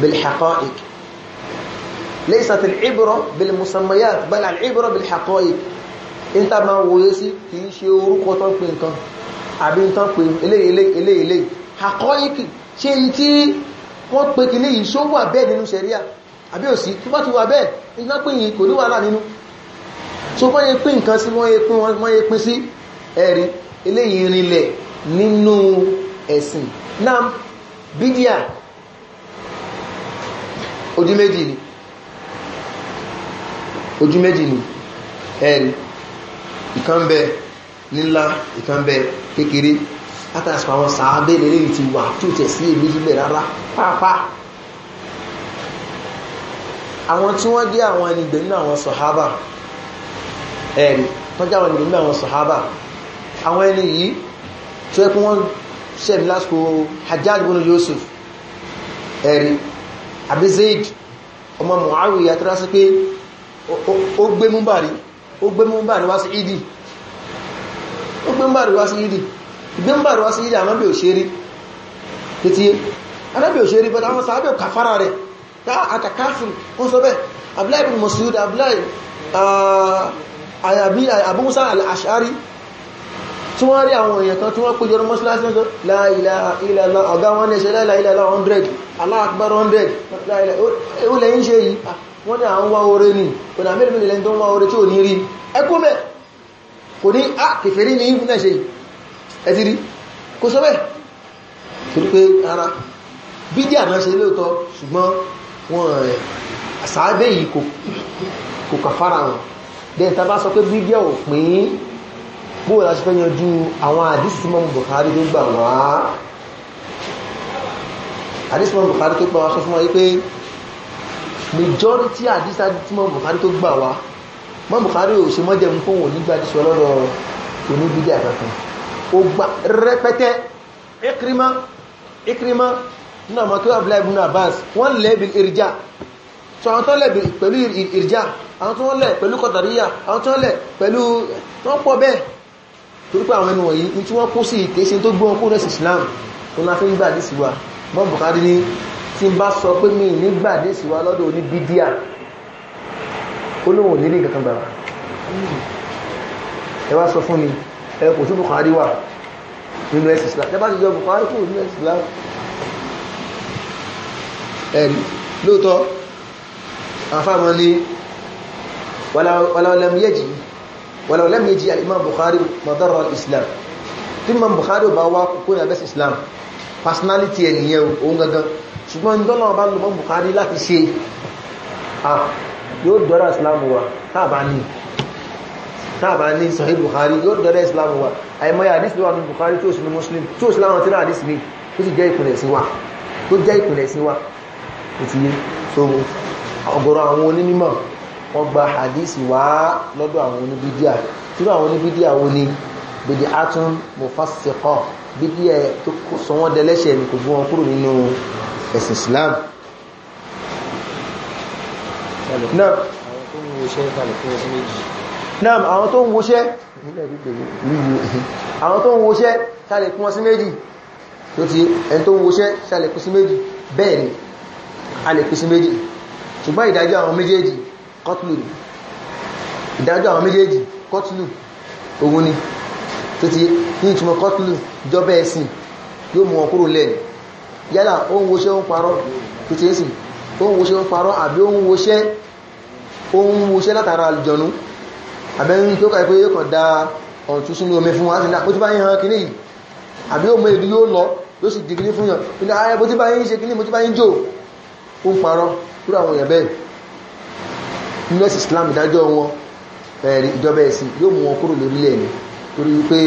bil ليست العبرة بالمسميات بل العبرة بالحقائق انت ما ويسي كي شي orúkọ ton pe nǹkan àbí nǹkan pe eléyìí eléyìí eléyìí eléyìí حقائق ṣé nti wọ́n pe kíni yìí so wà bẹ́ẹ̀ nínú sharia àbí ó sì tó bá ti wà bẹ́ẹ̀ nǹkan pe yìí kò ní wàhálà nínú so wọ́n ye pe nǹkan sí wọ́n ye pin wọ́n wọ́n ye pin sí ẹ̀rí eléyìí rinle nínú ẹ̀sìn nam bidia odi méjì ni ojú méjì ni ẹ̀rì ìkànbẹ nílá ìkànbẹ kékeré látàsí àwọn sàábé lè rí ti wà tí ó tẹ̀ sí èméjì bẹ̀ rárá pàápàá àwọn tí wọ́n jẹ́ àwọn ẹnigbẹ̀ nínú àwọn sọ̀hábà ẹ̀rì wọ́n jẹ́ àwọn ẹnigbẹ̀ nínú àwọn sọ̀hábà àwọn ẹni yìí tó ẹ́ pé wọ́n sẹ́mi lásìkò Hajjaj bin Yusuf ẹ̀rì àbí Zaid ọmọ Muawiya tó rásí pé ó gbé múbàrí ó gbé múbàrí wá sí ìdí ó gbé múbàrí wá sí ìdí gbé múbàrí wá sí ìdí ànábì ò ṣe rí títí ànábì ò ṣe rí bọ́ta wọn sàábẹ̀ kàfàrà rẹ̀ tá àtàkáfù wọ́n sọ bẹ́ẹ̀ abúláì ah, bin Abu Musa al-Ash'ari tí wọ́n rí àwọn èèyàn kan tí wọ́n péjọ mọ́sílásí ọjọ́ la ilaha illallah ọ̀gá wọn akbar 100 ó lẹ́yìn ṣe yìí wọ́n ní à ń wá oore ní ọ̀nà mẹ́rin lẹ́ni tó ń wá oore tí ò ní rí ẹkú mẹ́ kò ní á ah, kèfèrí ní ìfúnnà ṣe ẹ̀tí rí kò sọ bẹ́ẹ̀ torí pé ara bídí àmá ṣe lóòtọ́ ṣùgbọ́n wọ́n eh, àdísùmọ̀ Bukhari tó gbà wá sọ fún wa yí pé majority àdísá tí mọ́ Bukhari tó gbà wá mọ́ Bukhari ò ṣe mọ́jẹun fún òun nígbà tí sọlọ́rọ̀ oníbídí àkàkùn ó gbà rẹpẹtẹ Ikrima Ikrima nínú àmọ́ kí Abdullahi ibn Abbas wọ́n lẹ́bi irja so àwọn tó lẹ̀ pẹ̀lú irja àwọn tó lẹ̀ pẹ̀lú kọtàríyà àwọn tó lẹ̀ pẹ̀lú wọ́n pọ̀ bẹ́ẹ̀ torí pé àwọn ẹnu wọ̀nyí tí wọ́n kó sí ìkéṣin tó gbọ́n kó rẹ̀ sí Islam tó náà fi ń gbà dí mọ́ Bukhari ní tí n bá sọ pé mi nígbà déṣì wá lọ́dọ̀ oní bídíà olóhùn nílé kankan gbàrà ẹ wá sọ fún mi ẹ kò tún Bukhari wà nínú ẹ̀sì Islam ẹ bá ti jọ Bukhari kò nínú ẹ̀sì Islam ẹ̀rí lóòótọ́ àfáàmọ́ ní wàlàwàlàmìyẹ́jì wàlàwàlàmìyẹ́jì al-Imam Bukhari madara Islam tí Imam Bukhari bá wá kókó ní abẹ́sì Islam personality ẹ̀ nìyẹn òun gangan ṣùgbọ́n dọ́lọ̀ bá lọ Bukhari láti ṣe yóò dọ́rọ̀ islamu wa tàbá ní tàbá ní Sahih Bukhari yóò dọ́rọ̀ islamu wa àìmọ́ya àdísì lọ́wọ́ ní Bukhari tí ó sinú Muslim tí ó síláwọn tí náà àdísì ní tó sì jẹ́ ìpìlẹ̀ sí wa tó jẹ́ ìpìlẹ̀ sí wa ó ti yé so ọ̀gọ̀rọ̀ àwọn onímọ̀ wọ́n gba àdísì wá lọ́dọ̀ àwọn oníbídíà tí àwọn oníbídíà wo ni bèdè atún mufassiqah bídíà tó sọ wọ́n dẹlẹ́ṣẹ̀ ní kò bú wọn ẹ̀sìn Islam náà àwọn tó ń woṣẹ́ àwọn tó ń woṣẹ́ sálẹ̀ kún sí méjì tó ti ẹn tó ń woṣẹ́ sálẹ̀ kún sí méjì bẹ́ẹ̀ ni a lè kún sí méjì ṣùgbọ́n ìdájọ́ àwọn méjèèjì kọtùlù ìdájọ́ àwọn méjèèjì kọtùlù òun ni tó ti ní ìtumọ̀ kọtùlù jọba ẹ̀sìn yóò mú wọn kúrò yálà ó ń woṣẹ́ ó ń parọ́ kìtìyèsí ó ń woṣẹ́ ó ń parọ́ àbí ó ń woṣẹ́ látara àlùjọ̀nú àbẹ́rin tó kàí pé yóò dá ọ̀tún sínú omi fún wa ti náà bó ti bá yín hàn kìíní yìí àbí ó mọ èdè yóò lọ ló sì dìgírí fún yàn nílẹ̀ ààrẹ ah, bó ti bá yín ṣe kìíní bó ti bá yín jò ó ń ni torí wípé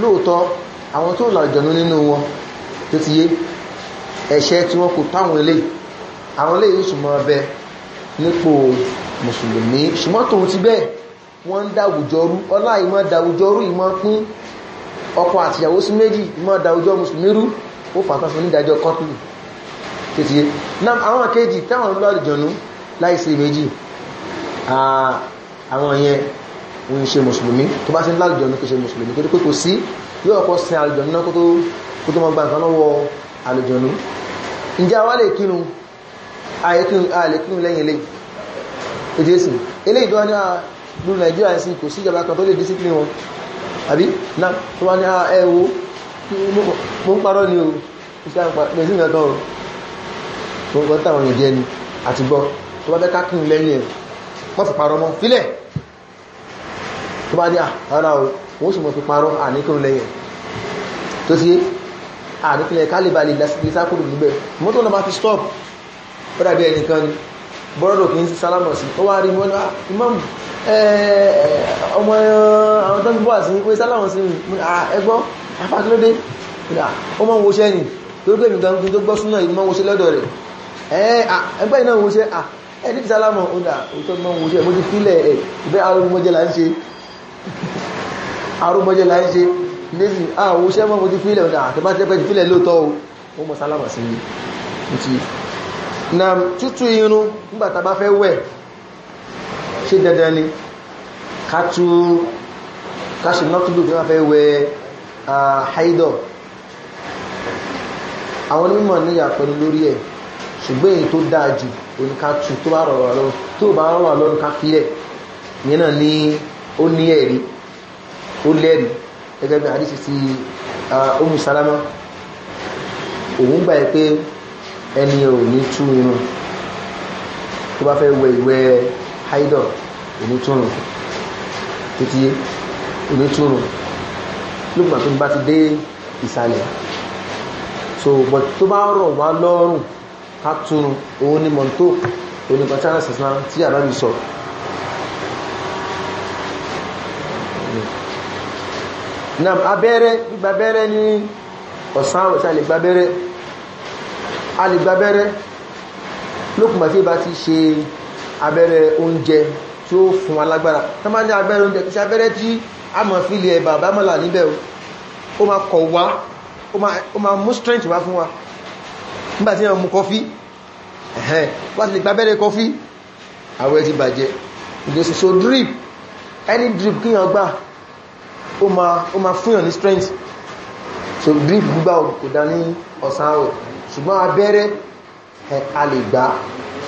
lóòótọ́ àwọn tó làjọ̀nú nínú wọn tó ti yé ẹ̀ṣẹ̀ tí wọ́n kò táwọn ilé àwọn ilé yóò súnmọ́ ọbẹ̀ nípò mùsùlùmí ṣùgbọ́n tòun ti bẹ́ẹ̀ wọ́n ń dáwùjọrú ọlá ìmọ̀ dáwùjọrú ìmọ̀ pín ọkọ àtìyàwó sí méjì ìmọ̀ dáwùjọ mùsùlùmí rú ó fàtán fún nídàjọ́ kọ́pìlì títí náà àwọn kejì táwọn lọ́rìjọ̀nú láìsí méjì àwọn yẹn ń ṣe mùsùlùmí tó bá ti ń lálùjọ̀nú kì í ṣe mùsùlùmí tó kò sí yóò kọ́ sin àlùjọ̀nú náà kó tó mọ́ gbà nǹkan lọ́wọ́ àlùjọ̀nú ǹjẹ́ àwa lè kínú àlèkínú lẹ́yìn ilé èdè sí ilé ìdọ́wà ní àlú Nàìjíríà sí kò sí ìjọba kan tó lè discipline wọn àbí náà tó wá ní ẹwọ mú parọ́ ni o iṣẹ́ àpàtàkì ìgbàtọ̀ gbogbo táwọn ìjẹ́ ni àti gbọ́ tó bá bẹ́ká kí n lẹ́yìn ẹ̀ wọ́n fi parọ́ mọ́ fílẹ̀ tó bá ní àrà o wọ́n sì mọ́ fi parọ́ àníkún lẹ́yìn tó sí àrífilẹ̀ kálíbà lè lásákòrò níbẹ̀ mọ́tò náà máa fi stop bọ́dà bí ẹnìkan ni bọ́rọ̀dọ̀ kì í sálámà sí ó wá rí mọ́nà ah, imam ọmọ àwọn tọ́jú bọ́ àti pé sálámà sí ah, ẹgbọ́ afákílódé ah, ó mọ́ wọ́ṣẹ́ ni tó gbé nìkan tó gbọ́ súnà ìlú mọ́ wọ́ṣẹ́ lọ́dọ̀ rẹ̀ ẹgbẹ́ iná wọ́ṣẹ́ ẹni tí sálámà ó dà òótọ́ mọ́ wọ́ṣẹ́ mo ti fílẹ̀ ẹ̀ ìbẹ́ arúgbọ́jẹ́ là ń ṣe lẹ́sìn àwọn ah, oṣẹ́ mọ́ mo ti fílẹ̀ ọ̀dá àti bá ti pẹ́ ti fílẹ̀ lóòtọ́ o ó mọ̀ sálámà sí ní ti na tútù irun nígbàtà bá fẹ́ wẹ̀ ṣe dandan ni ká tú káṣì nọ́tùdù tí wọ́n fẹ́ wẹ̀ haidọ̀ àwọn onímọ̀ ní ìyàpẹ̀lú lórí ẹ̀ ṣùgbọ́n èyí tó dáa jù oníká tú tó bá rọrọ̀ lọ ká fílẹ̀ ìyẹn náà ni ó ní ẹ̀rí ó lẹ́rìí gẹ́gẹ́ bí àdísì ti Umu Salama òun gbà yẹ pé ẹni ò ní tú irun tó bá fẹ́ wẹ ìwẹ̀ haidọ̀ onítúrùn títí onítúrùn lókùnmà tó bá ti dé ìsàlẹ̀ so but tó bá rọ̀ wá lọ́rùn á túrùn òun ni mọ̀ntó onígbàtí àrẹ́sẹ̀sán tí àbámi sọ nam abẹ́rẹ́ gbígba abẹ́rẹ́ ní ọ̀sán ọ̀sán àlègbà abẹ́rẹ́ àlègbà abẹ́rẹ́ lókùnbà tí bá ti ṣe abẹ́rẹ́ oúnjẹ tí ó fún alágbára tó máa ní abẹ́rẹ́ oúnjẹ kìí abẹ́rẹ́ tí a mọ̀ fi lè ẹ̀bà bá mọ́là níbẹ̀ ó máa kọ̀ wá ó máa mú strength wá fún wa nígbà tí wọ́n mú kọfí ẹ̀hẹ́n wá ti lè gba abẹ́rẹ́ kọfí àwẹ̀ ti bàjẹ́ ìdòsòsò drip any drip kíyàn gbà ó máa fúnyàn ní strength so drip gbígbà kò dá ní ọ̀sán àwẹ̀ ṣùgbọ́n abẹ́rẹ́ a lè gbá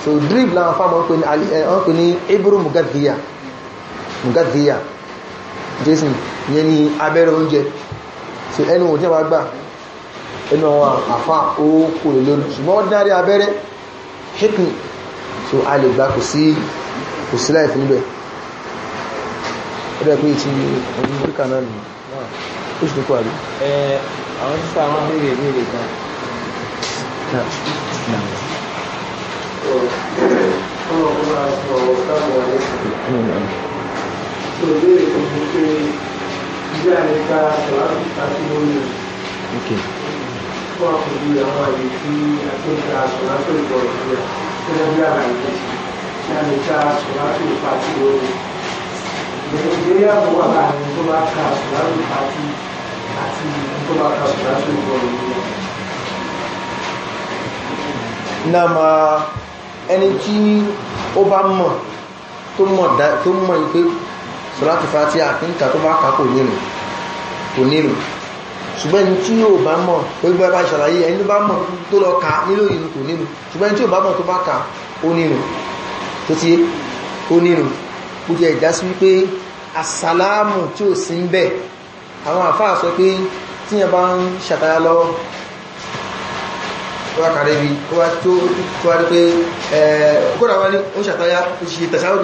so drip láwọn fáwọn wọ́n pè ní ebro mugadhiya mugadhiya jason yẹn ni abẹ́rẹ́ oúnjẹ so ẹnu òjẹ́ wa gbà ẹnu àwọn àfá ó kò lè lórí ṣùgbọ́n ordinary abẹ́rẹ́ hikmi so a lè gbá kò sí láìfí níbẹ̀ ẹ̀rẹ́ pé ti onímọ̀ríkà náà nù ó sì kó àrí. àwọn sísá wọn béèrè béèrè kan. Okay. Fún àkùnrin àwọn àyè tí a ti ń ta aṣọ láti ìgbọ̀rọ̀ sílẹ̀, tí wọ́n bí àlàyé tí a lè ta aṣọ láti ìpàtí lórí ìgbéyàwó wà láàrin tó bá ka ṣùgbọ́n àti àti tó bá ka ṣùgbọ́n tó gbọ́ ìlú. nàmà ẹni tí ó bá mọ̀ tó mọ̀ tó mọ̀ pé sọ́látù fàtí àkínkà tó bá kà kò nírùn kò nírùn ṣùgbọ́n ẹni tí yóò bá mọ̀ pé gbẹ́ bá ṣàlàyé ẹni tó bá mọ̀ tó lọ ka nílò ìlú kò nírùn ṣùgbọ́n ẹni tí yóò bá mọ̀ tó bá ka ó nírùn tó ti ó nírùn kò jẹ́ ìdásí wípé àsàlámù tí ò sí ń bẹ̀ àwọn àfáà sọ pé tí yẹn bá ń ṣàtàyà lọ́wọ́ wá ibi wá tó wá pé kódà ó ṣàtàyà ṣe tàṣàwò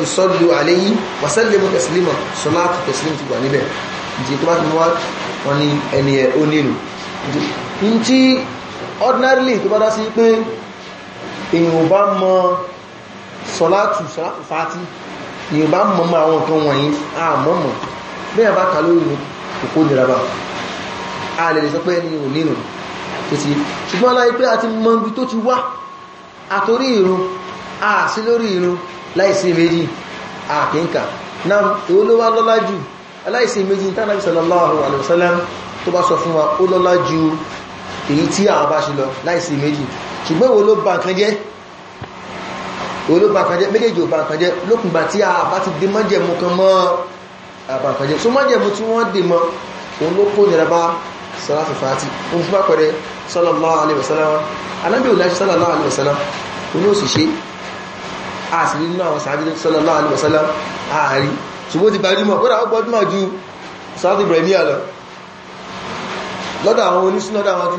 dìtàn àléyí wasallimu taslima sọ́látù tẹ̀sílímù ti gbà níbẹ̀ ìjì tó bá ti mú wá ni ẹni ẹ̀ ó nílùú ordinarily tó bá dá sí pé èyàn ò bá mọ sọ́látù fàátì èyàn bá mọ mọ àwọn nǹkan wọ̀nyí àmọ́mọ̀ bẹ́yàn bá kàló ìlú kòkó nìraba a lè lè sọ pé ẹni ò nínú tó ti ṣùgbọ́n láyé pé a ti mọ ibi tó ti wá àtorí ìrun a sí lórí ìrun láìsí méjì àkínkà náà èwo ló wá lọ́lá jù aláìsí méjì tánàbí sallallahu alaihi wasallam tó bá sọ fún wa ó lọ́lá jù èyí tí àwọn bá ṣe lọ láìsí méjì ṣùgbọ́n wo ló bà nǹkan jẹ́ wo ló bà nǹkan jẹ́ méjèèjì ò bà nǹkan jẹ́ lókùngbà tí a bá ti dé májẹ̀mú kan mọ́ àbà nǹkan jẹ́ tí wọ́n dè mọ́ òun ló kó nira bá salatu fati òun fún àpẹẹrẹ sallallahu wasallam anábì òláṣẹ sallallahu alaihi wasallam òun ó sì ṣe àṣírí nínú àwọn sàájú sallallahu alaihi wasallam ààrí ṣùgbọ́n ti gbajúmọ̀ kódà ó gbọ́dúnmọ̀ ju salatu ibrahim lọ lọ́dọ̀ àwọn onísúnlọ́dọ̀ àwọn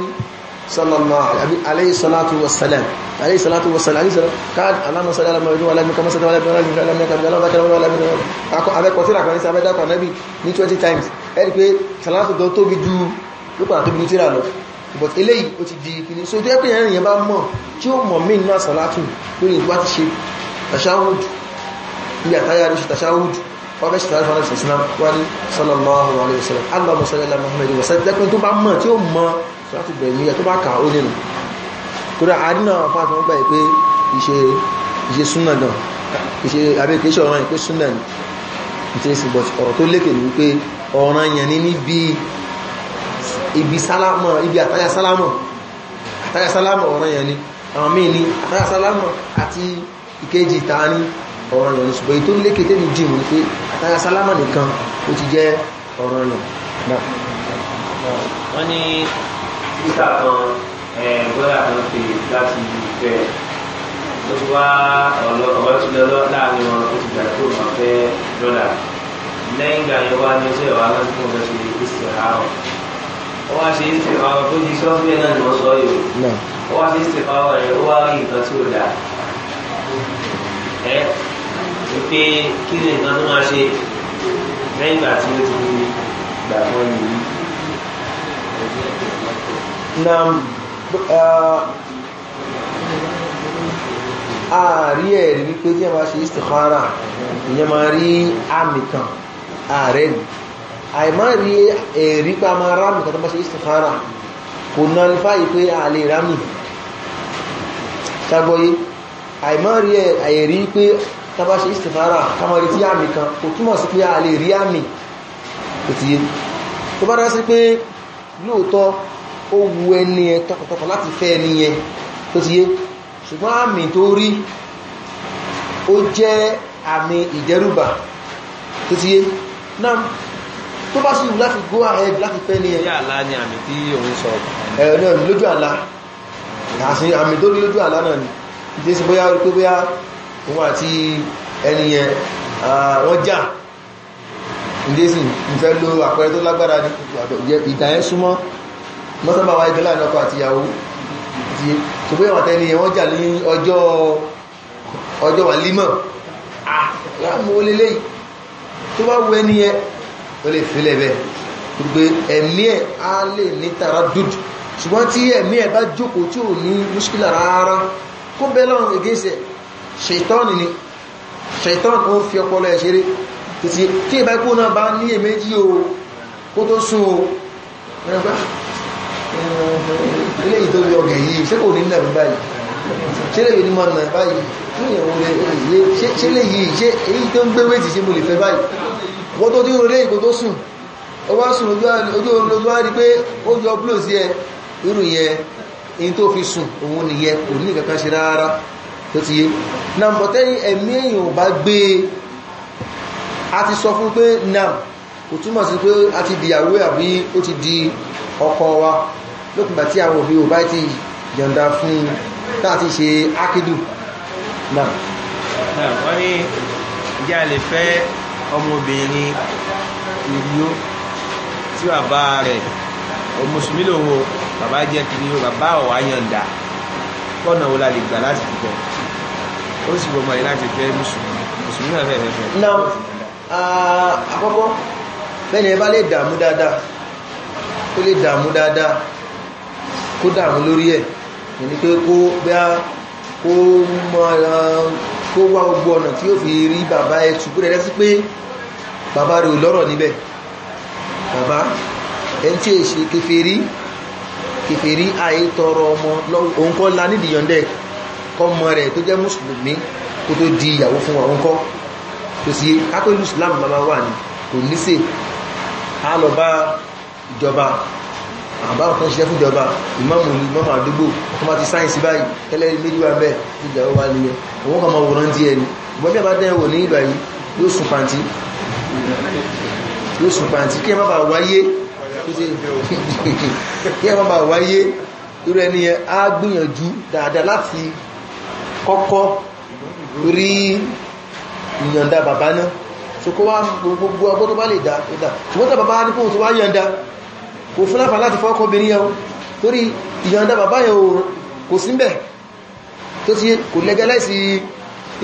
sallallahu alayhi salatu wassalam alayhi salatu wassalam kan alama sallallahu alaihi wa sallam wala mi kama sallallahu alaihi wa sallam kan galo zakara wala mi ako abe ko tira kan 20 times ẹ rí pé salatu do to bi ju lo pa to bi tira lọ but eléyìí ó ti di kini so je pé yan yan bá mọ̀ tí ó mọ̀ mi na salatu ko ni bá ti ṣe tashahud ni ataya ri tashahud wa tó bá mọ̀ tí ó mọ̀ so láti bẹ̀rẹ̀ ní ẹ tó bá kà ó lè nù kódà àdínà fáàtì wọ́n gbà pé ìṣe ìṣe súnà náà ìṣe abẹ́kẹ́ṣọ́ ọ̀ràn ìpé súnà ní ìtẹ́sì but ọ̀rọ̀ tó lékè ní wípé ọ̀ràn yẹn ní níbi ibi sálámọ̀ ibi àtàyà sálámọ̀ àtàyà sálámọ̀ ọ̀ràn yẹn ni àwọn míì ní àtàyà sálámọ̀ àti ìkejì ìtaani ọ̀ràn yẹn ni ṣùgbọ́n èyí tó lékè tẹ́lẹ̀ jì mí pé àtàyà sálámọ̀ nìkan ó ti jẹ́ ọ̀ràn yẹn náà wọ́n ní títà kan bóyá kan fi láti fẹ́ ó ti wá ọ̀rọ̀ ti lọ láàrin wọn ó ti gbà tó wọn fẹ́ lọ́la lẹ́yìn ìgbà yẹn wá ní ọjọ́ ìwà láti fún ọ̀rẹ́ ṣe ìṣẹ̀ àárọ̀ ó wá ṣe ìṣẹ̀ àárọ̀ tó di sọ́fíẹ̀ náà ni wọ́n sọ yìí ó wá ṣe ìṣẹ̀ àárọ̀ rẹ̀ ó wá rí nǹkan tí ó dà ẹ́ pé kí ni nǹkan tó máa ṣe lẹ́yìn ìgbà tí ó ti gbà fún ọ na ààrí eh, ẹ̀rí wípé tí a bá ṣe istikhara ìyẹn máa rí àmì kan ààrẹ nì àìmá rí ẹ̀rí pé a máa rámì kan tó bá ṣe istikhara kò náà ní fáyí pé a lè rámì ṣagbọ́yé àìmá rí ẹ̀rí pé tá bá ṣe istikhara kamari tí àmì kan kò túmọ̀ sí pé a lè rí àmì kò tó bá dá sí pé lóòótọ́ ó wu ẹni ẹ tọkàntọkàn láti fẹ́ ẹni yẹn tó ti yé ṣùgbọ́n àmì tó rí ó jẹ́ àmì ìdẹ́rùbà tó ti yé náà tó bá sì wù láti go ahead láti fẹ́ ẹni yẹn. yàrá ni àmì tí òun sọ. ẹ ẹ náà lójú àlá àṣìn àmì tó rí lójú àlá náà ni ìdí sí bóyá pé bóyá òun àti ẹni yẹn wọ́n jà ìdí sí ìfẹ́ lo àpẹẹrẹ tó lágbára ní ìdáyẹ̀súnmọ́ mọ́sánmà wáyé tó láàrín ọkọ àti ìyàwó ti ṣùgbọ́n ìwọ̀n tẹ́ni ẹ̀wọ́n jà ní ọjọ́ wà límọ̀ láàmú ó lélẹ́ tó bá wẹ́ ní ẹ ó lè fílẹ̀ bẹ́ẹ̀ gbogbo ẹ̀mí ẹ̀ á lè ní tara tí ẹ̀mí ní múṣkílà rárá kó bẹ́ lọ́rùn ìgbésẹ̀ ṣètọ́nì ni ṣètọ́nì ó fi ọpọlọ ẹ̀ ṣeré títí náà bá ní èméjì o kó tó sún o eléyìí tó rí ọgẹ̀ yìí ṣé kò ní nà báyìí ṣé lè ní mọ́ nà báyìí fún ìyàwó lè yìí èyí tó ń gbé wéjì ṣe mo lè fẹ́ báyìí wọ́n tó dín orí ìkó tó sùn ó bá sùn ojú oorun pé ó yọ búlò sí ẹ irú yẹn in tó fi sùn òun nìyẹn kò ní kankan ṣe rárá tó ti yé na tẹ́ni ẹ̀mí èèyàn bá a ti sọ fún pé nam kò túmọ̀ a ti di lókùnbà tí àwọn òfin òbá ti yọ̀nda fún láti ṣe ákídù náà wọ́n ní ìjá lè fẹ́ ọmọbìnrin ìlú tí bàbá rẹ̀ mùsùlùmí lòun o bàbá jẹ́ kìíní o bàbá ọ̀wá yọ̀nda kọ́nà wo la lè gbà láti púpọ̀ ó sì gbọmọ yìí láti fẹ́ mùsùlùmí náà fẹ́ẹ̀ fẹ́ àkọ́kọ́ bẹ́ẹ̀ ni ẹ bá lè dààmú dáadáa ó lè dààmú dáadáa kó dààmú lórí ẹ̀ kò ní pé kó bẹ́ẹ̀ kó mọ́ra kó wá gbogbo ọ̀nà tí ó fi rí bàbá ẹ̀ ṣùgbọ́n rẹ̀ sí pé bàbá rẹ̀ lọ́rọ̀ níbẹ̀ bàbá ẹ̀ ń tí èṣe kèfèrí kèfèrí ayé tọrọ ọmọ òun kọ́ la nídìí yọ̀ndẹ̀ kọ́mọ rẹ̀ tó jẹ́ mùsùlùmí kó tó di ìyàwó fún wa òun kọ́ kò sí kápẹ́lú islam máa wà ní kò ní sè á lọ bá ìjọba àbáwọn kan ṣiṣẹ́ fúnjọba ìmáàmù ìmáàmù àdúgbò tó máa ti sáyẹ̀nsì báyìí tẹ́lẹ̀ méjì wà bẹ́ẹ̀ ìjà ó wà nìyẹn òun kan máa wòran tí ẹni ìgbọ́n bí a bá dẹ́yẹ̀ wò ní ìlú ayé yóò sùn pàǹtí yóò sùn pàǹtí kí ẹ má bàa wáyé kí ẹ má bàa wáyé irú ẹni yẹn á gbìyànjú dáadáa láti kọ́kọ́ rí ìyànda bàbá náà so kó wá gbogbo agbọ́dọ̀ bá lè dá ṣùgbọ́n tá bàbá ní kóhùn tó wá yànda kò fún láfà láti fọ́kọ́ obìnrin yẹn torí ìyọ̀ǹda bàbá yẹn o kò sí bẹ̀ tó ti kò legalize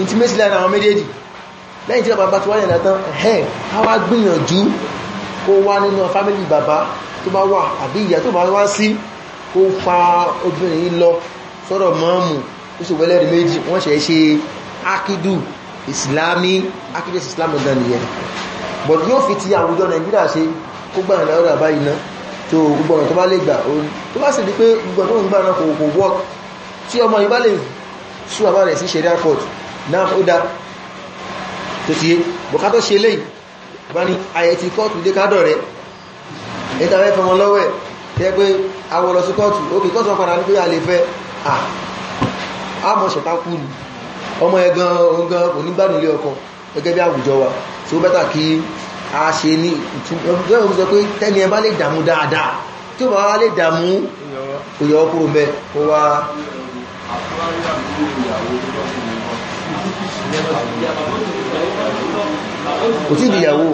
intimacy láàrin àwọn méjèèjì lẹ́yìn tí bàbá ti wáyẹ̀ látán ẹ̀hẹ́n a wá gbìyànjú kó wá nínú fámílì bàbá tó bá wà àbí ìyá tó bá wá sí kó fa obìnrin lọ sọ́dọ̀ mọ́ọ̀mù tó sì wẹ́lẹ́rìí méjì wọ́n ṣe akidu islami akidu islami gan nìyẹn but yóò fi ti àwùjọ nàìjíríà ṣe kó gbà ìrìnlẹ́rọ̀ àbáyìí náà tó gbogbo ọ̀nà tó bá lè gbà tó bá sì di pé gbogbo ọ̀nà tó bá náà kò work tí ọmọ yìí bá lè sú àmà rẹ̀ sí ṣẹ̀dá court náà ó dá tó ti yé bọ̀kátọ́ ṣe lè bá ní ayẹ ti kọ́ọ̀tù dé kádọ̀ rẹ̀ ẹta fẹ́ fọmọ lọ́wọ́ ẹ̀ tẹ́ pé awọ lọ sí kọ́ọ̀tù ókè kọ́ọ̀tù wọn padà ní pé a lè fẹ́ àmọ́ ṣẹ̀tá kú ni ọmọ ẹ̀gan ọ̀gan kò ní gbádùn ilé ọkọ gẹ́gẹ́ bí àwùjọ wa tí ó bẹ́tà kí a ṣe ní ìtumọ̀ sọ pé tẹ́ni ẹ bá lè dàmú dáadáa tí ó bá wá lè dàmú kò yọ ọkùrò mẹ́ kó wá kò tí ìdíyàwó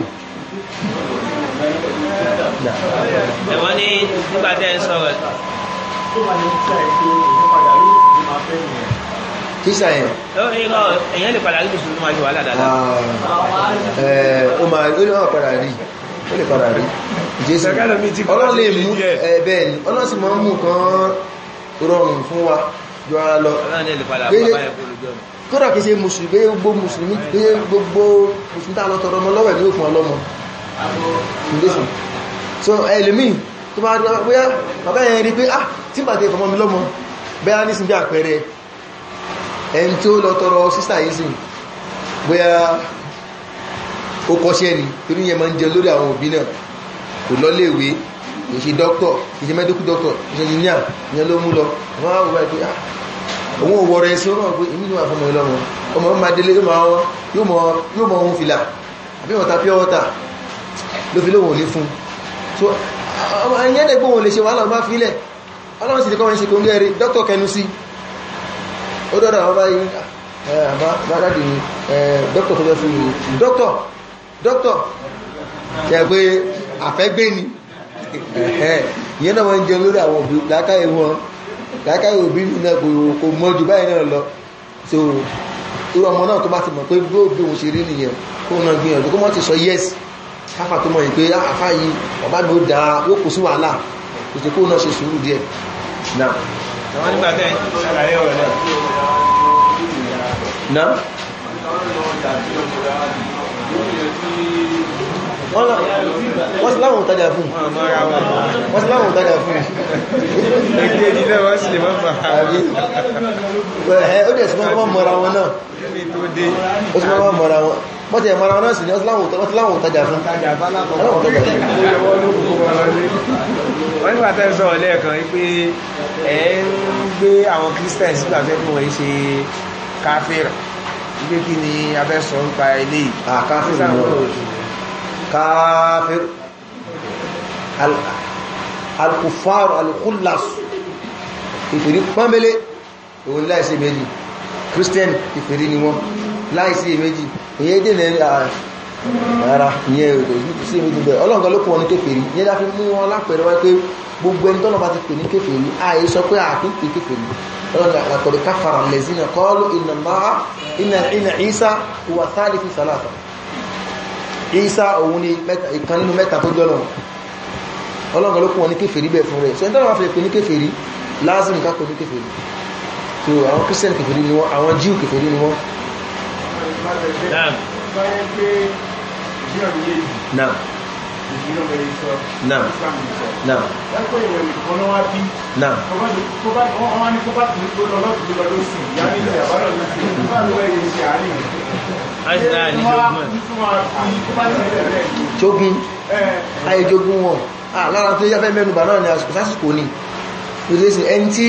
ẹ̀wọ́n ní nígbàtẹ́ sọ̀rọ̀ kí sàyẹn èyàn lè padà rí mùsùlùmí máa ṣe wà ládàá ah, eh, ó máa ó lè padà rí ó lè padà rí jésù ọlọ́run lè mú ẹ̀bẹ̀ eh, ni ọlọ́run sì máa ń mú kan rọrùn fún wa jọ ara lọ kódà kìí ṣe mùsùlùmí gbogbo mùsùlùmí gbogbo mùsùlùmí tàà lọ́tọ̀rọ̀ ọmọ lọ́wẹ̀ ní òfin ọlọ́mọ so ẹlùmí tó bá rí ọmọ pé bàbá yẹn rí pé ah tí bàtẹ̀ ìfọmọ́ mi lọ́mọ bẹ́ẹ̀ ní sin bí ẹni tí ó lọ tọrọ sísà yìí sìn bóyá ó kọ́ṣẹ́ ni torí yẹn máa ń jẹ lórí àwọn òbí náà kò lọ́léèwé kò ṣe dókítọ̀ kò ṣe mẹ́díkù dókítọ̀ kò ṣe engineer ìyẹn ló mú lọ wọ́n á wọ́n pé ah, òun ò wọ̀rọ̀ ẹsẹ̀ ọmọ pé èmi ni wà fọmọ ìlọ́run ọmọ ọmọ adélé yóò mọ ohun fìlà àbí wọ́n ta pure water ló fi lóhun ní fún so ẹ̀yẹ́dẹ̀gbọ́n ò lè ṣe wàhálà ọmọ fílẹ̀ ọlọ́run sì ti kọ́ wọn ṣe kò ń gẹ́rẹ́ dókítọ̀ kẹnu sí ó dọ́dọ̀ àwọn bá yìí àbádádì dọ́kítọ̀ tó jẹ́ fún mi dọ́kítọ̀ dọ́kítọ̀ tẹ́ pé àfẹ́gbé ni ìyẹn náà wọ́n ń jẹ lórí àwọn òbí lákàyè wọn lákàyè òbí náà kò mọ́ ju báyìí náà lọ so irú ọmọ náà tó bá ti mọ̀ pé bí òbí òun ṣe rí nìyẹn kó náà gbìyànjú kó mọ́ ti sọ yes káfà tó mọ̀ yìí pé ah, àfá yìí ọ̀bá mi ó dáa yóò kó sí wàhálà kò sí kó náà ṣe sùúrù díẹ̀ náà wọ́n nígbà ṣàlàyé ọ̀rọ̀ náà náà wọ́n sì láwọn òtajà fún wọ́n sì láwọn òtajà fún ẹgbẹ́ ìdílé wọ́n sì lè mọ́ fà ó dẹ̀ sí mọ́ mọ́ra wọn náà ó sì mọ́ mọ́ra wọn wọ́n ti ẹ̀mọ́ra wọn náà sì ní wọ́n láwọn òtajà fún wọ́n nígbà tẹ́ sọ ọ̀lẹ́ kan wípé ẹ̀ ń gbé àwọn Christians sígbà fẹ́ fún wọ́n ṣe káfíra wípé kí ni abẹ́sọ̀ ń pa ilé yìí káfíìr alkùfààrù alkùlásù ìfèrí pọ́nbélé òun láìsí méjì christian ìfèrí ni wọ́n láìsí méjì èyí dènà ara ìyẹn òdò sí méjì bẹ̀ ọlọ́ǹkan ló kún wọn ní kéfèrí yẹ́ dáfí mú wọn lápẹẹrẹ wáyé pé gbogbo ẹni tọ́nà bá ti pè ní kéfèrí ààyè sọ pé àkínkè kéfèrí ọlọ́nà àkọ̀dẹ̀ káfàrà lẹ́sìn náà kọ́ọ́lù ìnàmá ìnà ìsá ìwà sáàlì fi sàlátà isa òun ni ìkan nínú mẹ́ta tó jọ́nà ọlọ́run ló kún wọn ní kèfèrí bẹ̀ fún rẹ̀ so ẹni tọ́lọ́ wá fi pè ní kèfèrí lázìm ká pè ní kèfèrí so àwọn christian kèfèrí ni wọ́n àwọn jíù kèfèrí ni wọ́n náà náà náà náà jogun eh. ayé jogun wọn lára tó yáfẹ́ mẹ́nubà náà ni àsìkò sásìkò ni ìrẹsìn ẹni tí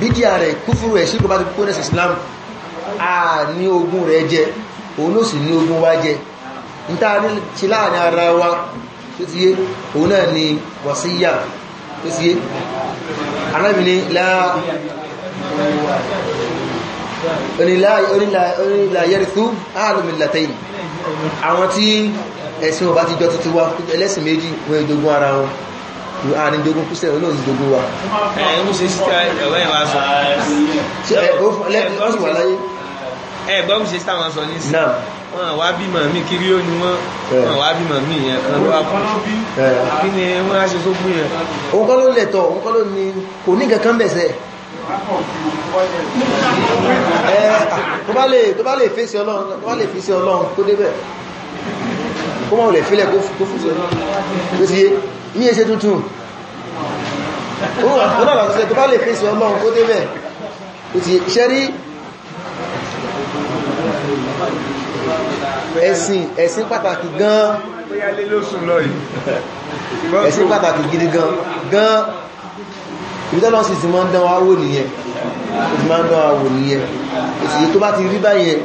bídíà rẹ̀ kúfúrú ẹ̀ síkò bá ti kó Islam a ní ogún rẹ̀ jẹ òun ló sì ní ogún wá jẹ ní tàà ní ti láàrin ara wa tó ti yé òun náà ni wàsíyà tó ti yé anábì ní láyẹ̀rìtú alùmìlàtẹ́yìn àwọn tí ẹ̀sìn ọba ti jọ títí wá ẹlẹ́sìn méjì wọ́n ìjogún ara wọn àrin jogun kúsẹ̀ olóòrùn jogun wa ẹgbọ́n ṣe sí àwọn sọ ní sí wọ́n wá bímọ mi kiri ó ni wọ́n wọ́n wá bímọ mi yẹn kan ló wá kú kí ni wọ́n á ṣe sókún yẹn. òun kọ́ ló lẹ̀tọ̀ òun kọ́ ló ní kò ní kankan bẹ̀sẹ̀ tó bá lè tó bá lè fèsì ọlọ́run tó bá lè fèsì ọlọ́run tó débẹ̀ kó mọ̀ lè fílẹ̀ kó fèsì ọlọ́run tó sí ní ẹsẹ tuntun tó bá lè fèsì ọlọ́run tó débẹ̀ tó sí ṣẹ́rí ẹ̀sìn ẹ̀sìn pàtàkì gan ẹ̀sìn pàtàkì gidi gan gan ìbítọ́lọ́ sì ti máa ń dánwà wò nìyẹn ti máa ń dánwà wò nìyẹn èsì tó bá ti rí báyẹn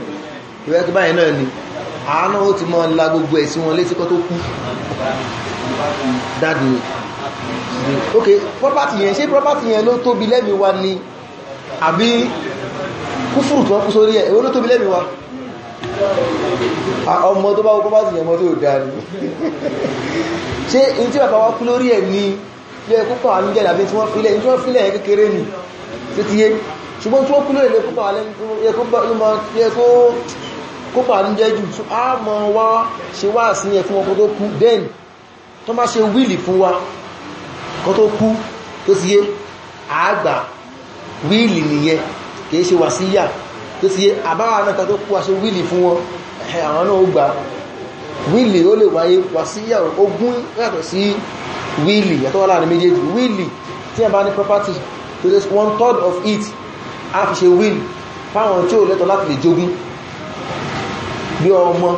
ìwẹ́ tó báyẹn náà ni àánà ó ti máa la gbogbo ẹ̀sí wọn létí kọ́ tó kú dáadé ok property yẹn ṣé property yẹn ló tóbi lẹ́mi wa ni àbí kúfùrù tó wọ́n kú sórí ẹ̀ èwo ló tóbi lẹ́mi wa ọmọ tó bá kọ́kọ́ bá ti yẹmọ tó dá ní ṣe in tí bàbá wá kú lórí ẹ̀ ní ilé púpọ̀ àmìjẹ́ ìdàbí tí wọ́n fílẹ̀ ní tí wọ́n fílẹ̀ ẹ̀ kékeré ní tí ti yé ṣùgbọ́n tí wọ́n kú lórí ilé púpọ̀ àmìjẹ́ jù tí a mọ̀ wá ṣe wá sí ẹ̀ fún ọkọ̀ tó kú den tó má ṣe wíìlì fún wa kọ́ tó kú tó ti yé àgbà wíìlì nìyẹn kìí ṣe wà síyà tó ti yé àbáwà náà kan tó kú aṣe wíìlì fún wọn àwọn náà ó gbà wíìlì ó lè wáyé wà sí yàrá ogún yàtọ̀ sí wíìlì yàtọ̀ wà láàrin méjèèjì wíìlì tí a bá ní property to this one third of it a fi ṣe wíìlì fáwọn tí ó lẹ́tọ̀ láti lè jogún bí ọmọ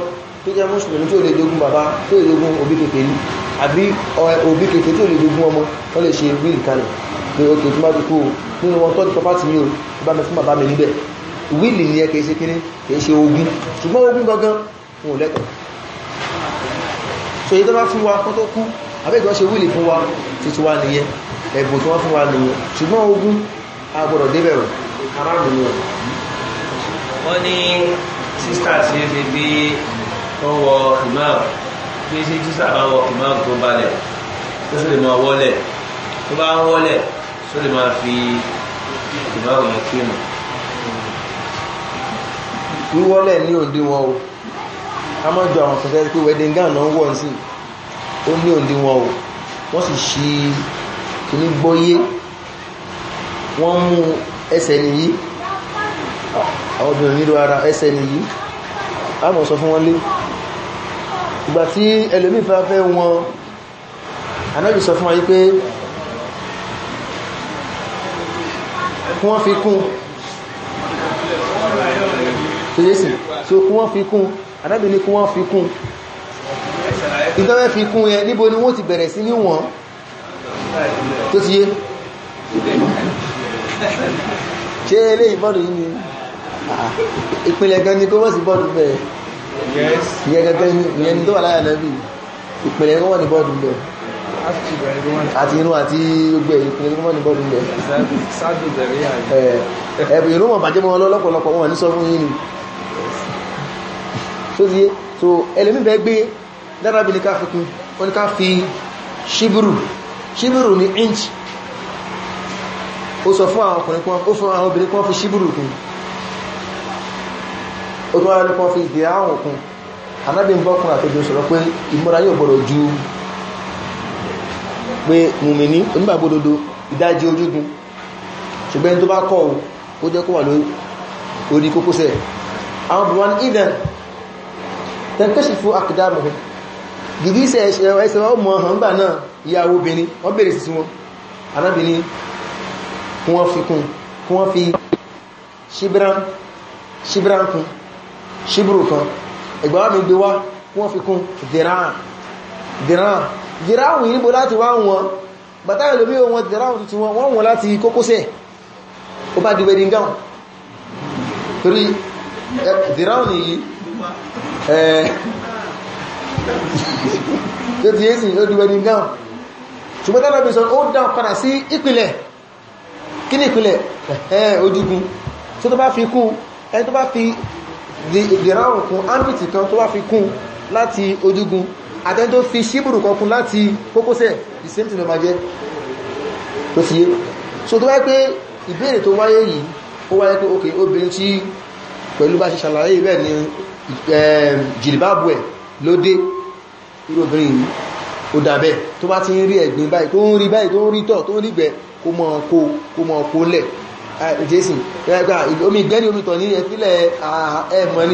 tó jẹ́ mùsùlùmí tí ó lè jogún bàbá tó lè jogún òbí kèfèé ní àbí òbí kèfèé tó lè jogún ọmọ wọ́n lè ṣe wíìlì kalẹ̀ pé ó kèfèé tó bá ti kú nínú wọn tọ́jú property mi ò bá mi fún bàbá mi níbẹ̀ wíìlì ni ẹ kìí ṣe kíní kìí ṣe ogún ṣùgbọ́n ogún gangan wọn ò lẹ́tọ̀ so èyí tó bá fún wa kọ́ tó kú abẹ́gbọ́n ṣe wíìlì fún wa títí wa nìyẹn ẹ̀bùn tí wọ́n fún wa nìyẹn ṣùgbọ́n ogún agbọ́dọ̀ débẹ̀rẹ̀ aráàlú wọn. wọ́n ní sísítà tí ó ṣe bí wọ́n wọ ìmáàmù bí ṣe sísítà bá wọ ìmáàmù tó balẹ̀ tó sì lè máa wọlẹ̀ tó bá wọlẹ̀ tó lè máa fi ìmáàmù yẹn kírun wíwọ́lẹ̀ ní òndí wọn o a mọ́ jọ àwọn fẹ́fẹ́ pé wedding gown náà wọ́n sí ó ní òndí wọn o wọ́n sì ṣe kìíní gbọ́yé wọ́n mú ẹsẹ̀ nìyí àwọn obìnrin nílò ara ẹsẹ̀ nìyí a mọ̀ sọ fún wọn lé ìgbà tí ẹlòmífà fẹ́ wọn anábì sọ fún wa yí pé wọ́n fi kún tó yé sí so kún wọ́n fi kún anábì ní kún wọ́n fi kún ìtọ́wẹ́ fi kún yẹn níbo ni wọ́n ti bẹ̀rẹ̀ sí ní wọ́n tó ti yé ṣe ilé ìbọ́dù yìí ni ìpìlẹ̀ gan ni kó wọ́n sí bọ́ọ̀dù bẹ̀rẹ̀ ìyẹn gẹ́gẹ́ ni tó wà láyà náà bí wọ́n ni bọ́ọ̀dù bẹ̀rẹ̀ àti inú àti gbogbo ẹ̀yìn ìpínlẹ̀ tó mọ́ ní bọ́ọ̀lù ilẹ̀ ẹ̀bùn ìlú wọn bàjẹ́ mọ́ lọ́pọ̀lọpọ̀ wọn ní sọ fún yìí ni tó ti yé so ẹlẹ́mìbẹ̀ gbé dárábìlì ká fi kún wọ́n ká fi ṣíbìrù ṣíbìrù ní inch ó sọ fún àwọn ọkùnrin kan ó fún àwọn obìnrin kan fi ṣíbìrù kún ó tún wá ní kan fi ìdí àwọn òkun anábìnbọ́kùnrin àtòjò sọ̀rọ̀ pé ìmúra yóò gbọ́dọ̀ ju pé mùmìní onígbàgbódodo ìdájí ojúgun ṣùgbẹ́ni tó bá kọ̀ ohun ó jẹ́ kó wà lórí kókósẹ̀ àwọn buwan idan tẹ́kẹ́ṣì fún akìdámù gìgísẹ̀ ẹsẹ̀ wọ́n mọ̀ hàn gbà náà ìyàwó obìnrin wọ́n bèèrè sí wọn arábìnrin kí wọ́n fi kún kí wọ́n fi ṣíbrán kún ṣíbrù kan ẹgbàwà mi gbé wá kí wọ́n fi kún dìrán gíráhùn yìí níbo láti wá wọn bàtà ìlòmí wọn gíráhùn tí wọ́n wọ́n láti kókósẹ̀ ó bá di wedding gown torí gíráhùn yìí tó ti yé sí ó di wedding gown ṣùgbọ́n tánà bí sọ ó dá padà sí ìpìlẹ̀ kí ní ìpìlẹ̀ ojúgun tó tó bá fi ojúgun àtẹ́ tó fi ṣíbùrù kọkún láti kókósẹ̀ the same thing ló máa jẹ́ tó fi yé so tó wáyé pé ìbéèrè tó wáyé yìí ó wáyé pé ok obìnrin tí pẹ̀lú bá ṣe ṣàlàyé rẹ̀ ní eh, jìlìbáàbù ẹ̀ ló dé irú obìnrin yìí ó dàbẹ̀ tó bá ti ń rí ẹ̀gbìn báyìí tó ń rí báyìí tó ń rí tọ̀ tó ń rí gbẹ̀ kó mọ́ kó kó mọ́ kó lẹ̀ jésì ẹgbà omi ìgbẹ́ni omi tọ̀ ní ẹ̀fílẹ̀ ah, ẹ̀mọ́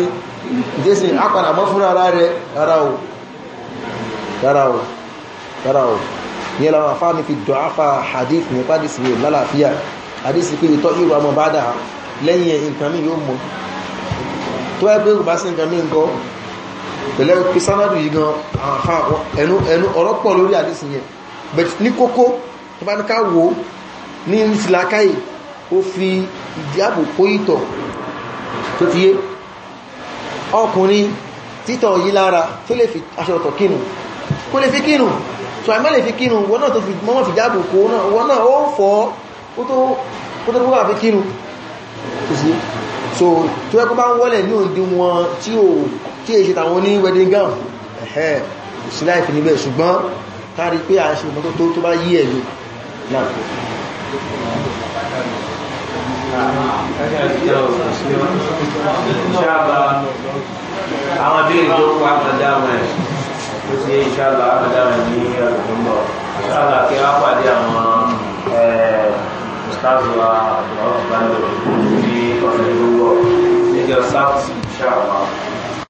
rárá o rárá o yẹ́ lọ́wọ́ afá ní fi dọ̀ afá hadith ní pàdísì rẹ̀ lálàáfíà hadith pé ìtọ́ ìrù àmọ́ bá dà lẹ́yìn ẹ̀ nǹkan mi yóò mọ̀ tó ẹ pé bá sí nǹkan mi nǹkan pẹ̀lẹ́ pé sánádù yìí gan ẹnu ẹnu ọ̀rọ̀ pọ̀ lórí hadith yẹn but ní kókó tó bá ní ká wò ó ní ìsìlákáyì fi ìdíàbò kó ìtọ̀ ti yé ọkùnrin títọ̀ yí lára tó lè fi aṣọ́tọ̀ kínú kó lè fi kínú so àìmọ́ lè fi kínú wọ́n náà tó fi mọ́mọ́ fi jáàbò kó wọ́n náà ó fọ́ kó tó púpà fi kínú so tó ẹkọ́ bá ń wọ́lẹ̀ ní òndí wọn tí ó tí è ṣe tàwọn ní wedding gown ẹ̀hẹ́ sí láìfi níbẹ̀ ṣùgbọ́n kárí pé a ṣe mọ́tótó tó bá yí àwọn bí ìlú pa àmàdá wọn ó ti yé ìṣàlá àmàdá wọn ní ọdún ìṣàlá kí wọ́n pàdé àwọn mustapha ọ̀gbọ́n ní ọ̀sẹ̀ tó wọ̀ níjọ sáàtì ìṣàlá.